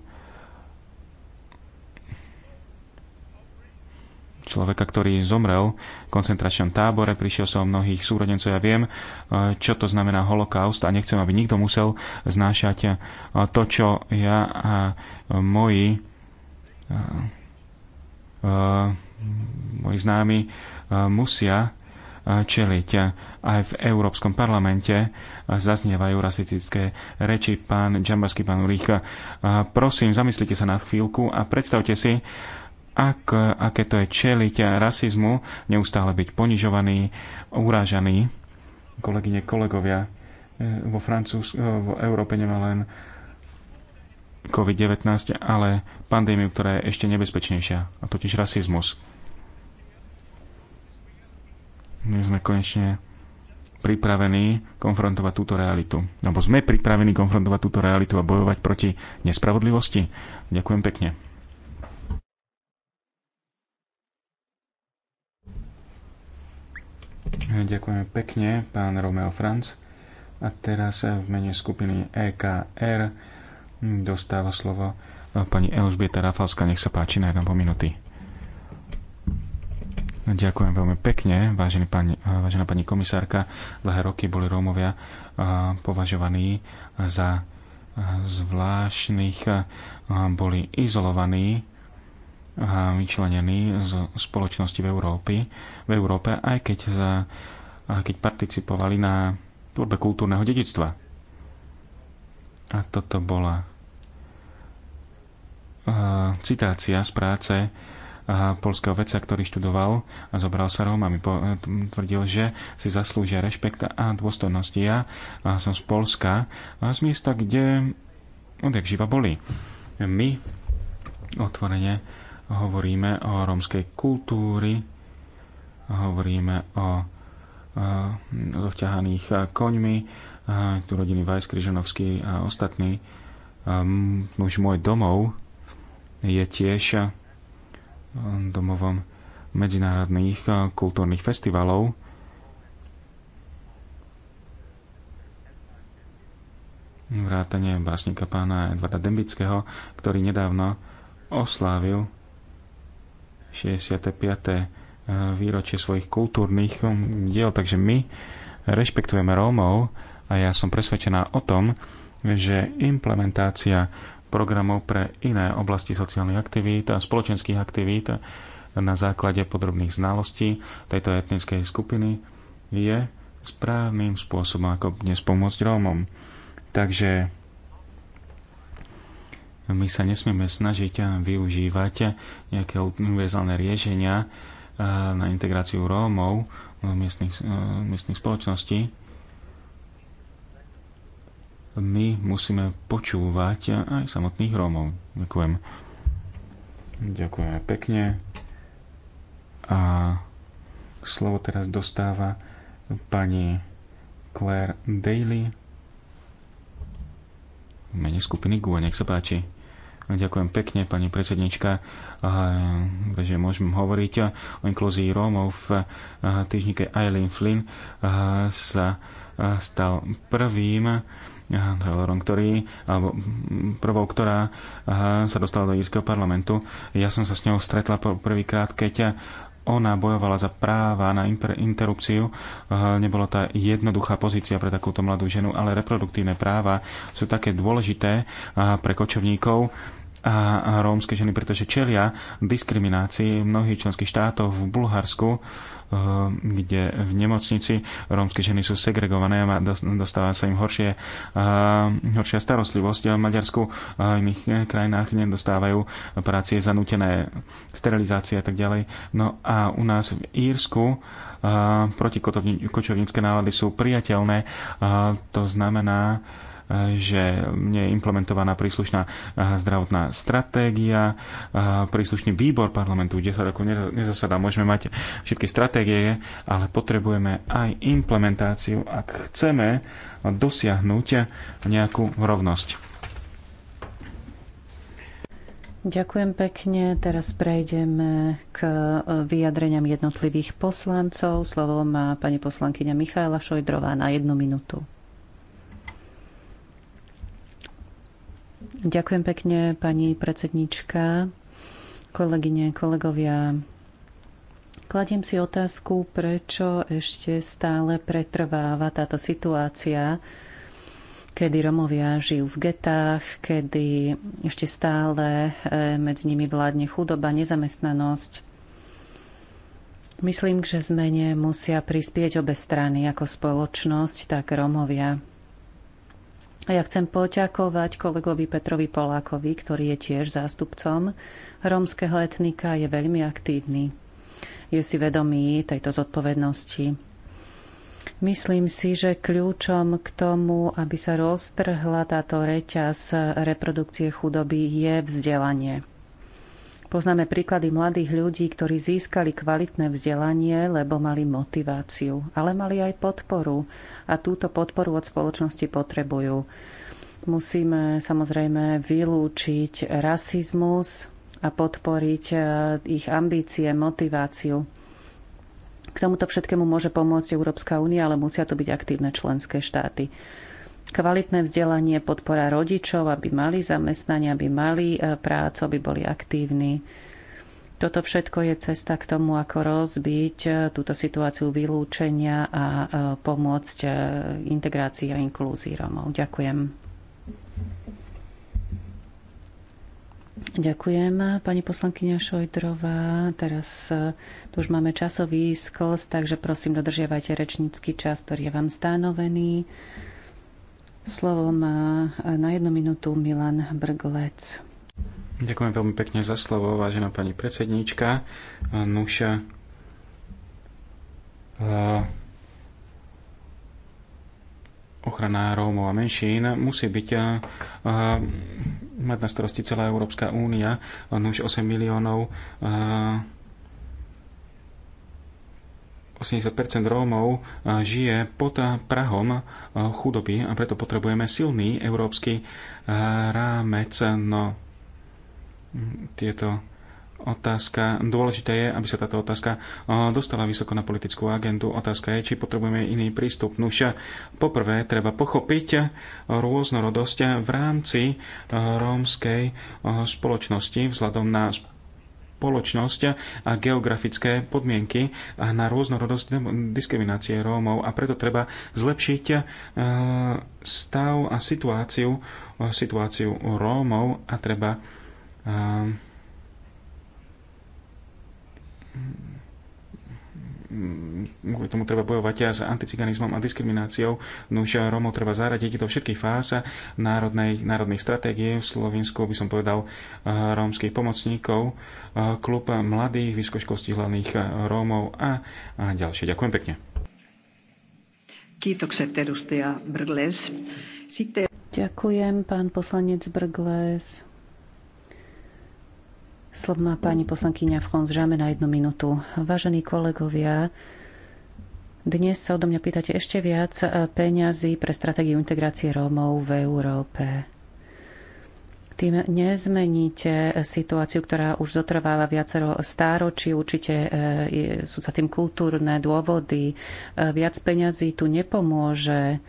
človeka, ktorý zomrel v koncentračnom tábore, prišiel som mnohých súrodencov, ja viem, e, čo to znamená holokaust a nechcem, aby nikto musel znášať e, to, čo ja a moji e, moji známi musia čeliť. Aj v Európskom parlamente zaznievajú rasistické reči. Pán Džambarský, pán Ulrich, prosím, zamyslite sa na chvíľku a predstavte si, ak, aké to je čeliť rasizmu, neustále byť ponižovaný, urážaný. Kolegyne, kolegovia, e, vo Francúz, e, v Európe nemá len COVID-19, ale pandémiu, ktorá je ešte nebezpečnejšia, a totiž rasizmus. My sme konečne pripravení konfrontovať túto realitu. Alebo sme pripravení konfrontovať túto realitu a bojovať proti nespravodlivosti. Ďakujem pekne. Ďakujem pekne, pán Romeo Franc. A teraz v mene skupiny EKR dostáva slovo e, pani Elžbieta Rafalska. Nech sa páči na jednom po minúty. Ďakujem veľmi pekne, vážený pani, e, vážená pani komisárka. Dlhé roky boli Rómovia e, považovaní za zvláštnych, boli izolovaní vyčlenení z spoločnosti v Európe, v Európe aj keď, za, keď participovali na tvorbe kultúrneho dedictva. A toto bola citácia z práce polského vedca, ktorý študoval a zobral sa Róm a mi e, tvrdil, že si zaslúžia rešpekt a dôstojnosť. Ja som z Polska, a z miesta, kde odjak živa boli. My otvorene hovoríme o rómskej kultúry, hovoríme o eh, zoťahaných eh, koňmi, eh, tu rodiny Vajs, Križanovský a ostatní. Už môj domov je tiež domovom medzinárodných kultúrnych festivalov. Vrátanie básnika pána Edvarda Dembického, ktorý nedávno oslávil 65. Eh, výročie svojich kultúrnych mm, diel, takže my rešpektujeme Rómov a ja som presvedčená o tom, že implementácia programov pre iné oblasti sociálnych aktivít a spoločenských aktivít na základe podrobných znalostí tejto etnickej skupiny je správnym spôsobom, ako dnes pomôcť Rómom. Takže my sa nesmieme snažiť využívať nejaké univerzálne riešenia eh, na integráciu Rómov do miestnych, eh, miestnych spoločností. My musíme počúvať aj samotných Rómov. Ďakujem. Ďakujeme pekne. A slovo teraz dostáva pani Claire Daly mene skupiny GUA, Nech sa páči. Ďakujem pekne, pani predsednička, že môžem hovoriť o inklúzii Rómov v týždnike Eileen Flynn sa stal prvým Trailerom, ktorý, alebo prvou, ktorá sa dostala do írskeho parlamentu. Ja som sa s ňou stretla prvýkrát, keď ona bojovala za práva na interrupciu. Eh, nebola to jednoduchá pozícia pre takúto mladú ženu, ale reproduktívne práva sú také dôležité eh, pre kočovníkov, a rómske ženy, pretože čelia diskriminácii v mnohých členských štátov v Bulharsku, eh, kde v nemocnici rómske ženy sú segregované a dostáva sa im horšie, eh, horšia starostlivosť. v Maďarsku a v iných eh, krajinách nedostávajú prácie zanútené, sterilizácie a tak ďalej. No a u nás v Írsku protikočovnícke nálady sú priateľné. To znamená, že nie je implementovaná príslušná eh, zdravotná stratégia, eh, príslušný výbor parlamentu 10 rokov nezasadá. Môžeme mať všetky stratégie, ale potrebujeme aj implementáciu, ak chceme dosiahnuť nejakú rovnosť. Ďakujem pekne. Teraz prejdeme k eh, vyjadreniam jednotlivých poslancov. Slovo má pani poslankyňa Michaela Šojdrová na jednu minútu. Ďakujem pekne, pani predsednička, kolegyne, kolegovia. Kladiem si otázku, prečo ešte stále pretrváva táto situácia, kedy Romovia žijú v getách, kedy ešte stále e, medzi nimi vládne chudoba, nezamestnanosť. Myslím, že zmene musia prispieť obe strany, ako spoločnosť, tak Romovia. A Ja chcem poďakovať kolegovi Petrovi Polákovi, ktorý je tiež zástupcom rómskeho etnika, je veľmi aktívny. Je si vedomý tejto zodpovednosti. Myslím si, že kľúčom k tomu, aby sa roztrhla táto reťaz reprodukcie chudoby, je vzdelanie. Poznáme príklady mladých ľudí, ktorí získali kvalitné vzdelanie, lebo mali motiváciu, ale mali aj podporu a túto podporu od spoločnosti potrebujú. Musíme samozrejme vylúčiť rasizmus a podporiť e, ich ambície, motiváciu. K tomuto všetkému môže pomôcť Európska únia, ale musia to byť aktívne členské štáty kvalitné vzdelanie, podpora rodičov, aby mali zamestnanie, aby mali e, prácu, aby boli aktívni. Toto všetko je cesta k tomu, ako rozbiť e, túto situáciu vylúčenia a e, pomôcť integrácii a inklúzii Romov. Ďakujem. Ďakujem, pani poslankyňa Šojdrová. Teraz tu už máme časový skos, takže prosím, dodržiavajte rečnícky čas, ktorý je vám stanovený. Slovo má e, na jednu minútu Milan Brglec. Ďakujem veľmi pekne za slovo, vážená pani predsedníčka. E, Nuša, e, ochrana Rómov a menšín musí byť mať na starosti celá Európska únia. Už 8 miliónov 80% Rómov e, žije pod e, prahom e, chudoby a preto potrebujeme silný európsky rámec. No, tieto otázka, dôležité je, aby sa táto otázka dostala vysoko na politickú agendu. Otázka je, či potrebujeme iný prístup. Nuž, poprvé, treba pochopiť rôznorodosť v rámci rómskej spoločnosti vzhľadom na spoločnosť a geografické podmienky a na rôznorodosť diskriminácie Rómov a preto treba zlepšiť e, stav a situáciu, e, situáciu Rómov a treba e, Mm, kvôli tomu treba bojovať aj s anticiganizmom a diskrimináciou. Nuž Romov treba zaradiť do všetkých fáz národnej, národnej stratégie. V Slovensku by som povedal eh, rómskych pomocníkov, eh, klub mladých vysokoškolských hlavných eh, Rómov a, a ďalšie. Ďakujem pekne. Brgles. Ďakujem, pán poslanec Brgles. Slovo má pani poslankyňa Franz Žame na jednu minútu. Vážení kolegovia, dnes sa odo mňa pýtate ešte viac eh, peňazí pre stratégiu integrácie Rómov v Európe. Tým nezmeníte eh, situáciu, ktorá už zotrváva viacero stáročí. Určite eh, sú za tým kultúrne dôvody. Viac peňazí tu nepomôže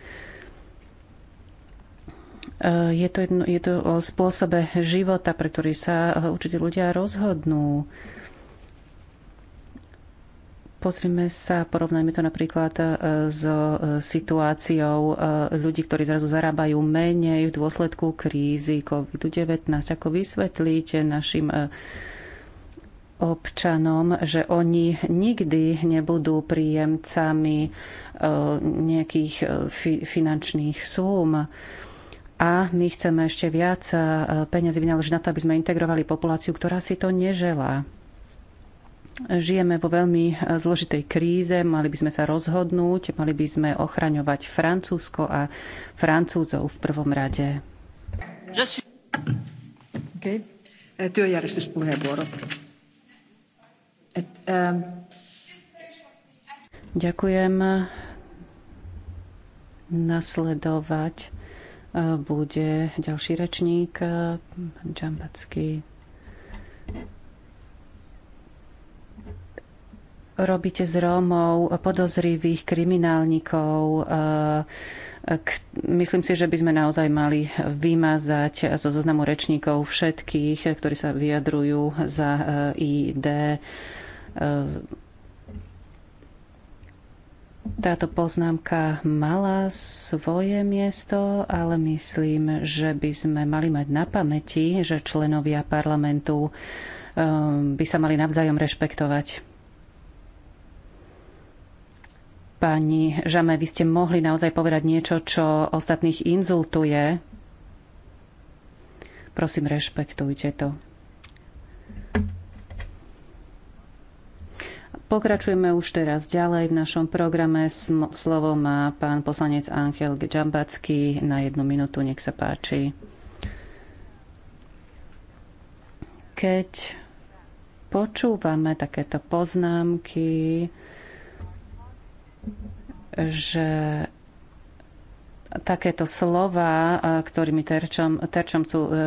Eh, je to, jedno, je to o spôsobe života, pre ktorý sa eh, určite ľudia rozhodnú. Pozrime sa, porovnajme to napríklad eh, s situáciou ľudí, ktorí zrazu zarábajú menej v dôsledku krízy COVID-19. Ako vysvetlíte našim občanom, že oni nikdy nebudú príjemcami nejakých finančných súm? a my chceme ešte viac e, peniazy vynaložiť na to, aby sme integrovali populáciu, ktorá si to neželá. Žijeme vo veľmi e, zložitej kríze, mali by sme sa rozhodnúť, mali by sme ochraňovať Francúzsko a Francúzov v prvom rade. Okay. E, Ďakujem. Nasledovať bude ďalší rečník, pán Robíte z Rómov podozrivých kriminálnikov. Myslím si, že by sme naozaj mali vymazať zo zoznamu rečníkov všetkých, ktorí sa vyjadrujú za eh, ID eh, táto poznámka mala svoje miesto, ale myslím, že by sme mali mať na pamäti, že členovia parlamentu um, by sa mali navzájom rešpektovať. Pani Žame, vy ste mohli naozaj povedať niečo, čo ostatných inzultuje. Prosím, rešpektujte to. Pokračujeme už teraz ďalej. V našom programe slovo má pán poslanec Angel Gdžambacký na jednu minútu. Nech sa páči. Keď počúvame takéto poznámky, že takéto slova, ktorými terčom, terčom sú e, e,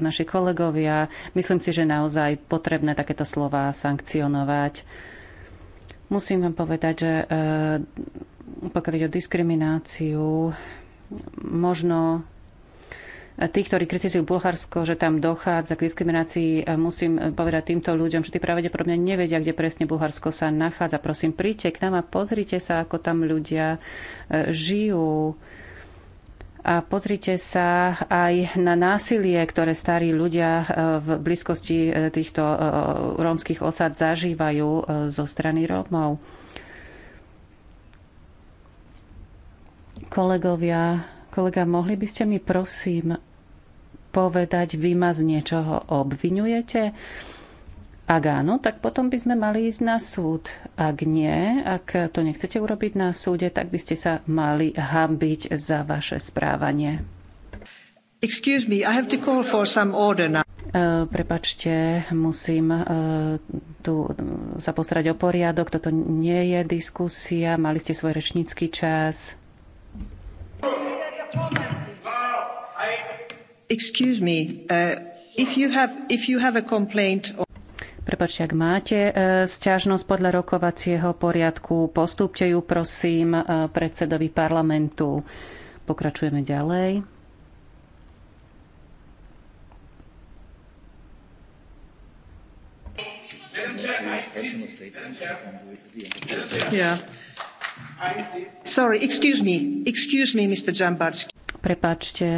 naši kolegovia, myslím si, že naozaj potrebné takéto slova sankcionovať Musím vám povedať, že eh, pokiaľ ide o diskrimináciu, možno tí, ktorí kritizujú Bulharsko, že tam dochádza k diskriminácii, eh, musím eh, povedať týmto ľuďom, že tí pravdepodobne nevedia, kde presne Bulharsko sa nachádza. Prosím, príďte k nám a pozrite sa, ako tam ľudia žijú a pozrite sa aj na násilie, ktoré starí ľudia e, v blízkosti e, týchto e, rómskych osad zažívajú zo strany Rómov. Kolegovia, kolega, mohli by ste mi prosím povedať, vy ma z niečoho obvinujete? Ak áno, tak potom by sme mali ísť na súd. Ak nie, ak to nechcete urobiť na súde, tak by ste sa mali hambiť za vaše správanie. Excuse me, I have to call for some order now. E, prepačte, musím e, tu sa postarať o poriadok. Toto nie je diskusia. Mali ste svoj rečnícky čas. Excuse me, uh, if you have, if you have a complaint... Or... Prepačte, ak máte e, sťažnosť podľa rokovacieho poriadku, postúpte ju prosím e, predsedovi parlamentu. Pokračujeme ďalej. Yeah. Sorry, excuse me. Excuse me, Mr. Prepačte,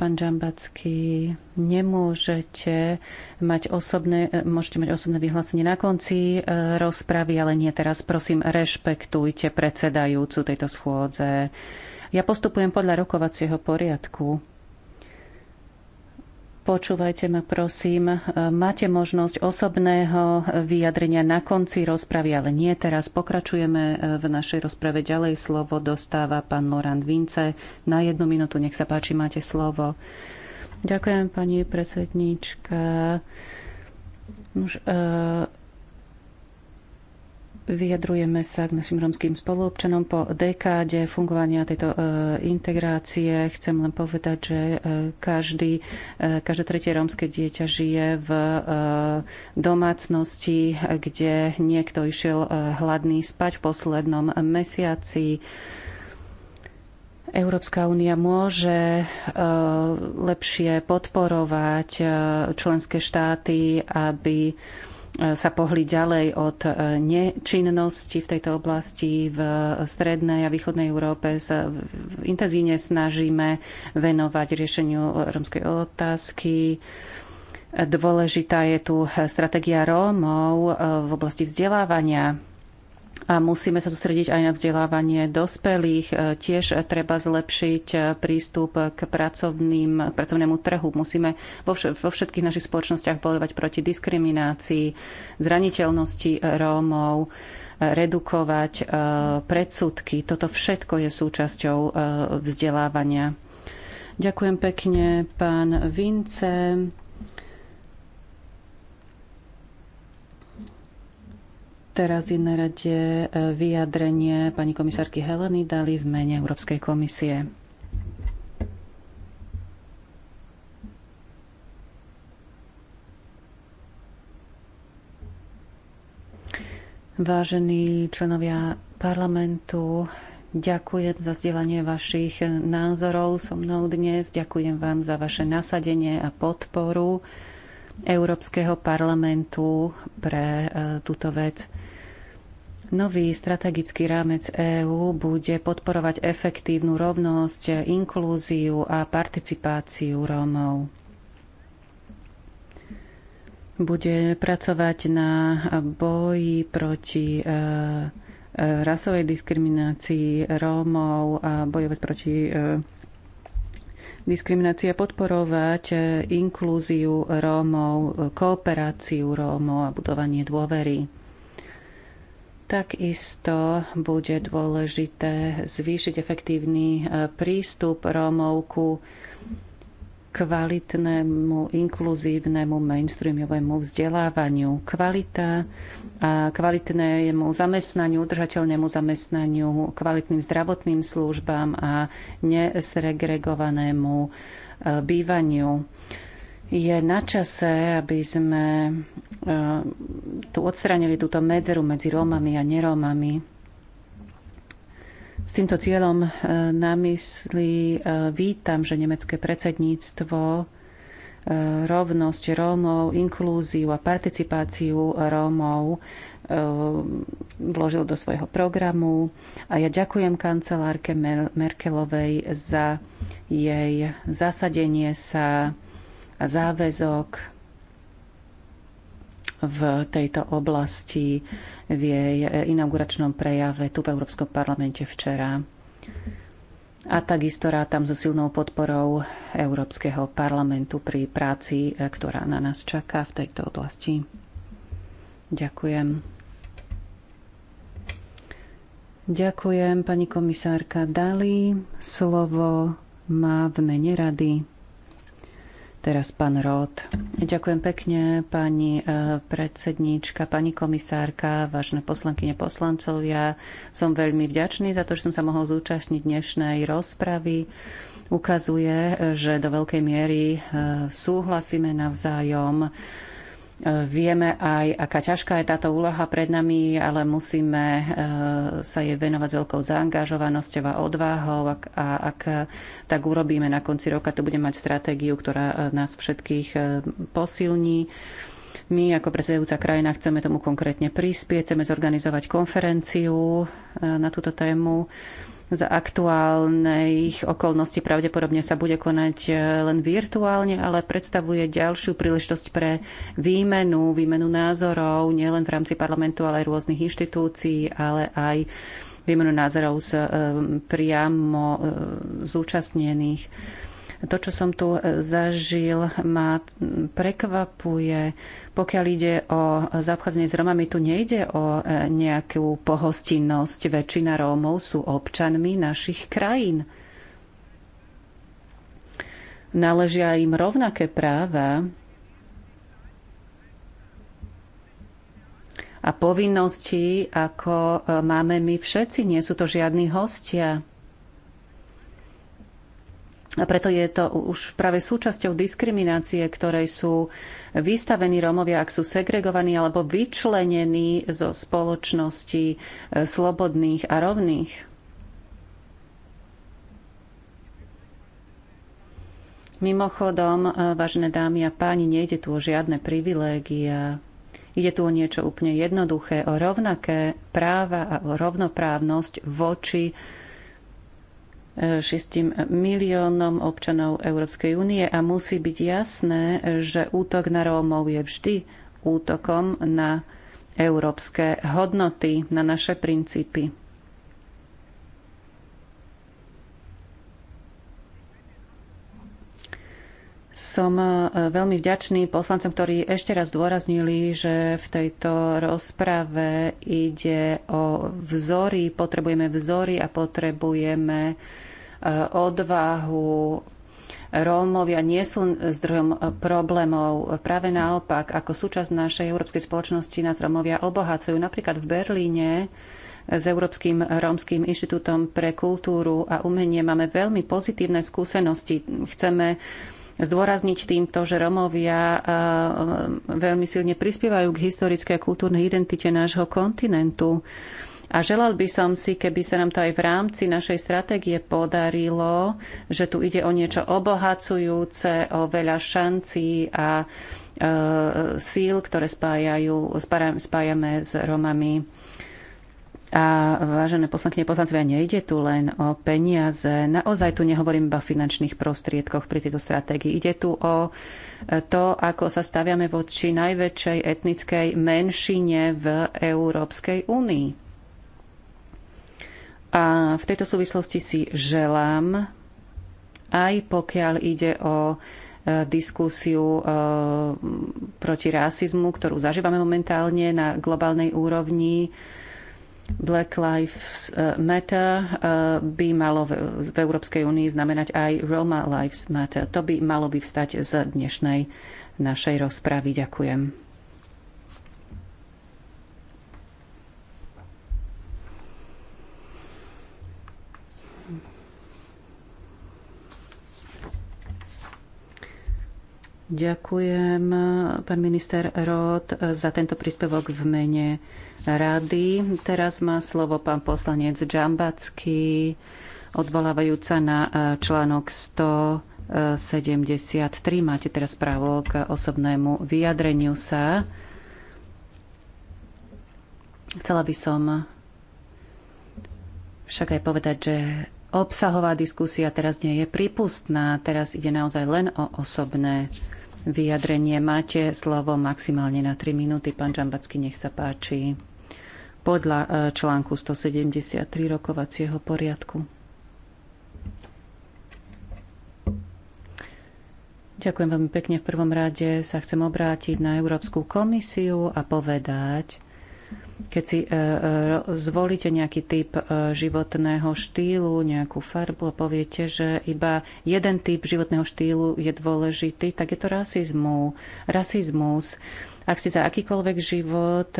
pán Žambacký, nemôžete mať osobné, môžete mať osobné vyhlásenie na konci e, rozpravy, ale nie teraz. Prosím, rešpektujte predsedajúcu tejto schôdze. Ja postupujem podľa rokovacieho poriadku. Počúvajte ma, prosím. E, máte možnosť osobného e, vyjadrenia na konci rozpravy, ale nie teraz. Pokračujeme e, v našej rozprave ďalej. Slovo dostáva pán Lorand Vince. Na jednu minútu, nech sa páči, máte slovo. Ďakujem, pani predsednička. Už, uh, Vyjadrujeme sa k našim romským spoluobčanom po dekáde fungovania tejto e, integrácie. Chcem len povedať, že e, každý, e, každé tretie rómske dieťa žije v domácnosti, kde niekto išiel hladný spať v poslednom mesiaci. Európska únia môže lepšie podporovať členské štáty, aby sa pohli ďalej od e, nečinnosti v tejto oblasti v e, strednej a východnej Európe sa e, intenzívne snažíme venovať riešeniu rómskej otázky. Dôležitá je tu stratégia Rómov v oblasti vzdelávania a musíme sa sústrediť aj na vzdelávanie dospelých. E, tiež treba zlepšiť e, prístup k, pracovným, k pracovnému trhu. Musíme vo, vo všetkých našich spoločnostiach bojovať proti diskriminácii, zraniteľnosti Rómov, e, redukovať predsudky. Toto všetko je súčasťou vzdelávania. Ďakujem pekne, pán Vince. Teraz je na rade e, vyjadrenie pani komisárky Heleny Dali v mene Európskej komisie. Vážení členovia parlamentu, ďakujem za zdieľanie vašich názorov so mnou dnes. Ďakujem vám za vaše nasadenie a podporu Európskeho parlamentu pre e, túto vec. Nový strategický rámec EÚ bude podporovať efektívnu rovnosť, inklúziu a participáciu Rómov bude pracovať na boji proti e, e, rasovej diskriminácii Rómov a bojovať proti e, diskriminácii a podporovať inklúziu Rómov, kooperáciu Rómov a budovanie dôvery. Takisto bude dôležité zvýšiť efektívny e, prístup Rómov ku kvalitnému, inkluzívnemu, mainstreamovému vzdelávaniu. Kvalita, a kvalitnému zamestnaniu, udržateľnému zamestnaniu, kvalitným zdravotným službám a nesregregovanému e, bývaniu je na čase, aby sme e, tu odstranili túto medzeru medzi Rómami a nerómami. S týmto cieľom e, na mysli e, vítam, že nemecké predsedníctvo rovnosť Rómov, inklúziu a participáciu Rómov vložil do svojho programu. A ja ďakujem kancelárke Merkelovej za jej zasadenie sa záväzok v tejto oblasti v jej inauguračnom prejave tu v Európskom parlamente včera. A takisto rátam so silnou podporou Európskeho parlamentu pri práci, ktorá na nás čaká v tejto oblasti. Ďakujem. Ďakujem, pani komisárka Dali. Slovo má v mene rady Teraz pán Rod. Ďakujem pekne, pani eh, predsedníčka, pani komisárka, vážne poslankyne poslancovia. Som veľmi vďačný za to, že som sa mohol zúčastniť dnešnej rozpravy. Ukazuje, eh, že do veľkej miery eh, súhlasíme navzájom Vieme aj, aká ťažká je táto úloha pred nami, ale musíme e, sa jej venovať s veľkou zaangažovanosťou a odvahou. A ak tak urobíme na konci roka, to bude mať stratégiu, ktorá e, nás všetkých e, posilní. My ako predsedajúca krajina chceme tomu konkrétne prispieť, chceme zorganizovať konferenciu na túto tému za aktuálnych okolností pravdepodobne sa bude konať e, len virtuálne, ale predstavuje ďalšiu príležitosť pre výmenu, výmenu názorov nielen v rámci parlamentu, ale aj rôznych inštitúcií, ale aj výmenu názorov z e, priamo e, zúčastnených. To, čo som tu e, zažil, ma prekvapuje. Pokiaľ ide o zaobchádzanie s Romami, tu nejde o e, nejakú pohostinnosť. Väčšina Rómov sú občanmi našich krajín. Náležia im rovnaké práva a povinnosti, ako e, máme my všetci. Nie sú to žiadni hostia. A preto je to už práve súčasťou diskriminácie, ktorej sú vystavení Rómovia, ak sú segregovaní alebo vyčlenení zo spoločnosti e, slobodných a rovných. Mimochodom, e, vážené dámy a páni, nejde tu o žiadne privilégia. Ide tu o niečo úplne jednoduché, o rovnaké práva a o rovnoprávnosť voči 6 miliónom občanov Európskej únie a musí byť jasné, že útok na Rómov je vždy útokom na európske hodnoty, na naše princípy. Som e, veľmi vďačný poslancom, ktorí ešte raz dôraznili, že v tejto rozprave ide o vzory, potrebujeme vzory a potrebujeme Eh, odvahu. Rómovia nie sú zdrojom problémov. Práve naopak, ako súčasť našej európskej spoločnosti nás Rómovia obohacujú. Napríklad v Berlíne s Európskym rómským inštitútom pre kultúru a umenie máme veľmi pozitívne skúsenosti. Chceme zdôrazniť týmto, že Romovia eh, veľmi silne prispievajú k historickej a kultúrnej identite nášho kontinentu. A želal by som si, keby sa nám to aj v rámci našej stratégie podarilo, že tu ide o niečo obohacujúce, o veľa šancí a e, síl, ktoré spájajú, spájame s Romami. A vážené poslankyne, ja nejde tu len o peniaze. Naozaj tu nehovorím iba o finančných prostriedkoch pri tejto stratégii. Ide tu o to, ako sa staviame voči najväčšej etnickej menšine v Európskej únii. A v tejto súvislosti si želám, aj pokiaľ ide o e, diskusiu e, proti rasizmu, ktorú zažívame momentálne na globálnej úrovni, Black Lives e, Matter by malo v Európskej únii znamenať aj Roma Lives Matter. To by malo vstať z dnešnej našej rozpravy. Ďakujem. Ďakujem, pán minister Rod, za tento príspevok v mene rady. Teraz má slovo pán poslanec Džambacký, odvolávajúca na e, článok 173. Máte teraz právo k osobnému vyjadreniu sa. Chcela by som však aj povedať, že obsahová diskusia teraz nie je prípustná. Teraz ide naozaj len o osobné vyjadrenie. Máte slovo maximálne na 3 minúty. Pán Čambacký, nech sa páči. Podľa e, článku 173 rokovacieho poriadku. Ďakujem veľmi pekne. V prvom rade sa chcem obrátiť na Európsku komisiu a povedať, keď si e, e, zvolíte nejaký typ e, životného štýlu, nejakú farbu a poviete, že iba jeden typ životného štýlu je dôležitý, tak je to rasizmu, rasizmus. Ak si za akýkoľvek život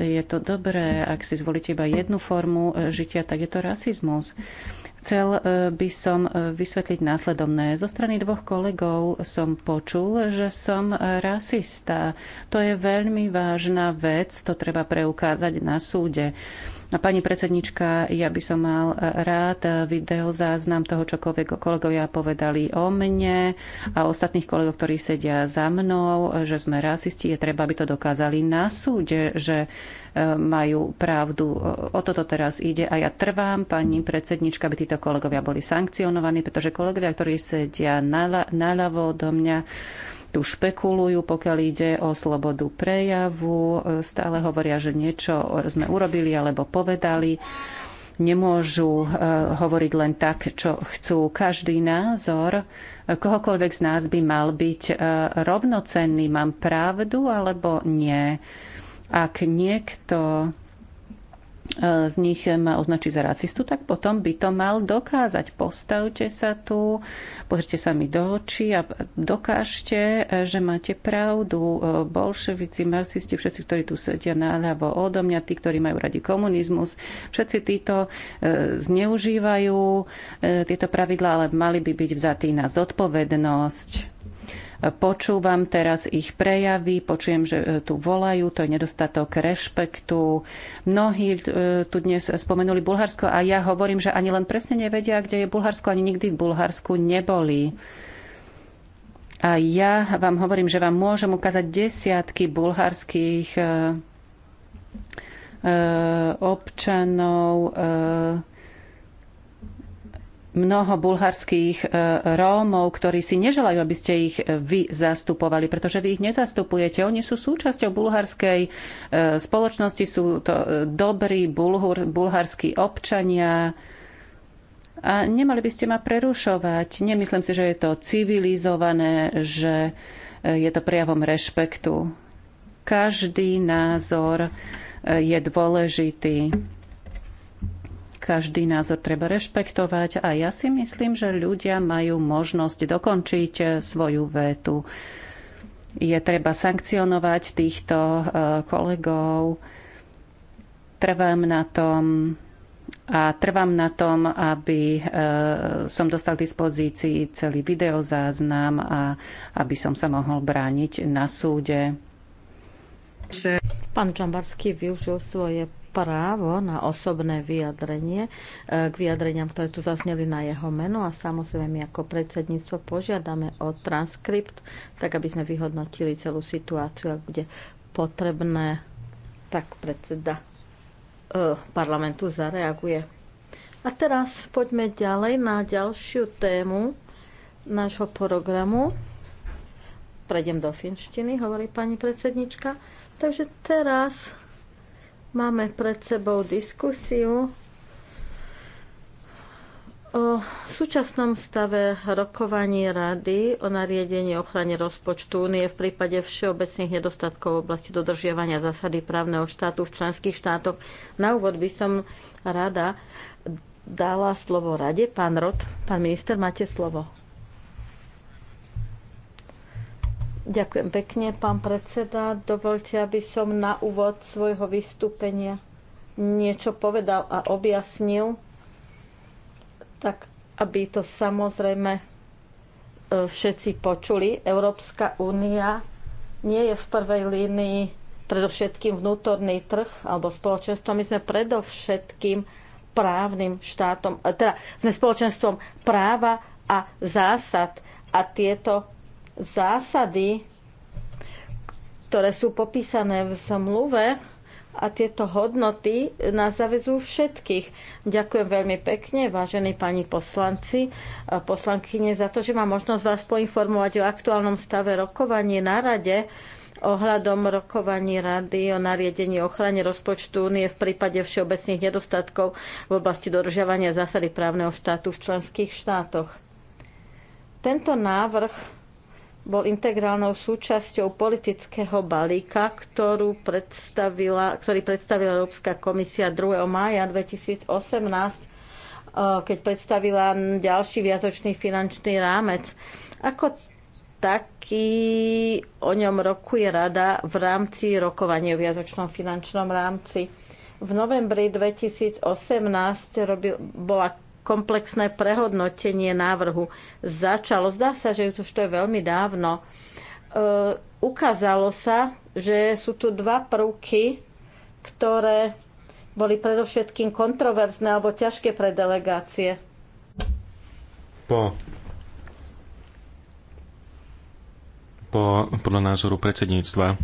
je to dobré, ak si zvolíte iba jednu formu žitia, tak je to rasizmus. Chcel e, by som e, vysvetliť následovné. Zo strany dvoch kolegov som počul, že som e, rasista. To je veľmi vážna vec, to treba preukázať na súde. No, pani predsednička, ja by som mal e, rád e, video záznam toho, čo kolegovia povedali o mne a ostatných kolegov, ktorí sedia za mnou, e, že sme rasisti. Je treba, aby to dokázali na súde, že majú pravdu. O toto teraz ide a ja trvám, pani predsednička, aby títo kolegovia boli sankcionovaní, pretože kolegovia, ktorí sedia naľavo do mňa, tu špekulujú, pokiaľ ide o slobodu prejavu, e, stále hovoria, že niečo sme urobili alebo povedali. Nemôžu e, hovoriť len tak, čo chcú. Každý názor e, kohokoľvek z nás by mal byť rovnocenný. Mám pravdu alebo nie? Ak niekto z nich ma označiť za racistu, tak potom by to mal dokázať. Postavte sa tu, pozrite sa mi do očí a dokážte, že máte pravdu. Bolševici, marxisti, všetci, ktorí tu sedia náľavo odo mňa, tí, ktorí majú radi komunizmus, všetci títo e, zneužívajú e, tieto pravidlá, ale mali by byť vzatí na zodpovednosť Počúvam teraz ich prejavy, počujem, že e, tu volajú, to je nedostatok rešpektu. Mnohí e, tu dnes spomenuli Bulharsko a ja hovorím, že ani len presne nevedia, kde je Bulharsko, ani nikdy v Bulharsku neboli. A ja vám hovorím, že vám môžem ukázať desiatky bulharských e, občanov, mnoho bulharských e, Rómov, ktorí si neželajú, aby ste ich e, vy zastupovali, pretože vy ich nezastupujete. Oni sú súčasťou bulharskej e, spoločnosti, sú to dobrí bulhur, bulharskí občania. A nemali by ste ma prerušovať. Nemyslím si, že je to civilizované, že je to prijavom rešpektu. Každý názor je dôležitý. Každý názor treba rešpektovať a ja si myslím, že ľudia majú možnosť dokončiť e, svoju vetu. Je treba sankcionovať týchto e, kolegov. Trvám na tom, a trvám na tom, aby e, som dostal k dispozícii celý videozáznam a aby som sa mohol brániť na súde. Pán Čambarský využil svoje právo na osobné vyjadrenie e, k vyjadreniam, ktoré tu zasneli na jeho meno a samozrejme my ako predsedníctvo požiadame o transkript, tak aby sme vyhodnotili celú situáciu, ak bude potrebné, tak predseda e, parlamentu zareaguje. A teraz poďme ďalej na ďalšiu tému nášho programu. Prejdem do finštiny, hovorí pani predsednička. Takže teraz Máme pred sebou diskusiu o súčasnom stave rokovaní Rady o nariadení ochrane rozpočtu únie v prípade všeobecných nedostatkov v oblasti dodržiavania zásady právneho štátu v členských štátoch. Na úvod by som rada dala slovo Rade. Pán Rod, pán minister, máte slovo. Ďakujem pekne, pán predseda. Dovolte, aby som na úvod svojho vystúpenia niečo povedal a objasnil, tak aby to samozrejme e, všetci počuli. Európska únia nie je v prvej línii predovšetkým vnútorný trh alebo spoločenstvo. My sme predovšetkým právnym štátom, e, teda sme spoločenstvom práva a zásad a tieto zásady, ktoré sú popísané v zmluve a tieto hodnoty nás zavezujú všetkých. Ďakujem veľmi pekne, vážení pani poslanci a poslankyne, za to, že mám možnosť vás poinformovať o aktuálnom stave rokovanie na rade ohľadom rokovaní rady o nariadení ochrane rozpočtu únie v prípade všeobecných nedostatkov v oblasti dodržiavania zásady právneho štátu v členských štátoch. Tento návrh bol integrálnou súčasťou politického balíka, ktorú predstavila, ktorý predstavila Európska komisia 2. mája 2018, eh, keď predstavila ďalší viacočný finančný rámec. Ako taký o ňom rokuje rada v rámci rokovania o viazočnom finančnom rámci. V novembri 2018 robil, bola komplexné prehodnotenie návrhu začalo. Zdá sa, že už to je veľmi dávno. E, ukázalo sa, že sú tu dva prvky, ktoré boli predovšetkým kontroverzné alebo ťažké pre delegácie. Po po, podľa názoru predsedníctva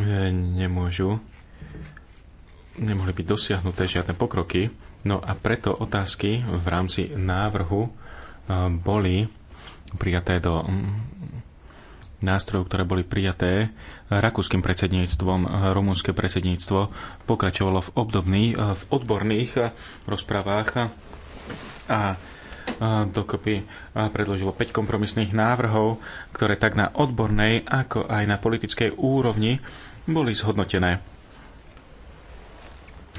e, nemôžu nemohli byť dosiahnuté žiadne pokroky No a preto otázky v rámci návrhu e, boli prijaté do mm, nástrojov, ktoré boli prijaté rakúskym predsedníctvom, rumúnske predsedníctvo pokračovalo v, obdobných, e, v odborných e, rozprávách a dokopy predložilo 5 kompromisných návrhov, ktoré tak na odbornej, ako aj na politickej úrovni boli zhodnotené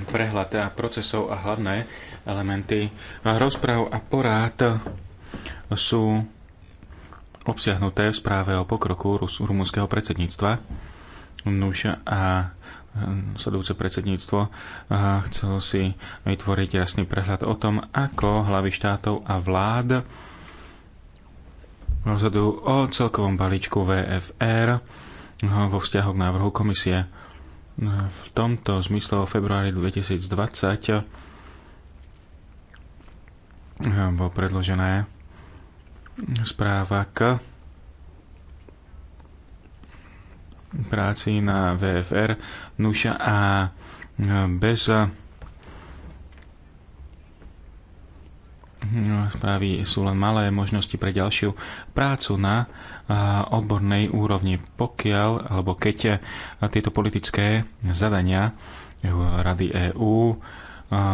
prehľad a procesov a hlavné elementy rozpráv a porád sú obsiahnuté v správe o pokroku rumunského predsedníctva. Nuž a e, sledujúce predsedníctvo e, chcelo si vytvoriť jasný prehľad o tom, ako hlavy štátov a vlád rozhodujú o celkovom balíčku VFR vo vzťahu k návrhu komisie v tomto zmysle o februári 2020 eh, bol predložené správa k práci na VFR Nuša a eh, bez No, správy sú len malé možnosti pre ďalšiu prácu na odbornej úrovni. Pokiaľ, alebo keď tieto politické zadania Rady EÚ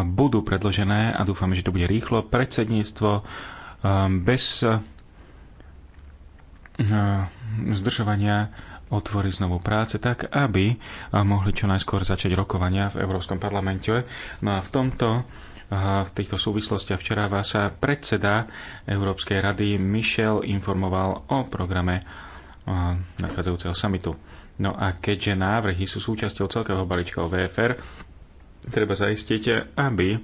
budú predložené a dúfame, že to bude rýchlo, predsedníctvo bez zdržovania otvorí znovu práce tak, aby mohli čo najskôr začať rokovania v Európskom parlamente. No a v tomto v týchto súvislostiach. Včera vás predseda Európskej rady Michel informoval o programe nadchádzajúceho samitu. No a keďže návrhy sú súčasťou celkového balíčka VFR, treba zaistiť, aby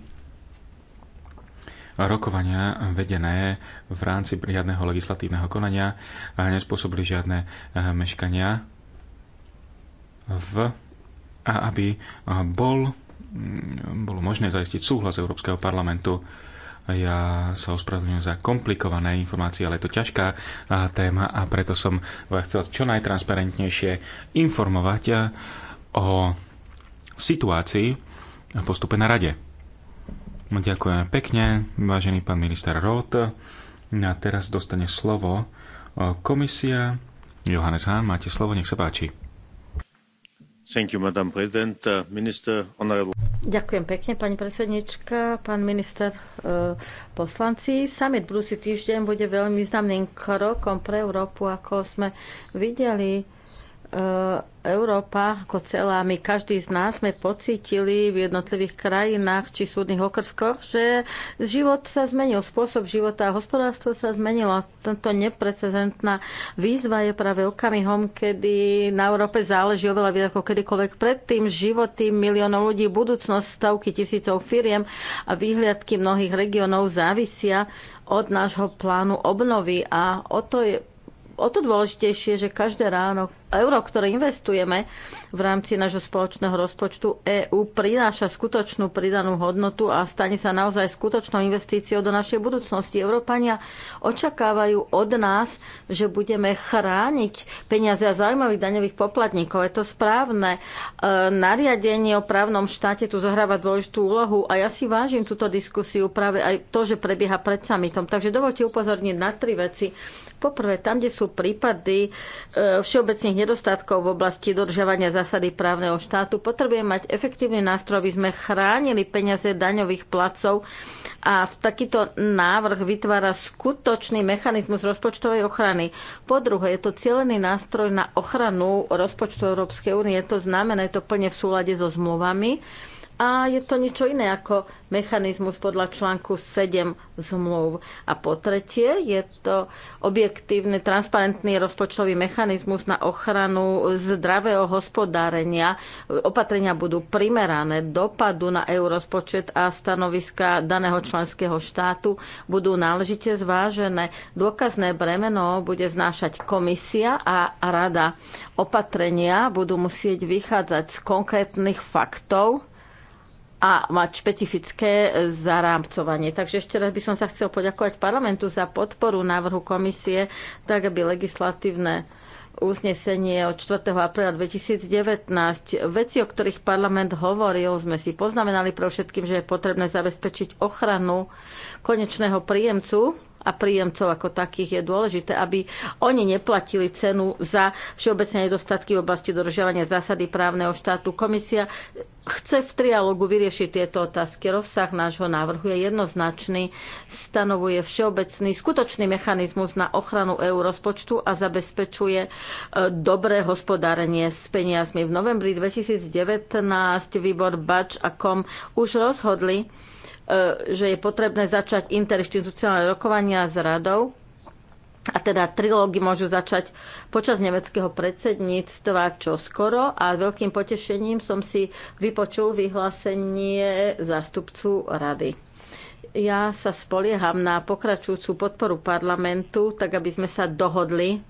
rokovania vedené v rámci riadneho legislatívneho konania nespôsobili žiadne eh, meškania v, a aby eh, bol Mm, bolo možné zaistiť súhlas Európskeho parlamentu. Ja sa ospravedlňujem za komplikované informácie, ale je to ťažká téma a preto som vás chcel čo najtransparentnejšie informovať o situácii a postupe na rade. Ďakujem pekne, vážený pán minister Roth. A teraz dostane slovo komisia. Johannes Hahn, máte slovo, nech sa páči. Uh, Ďakujem pekne, pani predsednička, pán minister, e, poslanci. Summit budúci týždeň bude veľmi významným krokom pre Európu, ako sme videli E, Európa ako celá, my každý z nás sme pocítili v jednotlivých krajinách či súdnych okrskoch, že život sa zmenil, spôsob života a hospodárstvo sa zmenilo. Tento neprecedentná výzva je práve okamihom, kedy na Európe záleží oveľa viac ako kedykoľvek predtým. Životy miliónov ľudí, budúcnosť stavky tisícov firiem a výhliadky mnohých regiónov závisia od nášho plánu obnovy a o to je o to dôležitejšie, že každé ráno, euro, ktoré investujeme v rámci nášho spoločného rozpočtu EÚ, prináša skutočnú pridanú hodnotu a stane sa naozaj skutočnou investíciou do našej budúcnosti. Európania očakávajú od nás, že budeme chrániť peniaze a zaujímavých daňových poplatníkov. Je to správne. E, nariadenie o právnom štáte tu zohráva dôležitú úlohu a ja si vážim túto diskusiu práve aj to, že prebieha pred samitom. Takže dovolte upozorniť na tri veci. Poprvé, tam, kde sú prípady e, všeobecných závažných nedostatkov v oblasti dodržiavania zásady právneho štátu, potrebujeme mať efektívny nástroj, aby sme chránili peniaze daňových placov a v takýto návrh vytvára skutočný mechanizmus rozpočtovej ochrany. Po druhé, je to cieľený nástroj na ochranu rozpočtu Európskej únie, to znamená, je to plne v súlade so zmluvami a je to niečo iné ako mechanizmus podľa článku 7 zmluv. A po tretie je to objektívny, transparentný rozpočtový mechanizmus na ochranu zdravého hospodárenia. Opatrenia budú primerané dopadu na eurozpočet a stanoviska daného členského štátu budú náležite zvážené. Dôkazné bremeno bude znášať komisia a rada. Opatrenia budú musieť vychádzať z konkrétnych faktov, a mať špecifické zarámcovanie. Takže ešte raz by som sa chcel poďakovať parlamentu za podporu návrhu komisie, tak aby legislatívne uznesenie od 4. apríla 2019. Veci, o ktorých parlament hovoril, sme si poznamenali pre všetkým, že je potrebné zabezpečiť ochranu konečného príjemcu a príjemcov ako takých je dôležité, aby oni neplatili cenu za všeobecné nedostatky v oblasti dodržiavania zásady právneho štátu. Komisia chce v trialógu vyriešiť tieto otázky. Rozsah nášho návrhu je jednoznačný, stanovuje všeobecný skutočný mechanizmus na ochranu EU rozpočtu a zabezpečuje e, dobré hospodárenie s peniazmi. V novembri 2019 výbor Bač a Kom už rozhodli, E, že je potrebné začať interinstitucionálne rokovania s radou. A teda trilógy môžu začať počas nemeckého predsedníctva čo skoro a veľkým potešením som si vypočul vyhlásenie zástupcu rady. Ja sa spolieham na pokračujúcu podporu parlamentu, tak aby sme sa dohodli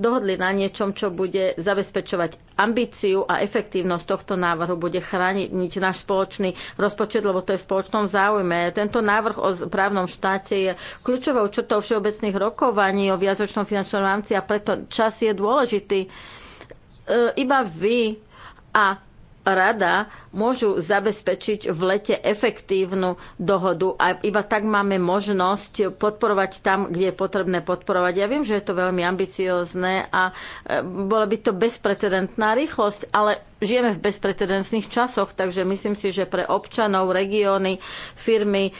dohodli na niečom, čo bude zabezpečovať ambíciu a efektívnosť tohto návrhu, bude chrániť náš spoločný rozpočet, lebo to je v spoločnom záujme. Tento návrh o právnom štáte je kľúčovou črtou všeobecných rokovaní o viacročnom finančnom rámci a preto čas je dôležitý. E, iba vy a rada môžu zabezpečiť v lete efektívnu dohodu a iba tak máme možnosť podporovať tam, kde je potrebné podporovať. Ja viem, že je to veľmi ambiciozne a e, bola by to bezprecedentná rýchlosť, ale žijeme v bezprecedentných časoch, takže myslím si, že pre občanov, regióny, firmy e,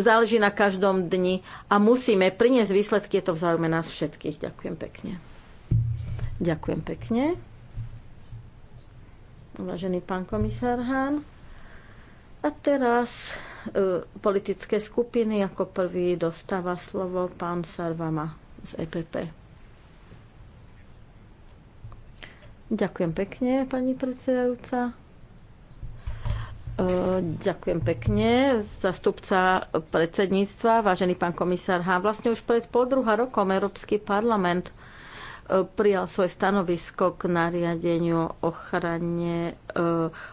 záleží na každom dni a musíme priniesť výsledky, je to v záujme nás všetkých. Ďakujem pekne. Ďakujem pekne vážený pán komisár Hán. A teraz e, politické skupiny. Ako prvý dostáva slovo pán Sarvama z EPP. Ďakujem pekne, pani predsedajúca. E, ďakujem pekne. Zastupca predsedníctva, vážený pán komisár Hán, vlastne už pred podruha rokom Európsky parlament prijal svoje stanovisko k nariadeniu ochrane e,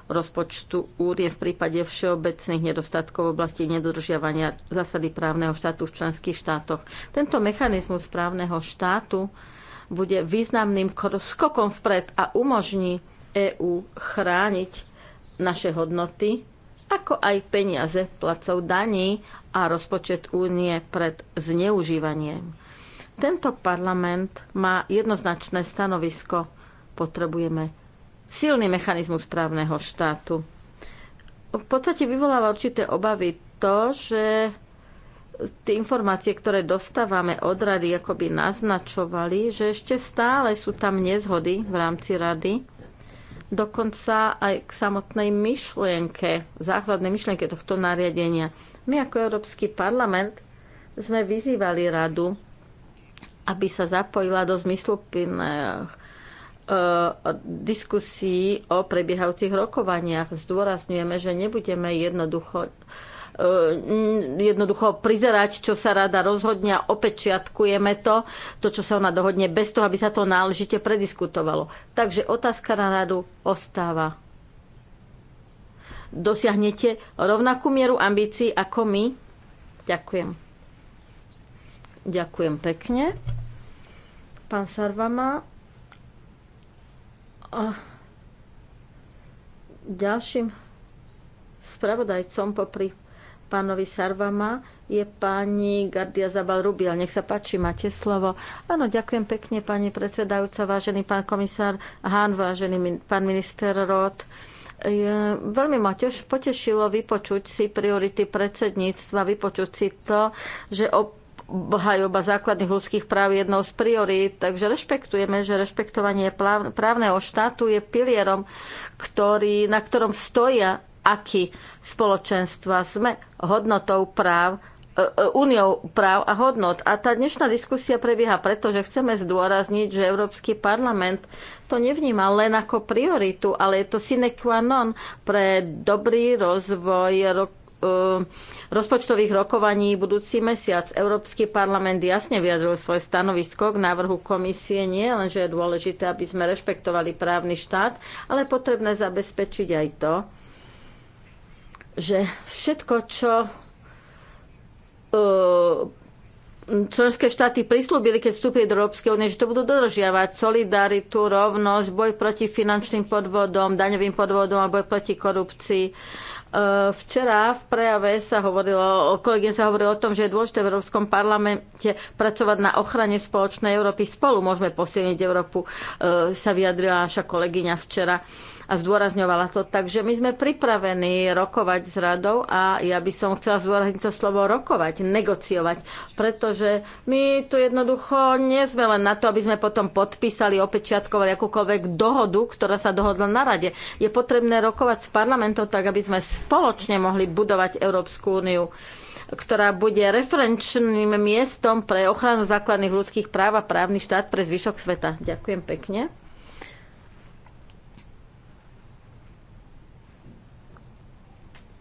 rozpočtu úrie v prípade všeobecných nedostatkov v oblasti nedodržiavania zásady právneho štátu v členských štátoch. Tento mechanizmus právneho štátu bude významným skokom vpred a umožní EÚ chrániť naše hodnoty, ako aj peniaze placov daní a rozpočet únie pred zneužívaním tento parlament má jednoznačné stanovisko. Potrebujeme silný mechanizmus právneho štátu. V podstate vyvoláva určité obavy to, že tie informácie, ktoré dostávame od rady, akoby naznačovali, že ešte stále sú tam nezhody v rámci rady, dokonca aj k samotnej myšlienke, základnej myšlienke tohto nariadenia. My ako Európsky parlament sme vyzývali radu, aby sa zapojila do zmysluplných e, diskusí o prebiehajúcich rokovaniach. Zdôrazňujeme, že nebudeme jednoducho e, jednoducho prizerať, čo sa rada rozhodne a opečiatkujeme to, to, čo sa ona dohodne, bez toho, aby sa to náležite prediskutovalo. Takže otázka na radu ostáva. Dosiahnete rovnakú mieru ambícií ako my? Ďakujem. Ďakujem pekne. Pán Sarvama. A ďalším spravodajcom popri pánovi Sarvama je pani Gardia Zabal Rubiel. Nech sa páči, máte slovo. Áno, ďakujem pekne, pani predsedajúca, vážený pán komisár Hán, vážený pán minister Roth. Veľmi ma tiež potešilo vypočuť si priority predsedníctva, vypočuť si to, že ob hajoba základných ľudských práv jednou z priorít, takže rešpektujeme, že rešpektovanie právneho štátu je pilierom, ktorý, na ktorom stoja aký spoločenstva. Sme hodnotou práv e, e, úniou práv a hodnot. A tá dnešná diskusia prebieha preto, že chceme zdôrazniť, že Európsky parlament to nevníma len ako prioritu, ale je to sine qua non pre dobrý rozvoj Eh, rozpočtových rokovaní budúci mesiac. Európsky parlament jasne vyjadril svoje stanovisko k návrhu komisie, nie len, že je dôležité, aby sme rešpektovali právny štát, ale potrebné zabezpečiť aj to, že všetko, čo eh, členské štáty prislúbili, keď vstúpili do Európskej únie, že to budú dodržiavať solidaritu, rovnosť, boj proti finančným podvodom, daňovým podvodom a boj proti korupcii Eh, včera v prejave sa hovorilo, kolegyne sa hovorilo o tom, že je dôležité v Európskom parlamente pracovať na ochrane spoločnej Európy. Spolu môžeme posilniť Európu, eh, sa vyjadrila naša kolegyňa včera a zdôrazňovala to. Takže my sme pripravení rokovať s radou a ja by som chcela zdôrazniť to slovo rokovať, negociovať, pretože my tu jednoducho nie sme len na to, aby sme potom podpísali, opečiatkovali akúkoľvek dohodu, ktorá sa dohodla na rade. Je potrebné rokovať s parlamentom tak, aby sme spoločne mohli budovať Európsku úniu ktorá bude referenčným miestom pre ochranu základných ľudských práv a právny štát pre zvyšok sveta. Ďakujem pekne.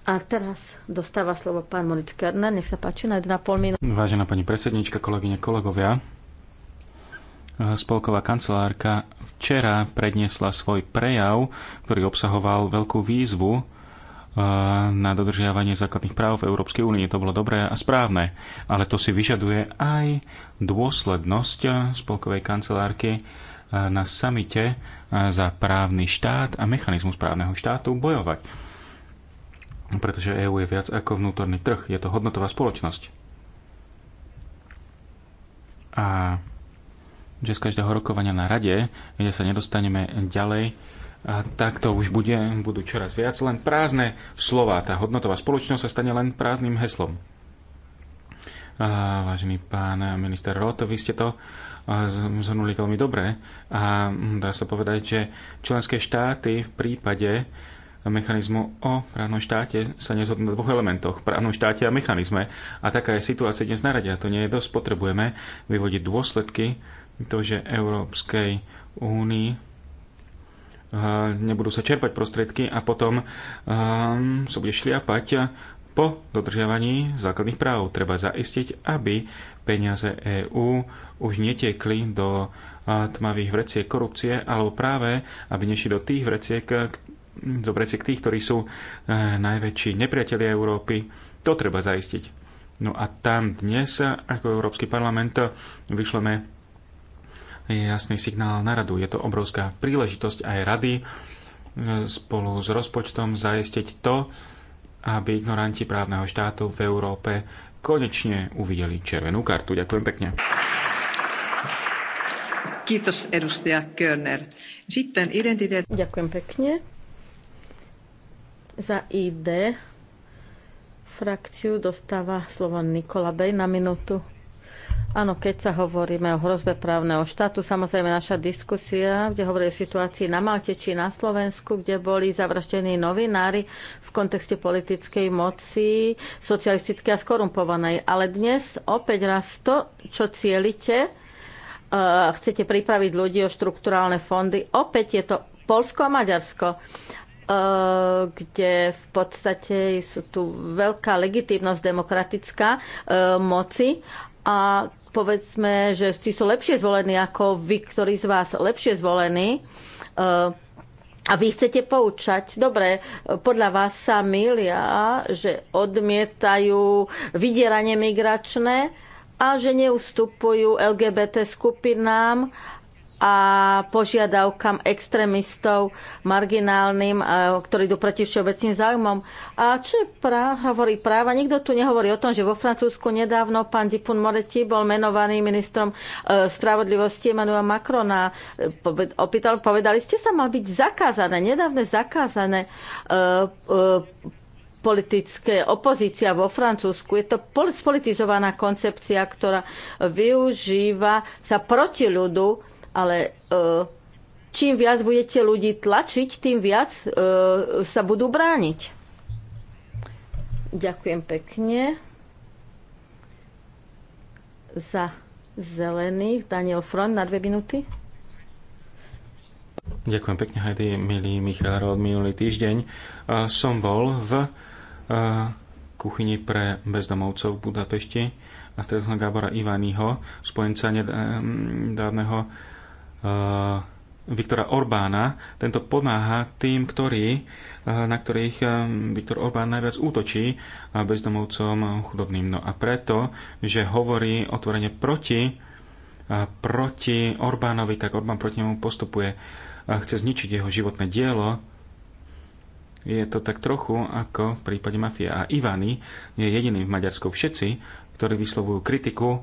A teraz dostáva slovo pán Moritz Kerner. Nech sa páči na 1,5 minúty. Vážená pani predsednička, kolegyne, kolegovia, spolková kancelárka včera predniesla svoj prejav, ktorý obsahoval veľkú výzvu eh, na dodržiavanie základných práv v Európskej únii. To bolo dobré a správne, ale to si vyžaduje aj dôslednosť spolkovej kancelárky eh, na samite eh, za právny štát a mechanizmus právneho štátu bojovať pretože EÚ je viac ako vnútorný trh, je to hodnotová spoločnosť. A že z každého rokovania na rade, kde sa nedostaneme ďalej, a tak to už bude, budú čoraz viac len prázdne slova. Tá hodnotová spoločnosť sa stane len prázdnym heslom. A, vážený pán minister Roto, vy ste to zhrnuli veľmi dobre a dá sa povedať, že členské štáty v prípade mechanizmu o právnom štáte sa nezhodnú na dvoch elementoch, právnom štáte a mechanizme. A taká je situácia dnes na rade a to nie je dosť. Potrebujeme vyvodiť dôsledky to, že Európskej únii eh, nebudú sa čerpať prostriedky a potom um, sa bude šliapať po dodržiavaní základných práv. Treba zaistiť, aby peniaze EÚ už netiekli do eh, tmavých vreciek korupcie, alebo práve, aby nešli do tých vreciek, zobrať si k tých, ktorí sú eh, najväčší nepriatelia Európy. To treba zaistiť. No a tam dnes, ako Európsky parlament, vyšleme jasný signál na radu. Je to obrovská príležitosť aj rady eh, spolu s rozpočtom zaistiť to, aby ignoranti právneho štátu v Európe konečne uvideli červenú kartu. Ďakujem pekne. Ďakujem pekne. Za ID frakciu dostáva slovo Nikola Bej na minútu. Áno, keď sa hovoríme o hrozbe právneho štátu, samozrejme naša diskusia, kde hovorí o situácii na Malte či na Slovensku, kde boli zavraždení novinári v kontexte politickej moci, socialistické a skorumpovanej. Ale dnes opäť raz to, čo cielite, e, chcete pripraviť ľudí o štrukturálne fondy, opäť je to Polsko a Maďarsko. Eh, kde v podstate sú tu veľká legitímnosť demokratická eh, moci a povedzme, že si sú lepšie zvolení ako vy, ktorí z vás lepšie zvolení. Eh, a vy chcete poučať. Dobre, podľa vás sa milia, že odmietajú vydieranie migračné a že neustupujú LGBT skupinám a požiadavkám extrémistov marginálnym, ktorí idú proti všeobecným záujmom. A čo je práv, hovorí práva? Nikto tu nehovorí o tom, že vo Francúzsku nedávno pán Dipun Moreti bol menovaný ministrom e, spravodlivosti Emmanuel a e, Opýtal, povedali ste sa, mal byť zakázané, nedávne zakázané e, politické opozícia vo Francúzsku. Je to spolitizovaná koncepcia, ktorá využíva sa proti ľudu ale e, čím viac budete ľudí tlačiť, tým viac e, sa budú brániť. Ďakujem pekne za zelených. Daniel Front na dve minúty. Ďakujem pekne, Heidi, milý Michal Rod. Minulý týždeň e, som bol v kuchyni pre bezdomovcov v Budapešti a stretol som Gábora Iványho, spojenca nedávneho Eh, Viktora Orbána. Tento pomáha tým, ktorí, eh, na ktorých eh, Viktor Orbán najviac útočí bezdomovcom chudobným. No a preto, že hovorí otvorene proti, proti Orbánovi, tak Orbán proti nemu postupuje a chce zničiť jeho životné dielo. Je to tak trochu ako v prípade mafie. A Ivany je jediný v Maďarsku. Všetci, ktorí vyslovujú kritiku,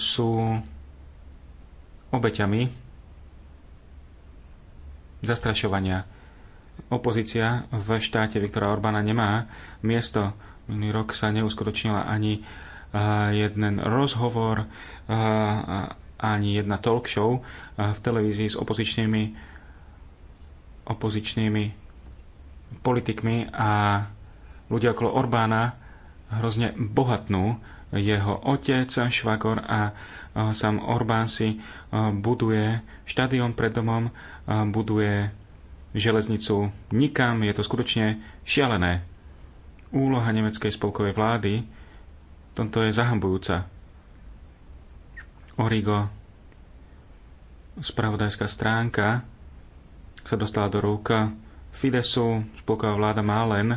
sú obeťami zastrašovania. Opozícia v štáte Viktora Orbána nemá miesto. Minulý rok sa neuskutočnila ani eh, jeden rozhovor, eh, ani jedna talk show eh, v televízii s opozičnými, opozičnými politikmi a ľudia okolo Orbána hrozne bohatnú jeho otec, švagor a Sam Orbán si e, buduje štadión pred domom, e, buduje železnicu nikam. Je to skutočne šialené. Úloha nemeckej spolkovej vlády v tomto je zahambujúca. Origo, spravodajská stránka, sa dostala do rúk Fidesu, spolková vláda má len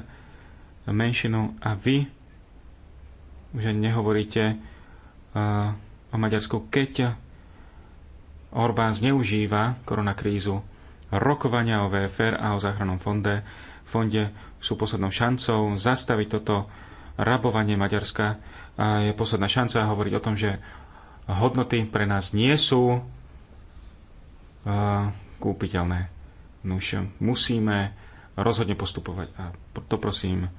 menšinu a vy už nehovoríte uh, o Maďarsku, keď Orbán zneužíva koronakrízu. Rokovania o VFR a o záchrannom fonde, fonde sú poslednou šancou zastaviť toto rabovanie Maďarska. A je posledná šanca hovoriť o tom, že hodnoty pre nás nie sú e, kúpiteľné. Nuž musíme rozhodne postupovať a to prosím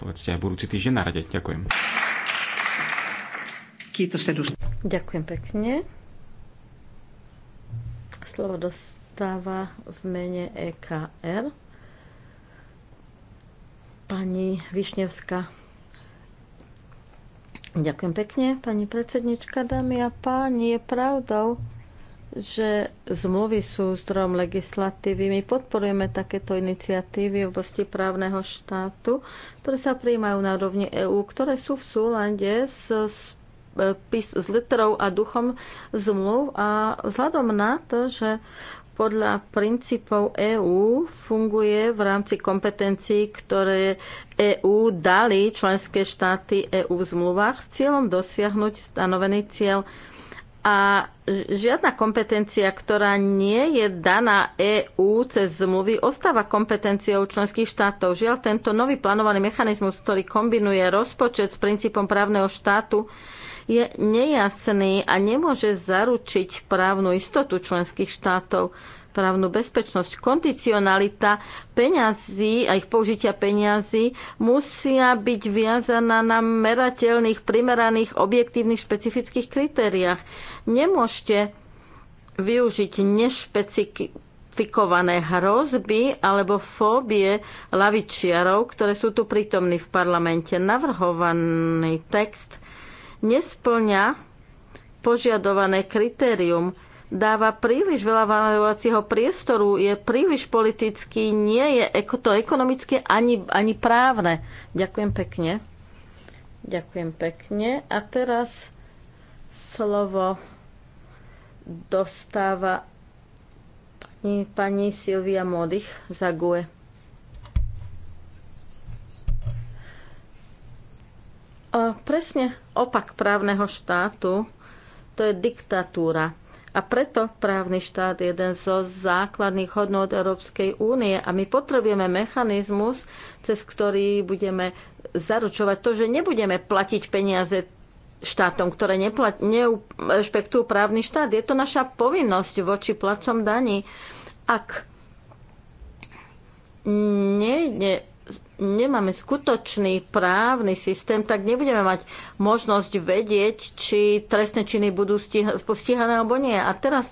povedzte aj budúci týždeň na rade. Ďakujem. Kiitos edustaja. Ďakujem pekne. Slovo dostáva v mene EKR pani Višnevská. Ďakujem pekne, pani predsednička, dámy a páni. Je pravdou, že zmluvy sú zdrojom legislatívy. My podporujeme takéto iniciatívy v oblasti právneho štátu, ktoré sa prijímajú na úrovni EÚ, ktoré sú v súlande s pís s literou a duchom zmluv a vzhľadom na to, že podľa princípov EÚ funguje v rámci kompetencií, ktoré EÚ dali členské štáty EÚ v zmluvách s cieľom dosiahnuť stanovený cieľ a žiadna kompetencia, ktorá nie je daná EÚ cez zmluvy, ostáva kompetenciou členských štátov. Žiaľ, tento nový plánovaný mechanizmus, ktorý kombinuje rozpočet s princípom právneho štátu, je nejasný a nemôže zaručiť právnu istotu členských štátov právnu bezpečnosť. Kondicionalita peňazí a ich použitia peňazí musia byť viazaná na merateľných, primeraných, objektívnych, špecifických kritériách. Nemôžete využiť nešpecifikované hrozby alebo fóbie lavičiarov, ktoré sú tu prítomní v parlamente. Navrhovaný text nesplňa požiadované kritérium, dáva príliš veľa varovacieho priestoru, je príliš politický, nie je to ekonomické ani, ani právne. Ďakujem pekne. Ďakujem pekne. A teraz slovo dostáva pani, pani Silvia Modich za GUE. presne opak právneho štátu, to je diktatúra. A preto právny štát je jeden zo základných hodnot Európskej únie a my potrebujeme mechanizmus, cez ktorý budeme zaručovať to, že nebudeme platiť peniaze štátom, ktoré neplat, nerešpektujú právny štát. Je to naša povinnosť voči placom daní. Ak nie, nie nemáme skutočný právny systém, tak nebudeme mať možnosť vedieť, či trestné činy budú postihané alebo nie. A teraz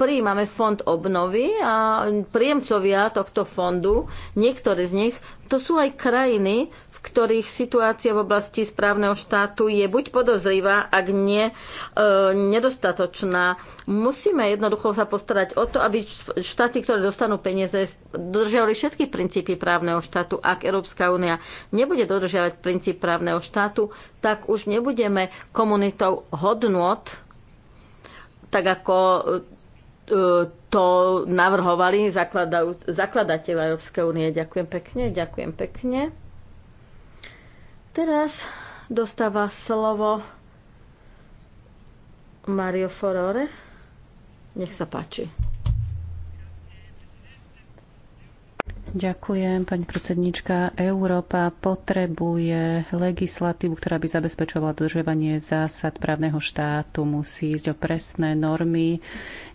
prijímame fond obnovy a príjemcovia tohto fondu, niektoré z nich, to sú aj krajiny, ktorých situácia v oblasti správneho štátu je buď podozrivá, ak nie e, nedostatočná. Musíme jednoducho sa postarať o to, aby štáty, ktoré dostanú peniaze, dodržiavali všetky princípy právneho štátu. Ak Európska únia nebude dodržiavať princíp právneho štátu, tak už nebudeme komunitou hodnot, tak ako e, to navrhovali zakladateľ Európskej únie. Ďakujem pekne, ďakujem pekne. Teraz dostáva slovo Mario Forore. Nech sa páči. Ďakujem, pani predsednička. Európa potrebuje legislatívu, ktorá by zabezpečovala dodržovanie zásad právneho štátu. Musí ísť o presné normy.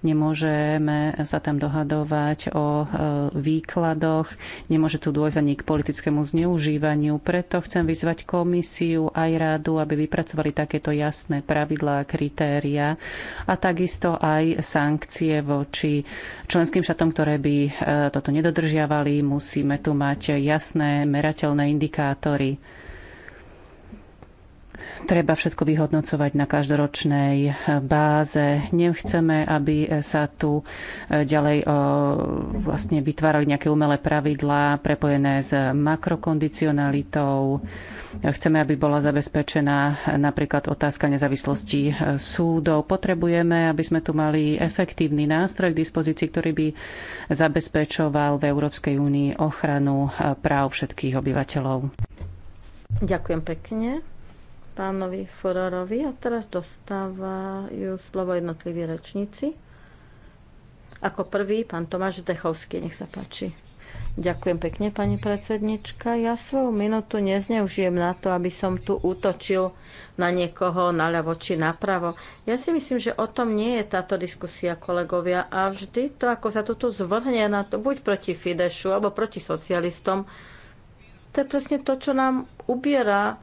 Nemôžeme sa tam dohadovať o e, výkladoch. Nemôže tu dôjsť ani k politickému zneužívaniu. Preto chcem vyzvať komisiu aj rádu, aby vypracovali takéto jasné pravidlá a kritéria a takisto aj sankcie voči členským štátom, ktoré by e, toto nedodržiavali. Musíme tu mať jasné, merateľné indikátory treba všetko vyhodnocovať na každoročnej báze. Nechceme, aby sa tu e, ďalej vlastne vytvárali nejaké umelé pravidlá prepojené s makrokondicionalitou. Chceme, aby bola zabezpečená napríklad otázka nezávislosti e, súdov. Potrebujeme, aby sme tu mali efektívny nástroj k dispozícii, ktorý by zabezpečoval v Európskej únii ochranu e, práv všetkých obyvateľov. Ďakujem pekne pánovi Fororovi a teraz dostávajú slovo jednotliví rečníci. Ako prvý pán Tomáš Dechovský, nech sa páči. Ďakujem pekne, pani predsednička. Ja svoju minútu nezneužijem na to, aby som tu útočil na niekoho naľavo či napravo. Ja si myslím, že o tom nie je táto diskusia, kolegovia. A vždy to, ako sa to tu zvrhne na to, buď proti Fidešu, alebo proti socialistom, to je presne to, čo nám ubiera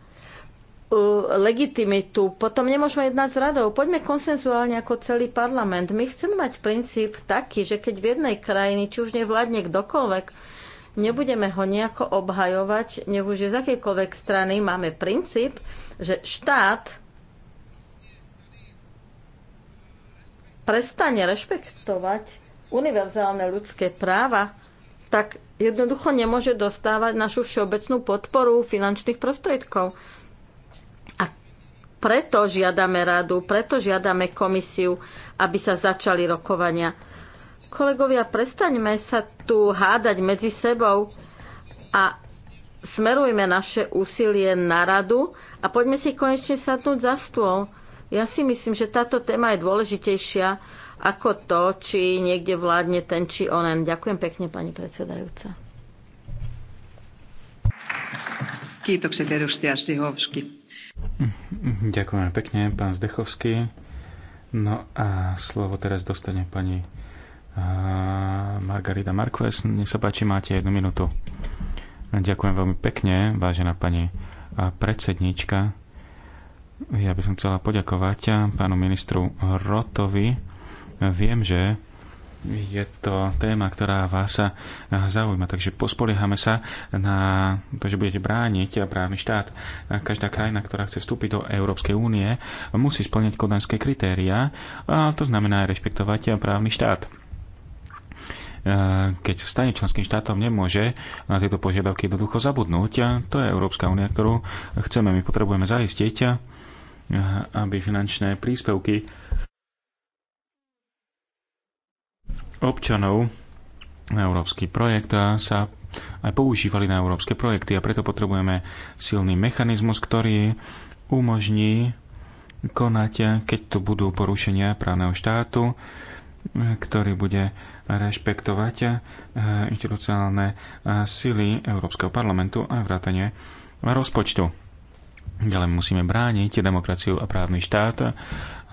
E, legitimitu. Potom nemôžeme jednať s radou. Poďme konsenzuálne ako celý parlament. My chceme mať princíp taký, že keď v jednej krajine, či už nevládne kdokoľvek, nebudeme ho nejako obhajovať, nech už je z akejkoľvek strany, máme princíp, že štát prestane rešpektovať univerzálne ľudské práva, tak jednoducho nemôže dostávať našu všeobecnú podporu finančných prostriedkov. Preto žiadame radu, preto žiadame komisiu, aby sa začali rokovania. Kolegovia, prestaňme sa tu hádať medzi sebou a smerujme naše úsilie na radu a poďme si konečne sadnúť za stôl. Ja si myslím, že táto téma je dôležitejšia ako to, či niekde vládne ten či onen. Ďakujem pekne, pani predsedajúca. Kiitokset edustaja Stihovski. Ďakujem pekne, pán Zdechovský. No a slovo teraz dostane pani Margarita Marquez. Nech sa páči, máte jednu minútu. Ďakujem veľmi pekne, vážená pani predsednička. Ja by som chcela poďakovať pánu ministru Rotovi. Viem, že je to téma, ktorá vás sa eh, zaujíma. Takže pospoliehame sa na to, že budete brániť právny štát. Každá krajina, ktorá chce vstúpiť do Európskej únie, musí splňať kodanské kritéria, a to znamená aj rešpektovať právny štát eh, keď sa stane členským štátom, nemôže na eh, tieto požiadavky jednoducho zabudnúť. To je Európska únia, ktorú chceme, my potrebujeme zaistiť, aby finančné príspevky občanov na európsky projekt a sa aj používali na európske projekty a preto potrebujeme silný mechanizmus, ktorý umožní konať, keď tu budú porušenia právneho štátu, ktorý bude rešpektovať eh, inštitucionálne eh, sily Európskeho parlamentu a vrátanie rozpočtu. Ďalej musíme brániť demokraciu a právny štát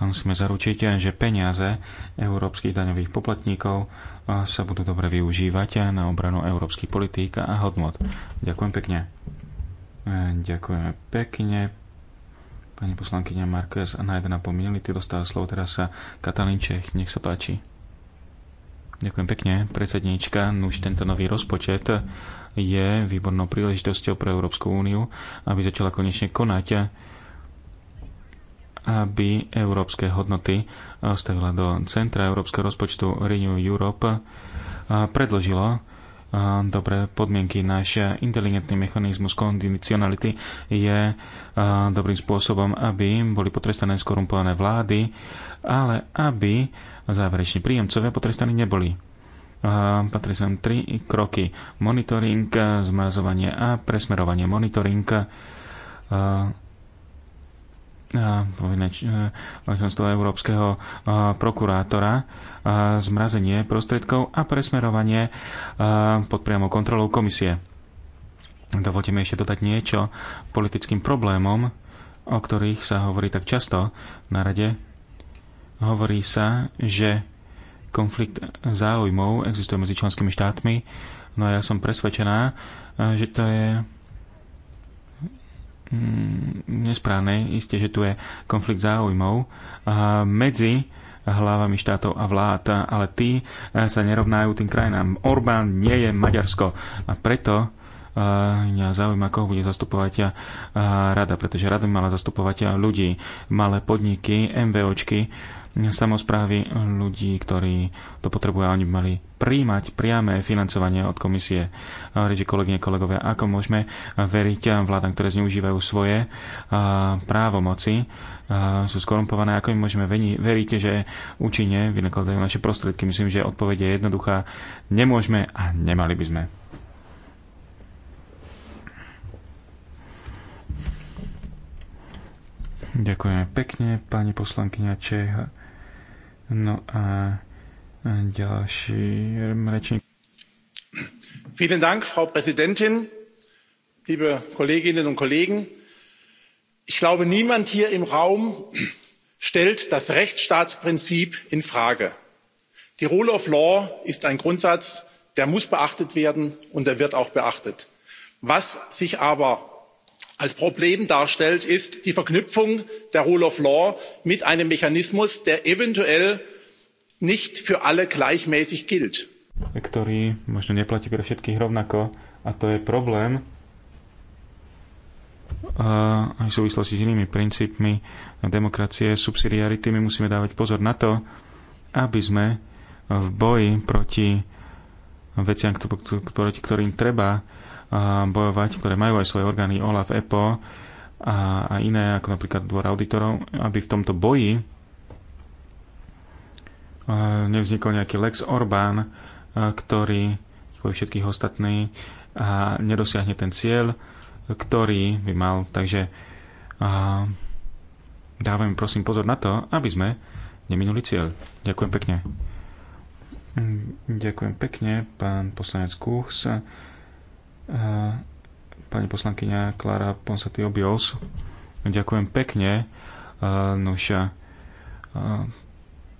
a musíme zaručiť, že peniaze európskych daňových poplatníkov sa budú dobre využívať na obranu európskych politík a hodnot. Ďakujem pekne. E, ďakujeme pekne. Pani poslankyňa Marquez na 1,5 minúty dostala slovo teraz sa Katalín Čech. Nech sa páči. Ďakujem pekne, predsedníčka. Už tento nový rozpočet je výbornou príležitosťou pre Európsku úniu, aby začala konečne konať, aby európske hodnoty e, stavila do centra európskeho rozpočtu Renew Europe a predložilo e, dobré podmienky. Náš inteligentný mechanizmus kondicionality je e, dobrým spôsobom, aby boli potrestané skorumpované vlády, ale aby záverečne príjemcovia potrestaní neboli patrí sem tri kroky. Monitoring, zmrazovanie a presmerovanie. Monitoring povinné členstvo európskeho prokurátora, zmrazenie prostriedkov a presmerovanie pod priamou kontrolou komisie. Dovolte mi ešte dodať niečo politickým problémom, o ktorých sa hovorí tak často na rade. Hovorí sa, že konflikt záujmov existuje medzi členskými štátmi. No a ja som presvedčená, eh, že to je mm, nesprávne. Isté, že tu je konflikt záujmov eh, medzi hlavami štátov a vlád, ale tí eh, sa nerovnajú tým krajinám. Orbán nie je Maďarsko a preto mňa zaujíma, koho bude zastupovať rada, pretože rada by mala zastupovať ľudí, malé podniky, MVOčky, samozprávy ľudí, ktorí to potrebujú a oni by mali príjmať priame financovanie od komisie. Reži kolegyne, kolegovia, ako môžeme veriť vládam, ktoré zneužívajú svoje právomoci, sú skorumpované, ako im môžeme veriť, že účinne vynakladajú naše prostriedky. Myslím, že odpoveď je jednoduchá. Nemôžeme a nemali by sme. Ďakujeme pekne, pani poslankyňa Čeha. No a ďalší rečník. Vielen Dank, Frau Präsidentin, liebe Kolleginnen und Kollegen. Ich glaube, niemand hier im Raum stellt das Rechtsstaatsprinzip in Frage. Die Rule of Law ist ein Grundsatz, der muss beachtet werden und der wird auch beachtet. Was sich aber als problem darstellt ist die verknüpfung der rule of law mit einem mechanismus der eventuell nicht für alle gleichmäßig gilt. ktorý možno neplatí pre všetkých rovnako a to je problém a aj v súvislosti s inými princípmi demokracie, subsidiarity, my musíme dávať pozor na to, aby sme v boji proti veciam, proti ktorým treba bojovať, ktoré majú aj svoje orgány OLAF, EPO a, a iné, ako napríklad dvor auditorov, aby v tomto boji nevznikol nejaký Lex Orbán, ktorý spojí všetkých ostatných a nedosiahne ten cieľ, ktorý by mal. Takže dávame prosím pozor na to, aby sme neminuli cieľ. Ďakujem pekne. Ďakujem pekne, pán poslanec Kuchs pani poslankyňa Klara Ponsatio Obios Ďakujem pekne. Nuž,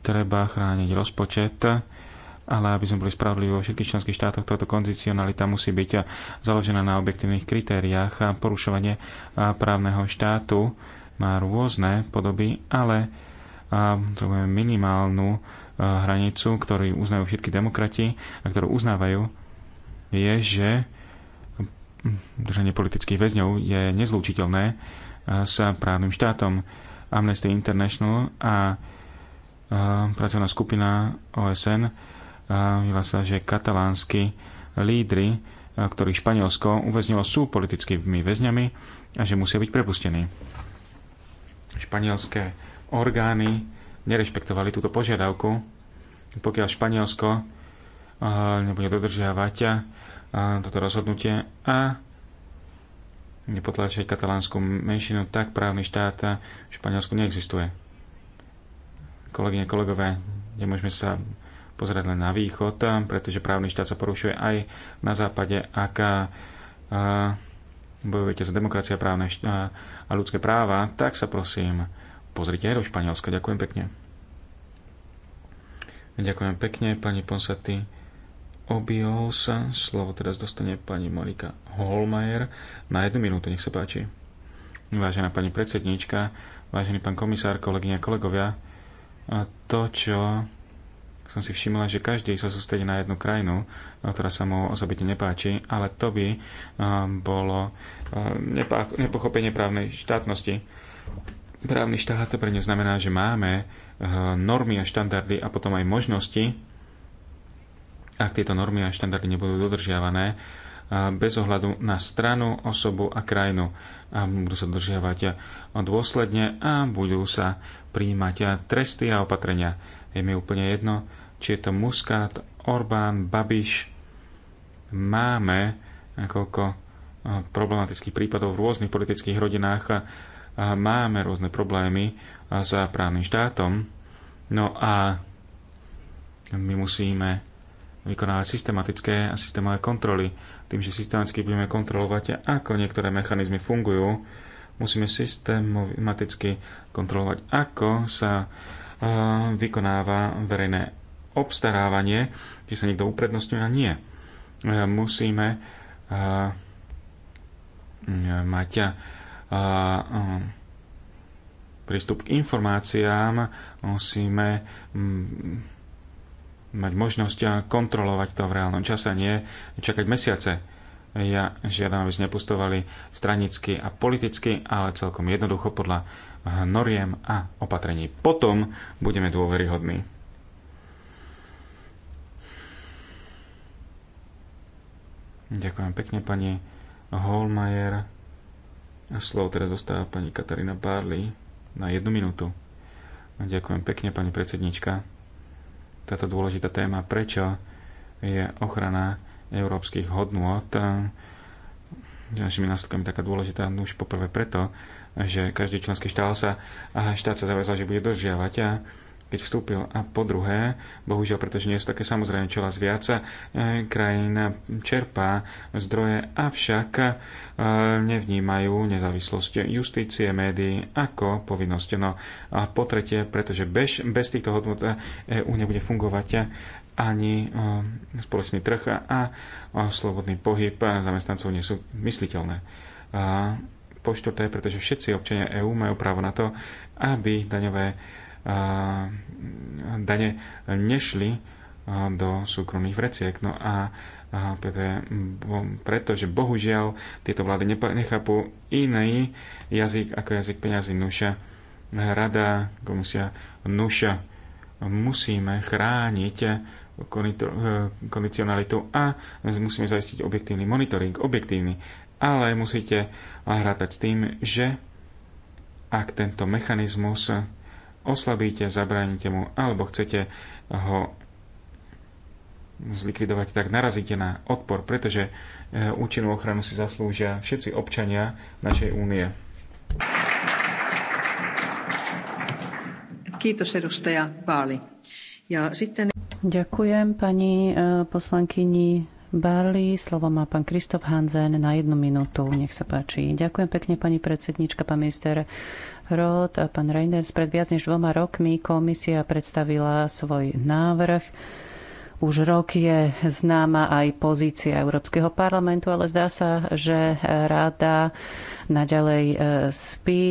treba chrániť rozpočet, ale aby sme boli spravodliví vo všetkých členských štátoch, táto kondicionalita musí byť založená na objektívnych kritériách a porušovanie právneho štátu má rôzne podoby, ale potrebujeme minimálnu hranicu, ktorú uznajú všetky demokrati a ktorú uznávajú, je, že držanie politických väzňov je nezlúčiteľné eh, s právnym štátom. Amnesty International a eh, pracovná skupina OSN eh, sa, že katalánsky lídry, ktorých Španielsko uväznilo, sú politickými väzňami a že musia byť prepustení. Španielské orgány nerešpektovali túto požiadavku. Pokiaľ Španielsko nebude dodržiavať toto rozhodnutie a nepotlačiť katalánsku menšinu, tak právny štát v Španielsku neexistuje. Kolegyne, kolegové, nemôžeme sa pozerať len na východ, pretože právny štát sa porušuje aj na západe, ak bojujete za demokracia právne a ľudské práva, tak sa prosím pozrite aj do Španielska. Ďakujem pekne. Ďakujem pekne, pani Ponsaty sa, Slovo teraz dostane pani Monika Holmajer. Na jednu minútu, nech sa páči. Vážená pani predsedníčka, vážený pán komisár, kolegovia, a kolegovia, to, čo som si všimla, že každý sa sústredí na jednu krajinu, no, ktorá sa mu osobite nepáči, ale to by bolo nepochopenie právnej štátnosti. Právny štát pre ne znamená, že máme normy a štandardy a potom aj možnosti, ak tieto normy a štandardy nebudú dodržiavané, bez ohľadu na stranu, osobu a krajinu. A budú sa dodržiavať dôsledne a budú sa príjmať tresty a opatrenia. Je mi úplne jedno, či je to Muscat, Orbán, Babiš. Máme nakoľko problematických prípadov v rôznych politických rodinách a máme rôzne problémy s právnym štátom. No a my musíme vykonávať systematické a systémové kontroly. Tým, že systematicky budeme kontrolovať, ako niektoré mechanizmy fungujú, musíme systematicky kontrolovať, ako sa eh, vykonáva verejné obstarávanie, či sa niekto uprednostňuje a nie. Eh, musíme eh, mm, mať prístup k informáciám, musíme mm, mať možnosť kontrolovať to v reálnom čase, nie čakať mesiace. Ja žiadam, aby sme nepustovali stranicky a politicky, ale celkom jednoducho podľa noriem a opatrení. Potom budeme dôveryhodní. Ďakujem pekne, pani Holmajer. A slovo teraz zostáva pani Katarína Barley na jednu minútu. Ďakujem pekne, pani predsednička táto dôležitá téma, prečo je ochrana európskych hodnôt eh, našimi následkami taká dôležitá, no už poprvé preto, že každý členský štát sa, štát sa zavezal, že bude držiavať. a eh, keď vstúpil. A po druhé, bohužiaľ, pretože nie sú také samozrejme čoraz viac, e, krajín čerpá zdroje, avšak e, nevnímajú nezávislosť justície, médií ako povinnosť. No a po tretie, pretože bez, bez týchto hodnot EU nebude fungovať ani e, spoločný trh a slobodný pohyb zamestnancov nie sú mysliteľné. Po štvrté, pretože všetci občania EÚ majú právo na to, aby daňové dane nešli do súkromných vreciek. No a pretože bohužiaľ tieto vlády nechápu iný jazyk ako jazyk peňazí nuša. Rada, komisia nuša, musíme chrániť e, kondicionalitu a musíme zaistiť objektívny monitoring, objektívny. Ale musíte hrátať s tým, že ak tento mechanizmus oslabíte, zabránite mu, alebo chcete ho zlikvidovať, tak narazíte na odpor, pretože eh, účinnú ochranu si zaslúžia všetci občania našej únie. Ďakujem pani eh, poslankyni Barley. Slovo má pán Kristof Hanzen na jednu minútu. Nech sa páči. Ďakujem pekne, pani predsednička, pán minister Roth a pán Reinders pred viac než dvoma rokmi komisia predstavila svoj návrh. Už rok je známa aj pozícia Európskeho parlamentu, ale zdá sa, že rada naďalej e, spí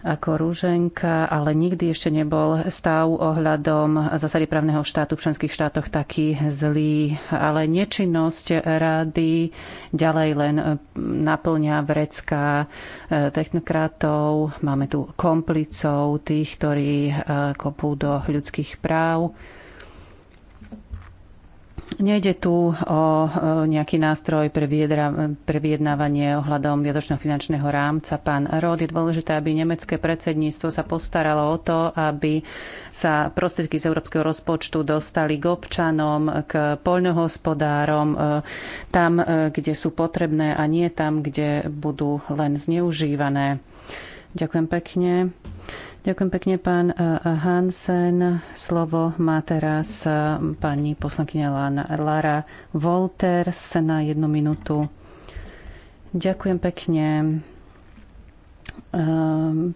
ako rúženka, ale nikdy ešte nebol stav ohľadom zásady právneho štátu v členských štátoch taký zlý. Ale nečinnosť rady ďalej len naplňa vrecka e, technokratov. Máme tu komplicov, tých, ktorí e, kopú do ľudských práv. Nejde tu o nejaký nástroj pre, viedra, pre vyjednávanie ohľadom viadočného finančného rámca. Pán Rod, je dôležité, aby nemecké predsedníctvo sa postaralo o to, aby sa prostriedky z európskeho rozpočtu dostali k občanom, k poľnohospodárom, e, tam, e, kde sú potrebné a nie tam, kde budú len zneužívané. Ďakujem pekne. Ďakujem pekne, pán eh, Hansen. Slovo má teraz eh, pani poslankyňa Lara Volter na jednu minútu. Ďakujem pekne. Eh,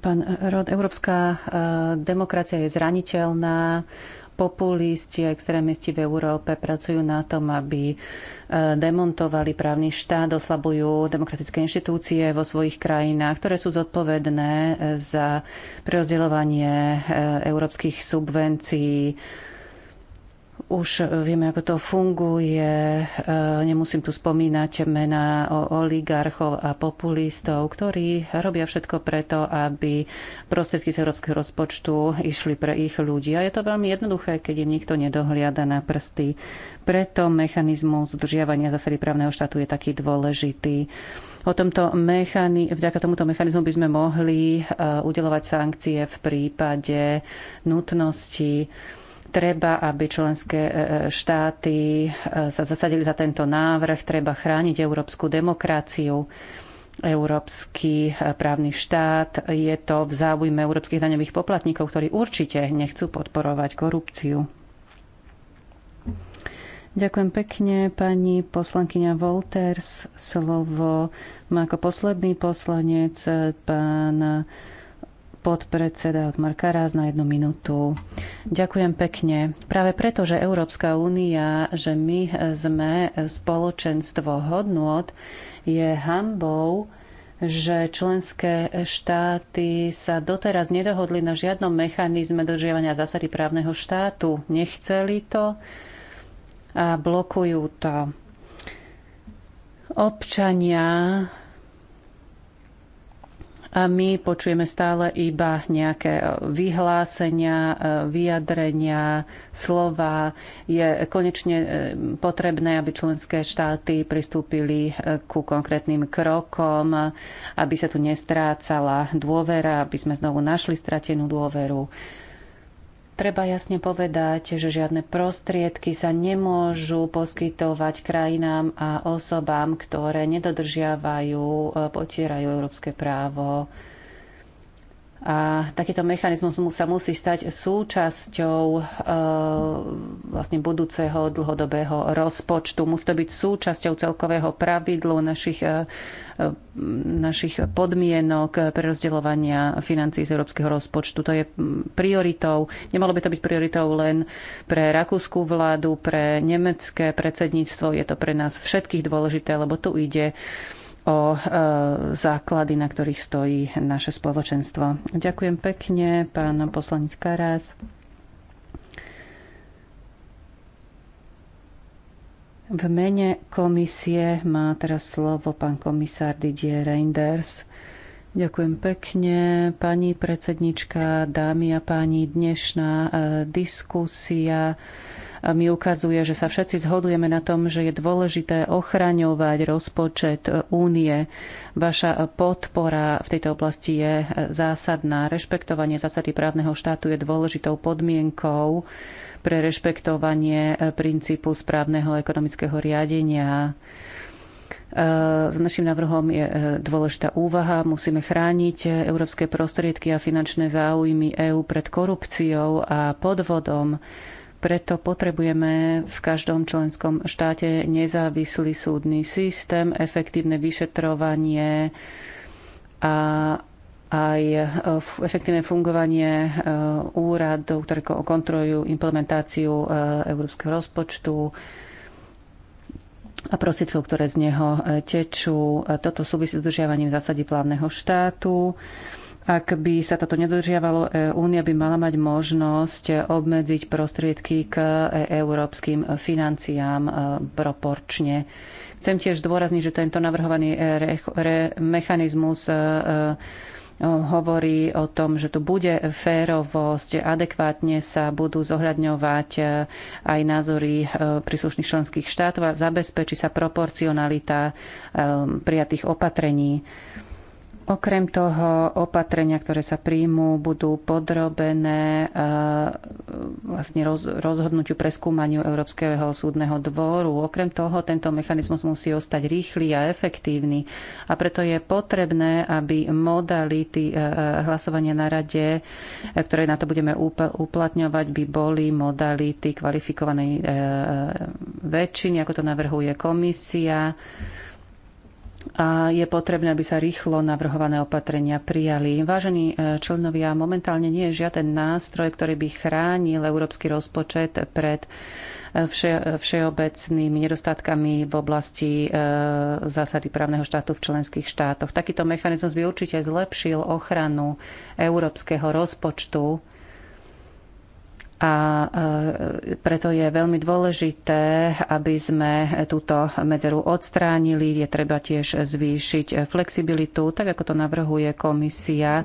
pán Rod, európska demokracia je zraniteľná populisti a extrémisti v Európe pracujú na tom, aby e, demontovali právny štát, oslabujú demokratické inštitúcie vo svojich krajinách, ktoré sú zodpovedné e, za prerozdeľovanie e, európskych subvencií už vieme, ako to funguje. E, nemusím tu spomínať mená oligarchov a populistov, ktorí robia všetko preto, aby prostriedky z európskeho rozpočtu išli pre ich ľudí. A je to veľmi jednoduché, keď im nikto nedohliada na prsty. Preto mechanizmus udržiavania zásady právneho štátu je taký dôležitý. O tomto mechani- vďaka tomuto mechanizmu by sme mohli e, udelovať sankcie v prípade nutnosti Treba, aby členské e, e, štáty e, sa zasadili za tento návrh, treba chrániť európsku demokraciu, európsky právny štát. Je to v záujme európskych daňových poplatníkov, ktorí určite nechcú podporovať korupciu. Ďakujem pekne, pani poslankyňa Wolters. Slovo má ako posledný poslanec pán podpredseda od Marka Ráz na jednu minútu. Ďakujem pekne. Práve preto, že Európska únia, že my sme spoločenstvo hodnôt, je hambou, že členské štáty sa doteraz nedohodli na žiadnom mechanizme dodržiavania zásady právneho štátu. Nechceli to a blokujú to. Občania a my počujeme stále iba nejaké e, vyhlásenia, e, vyjadrenia, slova. Je konečne e, potrebné, aby členské štáty pristúpili ku konkrétnym krokom, aby sa tu nestrácala dôvera, aby sme znovu našli stratenú dôveru Treba jasne povedať, že žiadne prostriedky sa nemôžu poskytovať krajinám a osobám, ktoré nedodržiavajú, eh, potierajú európske právo a takýto mechanizmus sa musí stať súčasťou e, vlastne budúceho dlhodobého rozpočtu. Musí to byť súčasťou celkového pravidlu našich, e, e našich podmienok pre rozdeľovania financí z európskeho rozpočtu. To je prioritou. Nemalo by to byť prioritou len pre rakúskú vládu, pre nemecké predsedníctvo. Je to pre nás všetkých dôležité, lebo tu ide o e, základy, na ktorých stojí naše spoločenstvo. Ďakujem pekne, pán poslanec Karas. V mene komisie má teraz slovo pán komisár Didier Reinders. Ďakujem pekne, pani predsednička, dámy a páni. Dnešná e, diskusia mi ukazuje, že sa všetci zhodujeme na tom, že je dôležité ochraňovať rozpočet únie. Vaša podpora v tejto oblasti je zásadná. Rešpektovanie zásady právneho štátu je dôležitou podmienkou pre rešpektovanie princípu správneho ekonomického riadenia. E, s našim návrhom je e, dôležitá úvaha. Musíme chrániť európske prostriedky a finančné záujmy EÚ pred korupciou a podvodom. Preto potrebujeme v každom členskom štáte nezávislý súdny systém, efektívne vyšetrovanie a aj e, efektívne fungovanie e, úradov, ktoré kontrolujú implementáciu e, európskeho rozpočtu a prostriedkov, ktoré z neho tečú. Toto súvisí s udržiavaním zásady plávneho štátu. Ak by sa toto nedodržiavalo, e, Únia by mala mať možnosť obmedziť prostriedky k e, európskym financiám e, proporčne. Chcem tiež zdôrazniť, že tento navrhovaný mechanizmus hovorí o tom, že tu bude férovosť, adekvátne sa budú zohľadňovať aj názory príslušných členských štátov a zabezpečí sa proporcionalita prijatých opatrení. Okrem toho opatrenia, ktoré sa príjmú, budú podrobené eh, vlastne rozhodnutiu preskúmaniu Európskeho súdneho dvoru. Okrem toho tento mechanizmus musí ostať rýchly a efektívny a preto je potrebné, aby modality eh, eh, hlasovania na rade, ktoré na to budeme uplatňovať, by boli modality kvalifikovanej väčšiny, ako to navrhuje komisia a je potrebné, aby sa rýchlo navrhované opatrenia prijali. Vážení e, členovia, momentálne nie je žiaden nástroj, ktorý by chránil európsky rozpočet pred e, vše, všeobecnými nedostatkami v oblasti e, zásady právneho štátu v členských štátoch. Takýto mechanizmus by určite zlepšil ochranu európskeho rozpočtu a e, preto je veľmi dôležité, aby sme túto medzeru odstránili. Je treba tiež zvýšiť flexibilitu, tak ako to navrhuje komisia e,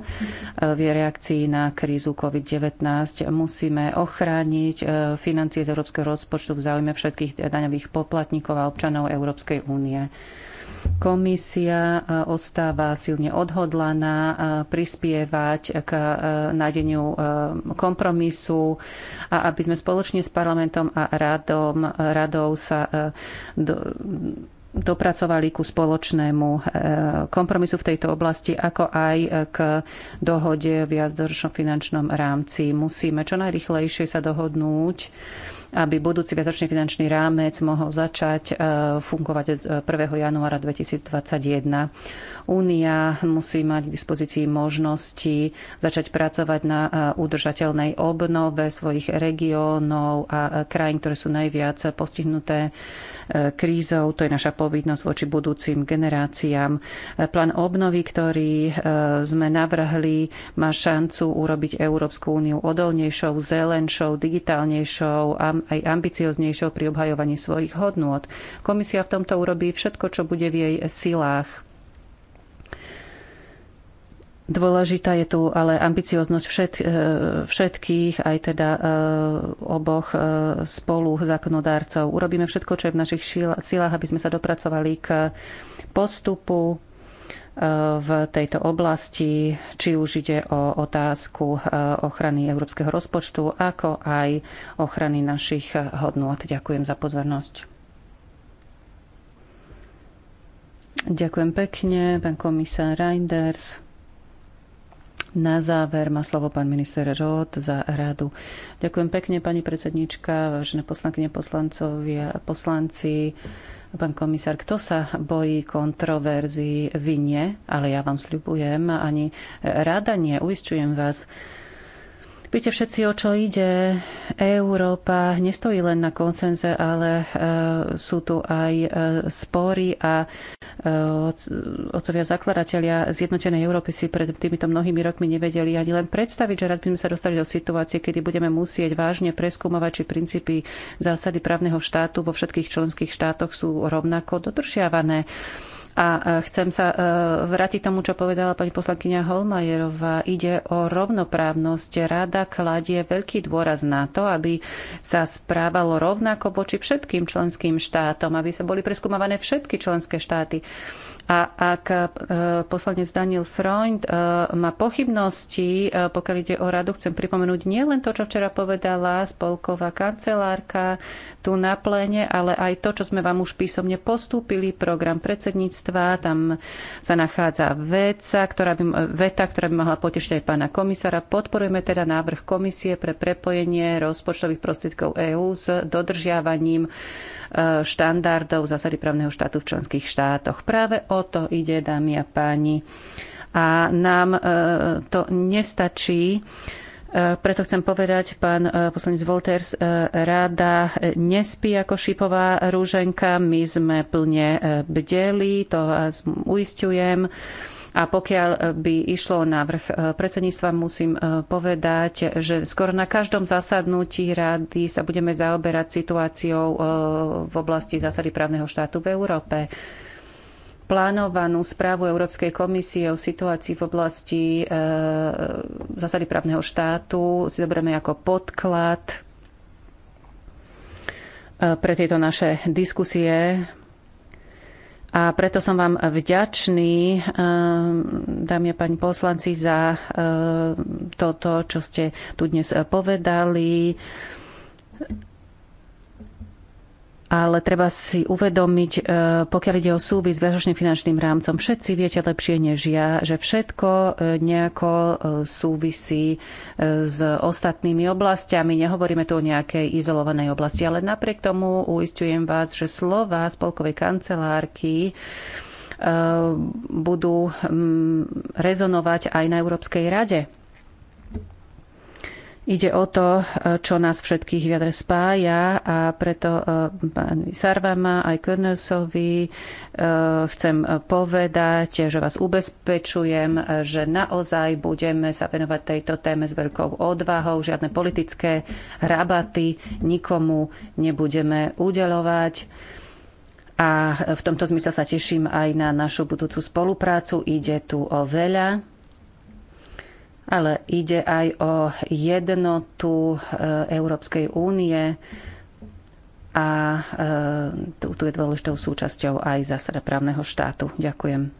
v reakcii na krízu COVID-19. Musíme ochrániť e, financie z európskeho rozpočtu v záujme všetkých daňových poplatníkov a občanov Európskej únie. Komisia e, ostáva silne odhodlaná e, prispievať k e, nájdeniu kompromisu a aby sme spoločne s parlamentom a radom, radou sa do, dopracovali ku spoločnému kompromisu v tejto oblasti, ako aj k dohode v jazdoročnom finančnom rámci. Musíme čo najrychlejšie sa dohodnúť aby budúci viacročný finančný rámec mohol začať eh, fungovať 1. Eh, januára 2021. Únia musí mať k dispozícii možnosti začať pracovať na e, udržateľnej obnove svojich regiónov a e, krajín, ktoré sú najviac postihnuté e, krízou. To je naša povinnosť voči budúcim generáciám. Plán obnovy, ktorý sme navrhli, má šancu urobiť Európsku úniu odolnejšou, zelenšou, digitálnejšou a aj ambicioznejšou pri obhajovaní svojich hodnôt. Komisia v tomto urobí všetko, čo bude v jej silách. Dôležitá je tu ale ambicioznosť všet, e, všetkých, aj teda e, oboch e, spolu zákonodárcov. Urobíme všetko, čo je v našich silách, aby sme sa dopracovali k postupu v tejto oblasti, či už ide o otázku ochrany európskeho rozpočtu, ako aj ochrany našich hodnôt. Ďakujem za pozornosť. Ďakujem pekne, pán komisár Reinders. Na záver má slovo pán minister Rod za radu. Ďakujem pekne, pani predsednička, vážené poslankyne, poslancovia, poslanci, pán komisár. Kto sa bojí kontroverzií? Vy nie, ale ja vám sľubujem, ani rada nie. Uistujem vás, Viete všetci, o čo ide. Európa nestojí len na konsenze, ale e, sú tu aj e, spory a e, otcovia zakladatelia zjednotenej Európy si pred týmito mnohými rokmi nevedeli ani len predstaviť, že raz by sme sa dostali do situácie, kedy budeme musieť vážne preskúmovať, či princípy zásady právneho štátu vo všetkých členských štátoch sú rovnako dodržiavané. A e, chcem sa e, vrátiť tomu, čo povedala pani poslankyňa Holmajerová. Ide o rovnoprávnosť. Rada kladie veľký dôraz na to, aby sa správalo rovnako voči všetkým členským štátom, aby sa boli preskúmavané všetky členské štáty. A ak e, poslanec Daniel Freund e, má pochybnosti, e, pokiaľ ide o radu, chcem pripomenúť nie len to, čo včera povedala spolková kancelárka tu na pléne, ale aj to, čo sme vám už písomne postúpili, program predsedníctva, tam sa nachádza veca, ktorá by, veta, ktorá by mohla potešiť aj pána komisára. Podporujeme teda návrh komisie pre prepojenie rozpočtových prostriedkov EÚ s dodržiavaním štandardov zásady právneho štátu v členských štátoch. Práve o to ide, dámy a páni. A nám e, to nestačí. E, preto chcem povedať, pán e, poslanec Wolters, rada nespí ako šipová rúženka. My sme plne bdeli, to vás uistujem. A pokiaľ eh, by išlo o návrh eh, predsedníctva, musím eh, povedať, že skoro na každom zasadnutí rady sa budeme zaoberať situáciou v oblasti zásady právneho štátu v Európe plánovanú správu Európskej komisie o situácii v oblasti e, zásady právneho štátu si zoberieme ako podklad pre tieto naše diskusie a preto som vám vďačný, ehm, dámy a páni poslanci, za ehm, toto, čo ste tu dnes eh, povedali ale treba si uvedomiť, e, pokiaľ ide o súvis s viažočným finančným rámcom, všetci viete lepšie než ja, že všetko e, nejako e, súvisí s ostatnými oblastiami. Nehovoríme tu o nejakej izolovanej oblasti, ale napriek tomu uistujem vás, že slova spolkovej kancelárky budú rezonovať aj na Európskej rade Ide o to, e, čo nás všetkých v spája a preto e, pánovi Sarvama aj Körnersovi e, chcem povedať, že vás ubezpečujem, že naozaj budeme sa venovať tejto téme s veľkou odvahou. Žiadne politické rabaty nikomu nebudeme udelovať. A v tomto zmysle sa teším aj na našu budúcu spoluprácu. Ide tu o veľa ale ide aj o jednotu eh, Európskej únie a eh, tu, je dôležitou súčasťou aj zásada právneho štátu. Ďakujem.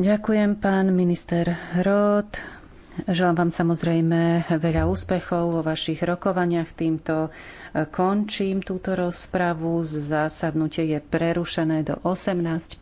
Ďakujem, pán minister Rod. Želám vám samozrejme veľa úspechov vo vašich rokovaniach. Týmto eh, končím túto rozpravu. Zásadnutie je prerušené do 18.15.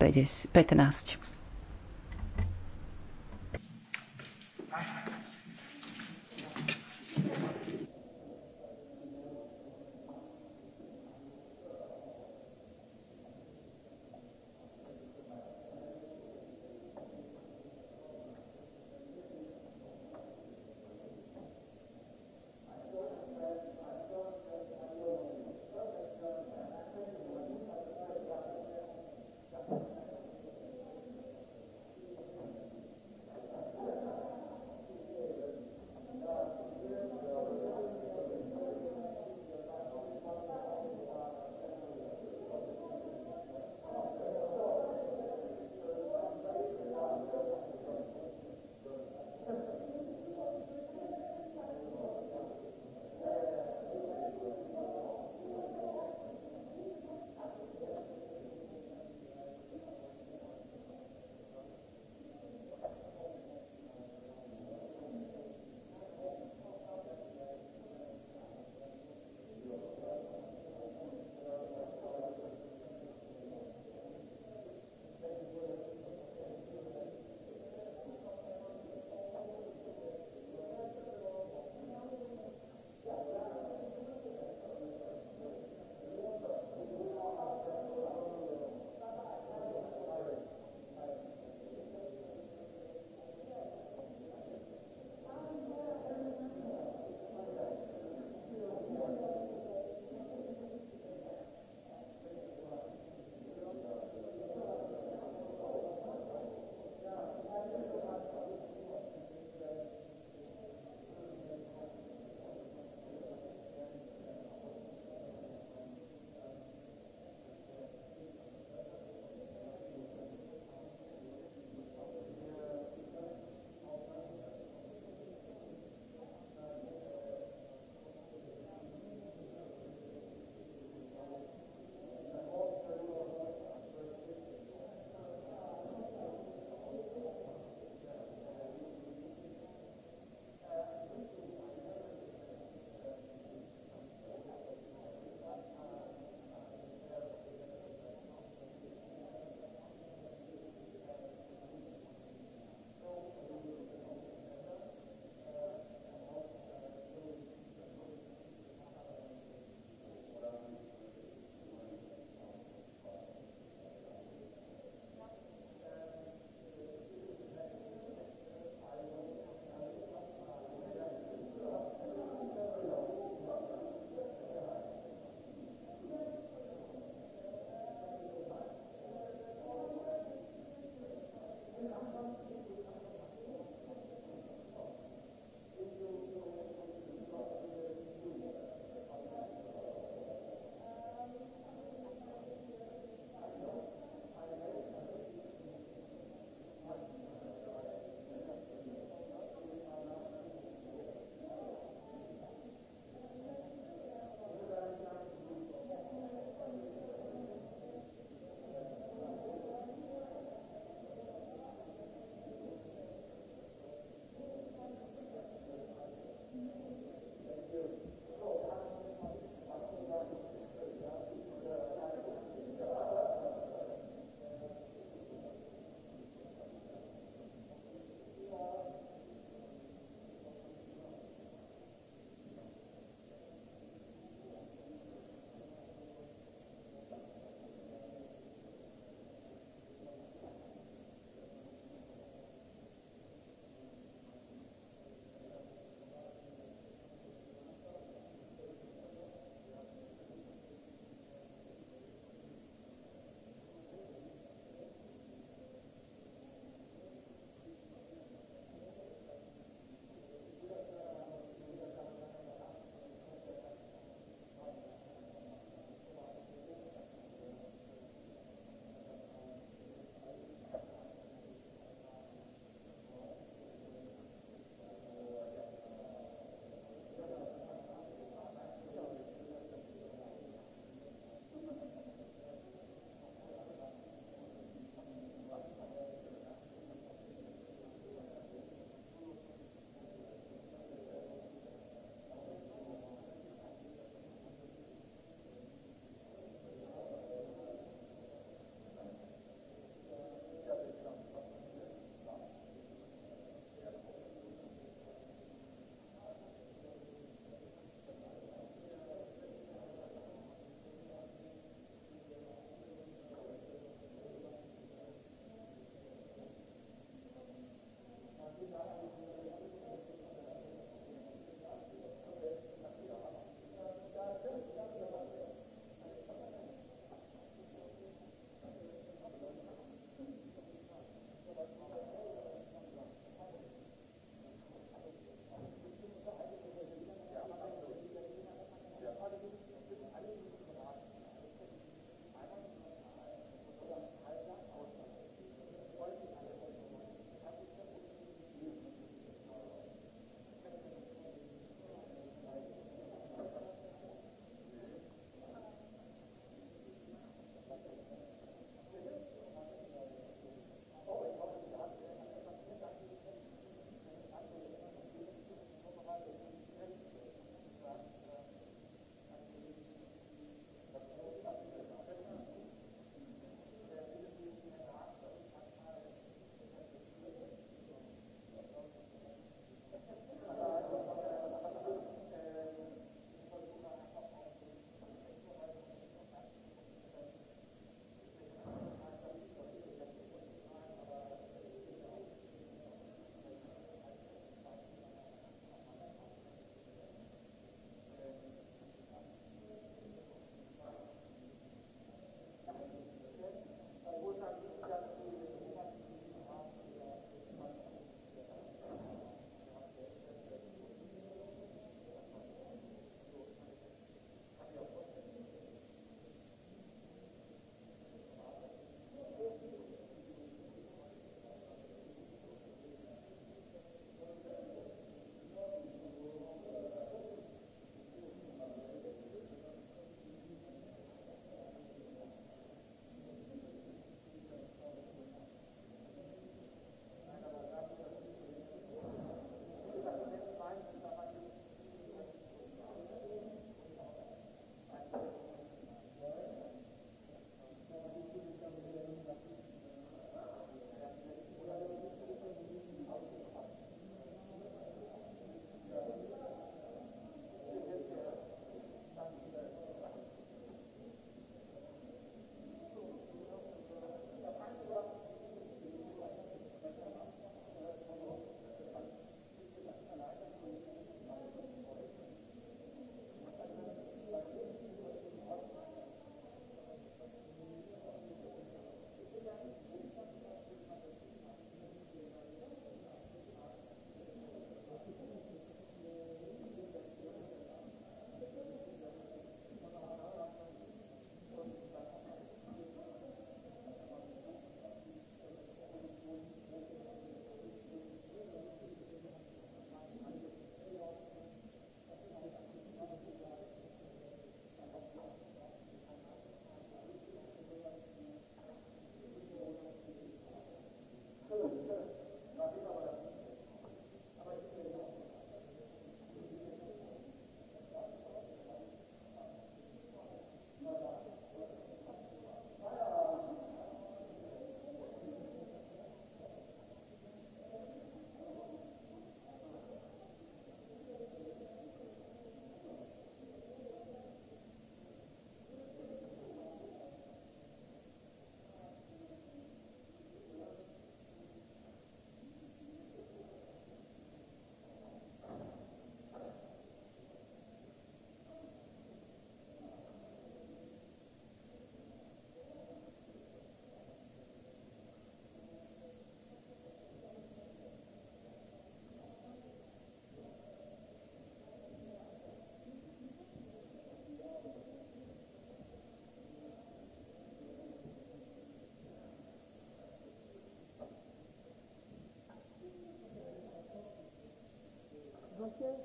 laquelle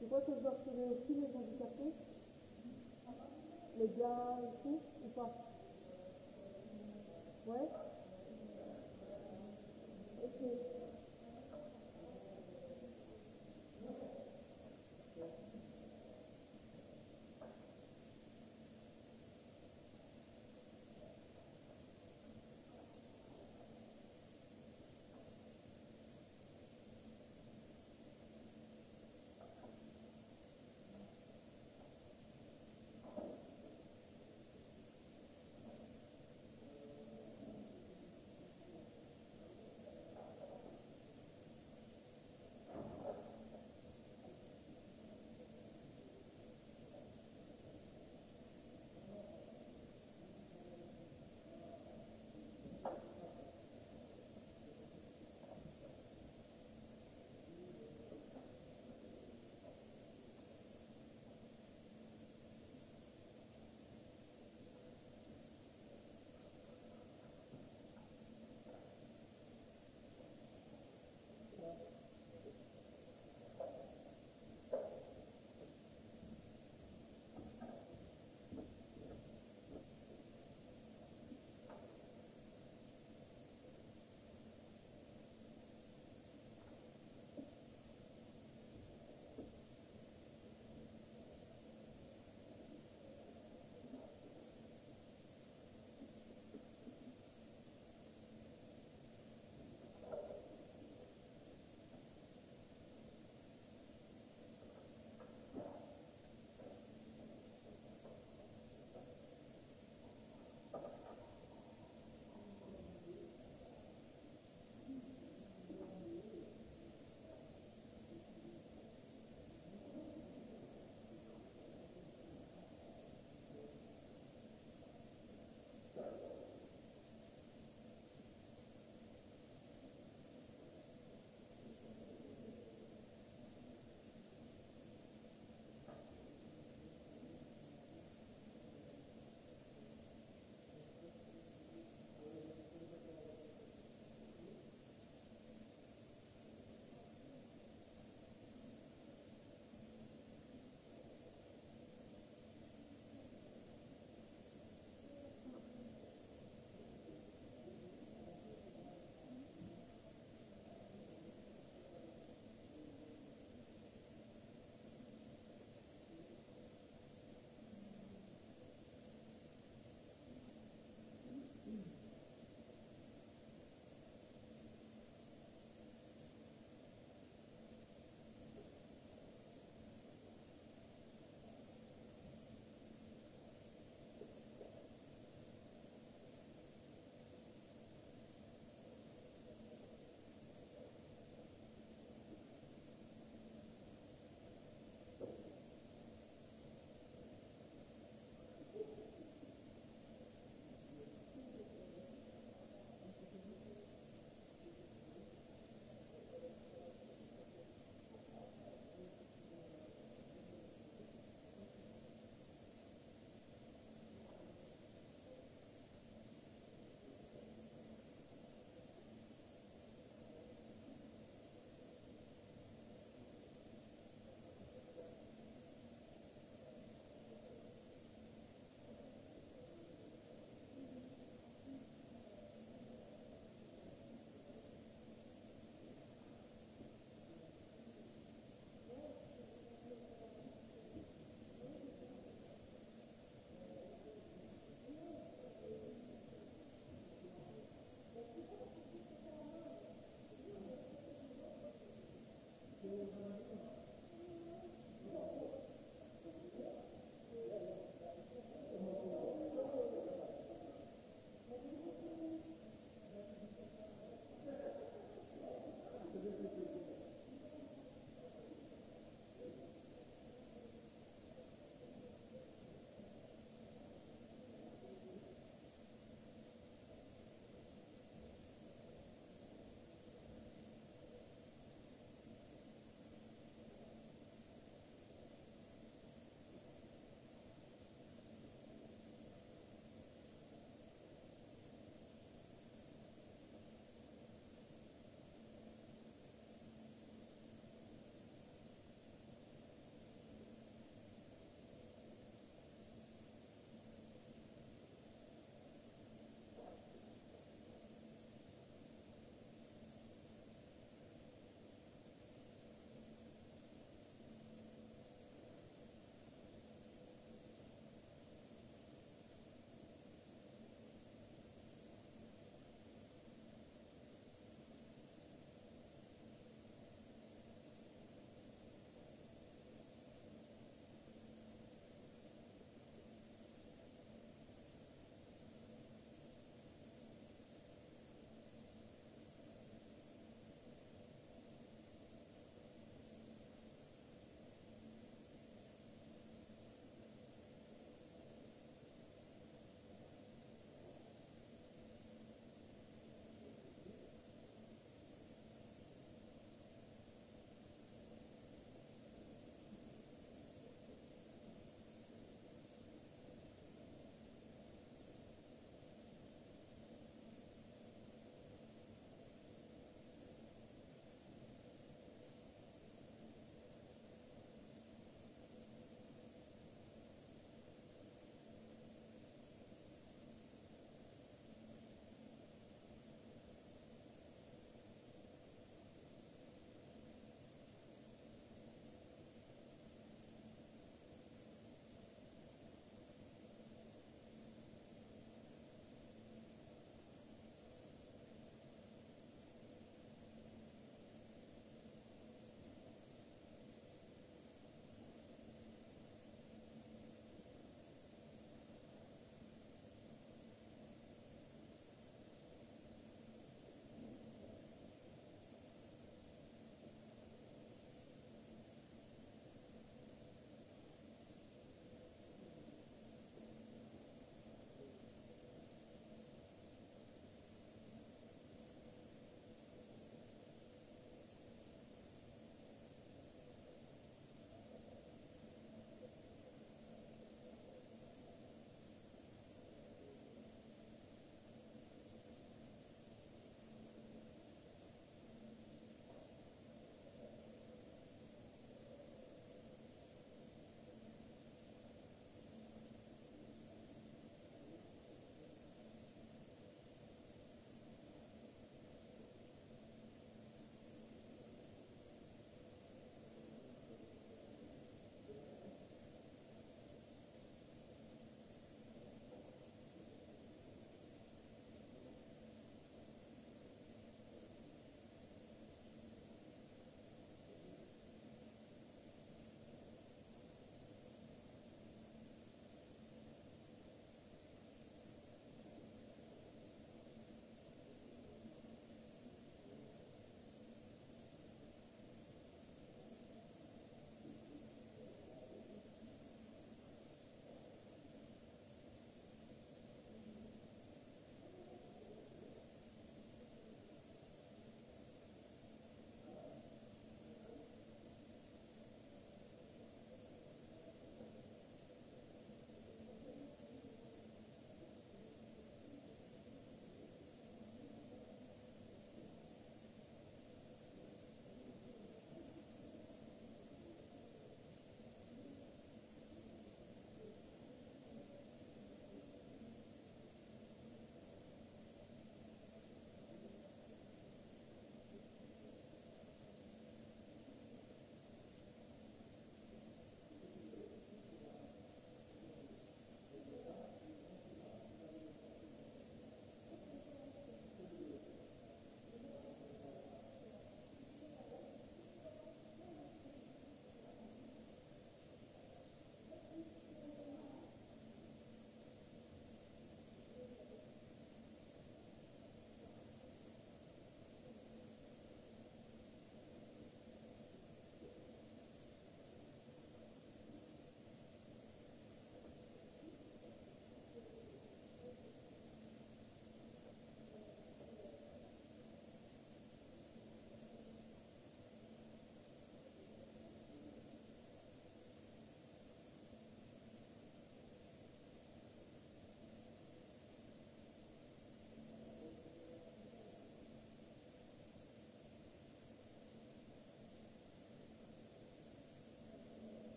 je crois que je dois retirer aussi les handicapés, les gars et tout, ou pas Ouais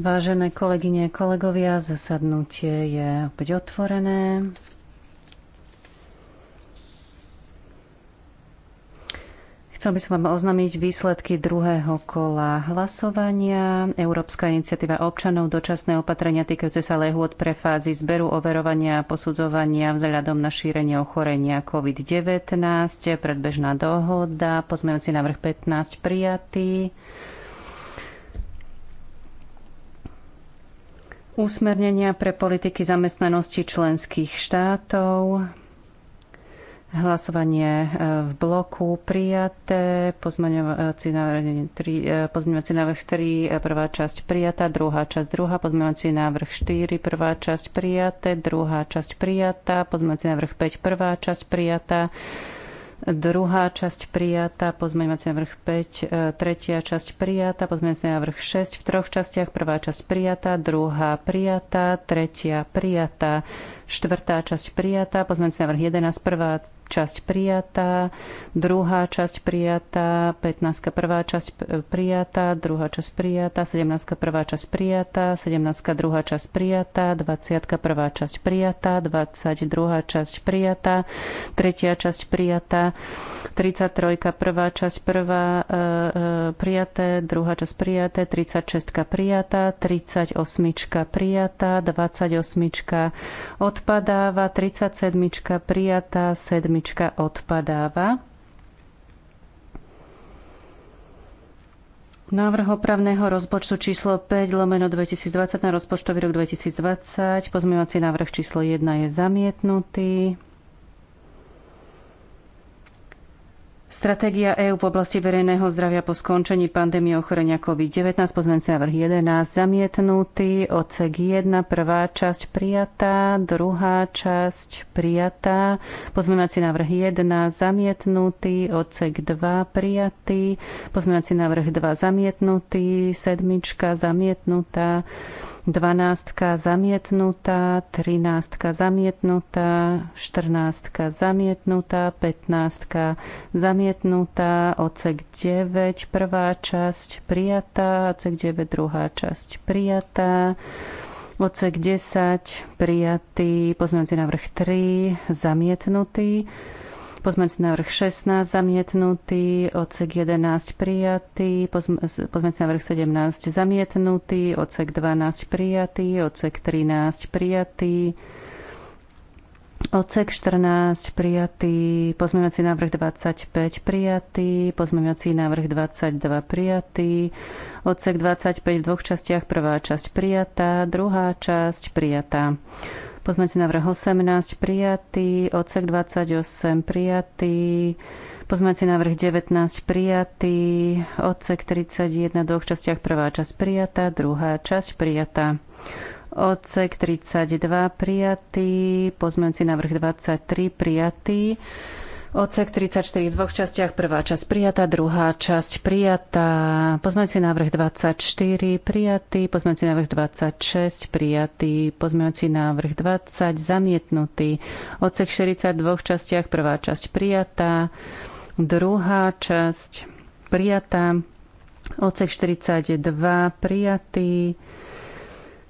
Vážené kolegyne, kolegovia, zasadnutie je opäť otvorené. Chcel by som vám oznámiť výsledky druhého kola hlasovania. Európska iniciatíva občanov dočasné opatrenia týkajúce sa lehôd pre fázy zberu, overovania a posudzovania vzhľadom na šírenie ochorenia COVID-19, predbežná dohoda, pozmeňujúci návrh 15 prijatý. Usmernenia pre politiky zamestnanosti členských štátov. Hlasovanie e, v bloku prijaté, pozmeňovací návrh 3, e, pozmeňovací návrh 3, e, prvá časť prijatá, druhá časť druhá, pozmeňovací návrh 4, prvá časť prijaté, druhá časť prijatá, pozmeňovací návrh 5, prvá časť prijatá, Druhá časť prijatá, pozmeňovací návrh 5. E, tretia časť prijatá, pozmeňovací návrh 6. V troch častiach prvá časť prijatá, druhá prijatá, tretia prijatá štvrtá časť prijatá, pozmeňujúci návrh 11, prvá časť prijatá, druhá časť prijatá, 15, prvá časť prijatá, druhá časť prijatá, 17, prvá časť prijatá, 17, druhá časť prijatá, 20, prvá časť prijatá, 22 časť prijatá, tretia časť prijatá, 33, prvá časť prvá e, e, prijaté, druhá časť prijaté, 36 prijatá, 38 prijatá, 28 od odpadáva, 37. prijatá, 7. odpadáva. Návrh opravného rozpočtu číslo 5 lomeno 2020 na rozpočtový rok 2020. Pozmývací návrh číslo 1 je zamietnutý. Stratégia EÚ v oblasti verejného zdravia po skončení pandémie ochorenia COVID-19, pozmeňujúci návrh 11 zamietnutý, odsek 1, prvá časť prijatá, druhá časť prijatá, pozmeňovací návrh 1 zamietnutý, odsek 2 prijatý, pozmeňovací návrh 2 zamietnutý, sedmička zamietnutá, 12 zamietnutá, 13 zamietnutá, 14 zamietnutá, 15 zamietnutá, odsek 9, prvá časť prijatá, odsek 9, druhá časť prijatá, odsek 10, prijatý, pozmeňujúci návrh 3, zamietnutý, Pozmeňujúci návrh 16 zamietnutý, odsek 11 prijatý, pozmeňujúci návrh 17 zamietnutý, odsek 12 prijatý, odsek 13 prijatý, odsek 14 prijatý, pozmeňovací návrh 25 prijatý, pozmeňovací návrh 22 prijatý, odsek 25 v dvoch častiach, prvá časť prijatá, druhá časť prijatá. Pozmeňte návrh 18 prijatý, odsek 28 prijatý, pozmeňte návrh 19 prijatý, odsek 31 v dvoch častiach prvá časť prijatá, druhá časť prijatá. Odsek 32 prijatý, pozmeňte návrh 23 prijatý, Odsek 34 v dvoch častiach. Prvá časť prijatá, druhá časť prijatá. Pozmeňujúci návrh 24 prijatý, pozmeňujúci návrh 26 prijatý, pozmeňujúci návrh 20 zamietnutý. Odsek 40 v dvoch častiach. Prvá časť prijatá, druhá časť prijatá. Odsek 42 prijatý,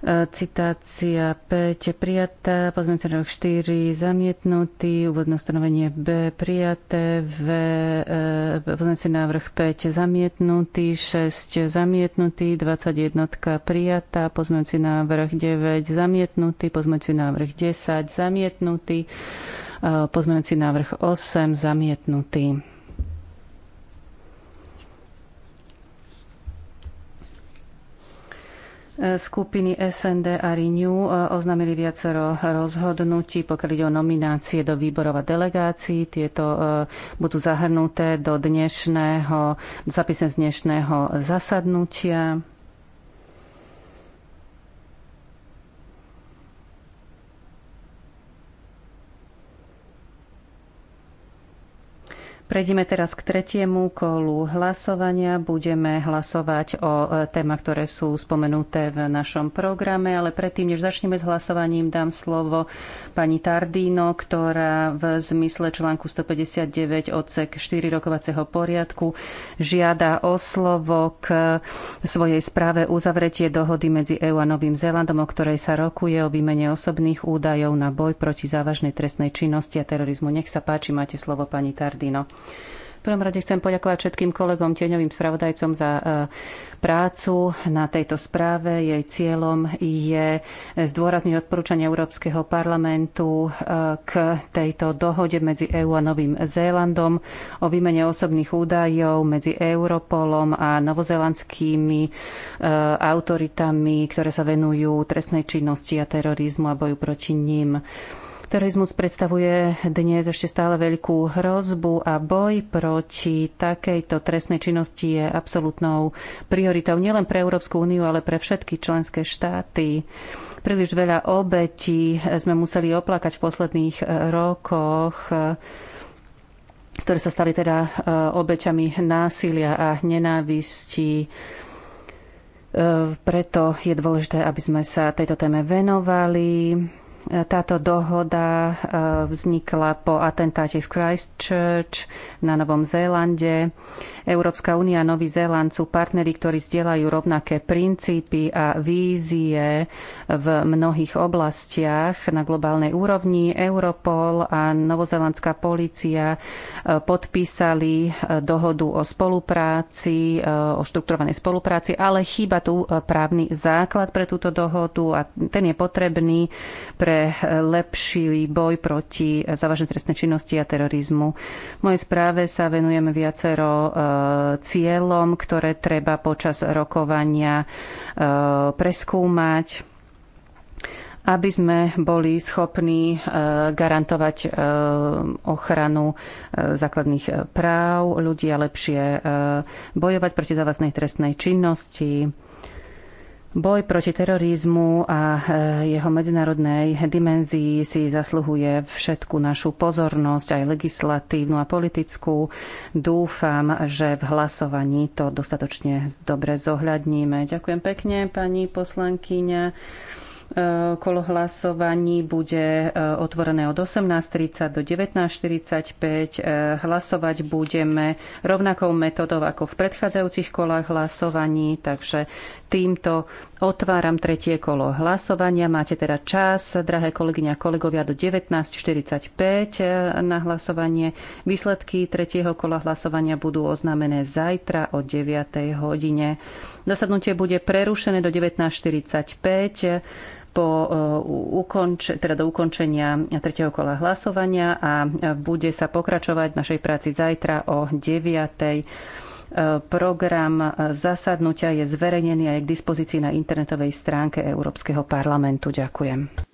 E, citácia 5 prijatá, pozmeňujúci rok 4 zamietnutý, úvodné ustanovenie B prijaté, V e, pozmeňujúci návrh 5 zamietnutý, 6 zamietnutý, 21 prijatá, pozmeňujúci návrh 9 zamietnutý, pozmeňujúci návrh 10 zamietnutý, e, pozmeňujúci návrh 8 zamietnutý. Skupiny SND a Renew e, oznámili viacero rozhodnutí, pokiaľ ide o nominácie do výborov a delegácií. Tieto e, budú zahrnuté do dnešného, zapisne z dnešného zasadnutia. Prejdeme teraz k tretiemu kolu hlasovania. Budeme hlasovať o e, témach, ktoré sú spomenuté v našom programe, ale predtým, než začneme s hlasovaním, dám slovo pani Tardino, ktorá v zmysle článku 159 odsek 4 rokovacieho poriadku žiada o slovo k svojej správe uzavretie dohody medzi EÚ a Novým Zélandom, o ktorej sa rokuje o výmene osobných údajov na boj proti závažnej trestnej činnosti a terorizmu. Nech sa páči, máte slovo pani Tardino. V prvom rade chcem poďakovať všetkým kolegom, tieňovým spravodajcom za e, prácu na tejto správe. Jej cieľom je zdôrazniť odporúčanie Európskeho parlamentu e, k tejto dohode medzi EÚ a Novým Zélandom o výmene osobných údajov medzi Europolom a novozelandskými e, autoritami, ktoré sa venujú trestnej činnosti a terorizmu a boju proti ním. Terorizmus predstavuje dnes ešte stále veľkú hrozbu a boj proti takejto trestnej činnosti je absolútnou prioritou nielen pre Európsku úniu, ale pre všetky členské štáty. Príliš veľa obetí sme museli oplakať v posledných rokoch ktoré sa stali teda eh, obeťami násilia a nenávisti. Eh, preto je dôležité, aby sme sa tejto téme venovali táto dohoda eh, vznikla po atentáte v Christchurch na Novom Zélande. Európska únia a Nový Zéland sú partneri, ktorí zdieľajú rovnaké princípy a vízie v mnohých oblastiach na globálnej úrovni. Europol a novozelandská polícia eh, podpísali eh, dohodu o spolupráci, o štrukturovanej spolupráci, ale chýba tu právny základ pre túto dohodu a ten je potrebný pre lepší boj proti závažnej trestnej činnosti a terorizmu. V mojej správe sa venujeme viacero e, cieľom, ktoré treba počas rokovania e, preskúmať aby sme boli schopní e, garantovať ochranu základných práv ľudí a lepšie bojovať proti závaznej trestnej činnosti Boj proti terorizmu a e, jeho medzinárodnej dimenzii si zasluhuje všetku našu pozornosť, aj legislatívnu a politickú. Dúfam, že v hlasovaní to dostatočne dobre zohľadníme. Ďakujem pekne, pani poslankyňa. Eh, kolo hlasovaní bude eh, otvorené od 18.30 do 19.45. Eh, hlasovať budeme rovnakou metodou ako v predchádzajúcich kolách hlasovaní, takže týmto otváram tretie kolo hlasovania. Máte teda čas, drahé kolegyňa a kolegovia, do 19.45 na hlasovanie. Výsledky tretieho kola hlasovania budú oznámené zajtra o 9.00 hodine. Dosadnutie bude prerušené do 19.45 po eh, ukonč- teda do ukončenia tretieho kola hlasovania a bude sa pokračovať v našej práci zajtra o 9. Eh, program zasadnutia je zverejnený a je k dispozícii na internetovej stránke Európskeho parlamentu. Ďakujem.